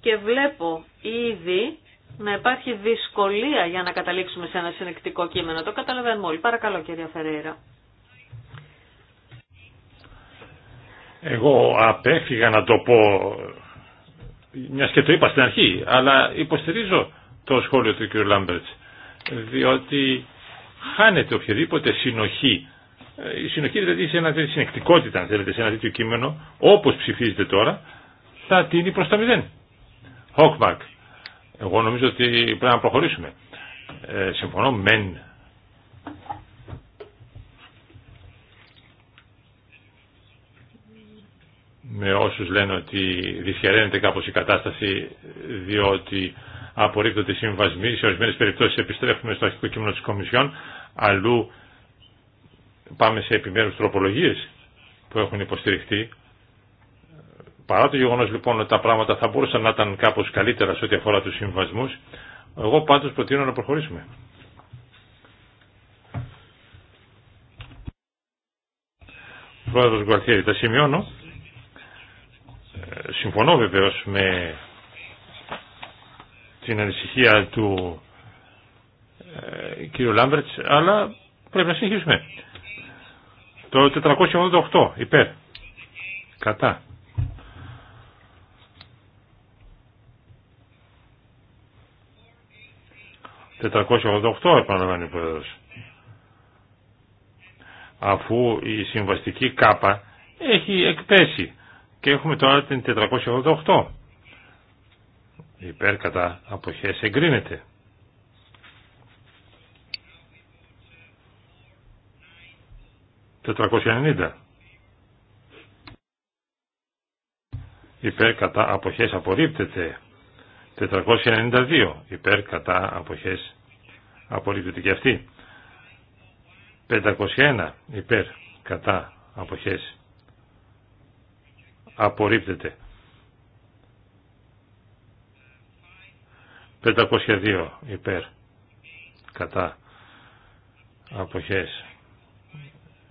και βλέπω ήδη να υπάρχει δυσκολία για να καταλήξουμε σε ένα συνεκτικό κείμενο. Το καταλαβαίνουμε όλοι. Παρακαλώ κυρία Φερέιρα. Εγώ απέφυγα να το πω, μιας και το είπα στην αρχή, αλλά υποστηρίζω το σχόλιο του κ. Λάμπερτς, διότι χάνεται οποιαδήποτε συνοχή, ε, η συνοχή δηλαδή σε ένα τέτοιο συνεκτικότητα, αν θέλετε, σε ένα τέτοιο κείμενο, όπως ψηφίζεται τώρα, θα τίνει προς τα μηδέν. εγώ νομίζω ότι πρέπει να προχωρήσουμε. Ε, συμφωνώ μεν. Με όσους λένε ότι δυσχεραίνεται κάπως η κατάσταση διότι απορρίπτονται οι συμβασμοί, σε ορισμένε περιπτώσεις επιστρέφουμε στο αρχικό κείμενο της Κομισιόν, αλλού πάμε σε επιμέρους τροπολογίες που έχουν υποστηριχτεί. Παρά το γεγονός λοιπόν ότι τα πράγματα θα μπορούσαν να ήταν κάπως καλύτερα σε ό,τι αφορά τους συμβασμούς, εγώ πάντως προτείνω να προχωρήσουμε. Πρόεδρος Γκουαλτιέρη, τα σημειώνω. Ε, συμφωνώ βεβαίως με την ανησυχία του ε, κύριο Λάμπερτς, αλλά πρέπει να συνεχίσουμε. Το 488, υπέρ. Κατά. «488» επαναλαμβάνει ο Πρόεδρος. Αφού η συμβαστική κάπα έχει εκπέσει και έχουμε τώρα την 488. Υπέρ κατά αποχές εγκρίνεται. 490. Υπέρ κατά αποχές απορρίπτεται. 492. Υπέρ κατά αποχές απορρίπτεται και αυτή. 501. Υπέρ κατά αποχές απορρίπτεται. 502 υπέρ κατά αποχές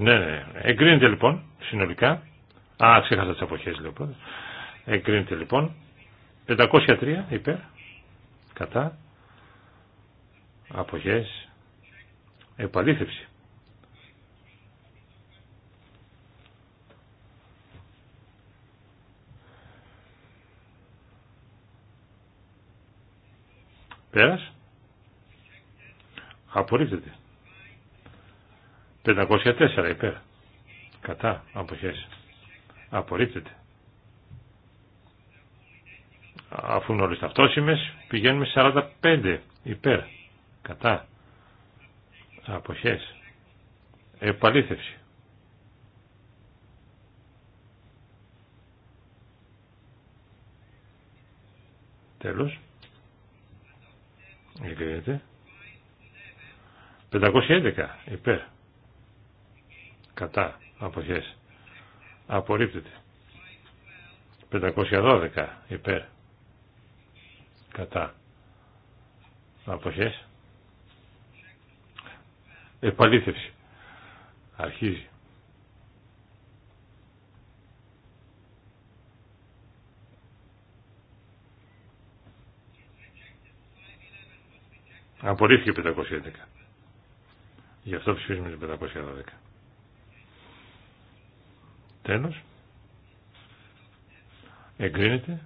Ναι, ναι, ναι. Εγκρίνεται λοιπόν συνολικά. Α, ξέχασα τις αποχές λοιπόν. Εγκρίνεται λοιπόν. 503 υπέρ. Κατά. Αποχές. Επαλήθευση. Πέρας. Απορρίπτεται. 504 υπέρ. Κατά αποχές. Απορρίπτεται. Αφού είναι όλες ταυτόσιμες, πηγαίνουμε 45 υπέρ. Κατά αποχές. Επαλήθευση. Τέλος. Εγκρίνεται. 511 υπέρ κατά αποχές απορρίπτεται 512 υπέρ κατά αποχές επαλήθευση αρχίζει Απορρίφθηκε 511. Γι' αυτό ψηφίζουμε την 512. Τέλος. Εγκρίνεται.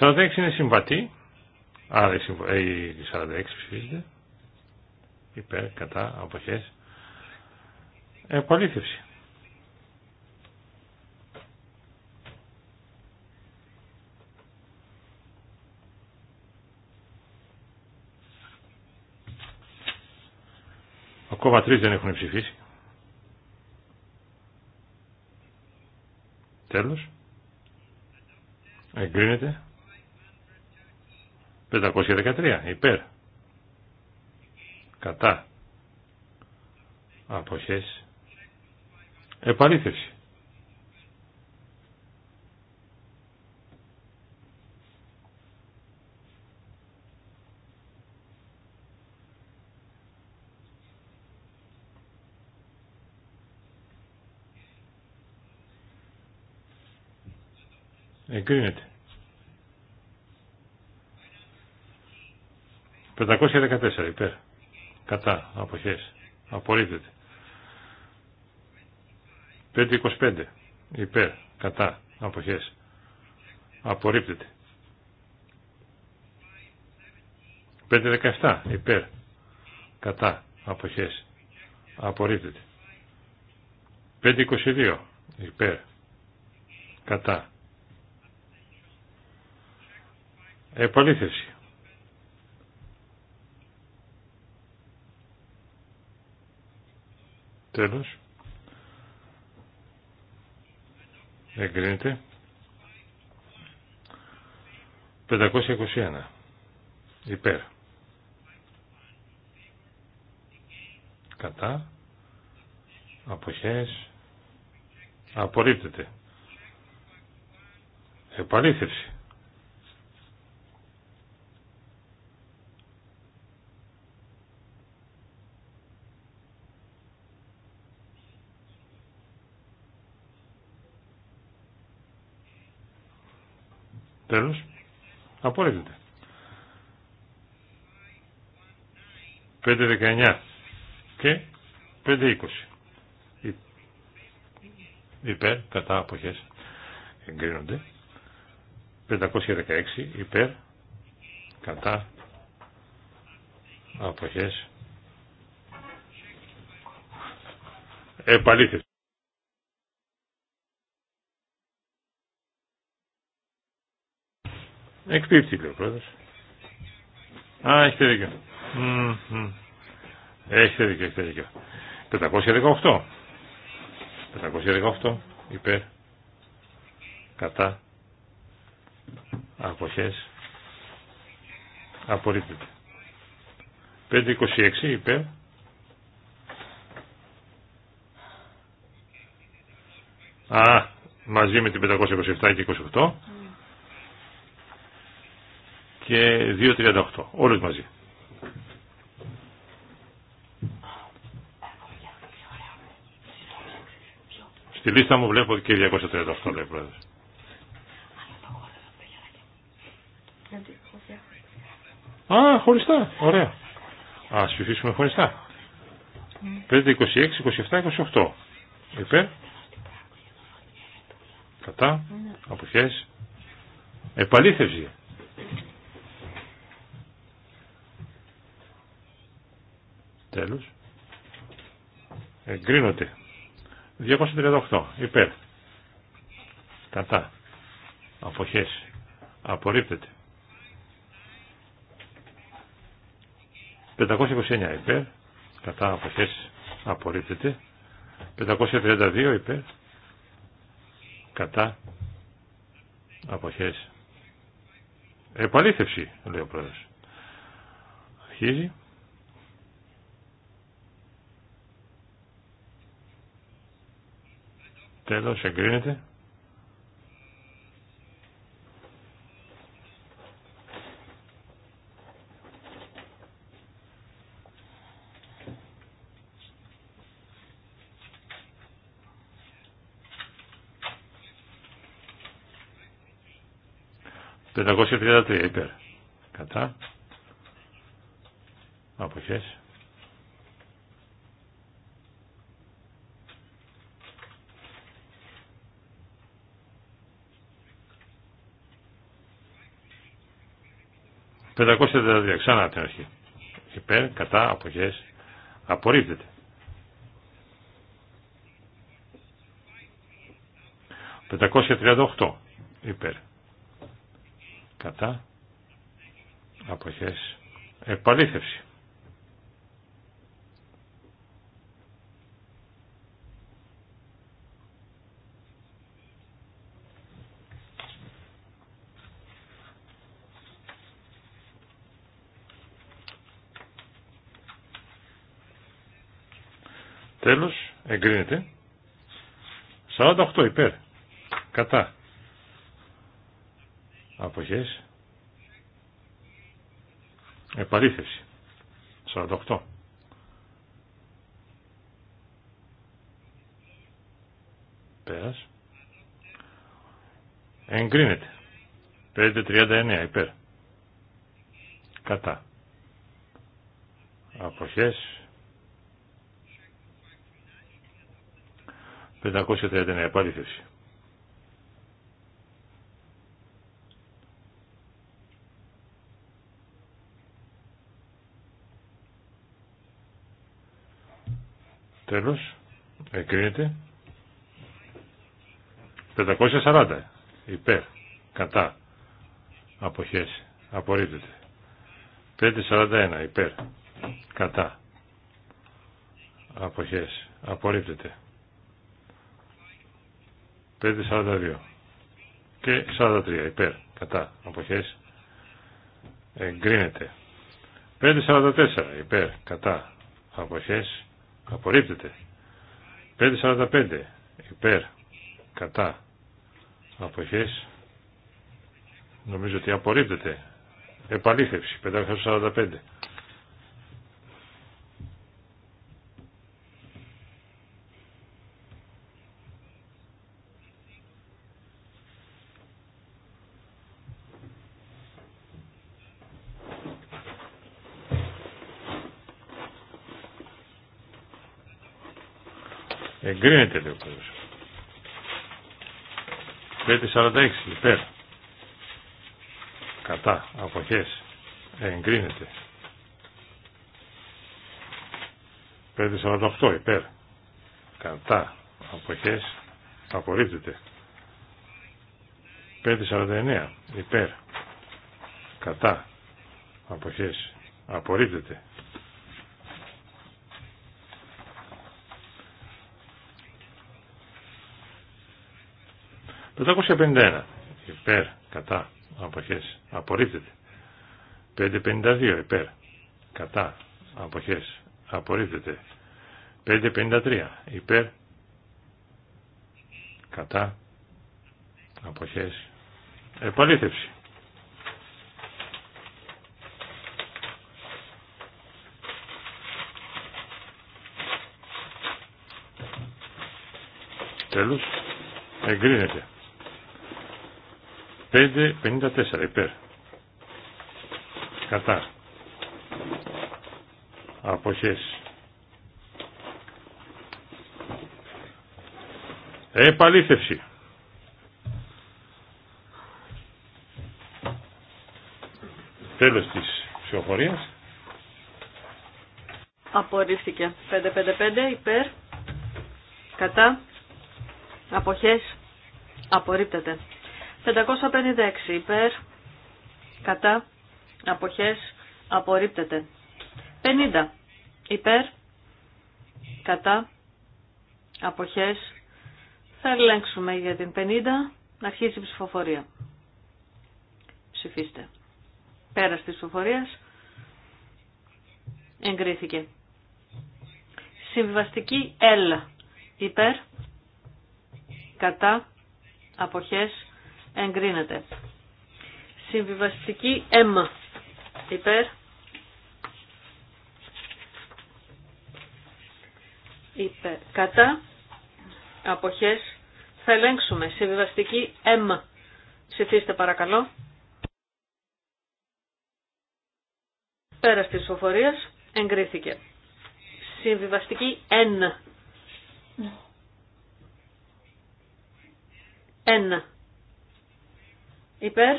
46 είναι συμβατή. Άρα η 46 ψηφίζεται. Υπέρ, κατά, αποχές. Επαλήθευση. Ακόμα τρεις δεν έχουν ψηφίσει. Τέλος. Εγκρίνεται. 513. Υπέρ. Κατά. Αποχές. Επαλήθευση. Εγκρίνεται. 514 υπέρ. Κατά. Αποχές. Απορρίπτεται. 525 υπέρ. Κατά. Αποχές. Απορρίπτεται. 517 υπέρ. Κατά. Αποχές. Απορρίπτεται. 522 υπέρ. Κατά. Επαλήθευση. Τέλος. Εγκρίνεται. 521. Υπέρ. Κατά. Αποχές. Απορρίπτεται. Επαλήθευση. Τέλος. Απορρίπτεται. 5.19 και 5.20. Υπέρ, κατά αποχές. Εγκρίνονται. 516 υπέρ, κατά αποχές. Επαλήθευση. Εκπίπτει, λέει ο πρόεδρος. Α, έχετε δίκιο. Έχετε δίκιο, έχετε δίκιο. 518. 518 υπέρ κατά αποχές απορρίπτεται. 526 υπέρ Α, μαζί με την 527 και 28 και 2.38. Όλες μαζί. Στη λίστα μου βλέπω και 238 λέει ο Α, χωριστά. Ωραία. Α ψηφίσουμε χωριστά. 5, 26, 27, 28. Υπέρ. Κατά. Αποχές. Επαλήθευση. Τέλος. Εγκρίνονται. 238. Υπέρ. Κατά. Αποχές. Απορρίπτεται. 529 υπέρ. Κατά αποχές. Απορρίπτεται. 532 υπέρ. Κατά αποχές. Επαλήθευση, λέει ο πρόεδρος. Αρχίζει. Τέλος, εγκρίνεται. Πεντακόσια τριάντα υπέρ. Κατά. Αποχές. 532 ξανά την αρχή. Υπέρ, κατά, αποχές, απορρίπτεται. 538 υπέρ. Κατά αποχές επαλήθευση. Τέλος, εγκρίνεται. 48 υπέρ. Κατά. Αποχές. Επαλήθευση. 48. Πέρας. Εγκρίνεται. 5.39 υπέρ. Κατά. Αποχές. 539 επαλήθευση. Τέλος, Εκκρίνεται. 540 υπέρ, κατά, αποχές, απορρίπτεται. 541 υπέρ, κατά, αποχές, απορρίπτεται. 5.42 και 43 υπέρ κατά αποχές εγκρίνεται 5.44 υπέρ κατά αποχές απορρίπτεται 5.45 υπέρ κατά αποχές νομίζω ότι απορρίπτεται επαλήθευση 545 Εγκρίνεται λέει ο πρόεδρος. 546 υπέρ. Κατά. Αποχές. Εγκρίνεται. 548 υπέρ. Κατά. Αποχές. Απορρίπτεται. 549 υπέρ. Κατά. Αποχές. Απορρίπτεται. 551 υπέρ κατά αποχές απορρίπτεται. 552 υπέρ κατά αποχές απορρίπτεται. 553 υπέρ κατά αποχές επαλήθευση. Τέλος εγκρίνεται. 5.54 υπέρ. Κατά. Αποχές. Επαλήθευση. Τέλος της ψηφοφορίας. Απορρίφθηκε. 555 υπέρ. Κατά. Αποχές. Απορρίπτεται. 556 υπέρ, κατά, αποχές, απορρίπτεται. 50 υπέρ, κατά, αποχές, θα ελέγξουμε για την 50, να αρχίσει η ψηφοφορία. Ψηφίστε. Πέρας της ψηφοφορίας, εγκρίθηκε. Συμβιβαστική L υπέρ, κατά, αποχές, εγκρίνεται. Συμβιβαστική M υπέρ υπέρ κατά αποχές θα ελέγξουμε. Συμβιβαστική M ψηφίστε παρακαλώ. Πέρα της σοφορίας εγκρίθηκε. Συμβιβαστική ένα N υπέρ,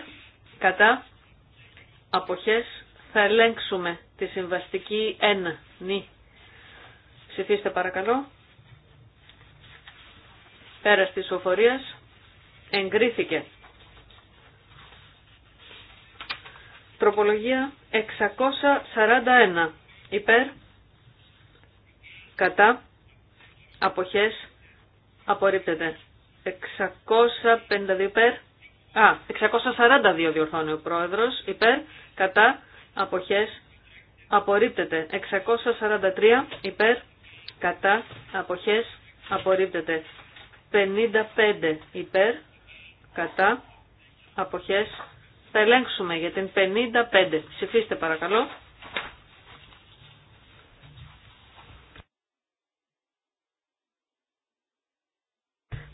κατά, αποχές, θα ελέγξουμε τη συμβαστική 1, νη. Ψηφίστε παρακαλώ. Πέρας της οφορίας, εγκρίθηκε. Τροπολογία 641, υπέρ, κατά, αποχές, απορρίπτεται. 652 υπέρ, Α, 642 διορθώνει ο πρόεδρος, υπέρ, κατά, αποχές, απορρίπτεται. 643 υπέρ, κατά, αποχές, απορρίπτεται. 55 υπέρ, κατά, αποχές, θα ελέγξουμε για την 55. Ψηφίστε παρακαλώ.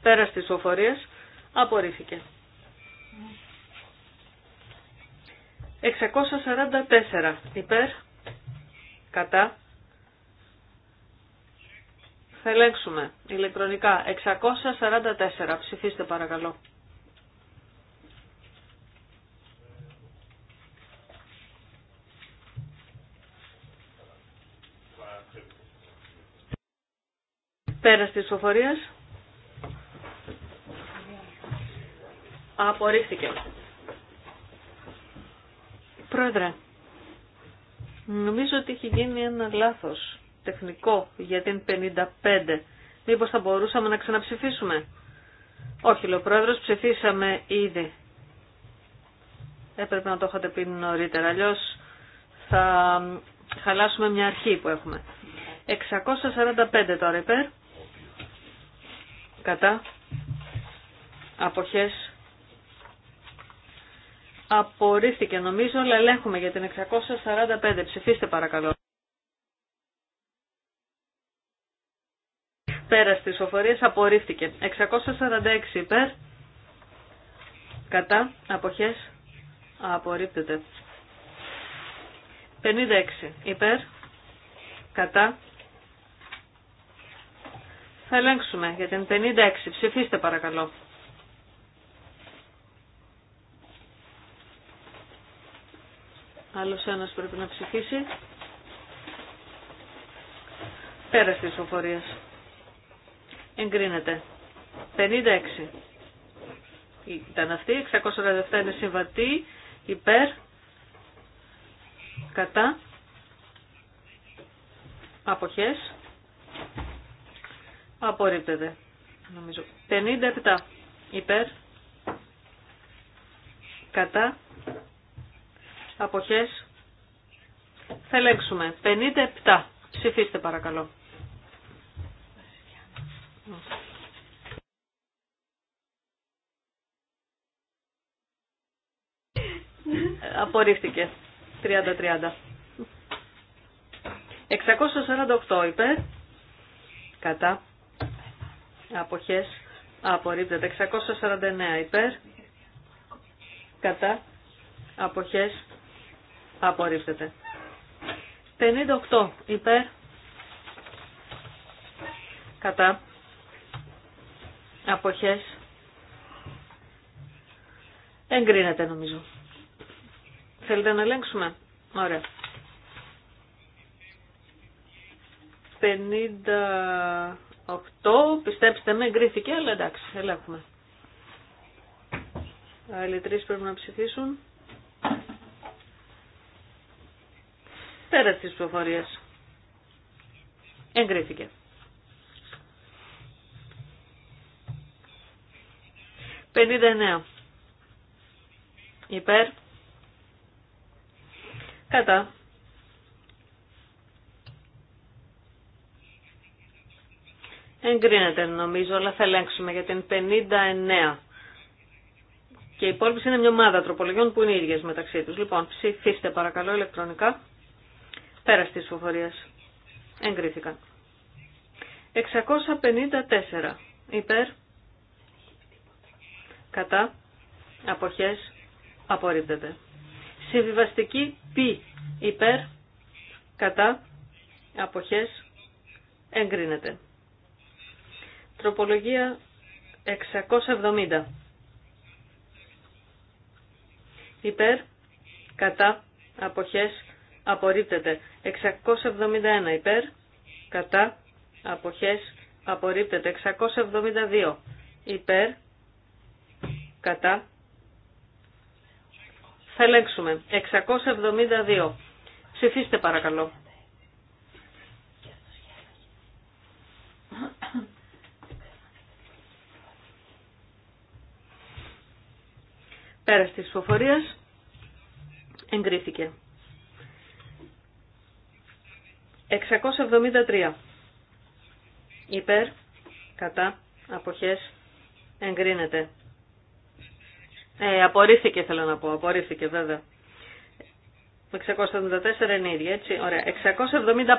Πέρα στις οφορίες απορρίφθηκε. 644 υπέρ, κατά, θα ελέγξουμε ηλεκτρονικά. 644. Ψηφίστε παρακαλώ. Πέρα της Απορρίφθηκε. Πρόεδρε, νομίζω ότι έχει γίνει ένα λάθος τεχνικό για την 55. Μήπως θα μπορούσαμε να ξαναψηφίσουμε. Όχι, λοιπόν, ο Πρόεδρος, ψηφίσαμε ήδη. Έπρεπε να το είχατε πει νωρίτερα, αλλιώ θα χαλάσουμε μια αρχή που έχουμε. 645 τώρα υπέρ. Κατά. Αποχές Απορρίφθηκε νομίζω, αλλά ελέγχουμε για την 645. Ψηφίστε παρακαλώ. Πέρα στις οφορίες απορρίφθηκε. 646 υπέρ. Κατά. Αποχές. Απορρίπτεται. 56 υπέρ. Κατά. Θα ελέγξουμε για την 56. Ψηφίστε παρακαλώ. Άλλος ένας πρέπει να ψηφίσει. Πέρας της οφορίας. Εγκρίνεται. 56. Ήταν αυτή. 647 είναι συμβατή. Υπέρ. Κατά. Αποχές. Απορρίπτεται. Νομίζω. 57. Υπέρ. Κατά αποχές θα ελέγξουμε. 57. Ψηφίστε παρακαλώ. Απορρίφθηκε. 30-30. 648 υπέρ. Κατά. Αποχές. Απορρίπτεται. 649 υπέρ. Κατά. Αποχές απορρίφθεται. 58 υπέρ. Κατά. Αποχές. Εγκρίνεται νομίζω. Θέλετε να ελέγξουμε. Ωραία. 58, πιστέψτε με, εγκρίθηκε, αλλά εντάξει, ελέγχουμε. Άλλοι τρεις πρέπει να ψηφίσουν. Πέρα της ψηφοφορίας. Εγκρίθηκε. Πενήντα Υπέρ. Κατά. Εγκρίνεται νομίζω, αλλά θα ελέγξουμε για την 59. Και οι υπόλοιπε είναι μια ομάδα τροπολογιών που είναι ίδιες μεταξύ του. Λοιπόν, ψηφίστε παρακαλώ ηλεκτρονικά. Πέρας της ψηφοφορίας. Εγκρίθηκαν. 654 υπέρ. Κατά. Αποχές. Απορρίπτεται. Συμβιβαστική Πι. υπέρ. Κατά. Αποχές. Εγκρίνεται. Τροπολογία 670. Υπέρ, κατά, αποχές, απορρίπτεται. 671 υπέρ, κατά, αποχές, απορρίπτεται. 672 υπέρ, κατά, θα ελέγξουμε. 672. Ψηφίστε παρακαλώ. Πέρας της ψηφοφορίας εγκρίθηκε. 673. Υπέρ, κατά, αποχές, εγκρίνεται. Ε, απορρίφθηκε θέλω να πω, απορρίφθηκε βέβαια. 674 είναι ίδια, έτσι, ωραία.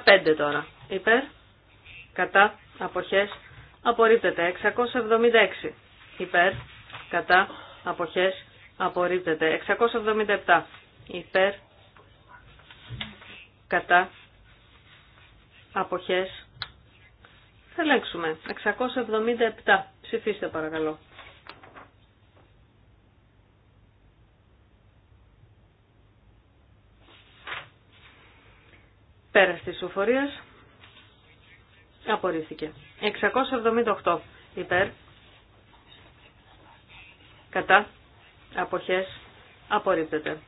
675 τώρα. Υπέρ, κατά, αποχές, απορρίπτεται. 676. Υπέρ, κατά, αποχές, απορρίπτεται. 677. Υπέρ, κατά, αποχές. Θα ελέγξουμε. 677. Ψηφίστε παρακαλώ. Πέρας της οφορία απορρίφθηκε. 678 υπέρ, κατά, αποχές, απορρίπτεται.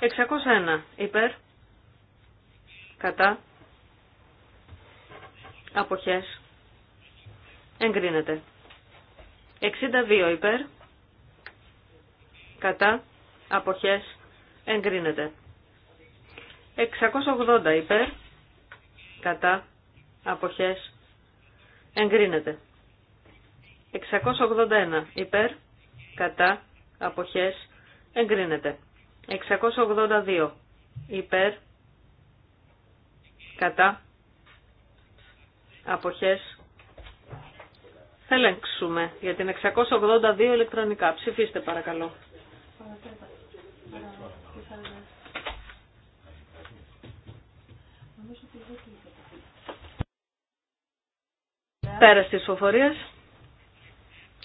601 υπέρ, κατά, αποχές εγκρίνεται. 62 υπέρ κατά αποχές εγκρίνεται. 680 υπέρ κατά αποχές εγκρίνεται. 681 υπέρ κατά αποχές εγκρίνεται. 682 υπέρ κατά αποχές θα ελέγξουμε για την 682 ηλεκτρονικά. Ψηφίστε παρακαλώ. Πέρασε της φοφορίας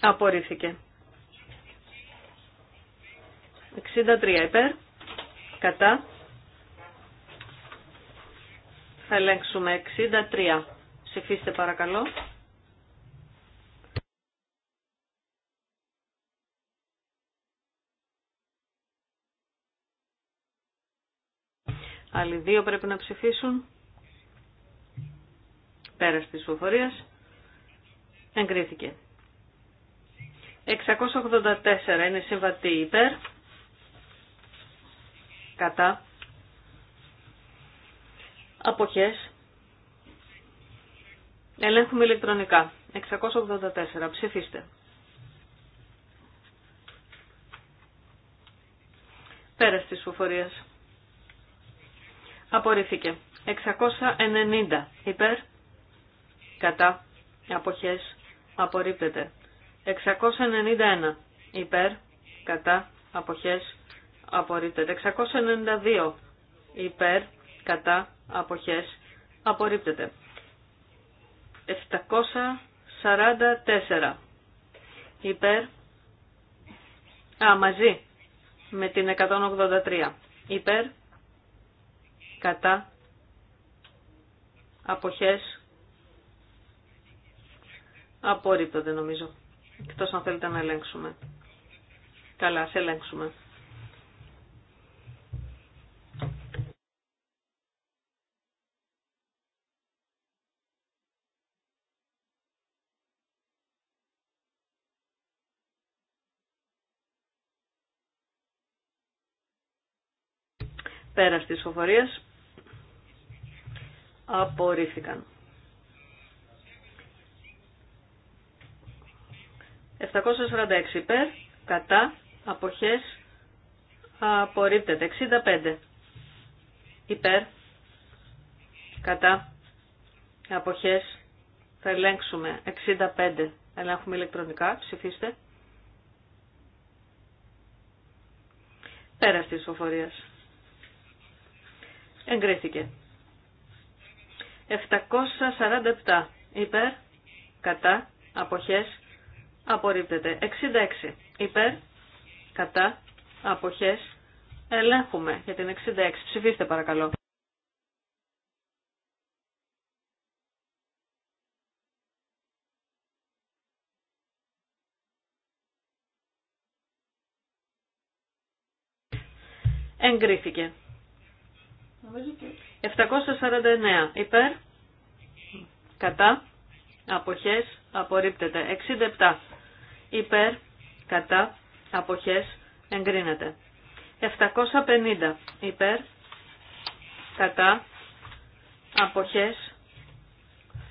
απορρίφθηκε. 63 υπέρ, κατά. Θα ελέγξουμε 63. Ψηφίστε παρακαλώ. Άλλοι δύο πρέπει να ψηφίσουν. Πέρας της ψηφοφορίας. Εγκρίθηκε. 684 είναι συμβατή υπέρ. Κατά. Αποχές. Ελέγχουμε ηλεκτρονικά. 684. Ψηφίστε. Πέρας της ψηφοφορίας. Απορρίφθηκε. 690. Υπέρ. Κατά. Αποχές. Απορρίπτεται. 691. Υπέρ. Κατά. Αποχές. Απορρίπτεται. 692. Υπέρ. Κατά. Αποχές. Απορρίπτεται. 744 υπέρ, α, μαζί με την 183 υπέρ, κατά, αποχές, απορρίπτονται νομίζω. Εκτός αν θέλετε να ελέγξουμε. Καλά, σε ελέγξουμε. Πέρας της ψηφοφορίας απορρίφθηκαν. 746 υπέρ, κατά, αποχές, απορρίπτεται. 65 υπέρ, κατά, αποχές, θα ελέγξουμε. 65 ελέγχουμε ηλεκτρονικά, ψηφίστε. Πέρας της ψηφοφορίας. Εγκρίθηκε. 747 υπέρ, κατά, αποχές, απορρίπτεται. 66 υπέρ, κατά, αποχές, ελέγχουμε για την 66. Ψηφίστε παρακαλώ. Εγκρίθηκε. 749 υπέρ, κατά, αποχές, απορρίπτεται. 67 υπέρ, κατά, αποχές, εγκρίνεται. 750 υπέρ, κατά, αποχές,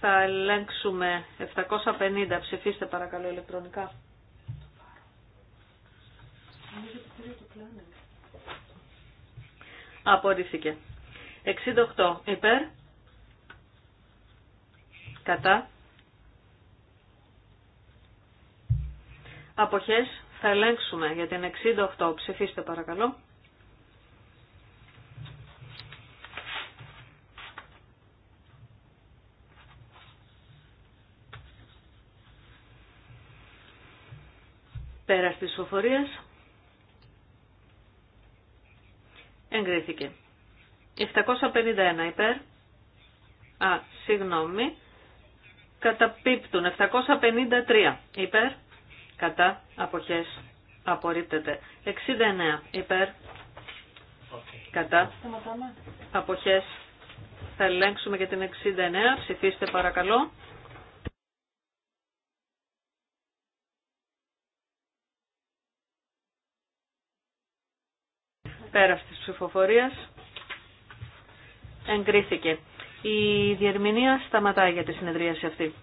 θα ελέγξουμε 750, ψηφίστε παρακαλώ ηλεκτρονικά. Απορρίφθηκε. 68 υπέρ, κατά, αποχές θα ελέγξουμε για την 68. Ψηφίστε παρακαλώ. Πέρα της οφορίας, εγκρίθηκε. 751 υπέρ. Α, συγγνώμη. Καταπίπτουν. 753 υπέρ. Κατά. Αποχές. Απορρίπτεται. 69 υπέρ. Κατά. Αποχές. Θα ελέγξουμε για την 69. Ψηφίστε παρακαλώ. Πέρας της ψηφοφορίας. Εγκρίθηκε. Η διερμηνία σταματάει για τη συνεδρίαση αυτή.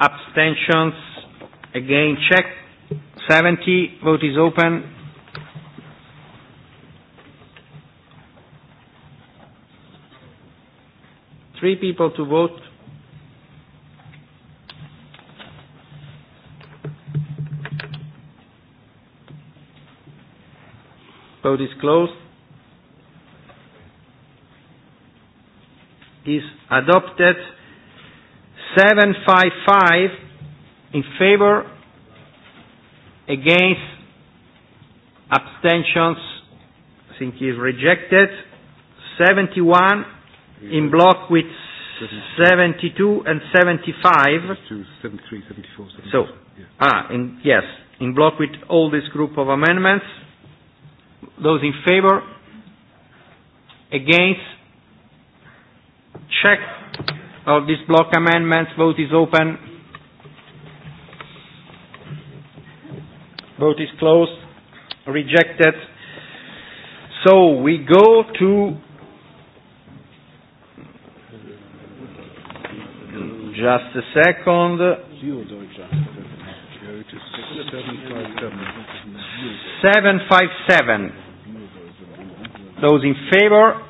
Abstentions. Again, check. 70. Vote is open. Three people to vote. Vote is closed. is adopted. 755 in favor, against, abstentions, I think is rejected. 71 in block with 72 and 75. 73, 74, So, ah, in, yes, in block with all this group of amendments. Those in favor, against, check of this block amendments. Vote is open. Vote is closed. Rejected. So we go to just a second. Seven five seven. Those in favor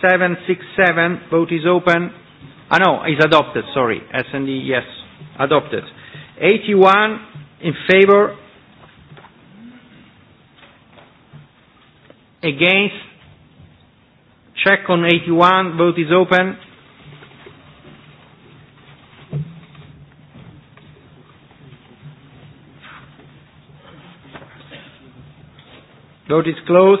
767. Vote is open. Ah, no, is adopted. Sorry. S&D, yes. Adopted. 81 in favor. Against. Check on 81. Vote is open. Vote is closed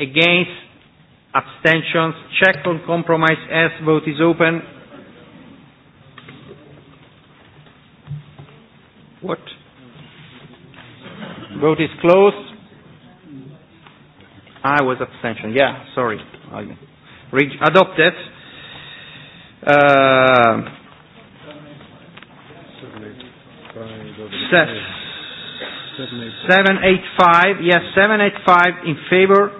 against, abstentions, check on compromise S, vote is open. What? Vote is closed. I was abstention, yeah, sorry. Adopted. Uh, Seven eight five, yes, seven eight five in favor,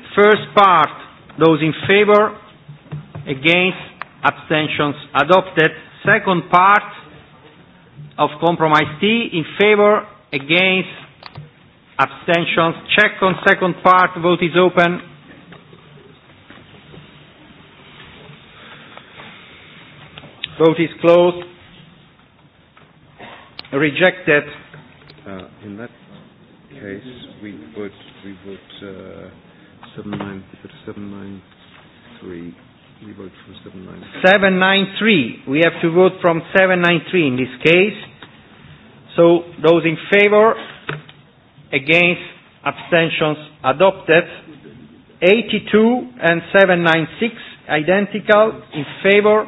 First part, those in favor, against, abstentions adopted. Second part of compromise T, in favor, against, abstentions. Check on second part, vote is open. Vote is closed. Rejected. Uh, in that case, we would, we would, uh, 793. We vote from 793. We have to vote from 793 in this case. So those in favor, against, abstentions adopted. 82 and 796 identical in favor,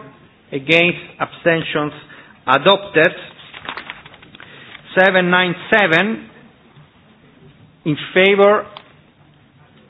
against, abstentions adopted. 797 in favor,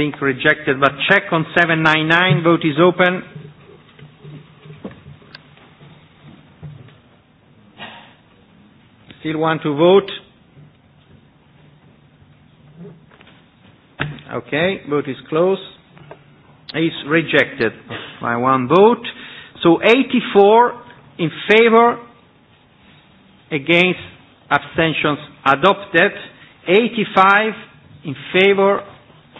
think rejected, but check on 799. Vote is open. Still want to vote? Okay, vote is closed. It's rejected by one vote. So 84 in favor, against, abstentions adopted. 85 in favor,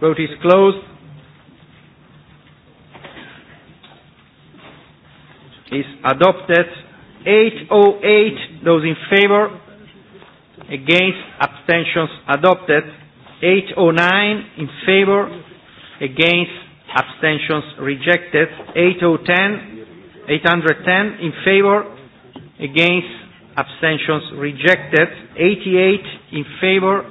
Vote is closed. Is adopted. 808, those in favor. Against, abstentions adopted. 809, in favor. Against, abstentions rejected. 810, 810, in favor. Against, abstentions rejected. 88, in favor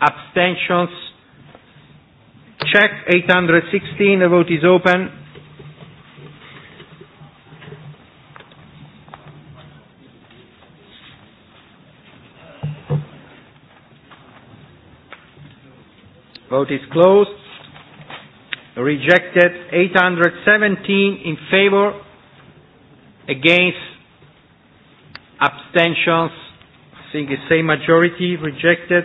Abstentions. Check 816. The vote is open. Vote is closed. Rejected. 817 in favor. Against. Abstentions. I think the same majority. Rejected.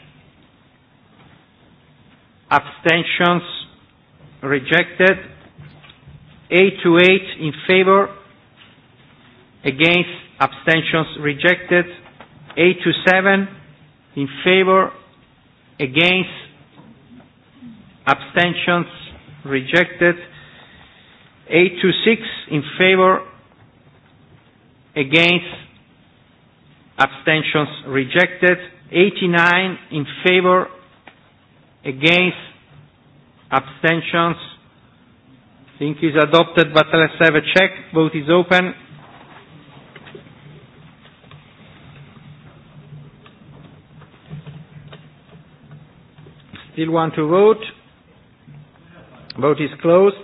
abstentions rejected. 8 to 8 in favor, against abstentions rejected. 8 to 7 in favor, against abstentions rejected. 8 to 6 in favor, against abstentions rejected. 89 in favor, Against? Abstentions? think is adopted, but let's have a check. Vote is open. Still want to vote? Vote is closed.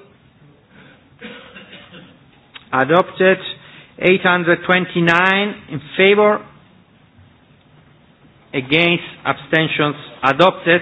Adopted. 829 in favor. Against? Abstentions? Adopted.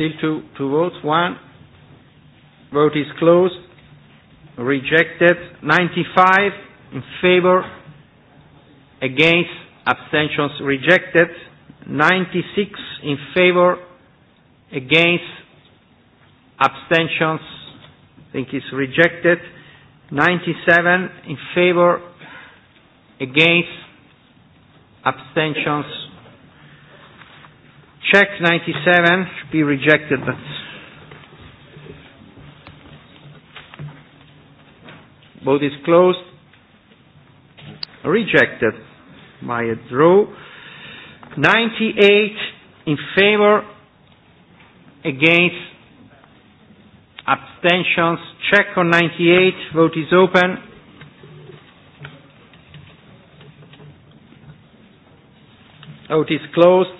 Still two, two votes. One vote is closed. Rejected. 95 in favor. Against. Abstentions rejected. 96 in favor. Against. Abstentions. I think it's rejected. 97 in favor. Against. Abstentions Check 97 should be rejected, but vote is closed. Rejected by a draw. 98 in favor, against, abstentions. Check on 98. Vote is open. Vote is closed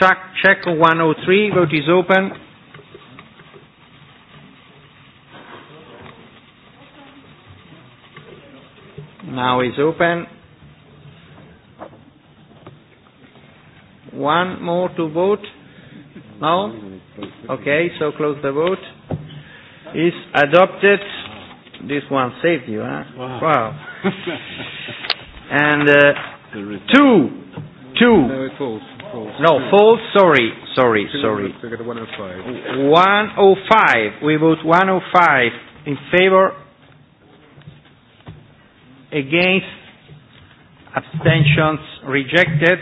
Check, check 103. Vote is open. Now it's open. One more to vote. No? Okay, so close the vote. Is adopted. This one saved you, huh? Wow. and uh, two, two. it falls. No, false. Sorry, sorry, sorry. 105. five. We vote 105 in favor, against, abstentions rejected.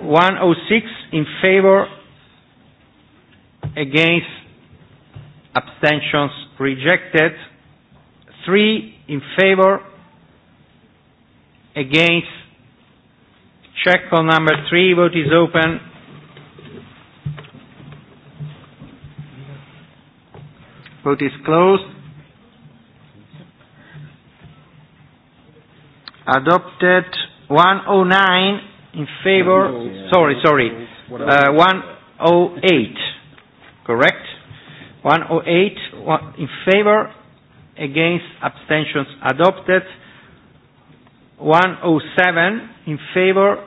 One six in favor, against, abstentions rejected. Three in favor, against, Check on number three. Vote is open. Vote is closed. Adopted 109 in favor. Sorry, sorry. Uh, 108. Correct? 108 in favor. Against abstentions adopted. 107 in favor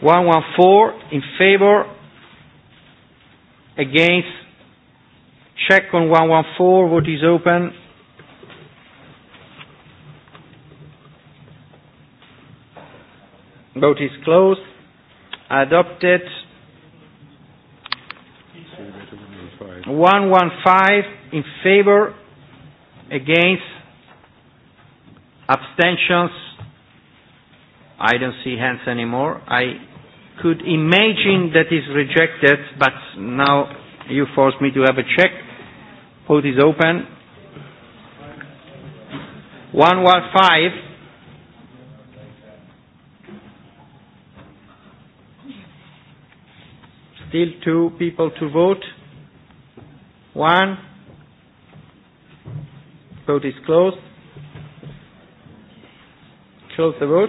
114 in favor against check on 114 vote is open vote is closed adopted 115 in favor against abstentions I don't see hands anymore. I could imagine that is rejected, but now you force me to have a check. Vote is open. five. Still two people to vote. One. Vote is closed. Close the vote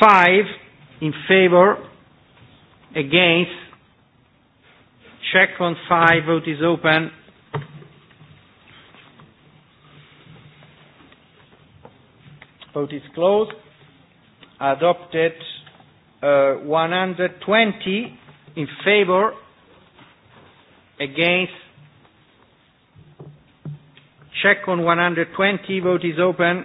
five in favor, against, check on five, vote is open. Vote is closed. Adopted uh, 120 in favor, against, check on 120, vote is open.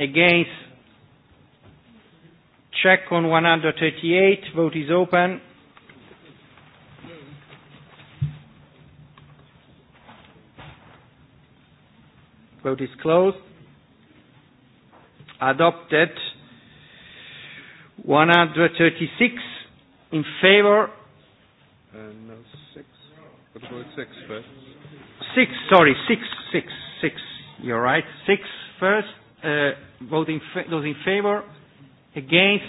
against check on 138 vote is open vote is closed adopted 136 in favor no six what about first six sorry six six six you're right six first voting those in favor against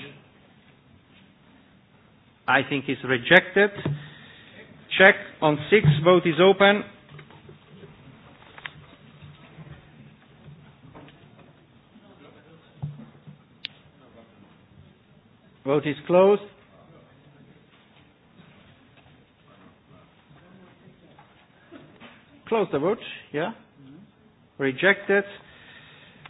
I think is rejected check on six vote is open vote is closed close the vote yeah rejected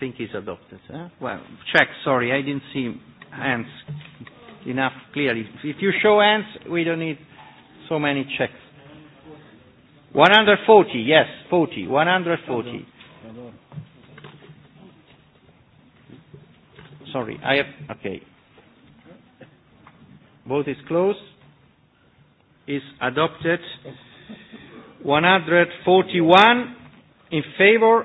think is adopted. Huh? Well, check, sorry, I didn't see hands enough clearly. If you show hands, we don't need so many checks. 140, yes, 40, 140. Sorry, I have, okay. Vote is closed. Is adopted. 141 in favor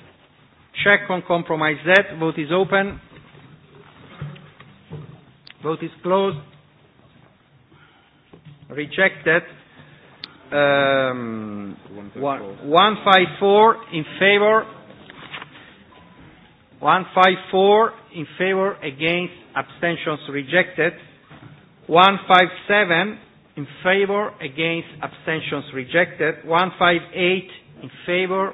Check on compromise Z. Vote is open. Vote is closed. Rejected. Um, 154 in favor. 154 in favor against abstentions rejected. 157 in favor against abstentions rejected. 158 in favor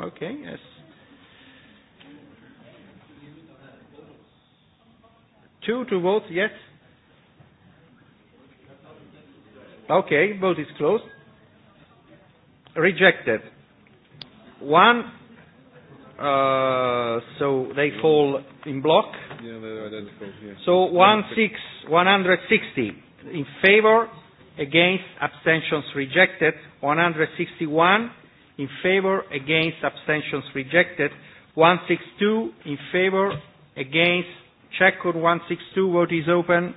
Okay, yes. Two to vote, yes. Okay, vote is closed. Rejected. One, uh, so they fall in block. Yeah, they're identical. So one 160 in favor, against, abstentions rejected. 161 in favor, against, abstentions rejected. 162 in favor, against, check on 162, vote is open.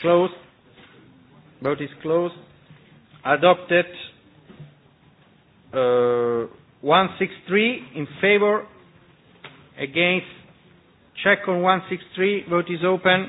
Closed. Vote is closed. Adopted. Uh, 163 in favor, against, check on 163, vote is open.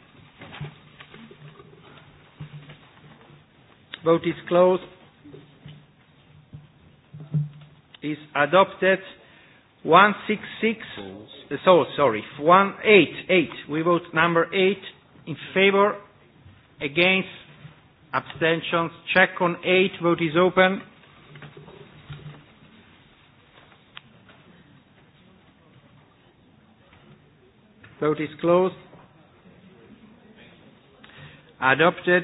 Vote is closed. Is adopted. 166. So sorry. 188. We vote number 8 in favor. Against. Abstentions. Check on 8. Vote is open. Vote is closed. Adopted.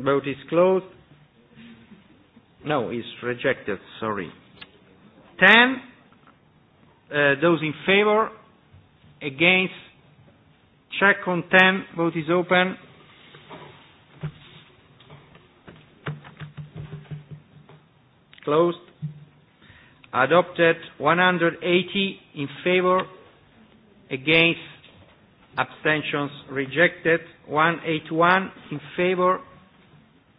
Vote is closed. No, is rejected, sorry. 10. those in favor, against, check on 10, vote is open. Closed. Adopted 180 in favor, against, abstentions rejected, 181 in favor,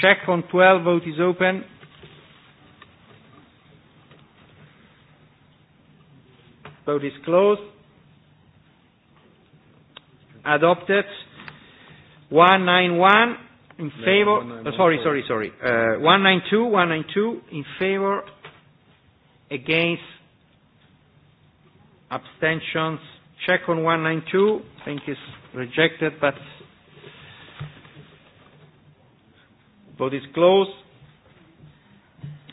Check on 12. Vote is open. Vote is closed. Adopted. 191 in favor. Sorry, sorry, sorry. 192, 192 in favor. Against. Abstentions. Check on 192. I think it's rejected, but for is clause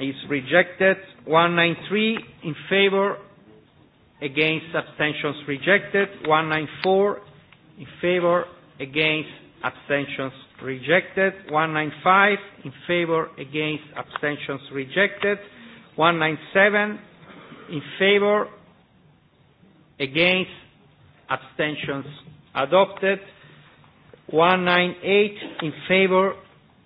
Is rejected. 193 in favor. Against abstentions rejected. 194 in favor. Against abstentions rejected. 195 in favor. Against abstentions rejected. 197 in favor. Against abstentions adopted. 198 in favor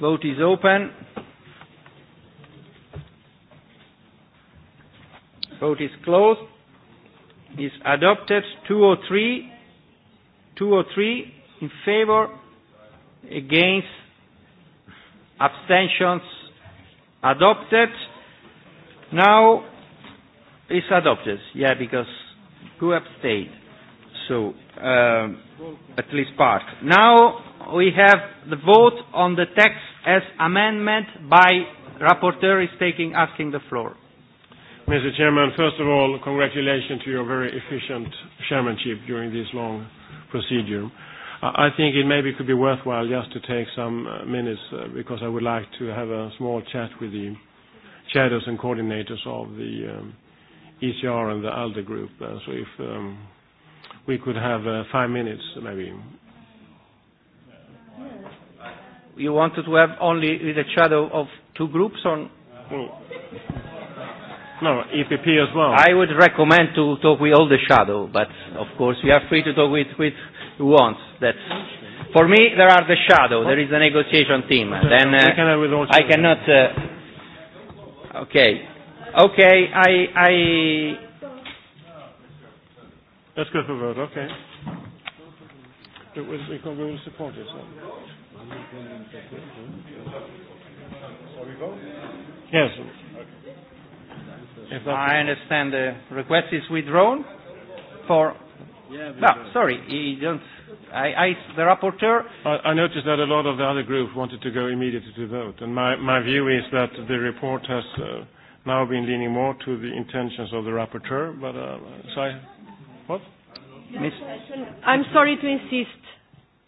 Vote is open. Vote is closed. Is adopted 203. 203 in favor, against, abstentions adopted. Now is adopted. Yeah, because who abstained? So um, at least part. Now we have the vote on the text as amendment by rapporteur is taking asking the floor. Mr. Chairman, first of all, congratulations to your very efficient chairmanship during this long procedure. I think it maybe could be worthwhile just to take some minutes because I would like to have a small chat with the chairs and coordinators of the ECR and the ALDE group. So if we could have five minutes maybe you wanted to have only with a shadow of two groups on? No, EPP as well. I would recommend to talk with all the shadow, but of course you are free to talk with, with who wants. That's, for me, there are the shadow, there is the negotiation team. Then uh, I cannot... Uh, okay. Okay, I... I Let's go for vote, okay. We support Yes. I understand the request is withdrawn for. No, sorry, he don't. I, I, the rapporteur. I, I noticed that a lot of the other groups wanted to go immediately to vote, and my, my view is that the report has uh, now been leaning more to the intentions of the rapporteur, but uh, so I, what? I'm sorry to insist.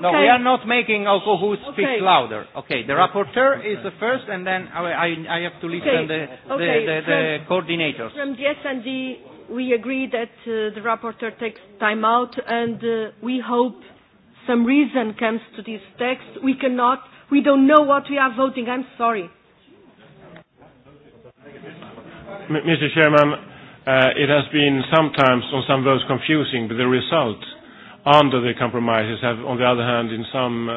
No, we are not making also who speaks louder. Okay, the rapporteur is the first, and then I, I have to listen the, the, the, coordinators. From the S&D, we agree that the rapporteur takes time out, and we hope some reason comes to this text. We cannot, we don't know what we are voting. I'm sorry. Mr. Chairman, it has been sometimes on some votes confusing, but the results under the compromises have, on the other hand, in some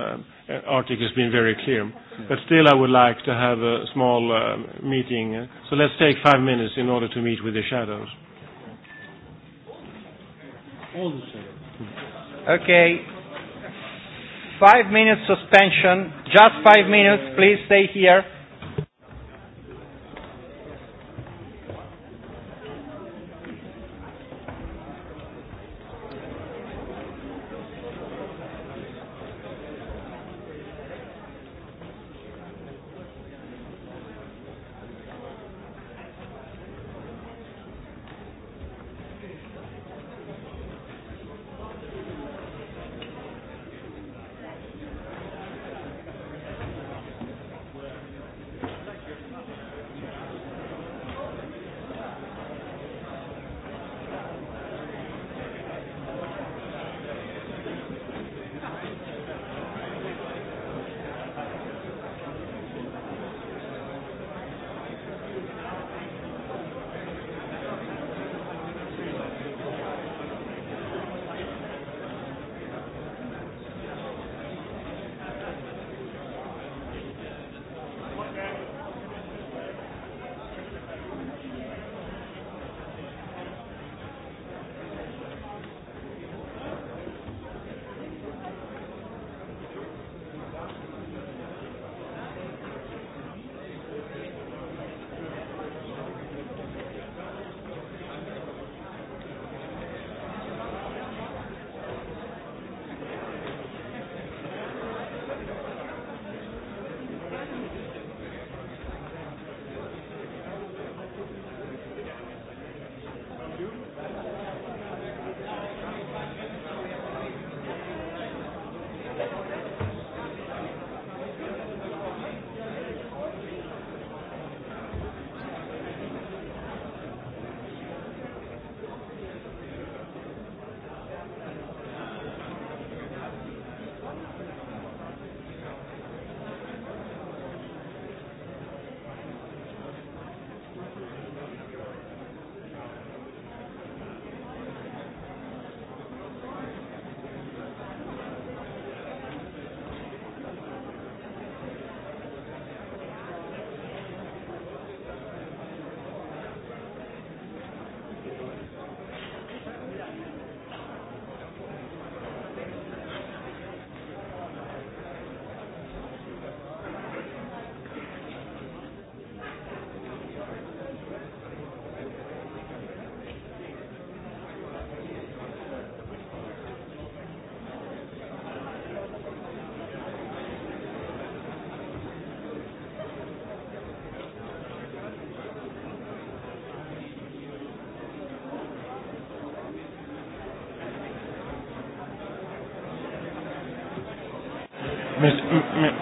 articles been very clear. But still, I would like to have a small meeting. So let's take five minutes in order to meet with the shadows. Okay. Five minutes suspension. Just five minutes. Please stay here.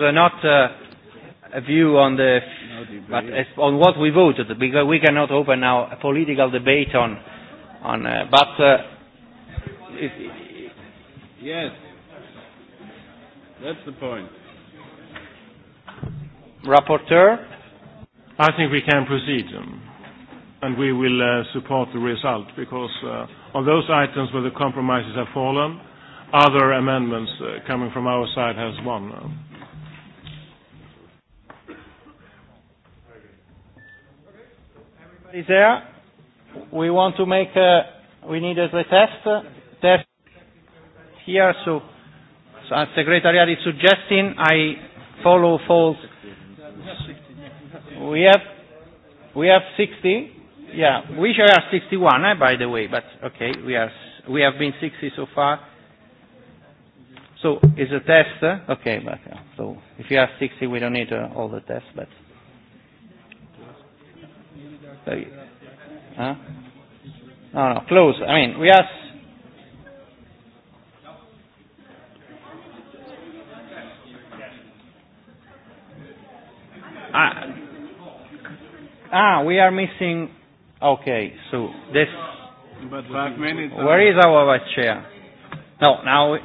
uh not uh, a view on the, but as on what we voted, because we cannot open now a political debate on, on. Uh, but uh, yes, that's the point. Rapporteur. I think we can proceed, um, and we will uh, support the result because uh, on those items where the compromises have fallen, other amendments uh, coming from our side has won. Is there? We want to make a, we need a test. Test here, so, so as Secretariat is suggesting, I follow false. We have, we have 60. Yeah, we have 61, eh, by the way, but okay, we are, we have been 60 so far. So, it's a test, okay, but, so, if you have 60, we don't need all the tests, but. Huh? No, no, close. I mean, we ask. Ah, we are missing. Okay, so this. But five Where is our vice chair? No, now.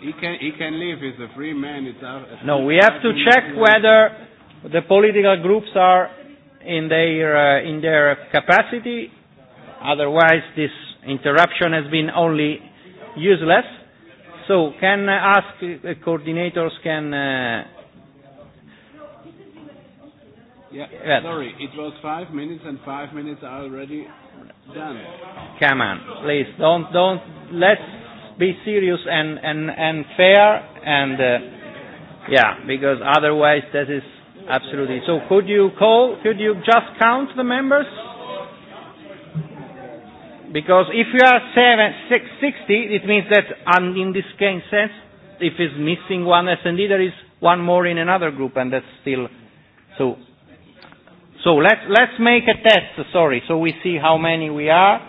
he can he can leave. He's a free man. It's no, we have to check whether the political groups are in their uh, in their capacity. Otherwise, this interruption has been only useless. So, can I ask the coordinators can. Uh, yeah, sorry, it was five minutes, and five minutes are already done. Come on, please don't don't let's be serious and and and fair and uh, yeah, because otherwise that is Absolutely. So could you call, could you just count the members? Because if you are seven, six, 60, it means that and in this case sense, if it's missing one S&D, there is one more in another group, and that's still so. So let's let's make a test. Sorry, so we see how many we are,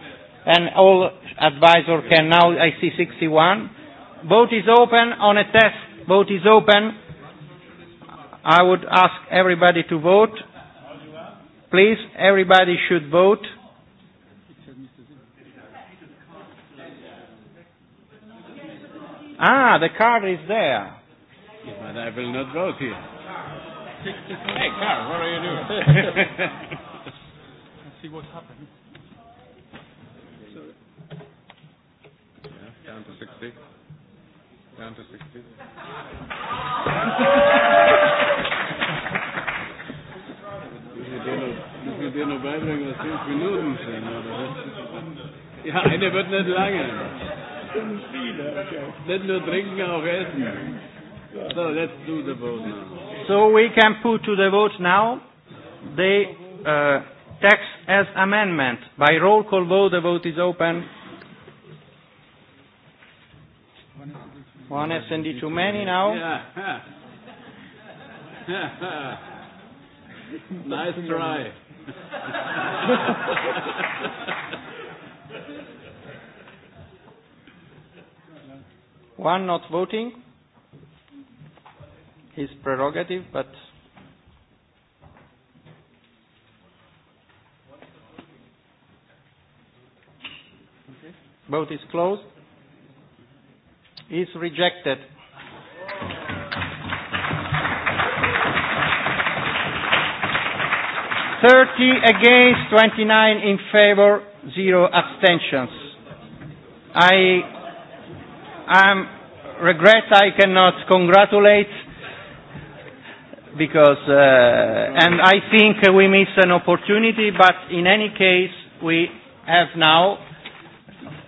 and all advisors can now. I see 61. Vote is open on a test. Vote is open. I would ask everybody to vote. Please, everybody should vote. Ah, the card is there. but I will not vote here. hey, Carl, what are you doing? Let's see what happens. down to 60. Down to 60. mir dir noch beibringen, dass fünf Minuten sind, oder Ja, eine wird nicht lange. Nicht nur trinken, auch essen. So, let's do the vote now. So we can put to the vote now the uh, text as amendment. By roll call vote, the vote is open. One SND too many now. Yeah. nice try. One not voting. His prerogative, but vote is closed. Is rejected. 30 against, 29 in favor, zero abstentions. I regret I cannot congratulate because, uh, and I think we miss an opportunity, but in any case, we have now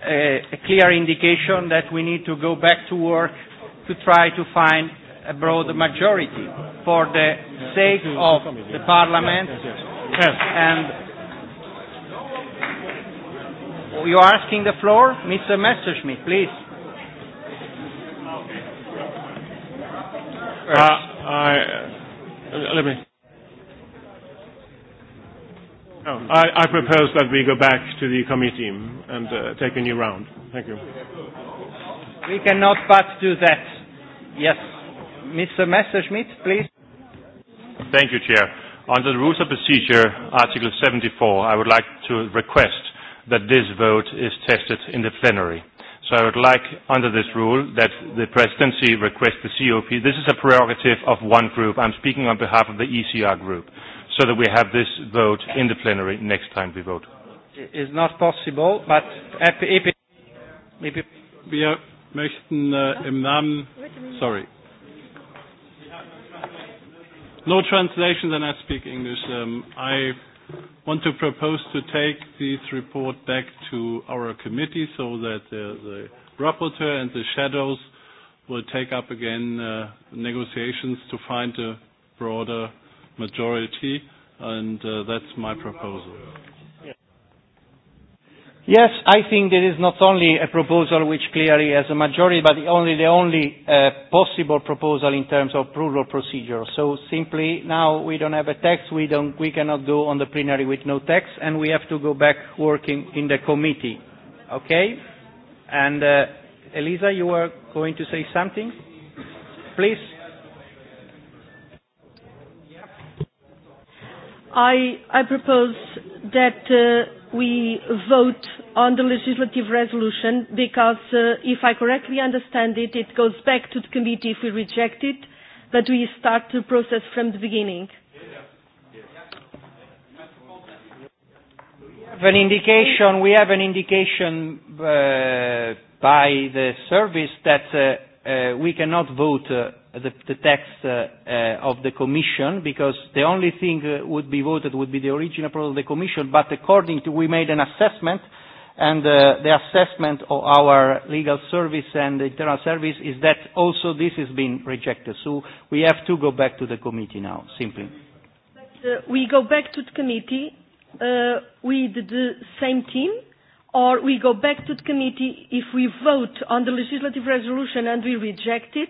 a, a clear indication that we need to go back to work to try to find a broad majority for the sake of the Parliament Yes. And you are asking the floor, Mr. Messerschmidt, please. Uh, I, let me. no I, I propose that we go back to the committee and uh, take a new round. Thank you. We cannot but do that. Yes. Mr. Messerschmidt, please. Thank you, Chair. Under the rules of procedure, Article 74, I would like to request that this vote is tested in the plenary. So I would like, under this rule, that the presidency request the COP. This is a prerogative of one group. I'm speaking on behalf of the ECR group, so that we have this vote in the plenary next time we vote. not possible, but möchten sorry, no translation, then I speak English. Um, I want to propose to take this report back to our committee so that the, rapporteur and the shadows will take up again negotiations to find a broader majority, and uh, that's my proposal. Yes, I think there is not only a proposal which clearly has a majority, but only the only possible proposal in terms of approval procedure. So simply now we don't have a text, we, don't, we cannot go on the plenary with no text, and we have to go back working in the committee. Okay? And uh, Elisa, you were going to say something? Please. I, I propose that we vote on the legislative resolution because, if I correctly understand it, it goes back to the committee if we reject it, but we start the process from the beginning. an indication, we have an indication by the service that uh, uh, we cannot vote the text of the Commission because the only thing would be voted would be the original proposal of the Commission, but according to we made an assessment and the assessment of our legal service and internal service is that also this has been rejected. So we have to go back to the committee now, simply. We go back to the committee with the same team or we go back to the committee if we vote on the legislative resolution and we reject it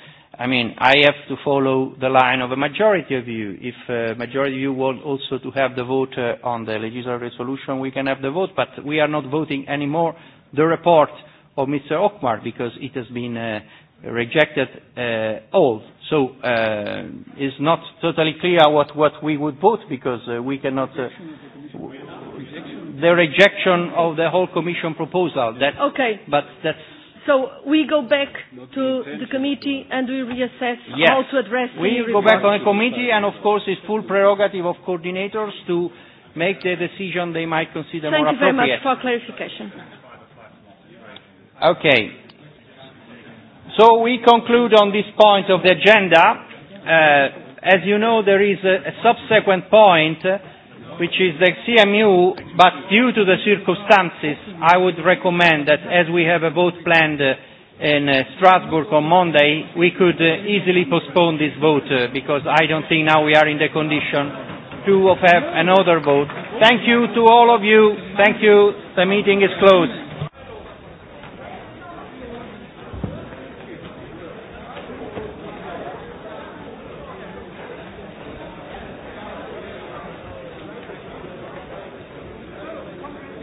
I mean, I have to follow the line of a majority of you. If a majority of you want also to have the vote on the legislative resolution, we can have the vote, but we are not voting anymore the report of Mr. Okmar because it has been rejected all. So it's not totally clear what, what we would vote because we cannot... the rejection of the whole Commission proposal. That, okay. But that's So we go back to the committee and we reassess how to address We go back on the committee and of course it's full prerogative of coordinators to make the decision they might consider more appropriate. Thank you very much for clarification. Okay. So we conclude on this point of the agenda. as you know, there is a, subsequent point which is the CMU, but due to the circumstances, I would recommend that as we have a vote planned in Strasbourg on Monday, we could easily postpone this vote because I don't think now we are in the condition to have another vote. Thank you to all of you. Thank you. The meeting is closed.